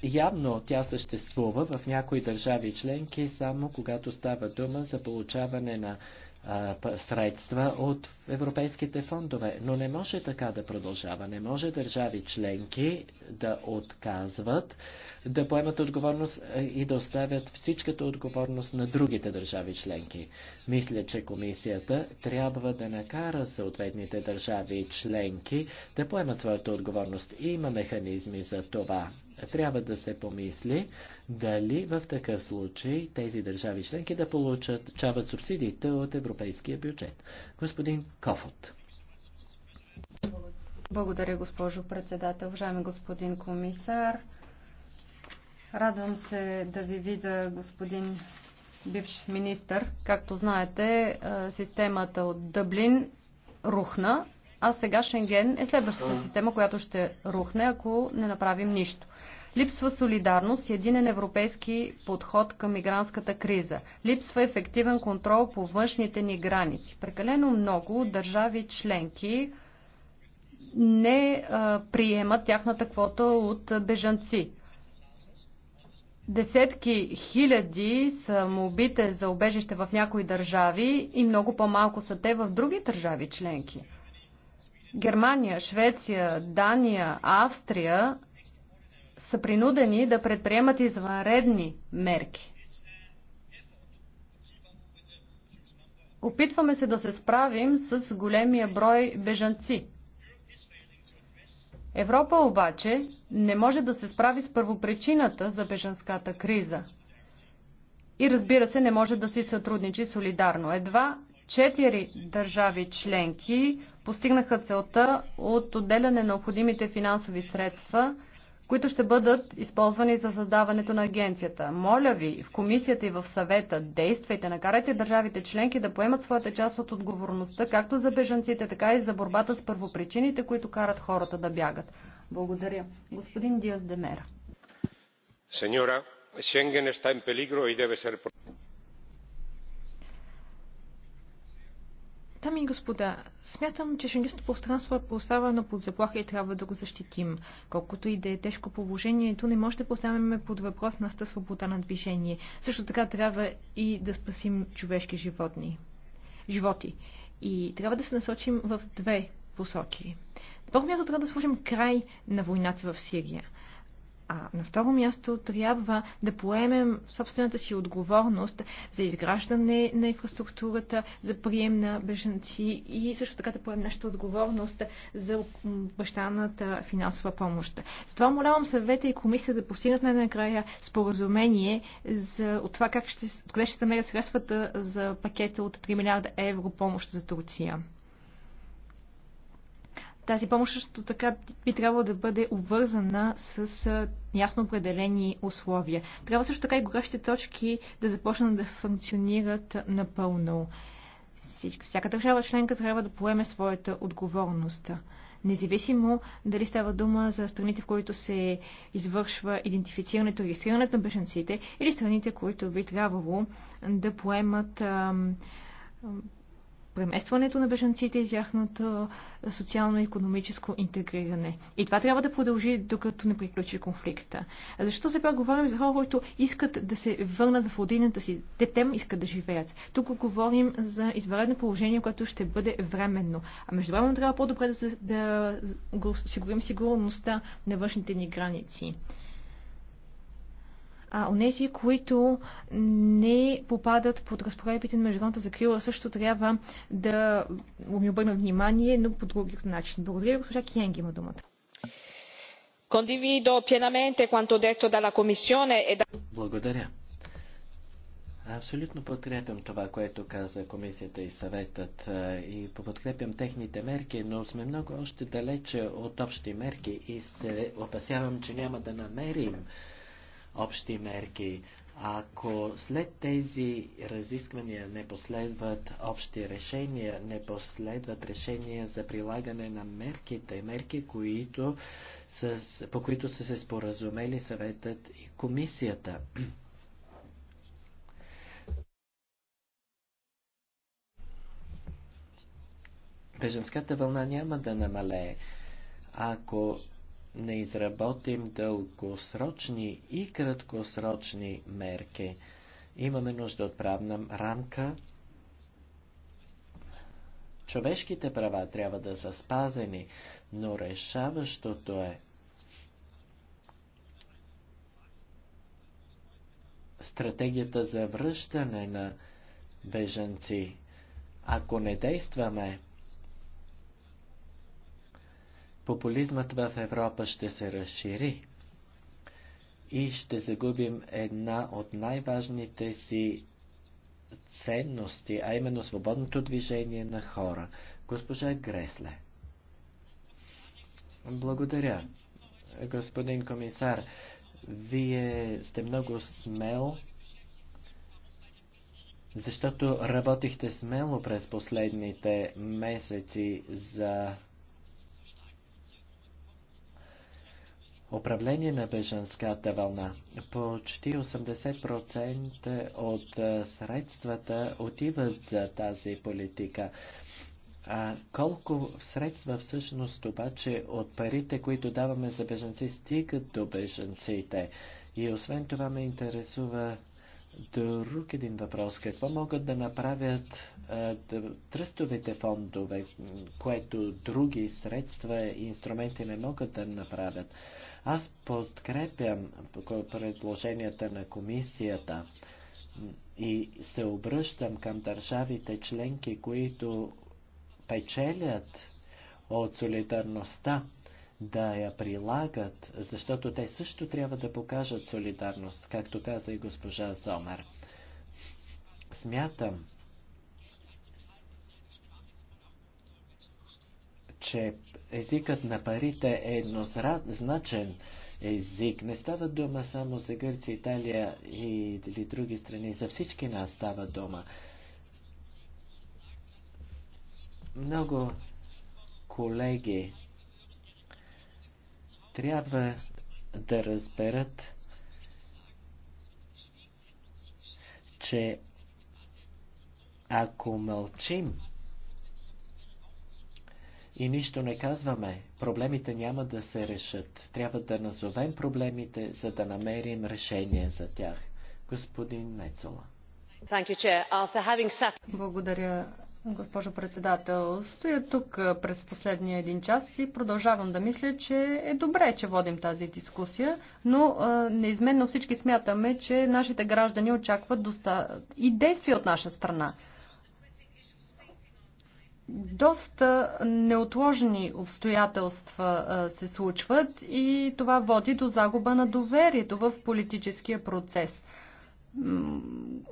Явно тя съществува в някои държави членки, само когато става дума за получаване на а, средства от европейските фондове. Но не може така да продължава. Не може държави членки да отказват, да поемат отговорност и да оставят всичката отговорност на другите държави членки. Мисля, че комисията трябва да накара съответните държави членки да поемат своята отговорност. И има механизми за това трябва да се помисли дали в такъв случай тези държави членки да получат чават субсидиите от европейския бюджет. Господин Кофот. Благодаря, госпожо председател. Уважаеми господин комисар, радвам се да ви видя, господин бивш министър. Както знаете, е, системата от Дъблин рухна, а сега Шенген е следващата система, която ще рухне, ако не направим нищо. Липсва солидарност и единен европейски подход към мигрантската криза. Липсва ефективен контрол по външните ни граници. Прекалено много държави членки не а, приемат тяхната квота от бежанци. Десетки хиляди са мобите за обежище в някои държави и много по-малко са те в други държави членки. Германия, Швеция, Дания, Австрия са принудени да предприемат извънредни мерки. Опитваме се да се справим с големия брой бежанци. Европа обаче не може да се справи с първопричината за бежанската криза. И разбира се, не може да си сътрудничи солидарно. Едва четири държави членки постигнаха целта от отделяне на необходимите финансови средства – които ще бъдат използвани за създаването на агенцията. Моля ви, в комисията и в съвета, действайте, накарайте държавите членки да поемат своята част от отговорността, както за бежанците, така и за борбата с първопричините, които карат хората да бягат. Благодаря. Господин Диас Демера. Сеньора, Шенген está en peligro y debe ser Дами и господа, смятам, че шенгенското пространство е поставено под заплаха и трябва да го защитим. Колкото и да е тежко положението, не може да поставяме под въпрос нашата свобода на движение. Също така трябва и да спасим човешки животни. животи. И трябва да се насочим в две посоки. На първо място трябва да сложим край на войната в Сирия. А на второ място трябва да поемем собствената си отговорност за изграждане на инфраструктурата, за прием на беженци и също така да поемем нашата отговорност за обещаната финансова помощ. С това молявам съвета и комисия да постигнат най-накрая споразумение за от това как ще, откъде ще намерят средствата за пакета от 3 милиарда евро помощ за Турция. Тази помощ също така би трябвало да бъде обвързана с ясно определени условия. Трябва също така и горещите точки да започнат да функционират напълно. Всяка държава членка трябва да поеме своята отговорност. Независимо дали става дума за страните, в които се извършва идентифицирането и регистрирането на беженците, или страните, които би трябвало да поемат ам, преместването на бежанците и тяхното социално-економическо интегриране. И това трябва да продължи, докато не приключи конфликта. Защо сега говорим за хора, които искат да се върнат в родината си, те детем искат да живеят? Тук говорим за изваредно положение, което ще бъде временно. А междувременно трябва по-добре да, да осигурим сигурността на външните ни граници а онези, които не попадат под разпоредбите на международната закрила, също трябва да ми обърнат внимание, но по друг начин. Благодаря ви, госпожа Киенги има думата. Condivido pienamente quanto detto dalla Commissione e da... Благодаря. Абсолютно подкрепям това, което каза комисията и съветът и подкрепям техните мерки, но сме много още далече от общи мерки и се опасявам, че няма да намерим общи мерки, ако след тези разисквания не последват общи решения, не последват решения за прилагане на мерките, мерки, които с, по които са се споразумели съветът и комисията. Беженската вълна няма да намалее, ако не изработим дългосрочни и краткосрочни мерки. Имаме нужда от правна рамка. Човешките права трябва да са спазени, но решаващото е стратегията за връщане на бежанци. Ако не действаме, популизмът в Европа ще се разшири и ще загубим една от най-важните си ценности, а именно свободното движение на хора. Госпожа Гресле. Благодаря. Господин комисар, вие сте много смел, защото работихте смело през последните месеци за управление на беженската вълна. Почти 80% от средствата отиват за тази политика. А колко средства всъщност обаче от парите, които даваме за беженци, стигат до беженците? И освен това ме интересува друг един въпрос. Какво могат да направят а, тръстовите фондове, което други средства и инструменти не могат да направят? Аз подкрепям предложенията на комисията и се обръщам към държавите членки, които печелят от солидарността да я прилагат, защото те също трябва да покажат солидарност, както каза и госпожа Зомер. Смятам, че езикът на парите е еднозначен език. Не става дума само за Гърция, Италия и, или други страни. За всички нас става дума. Много колеги трябва да разберат, че ако мълчим, и нищо не казваме. Проблемите няма да се решат. Трябва да назовем проблемите, за да намерим решение за тях. Господин Мецола. Благодаря, госпожо председател. Стоя тук през последния един час и продължавам да мисля, че е добре, че водим тази дискусия, но а, неизменно всички смятаме, че нашите граждани очакват доста... и действия от наша страна доста неотложни обстоятелства се случват и това води до загуба на доверието в политическия процес.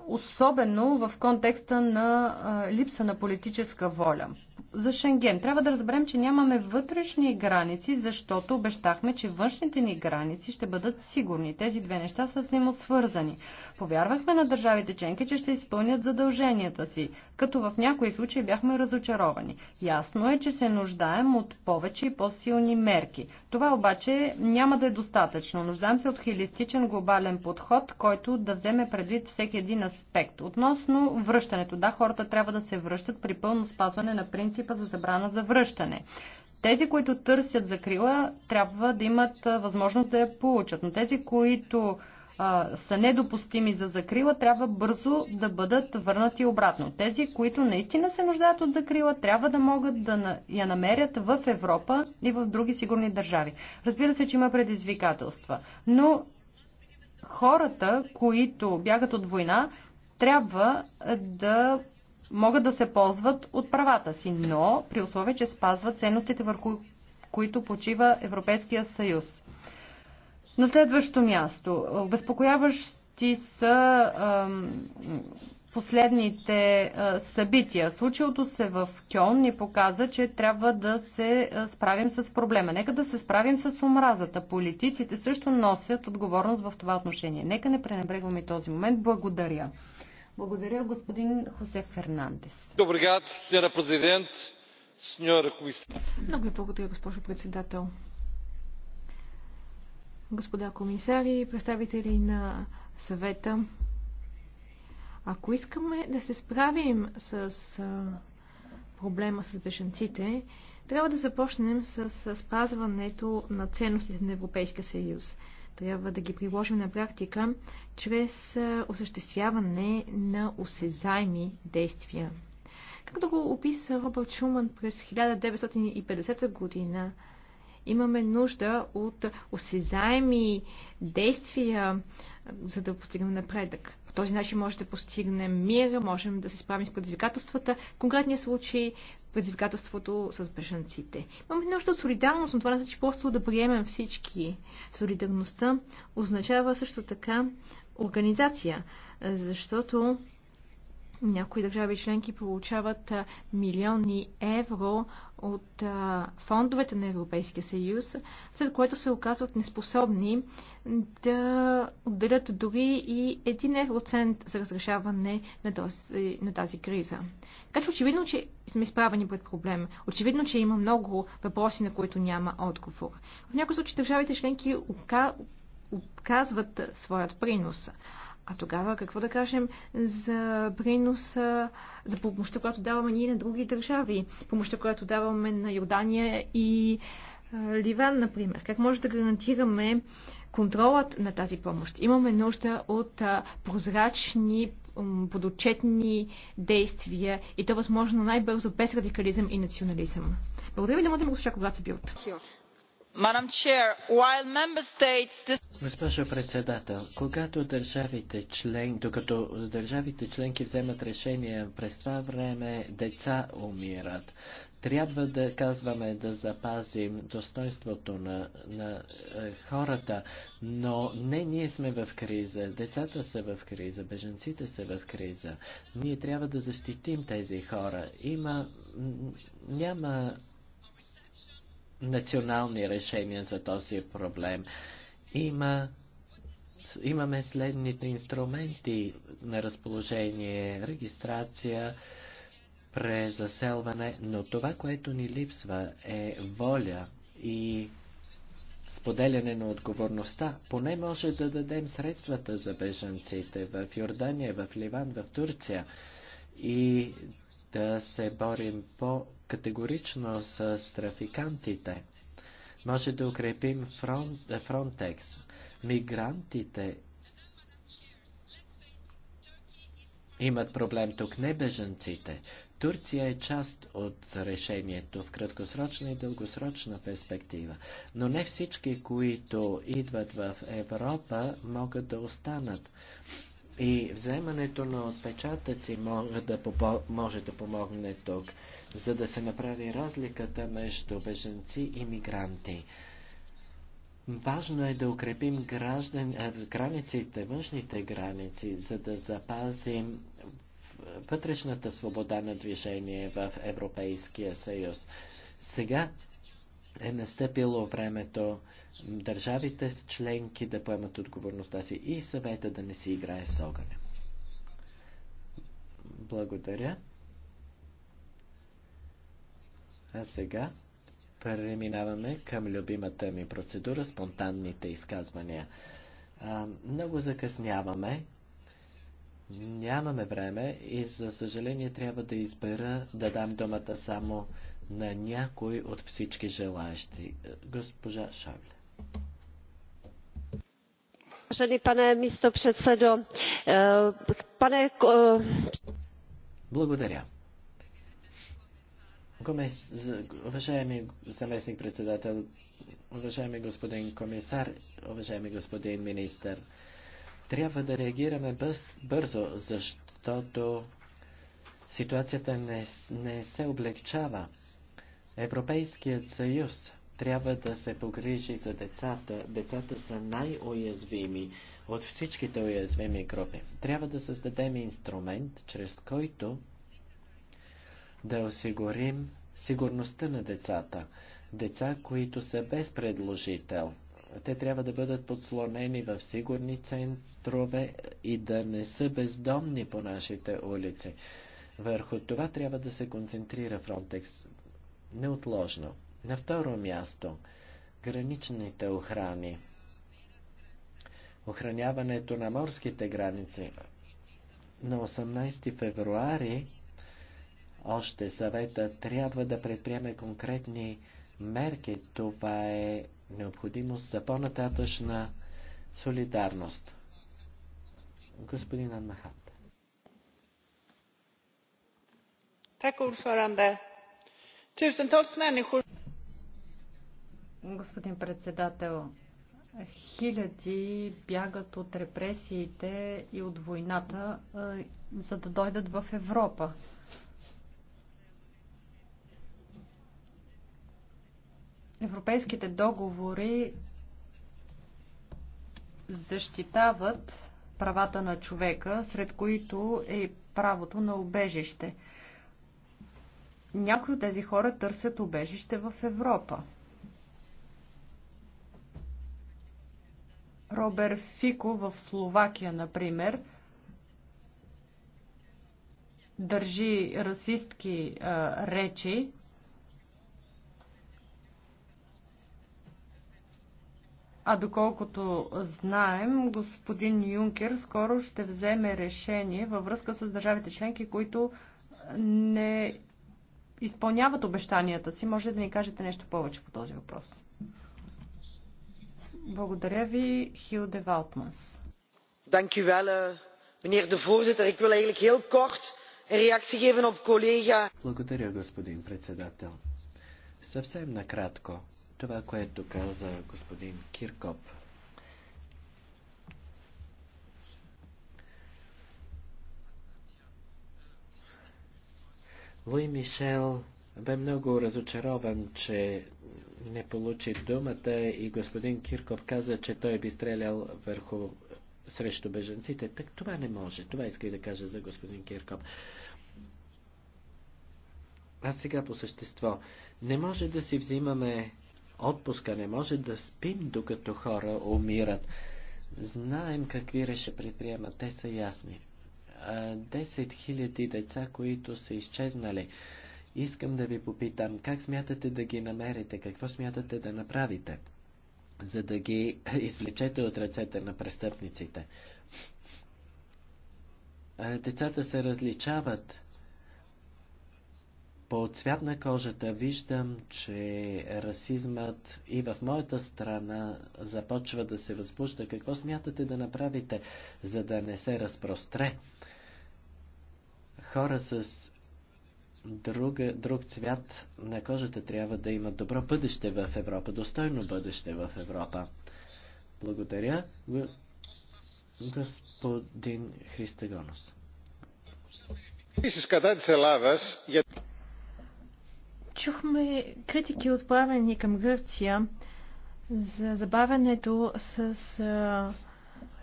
Особено в контекста на липса на политическа воля за Шенген. Трябва да разберем, че нямаме вътрешни граници, защото обещахме, че външните ни граници ще бъдат сигурни. Тези две неща са взаимосвързани. Повярвахме на държавите членки, че ще изпълнят задълженията си, като в някои случаи бяхме разочаровани. Ясно е, че се нуждаем от повече и по-силни мерки. Това обаче няма да е достатъчно. Нуждаем се от хилистичен глобален подход, който да вземе предвид всеки един аспект. Относно връщането, да, хората трябва да се връщат при пълно спазване на принцип принципа за забрана за връщане. Тези, които търсят закрила, трябва да имат възможност да я получат, но тези, които а, са недопустими за закрила, трябва бързо да бъдат върнати обратно. Тези, които наистина се нуждаят от закрила, трябва да могат да я намерят в Европа и в други сигурни държави. Разбира се, че има предизвикателства, но хората, които бягат от война, трябва да могат да се ползват от правата си, но при условие, че спазват ценностите, върху които почива Европейския съюз. На следващо място, обезпокояващи са ам, последните а, събития. Случилото се в Кьон ни показа, че трябва да се справим с проблема. Нека да се справим с омразата. Политиците също носят отговорност в това отношение. Нека не пренебрегваме този момент. Благодаря. Благодаря, господин Хосе Фернандес. Добре, сеньора президент, сеньора комисар. Много ви благодаря, госпожо председател. Господа комисари, представители на съвета, ако искаме да се справим с проблема с бежанците, трябва да започнем с спазването на ценностите на Европейския съюз. Трябва да ги приложим на практика чрез осъществяване на осезаеми действия. Както го описа Робърт Шуман през 1950 година, имаме нужда от осезаеми действия, за да постигнем напредък. По този начин може да постигнем мира, можем да се справим с предизвикателствата. В конкретния случай предизвикателството с бежанците. Имаме нужда от солидарност, но това не значи просто да приемем всички. Солидарността означава също така организация, защото някои държави членки получават милиони евро от фондовете на Европейския съюз, след което се оказват неспособни да отделят дори и един евроцент за разрешаване на, този, на тази криза. Така че очевидно, че сме изправени пред проблем. Очевидно, че има много въпроси, на които няма отговор. В някои случаи държавите членки отказват своят принос. А тогава какво да кажем за приноса, за помощта, която даваме ние на други държави? Помощта, която даваме на Йордания и Ливан, например. Как може да гарантираме контролът на тази помощ? Имаме нужда от прозрачни, подотчетни действия и то възможно най-бързо без радикализъм и национализъм. Благодаря ви да му да му госпожа Когаца Билт. Госпожо председател, когато държавите, член, докато държавите членки вземат решения, през това време деца умират. Трябва да казваме да запазим достоинството на, на е, хората, но не ние сме в криза, децата са в криза, беженците са в криза. Ние трябва да защитим тези хора. Има, няма национални решения за този проблем. Има имаме следните инструменти на разположение, регистрация, презаселване, но това, което ни липсва е воля и споделяне на отговорността. Поне може да дадем средствата за бежанците в Йордания, в Ливан, в Турция и да се борим по категорично с трафикантите. Може да укрепим фронт, Фронтекс. Мигрантите имат проблем тук, не беженците. Турция е част от решението в краткосрочна и дългосрочна перспектива, но не всички, които идват в Европа, могат да останат. И вземането на отпечатъци може да, може да помогне тук за да се направи разликата между беженци и мигранти. Важно е да укрепим граждан, е, границите, външните граници, за да запазим вътрешната свобода на движение в Европейския съюз. Сега е настъпило времето държавите с членки да поемат отговорността си и съвета да не си играе с огъня. Благодаря. А сега преминаваме към любимата ми процедура спонтанните изказвания. А, много закъсняваме. Нямаме време и за съжаление трябва да избера да дам думата само на някой от всички желаящи. Госпожа Шавле. Vážený pane místo předsedo, eh, pane... Благодаря. Уважаеми заместник председател, уважаеми господин комисар, уважаеми господин министр, трябва да реагираме бъз... бързо, защото ситуацията не, не се облегчава. Европейският съюз трябва да се погрижи за децата. Децата са най-уязвими от всичките уязвими групи. Трябва да създадем инструмент, чрез който да осигурим сигурността на децата. Деца, които са без предложител. Те трябва да бъдат подслонени в сигурни центрове и да не са бездомни по нашите улици. Върху това трябва да се концентрира Фронтекс неотложно. На второ място граничните охрани. Охраняването на морските граници. На 18 февруари още съвета трябва да предприеме конкретни мерки. Това е необходимост за по-нататъчна солидарност. Господин Анмахат. Господин председател, хиляди бягат от репресиите и от войната, за да дойдат в Европа. Европейските договори защитават правата на човека, сред които е правото на убежище. Някои от тези хора търсят убежище в Европа. Робер Фико в Словакия, например, държи расистки а, речи А доколкото знаем, господин Юнкер скоро ще вземе решение във връзка с държавите членки, които не изпълняват обещанията си. Може да ни кажете нещо повече по този въпрос. Благодаря ви, Хилде Валтманс. Dank u wel, eh, meneer de voorzitter. Ik wil eigenlijk heel kort een reactie geven op collega. Благодаря, господин председател. Съвсем накратко това, което каза господин Киркоп. Луи Мишел бе много разочарован, че не получи думата и господин Кирков каза, че той би стрелял върху срещу беженците. Так това не може. Това исках да кажа за господин Кирков. А сега по същество. Не може да си взимаме отпуска. Не може да спим, докато хора умират. Знаем какви реше предприемат. Те са ясни. Десет хиляди деца, които са изчезнали. Искам да ви попитам, как смятате да ги намерите? Какво смятате да направите? За да ги извлечете от ръцете на престъпниците. Децата се различават по цвят на кожата виждам, че расизмът и в моята страна започва да се възпуща. Какво смятате да направите, за да не се разпростре? Хора с друг, друг цвят на кожата трябва да имат добро бъдеще в Европа, достойно бъдеще в Европа. Благодаря, господин Христегонос. Κατά της Ελλάδας για Чухме критики отправени към Гърция за забавянето с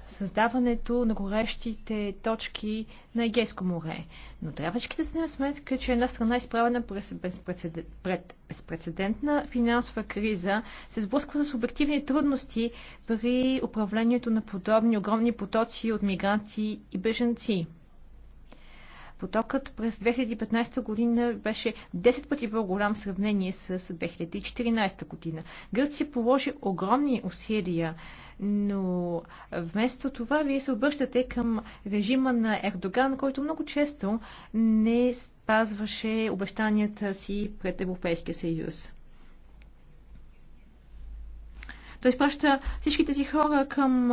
създаването на горещите точки на Егейско море. Но трябва всички да се сметка, че една страна е изправена през безпредседент, пред безпредседентна финансова криза се сблъсква с обективни трудности при управлението на подобни огромни потоци от мигранти и беженци. Потокът през 2015 година беше 10 пъти по-голям в сравнение с 2014 година. Гърция положи огромни усилия, но вместо това вие се обръщате към режима на Ердоган, който много често не спазваше обещанията си пред Европейския съюз. Той изпраща всички тези хора към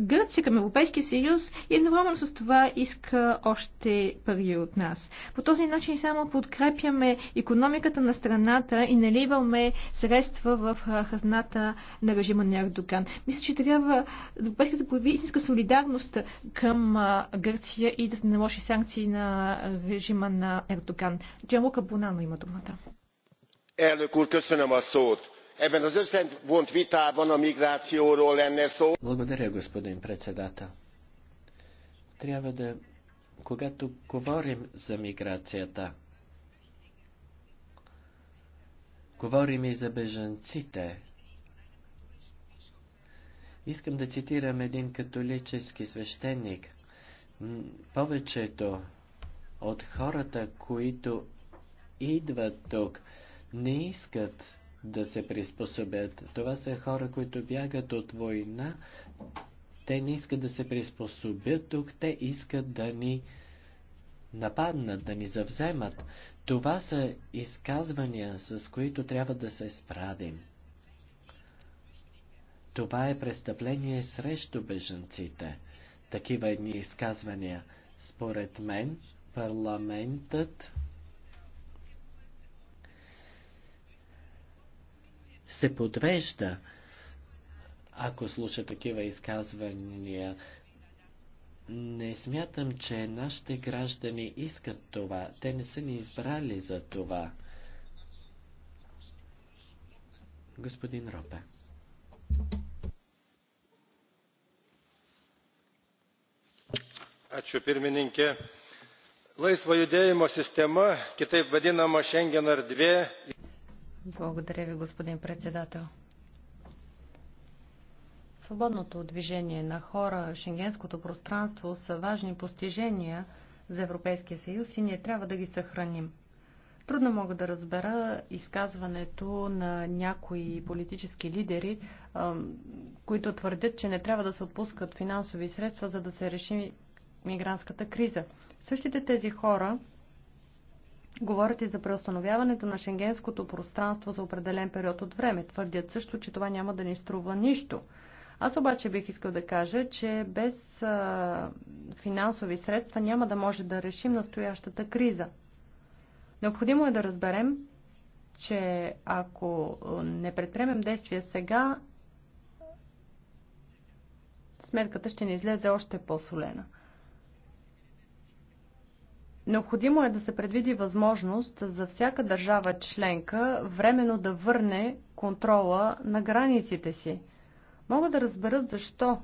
Гърция, към Европейския съюз и едновременно с това иска още пари от нас. По този начин само подкрепяме економиката на страната и наливаме средства в хазната на режима на Ердоган. Мисля, че трябва Европейската да появи истинска солидарност към Гърция и да се наложи санкции на режима на Ердоган. Джамука Бонано има думата elnök úr köszönöm a szót! Ebben az összevont vitában a migrációról lenne szó. Благодаря, господин председател. Трябва да, когато говорим за миграцията, говорим и за бежанците. Искам да цитирам един католически свещеник. Повечето от хората, които идват тук, не искат да се приспособят. Това са хора, които бягат от война. Те не искат да се приспособят тук, те искат да ни нападнат, да ни завземат. Това са изказвания, с които трябва да се справим. Това е престъпление срещу бежанците. Такива едни изказвания. Според мен, парламентът се подвежда, ако слуша такива изказвания. Не смятам, че нашите граждани искат това. Те не са ни избрали за това. Господин Ропе. Ačiū pirmininkė. Laisvo judėjimo sistema, kitaip vadinama Schengen erdvė, благодаря ви, господин председател. Свободното движение на хора, шенгенското пространство са важни постижения за Европейския съюз и ние трябва да ги съхраним. Трудно мога да разбера изказването на някои политически лидери, които твърдят, че не трябва да се отпускат финансови средства, за да се реши мигрантската криза. Същите тези хора Говорят и за преустановяването на шенгенското пространство за определен период от време. Твърдят също, че това няма да ни струва нищо. Аз обаче бих искал да кажа, че без а, финансови средства няма да може да решим настоящата криза. Необходимо е да разберем, че ако не предприемем действия сега, сметката ще ни излезе още по-солена. Необходимо е да се предвиди възможност за всяка държава членка временно да върне контрола на границите си. Мога да разберат защо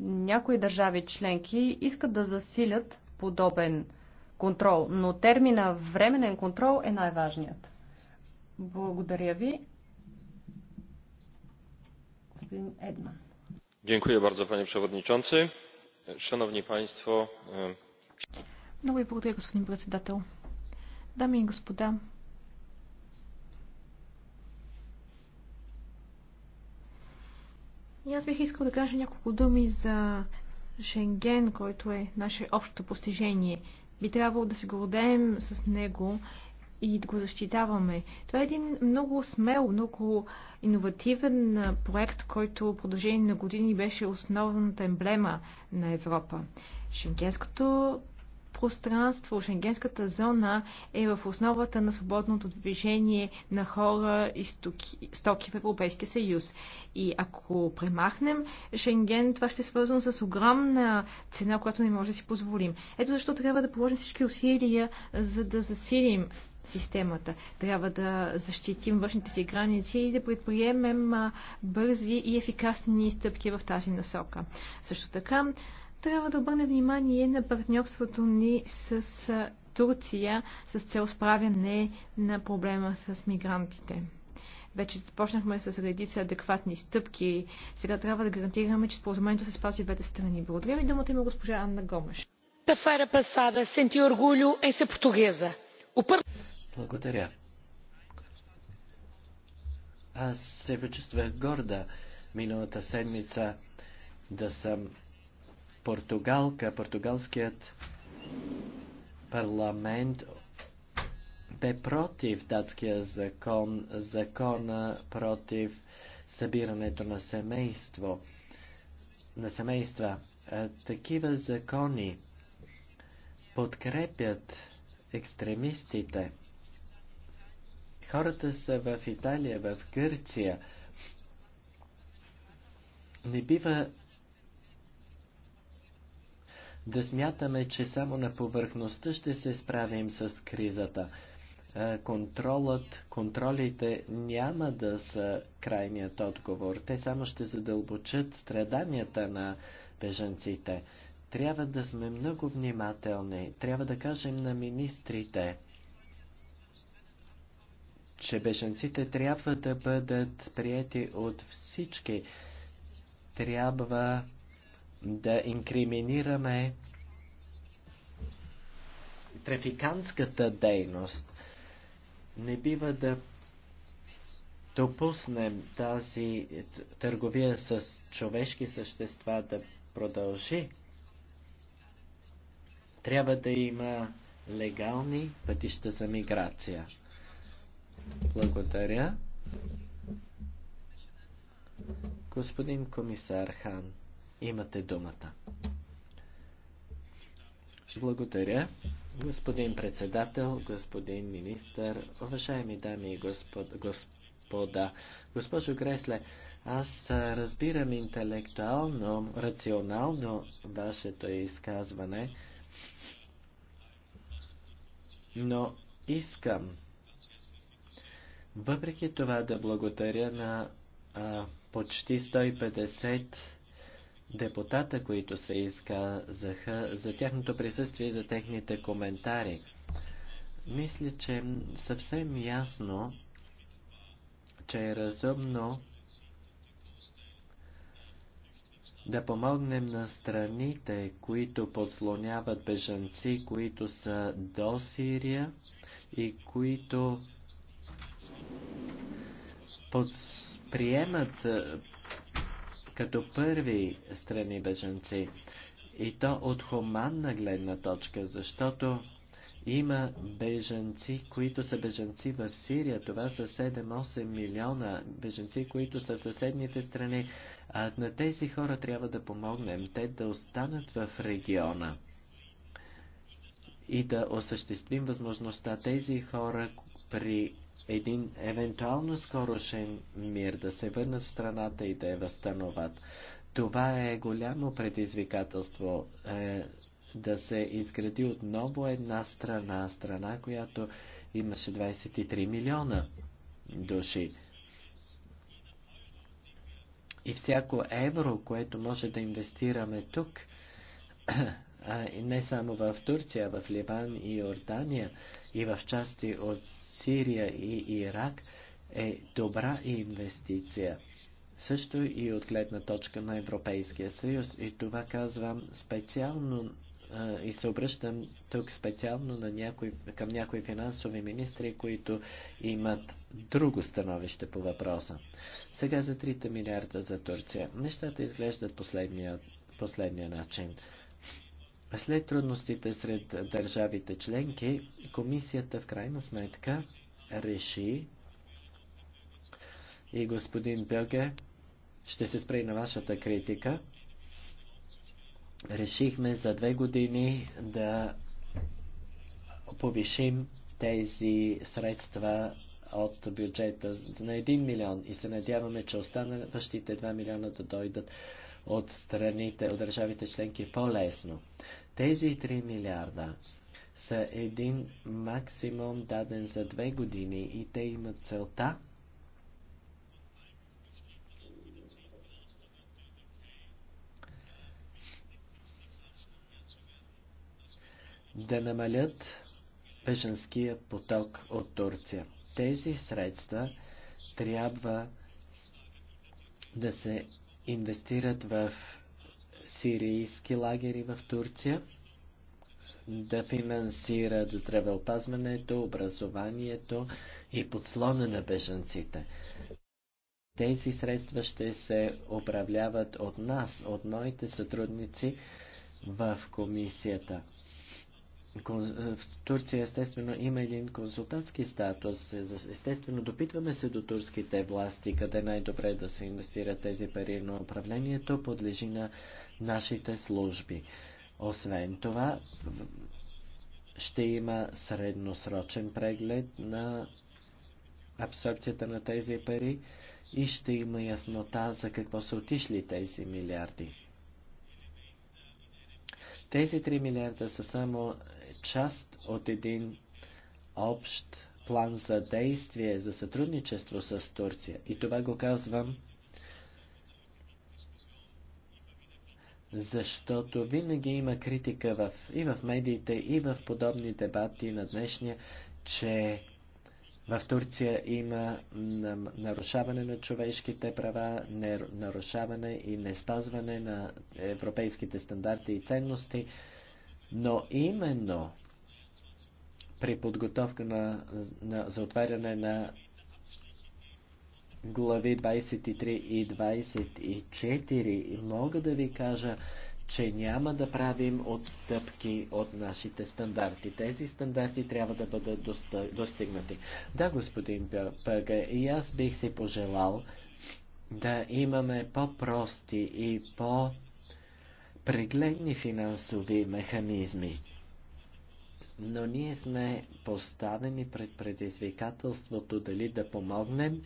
някои държави членки искат да засилят подобен контрол, но термина временен контрол е най-важният. Благодаря ви. Господин Едман. Dziękuję bardzo, panie przewodniczący. Szanowni państwo, много ви благодаря, господин председател. Дами и господа, И аз бих искал да кажа няколко думи за Шенген, който е наше общо постижение. Би трябвало да се гордеем с него и да го защитаваме. Това е един много смел, много иновативен проект, който в продължение на години беше основната емблема на Европа. Шенгенското пространство, Шенгенската зона е в основата на свободното движение на хора и стоки, в Европейския съюз. И ако премахнем Шенген, това ще е свързано с огромна цена, която не може да си позволим. Ето защо трябва да положим всички усилия, за да засилим системата. Трябва да защитим външните си граници и да предприемем бързи и ефикасни стъпки в тази насока. Също така, трябва да обърне внимание на партньорството ни с Турция с цел справяне на проблема с мигрантите. Вече започнахме с редица адекватни стъпки. Сега трябва да гарантираме, че споразумението се спази двете страни. Благодаря ви думата има госпожа Анна Гомеш. Е Благодаря. Аз се почувствах горда миналата седмица да съм португалка, португалският парламент бе против датския закон, закона против събирането на семейство, на семейства. Такива закони подкрепят екстремистите. Хората са в Италия, в Гърция. Не бива да смятаме, че само на повърхността ще се справим с кризата. Е, контролът, контролите няма да са крайният отговор. Те само ще задълбочат страданията на бежанците. Трябва да сме много внимателни. Трябва да кажем на министрите, че беженците трябва да бъдат прияти от всички. Трябва да инкриминираме трафиканската дейност. Не бива да допуснем тази търговия с човешки същества да продължи. Трябва да има легални пътища за миграция. Благодаря. Господин комисар Хан. Имате думата. Благодаря. Господин председател, господин министър, уважаеми дами и господ, господа, госпожо Гресле, аз разбирам интелектуално, рационално вашето изказване, но искам въпреки това да благодаря на а, почти 150 депутата, които се изказаха, за тяхното присъствие и за техните коментари. Мисля, че съвсем ясно, че е разумно да помогнем на страните, които подслоняват бежанци, които са до Сирия и които подс... приемат като първи страни бежанци. И то от хуманна гледна точка, защото има бежанци, които са бежанци в Сирия. Това са 7-8 милиона бежанци, които са в съседните страни. А на тези хора трябва да помогнем. Те да останат в региона и да осъществим възможността тези хора при един евентуално скорошен мир, да се върнат в страната и да я възстановят. Това е голямо предизвикателство е, да се изгради отново една страна, страна, която имаше 23 милиона души. И всяко евро, което може да инвестираме тук, а не само в Турция, в Ливан и Ордания и в части от Сирия и Ирак е добра инвестиция. Също и от гледна точка на Европейския съюз. И това казвам специално и се обръщам тук специално на някой, към някои финансови министри, които имат друго становище по въпроса. Сега за 3 милиарда за Турция. Нещата изглеждат последния, последния начин. След трудностите сред държавите членки, комисията в крайна сметка реши и господин Белге ще се спре на вашата критика. Решихме за две години да повишим тези средства от бюджета на 1 милион и се надяваме, че останалите 2 милиона да дойдат от страните, от държавите членки по-лесно. Тези 3 милиарда са един максимум даден за две години и те имат целта да намалят беженския поток от Турция. Тези средства трябва да се инвестират в сирийски лагери в Турция, да финансират здравеопазването, образованието и подслона на бежанците. Тези средства ще се управляват от нас, от моите сътрудници в комисията. В Турция естествено има един консултантски статус. Естествено допитваме се до турските власти, къде най-добре да се инвестират тези пари, но управлението подлежи на нашите служби. Освен това, ще има средносрочен преглед на абсорбцията на тези пари и ще има яснота за какво са отишли тези милиарди. Тези 3 милиарда са само част от един общ план за действие, за сътрудничество с Турция. И това го казвам, защото винаги има критика в, и в медиите, и в подобни дебати на днешния, че в Турция има нарушаване на човешките права, нарушаване и неспазване на европейските стандарти и ценности. Но именно при подготовка на, на, за отваряне на глави 23 и 24 мога да ви кажа, че няма да правим отстъпки от нашите стандарти. Тези стандарти трябва да бъдат достигнати. Да, господин Пъга, и аз бих си пожелал да имаме по-прости и по- прегледни финансови механизми. Но ние сме поставени пред предизвикателството дали да помогнем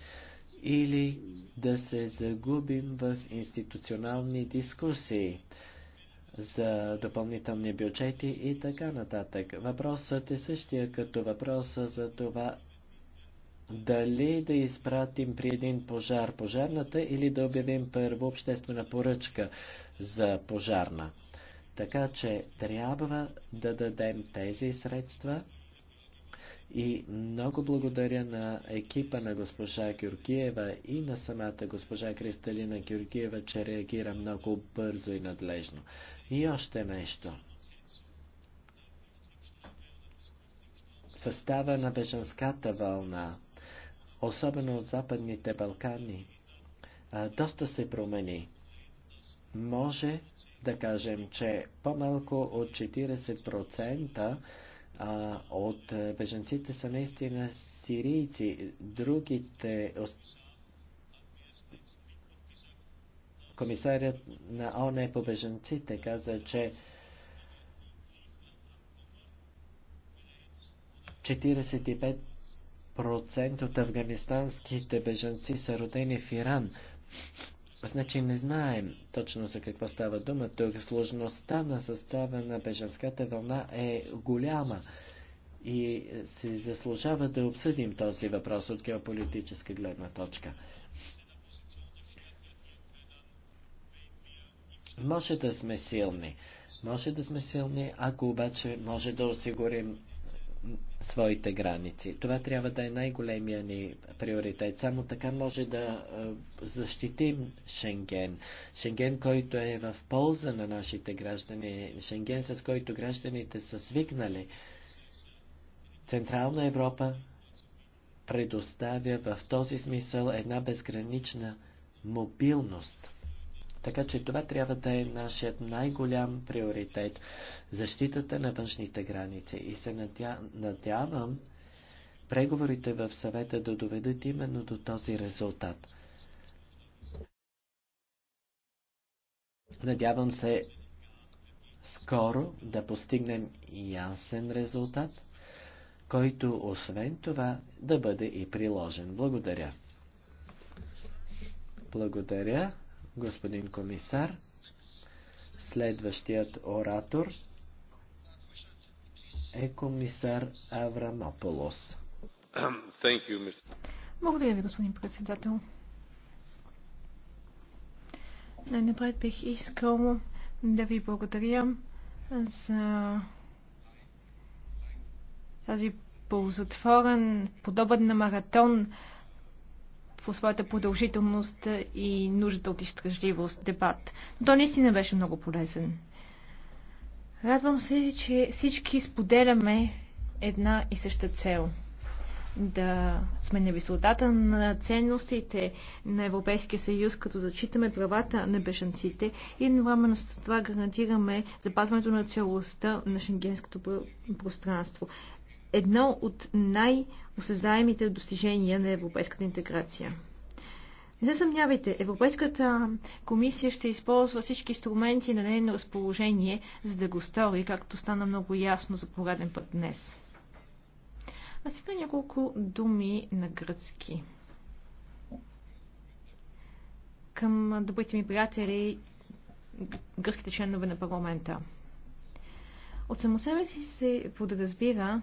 или да се загубим в институционални дискусии за допълнителни бюджети и така нататък. Въпросът е същия като въпроса за това дали да изпратим при един пожар пожарната или да обявим първо обществена поръчка за пожарна. Така че трябва да дадем тези средства и много благодаря на екипа на госпожа Георгиева и на самата госпожа Кристалина Георгиева, че реагира много бързо и надлежно. И още нещо. Състава на беженската вълна, особено от Западните Балкани, доста се промени може да кажем, че по-малко от 40% от е, беженците са наистина сирийци. Другите комисарят на ОНЕ по беженците каза, че 45% от афганистанските беженци са родени в Иран. Значи не знаем точно за какво става дума. Тук сложността на състава на бежанската вълна е голяма и се заслужава да обсъдим този въпрос от геополитическа гледна точка. Може да сме силни. Може да сме силни, ако обаче може да осигурим своите граници. Това трябва да е най-големия ни приоритет. Само така може да е, защитим Шенген. Шенген, който е в полза на нашите граждани. Шенген, с който гражданите са свикнали. Централна Европа предоставя в този смисъл една безгранична мобилност. Така че това трябва да е нашият най-голям приоритет – защитата на външните граници. И се надя... надявам преговорите в съвета да доведат именно до този резултат. Надявам се скоро да постигнем ясен резултат, който освен това да бъде и приложен. Благодаря. Благодаря господин комисар. Следващият оратор е комисар Аврамополос. Благодаря ви, господин председател. Най-напред бих искал да ви благодаря за тази ползотворен, подобен на маратон по своята продължителност и нуждата от изтръжливост дебат. Но то наистина беше много полезен. Радвам се, че всички споделяме една и съща цел да сме на висотата на ценностите на Европейския съюз, като зачитаме правата на бежанците и едновременно с това гарантираме запазването на целостта на шенгенското пространство едно от най-осезаемите достижения на европейската интеграция. Не съмнявайте, Европейската комисия ще използва всички инструменти на нейно разположение, за да го стори, както стана много ясно за пореден път днес. А сега няколко думи на гръцки. Към добрите ми приятели, гръцките членове на парламента. От само себе си се подразбира,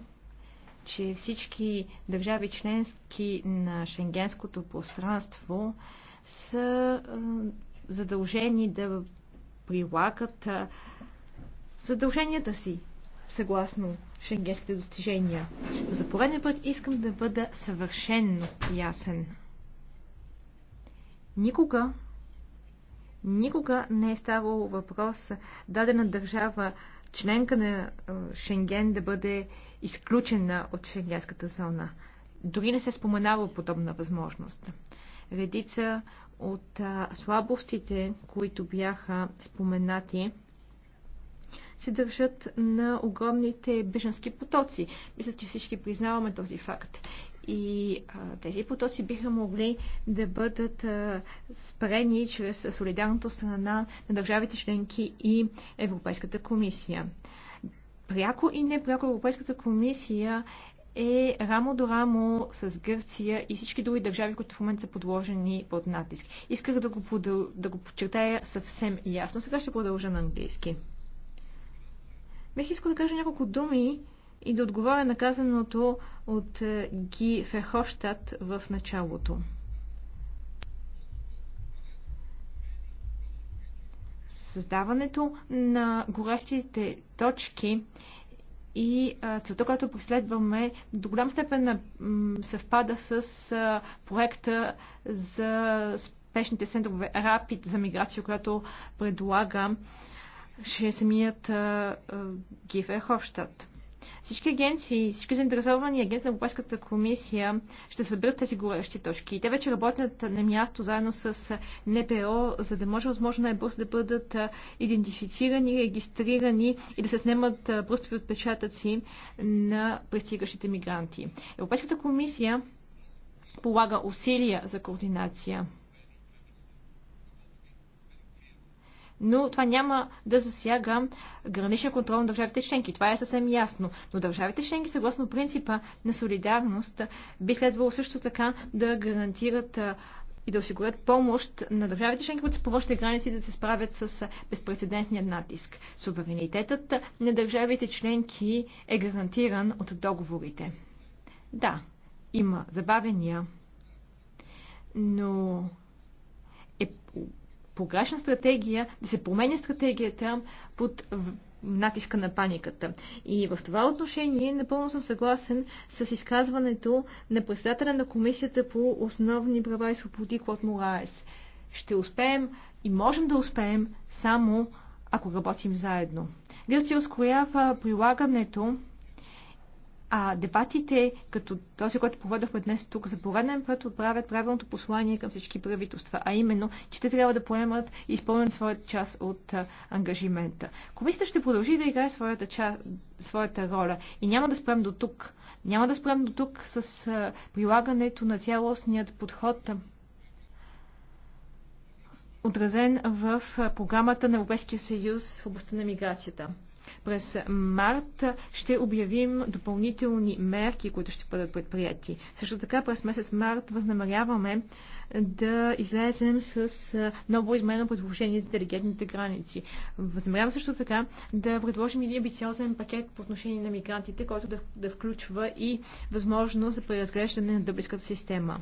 че всички държави членски на шенгенското пространство са задължени да прилагат задълженията си съгласно шенгенските достижения. Но за пореден път искам да бъда съвършенно ясен. Никога, никога не е ставало въпрос дадена държава членка на Шенген да бъде изключена от шенгенската зона. Дори не се споменава подобна възможност. Редица от а, слабостите, които бяха споменати, се държат на огромните бежански потоци. Мисля, че всички признаваме този факт и а, тези потоци биха могли да бъдат а, спрени чрез солидарното страна на държавите членки и Европейската комисия. Пряко и непряко Европейската комисия е рамо до рамо с Гърция и всички други държави, които в момента са подложени под натиск. Исках да го, подъл... да го подчертая съвсем ясно. Сега ще продължа на английски. Бих искал да кажа няколко думи и да отговоря на казаното от е, Ги Ферховщад в началото. Създаването на горещите точки и целта, която преследваме, до голяма степен съвпада с проекта за спешните центрове Рапид за миграция, която предлага ще самият а, Хофштадт. Всички агенции, всички заинтересовани агенции на Европейската комисия ще съберат тези горещи точки. Те вече работят на място заедно с НПО, за да може възможно най-бързо да бъдат идентифицирани, регистрирани и да се снемат пръстови отпечатъци на пристигащите мигранти. Европейската комисия полага усилия за координация. но това няма да засяга граничен контрол на държавите членки. Това е съвсем ясно. Но държавите членки, съгласно принципа на солидарност, би следвало също така да гарантират и да осигурят помощ на държавите членки, които са по граници да се справят с безпредседентния натиск. Суверенитетът на държавите членки е гарантиран от договорите. Да, има забавения, но е погрешна стратегия, да се променя стратегията под натиска на паниката. И в това отношение напълно съм съгласен с изказването на председателя на Комисията по основни права и свободи Клод Мораес. Ще успеем и можем да успеем само ако работим заедно. Гърция ускорява прилагането а дебатите, като този, който проведохме днес тук, за пореден път отправят правилното послание към всички правителства, а именно, че те трябва да поемат и изпълнят своят част от ангажимента. Комисията ще продължи да играе своята, ча... своята роля и няма да спрем до тук. Няма да спрем до тук с прилагането на цялостният подход отразен в програмата на Европейския съюз в областта на миграцията. През март ще обявим допълнителни мерки, които ще бъдат предприяти. Също така през месец март възнамеряваме да излезем с ново измерено предложение за делегетните граници. Възнамерявам също така да предложим един амбициозен пакет по отношение на мигрантите, който да, да включва и възможност за преразглеждане на дъблиската система.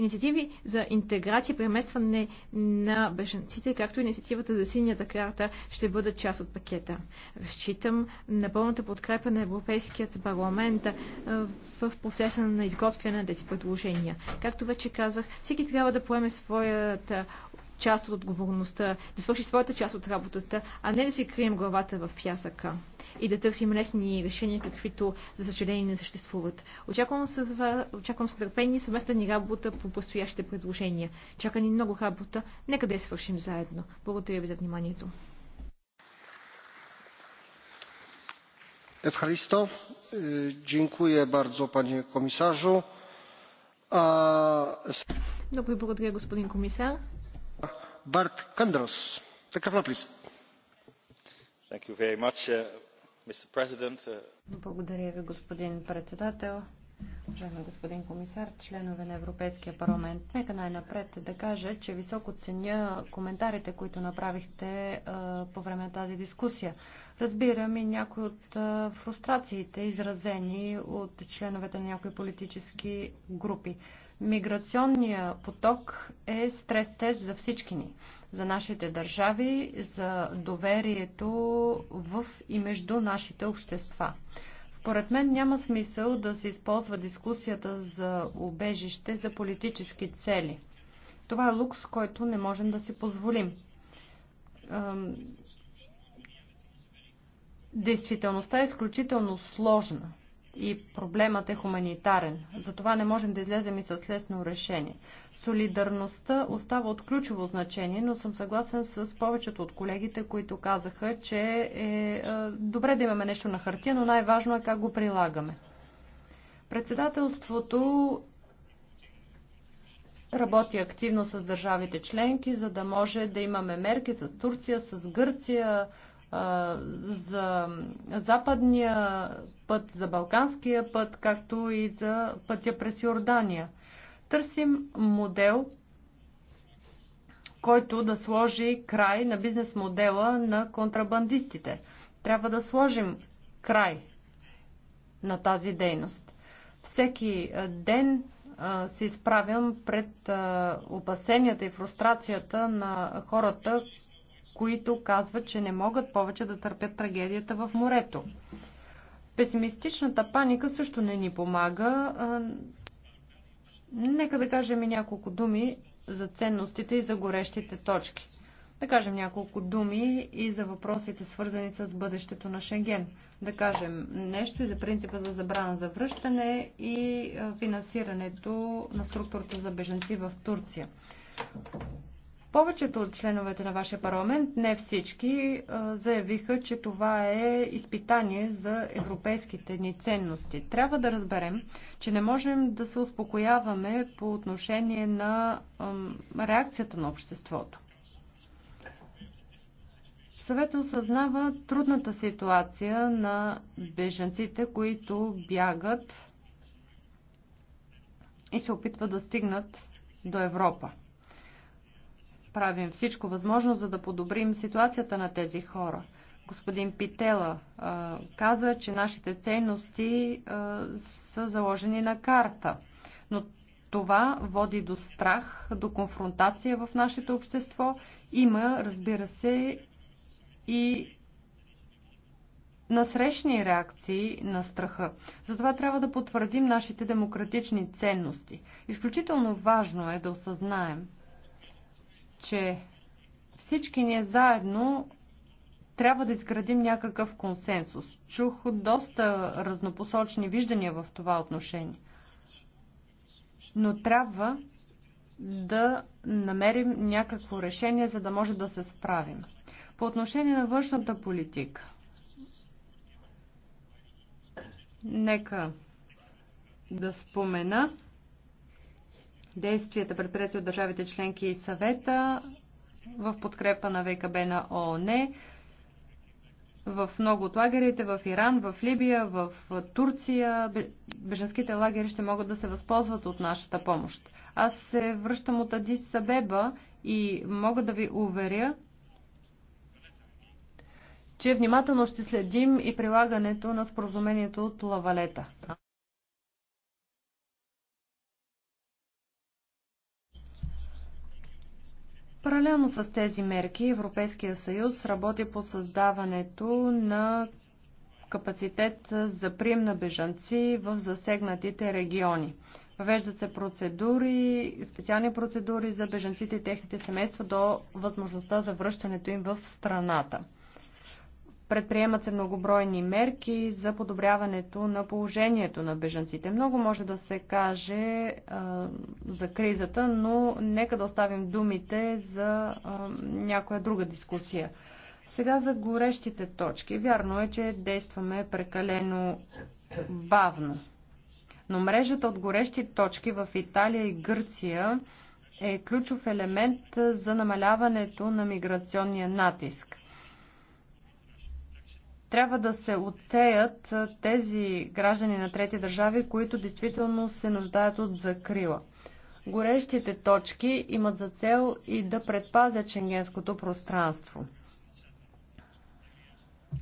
инициативи за интеграция и преместване на бежанците, както и инициативата за синята карта ще бъдат част от пакета. Разчитам на пълната подкрепа на Европейският парламент в процеса на изготвяне на тези предложения. Както вече казах, всеки трябва да поеме своята част от отговорността, да свърши своята част от работата, а не да си крием главата в пясъка и да търсим лесни решения, каквито, за съжаление, не съществуват. Очаквам с, очаквам с търпение съвместна ни работа по предстоящите предложения. Чака ни много работа. Нека да я свършим заедно. Благодаря ви за вниманието. Евхаристо, dziękuję bardzo panie komisarzu. Много ви благодаря, господин комисар. Uh, Благодаря ви, господин председател. Уважаеми господин комисар, членове на Европейския парламент, нека най-напред да кажа, че високо ценя коментарите, които направихте по време на тази дискусия. Разбирам и някои от фрустрациите, изразени от членовете на някои политически групи. Миграционния поток е стрес-тест за всички ни, за нашите държави, за доверието в и между нашите общества. Според мен няма смисъл да се използва дискусията за убежище за политически цели. Това е лукс, който не можем да си позволим. Действителността е изключително сложна и проблемът е хуманитарен. Затова не можем да излезем и с лесно решение. Солидарността остава от ключово значение, но съм съгласен с повечето от колегите, които казаха, че е, е добре да имаме нещо на хартия, но най-важно е как го прилагаме. Председателството работи активно с държавите членки, за да може да имаме мерки с Турция, с Гърция, за западния път, за балканския път, както и за пътя през Йордания. Търсим модел, който да сложи край на бизнес модела на контрабандистите. Трябва да сложим край на тази дейност. Всеки ден се изправям пред опасенията и фрустрацията на хората, които казват, че не могат повече да търпят трагедията в морето. Песимистичната паника също не ни помага. Нека да кажем и няколко думи за ценностите и за горещите точки. Да кажем няколко думи и за въпросите, свързани с бъдещето на Шенген. Да кажем нещо и за принципа за забрана за връщане и финансирането на структурата за беженци в Турция. Повечето от членовете на вашия парламент, не всички, е, заявиха, че това е изпитание за европейските ни ценности. Трябва да разберем, че не можем да се успокояваме по отношение на реакцията на обществото. Съвет осъзнава трудната ситуация на беженците, които бягат и се опитват да стигнат до Европа правим всичко възможно, за да подобрим ситуацията на тези хора. Господин Питела а, каза, че нашите ценности а, са заложени на карта, но това води до страх, до конфронтация в нашето общество. Има, разбира се, и насрещни реакции на страха. Затова трябва да потвърдим нашите демократични ценности. Изключително важно е да осъзнаем, че всички ние заедно трябва да изградим някакъв консенсус. Чух доста разнопосочни виждания в това отношение. Но трябва да намерим някакво решение, за да може да се справим. По отношение на външната политика, нека да спомена, действията предприяти от държавите членки и съвета в подкрепа на ВКБ на ООН в много от лагерите в Иран, в Либия, в Турция. Беженските лагери ще могат да се възползват от нашата помощ. Аз се връщам от Адис Сабеба и мога да ви уверя, че внимателно ще следим и прилагането на споразумението от Лавалета. Паралелно с тези мерки Европейския съюз работи по създаването на капацитет за прием на бежанци в засегнатите региони. Въвеждат се процедури, специални процедури за бежанците и техните семейства до възможността за връщането им в страната. Предприемат се многобройни мерки за подобряването на положението на бежанците. Много може да се каже а, за кризата, но нека да оставим думите за а, някоя друга дискусия. Сега за горещите точки. Вярно е, че действаме прекалено бавно. Но мрежата от горещи точки в Италия и Гърция е ключов елемент за намаляването на миграционния натиск трябва да се отсеят тези граждани на трети държави, които действително се нуждаят от закрила. Горещите точки имат за цел и да предпазят шенгенското пространство.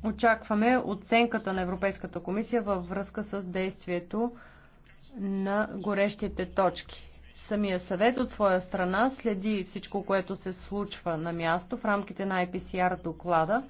Очакваме оценката на Европейската комисия във връзка с действието на горещите точки. Самия съвет от своя страна следи всичко, което се случва на място в рамките на IPCR доклада.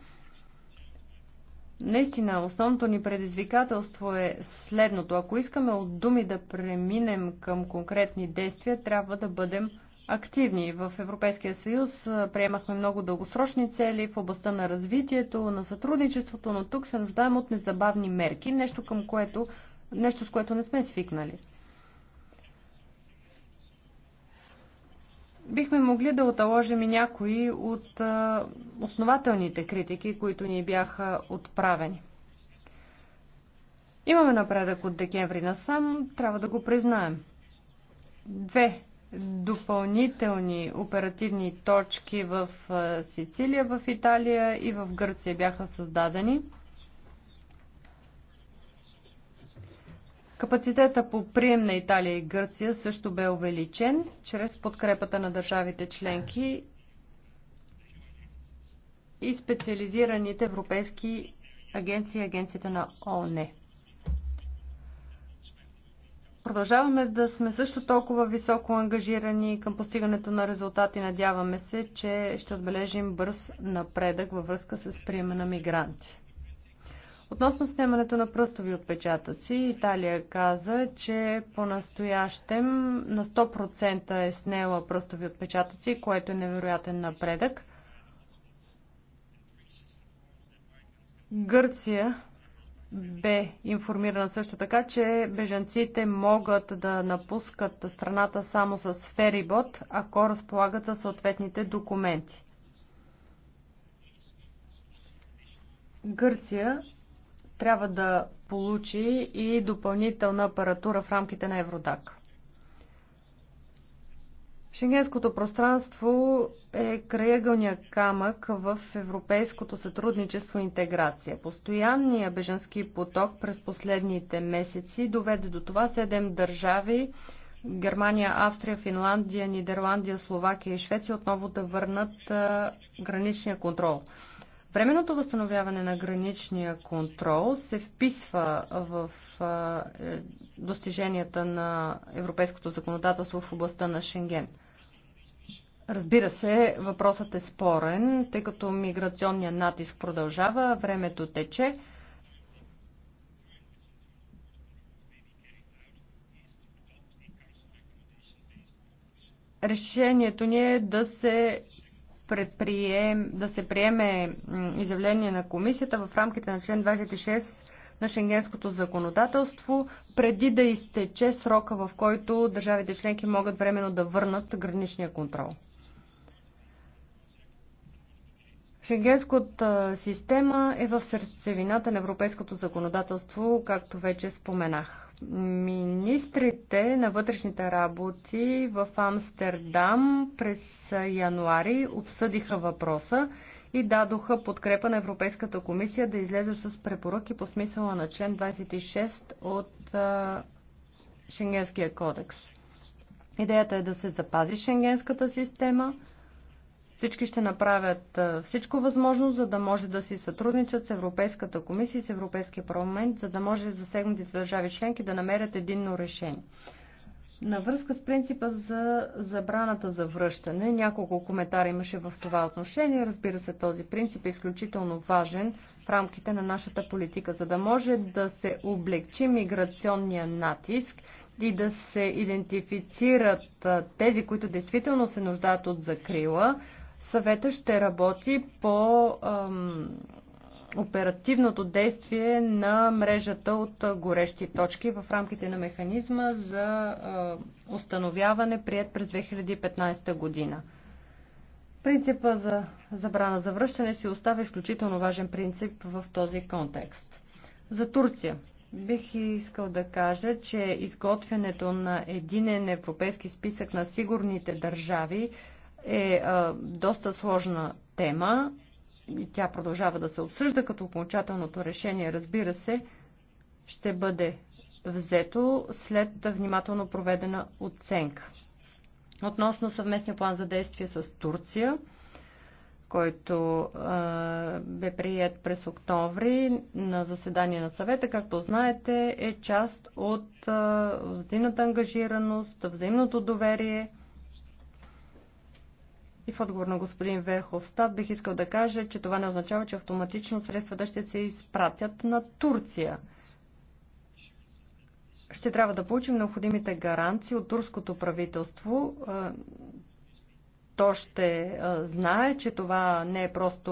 Наистина, основното ни предизвикателство е следното. Ако искаме от думи да преминем към конкретни действия, трябва да бъдем активни. В Европейския съюз приемахме много дългосрочни цели в областта на развитието, на сътрудничеството, но тук се нуждаем от незабавни мерки, нещо, към което, нещо с което не сме свикнали. бихме могли да отложим и някои от основателните критики, които ни бяха отправени. Имаме напредък от декември насам, трябва да го признаем. Две допълнителни оперативни точки в Сицилия, в Италия и в Гърция бяха създадени – Капацитета по прием на Италия и Гърция също бе увеличен чрез подкрепата на държавите членки и специализираните европейски агенции и агенцията на ООН. Продължаваме да сме също толкова високо ангажирани към постигането на резултати. Надяваме се, че ще отбележим бърз напредък във връзка с приема на мигранти. Относно снимането на пръстови отпечатъци, Италия каза, че по-настоящем на 100% е снела пръстови отпечатъци, което е невероятен напредък. Гърция бе информирана също така, че бежанците могат да напускат страната само с ферибот, ако разполагат със съответните документи. Гърция трябва да получи и допълнителна апаратура в рамките на Евродак. Шенгенското пространство е краегълния камък в европейското сътрудничество и интеграция. Постоянният беженски поток през последните месеци доведе до това седем държави Германия, Австрия, Финландия, Нидерландия, Словакия и Швеция отново да върнат граничния контрол. Временното възстановяване на граничния контрол се вписва в е, достиженията на европейското законодателство в областта на Шенген. Разбира се, въпросът е спорен, тъй като миграционният натиск продължава, времето тече. Решението ни е да се предприем, да се приеме изявление на комисията в рамките на член 26 на шенгенското законодателство, преди да изтече срока, в който държавите членки могат временно да върнат граничния контрол. Шенгенската система е в сърцевината на европейското законодателство, както вече споменах. Министрите на вътрешните работи в Амстердам през януари обсъдиха въпроса и дадоха подкрепа на Европейската комисия да излезе с препоръки по смисъла на член 26 от Шенгенския кодекс. Идеята е да се запази Шенгенската система – всички ще направят всичко възможно, за да може да си сътрудничат с Европейската комисия и с Европейския парламент, за да може засегнатите държави членки да намерят единно решение. На връзка с принципа за забраната за връщане, няколко коментара имаше в това отношение. Разбира се, този принцип е изключително важен в рамките на нашата политика, за да може да се облегчи миграционния натиск и да се идентифицират тези, които действително се нуждаят от закрила, Съвета ще работи по ам, оперативното действие на мрежата от горещи точки в рамките на механизма за а, установяване, прият през 2015 година. Принципа за забрана за връщане си остава изключително важен принцип в този контекст. За Турция бих искал да кажа, че изготвянето на единен европейски списък на сигурните държави е а, доста сложна тема и тя продължава да се обсъжда, като окончателното решение, разбира се, ще бъде взето след внимателно проведена оценка. Относно съвместния план за действие с Турция, който а, бе прият през октомври на заседание на съвета, както знаете, е част от а, взаимната ангажираност, взаимното доверие и в отговор на господин Верховстат бих искал да кажа, че това не означава, че автоматично средствата ще се изпратят на Турция. Ще трябва да получим необходимите гаранции от турското правителство. То ще знае, че това не е просто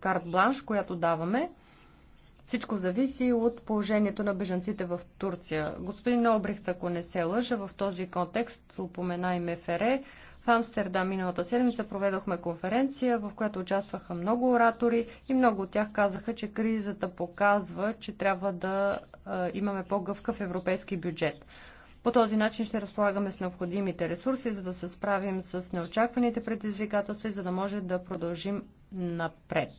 карт-бланш, която даваме. Всичко зависи от положението на бежанците в Турция. Господин Обрехт, ако не се лъжа, в този контекст упомена и МФР. В Амстердам миналата седмица проведохме конференция, в която участваха много оратори и много от тях казаха, че кризата показва, че трябва да имаме по-гъвкав европейски бюджет. По този начин ще разполагаме с необходимите ресурси, за да се справим с неочакваните предизвикателства и за да може да продължим напред.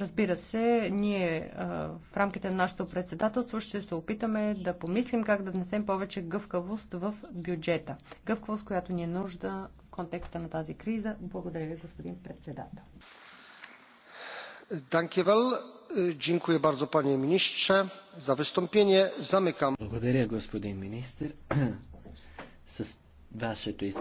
Разбира се, ние в рамките на нашето председателство ще се опитаме да помислим как да внесем повече гъвкавост в бюджета. Гъвкавост, която ни е нужда в контекста на тази криза. Благодаря ви, господин председател. Данкевел. Dziękuję бързо, пани ministrze за wystąpienie. замекам. Благодаря господин министр. С вашето изпълнение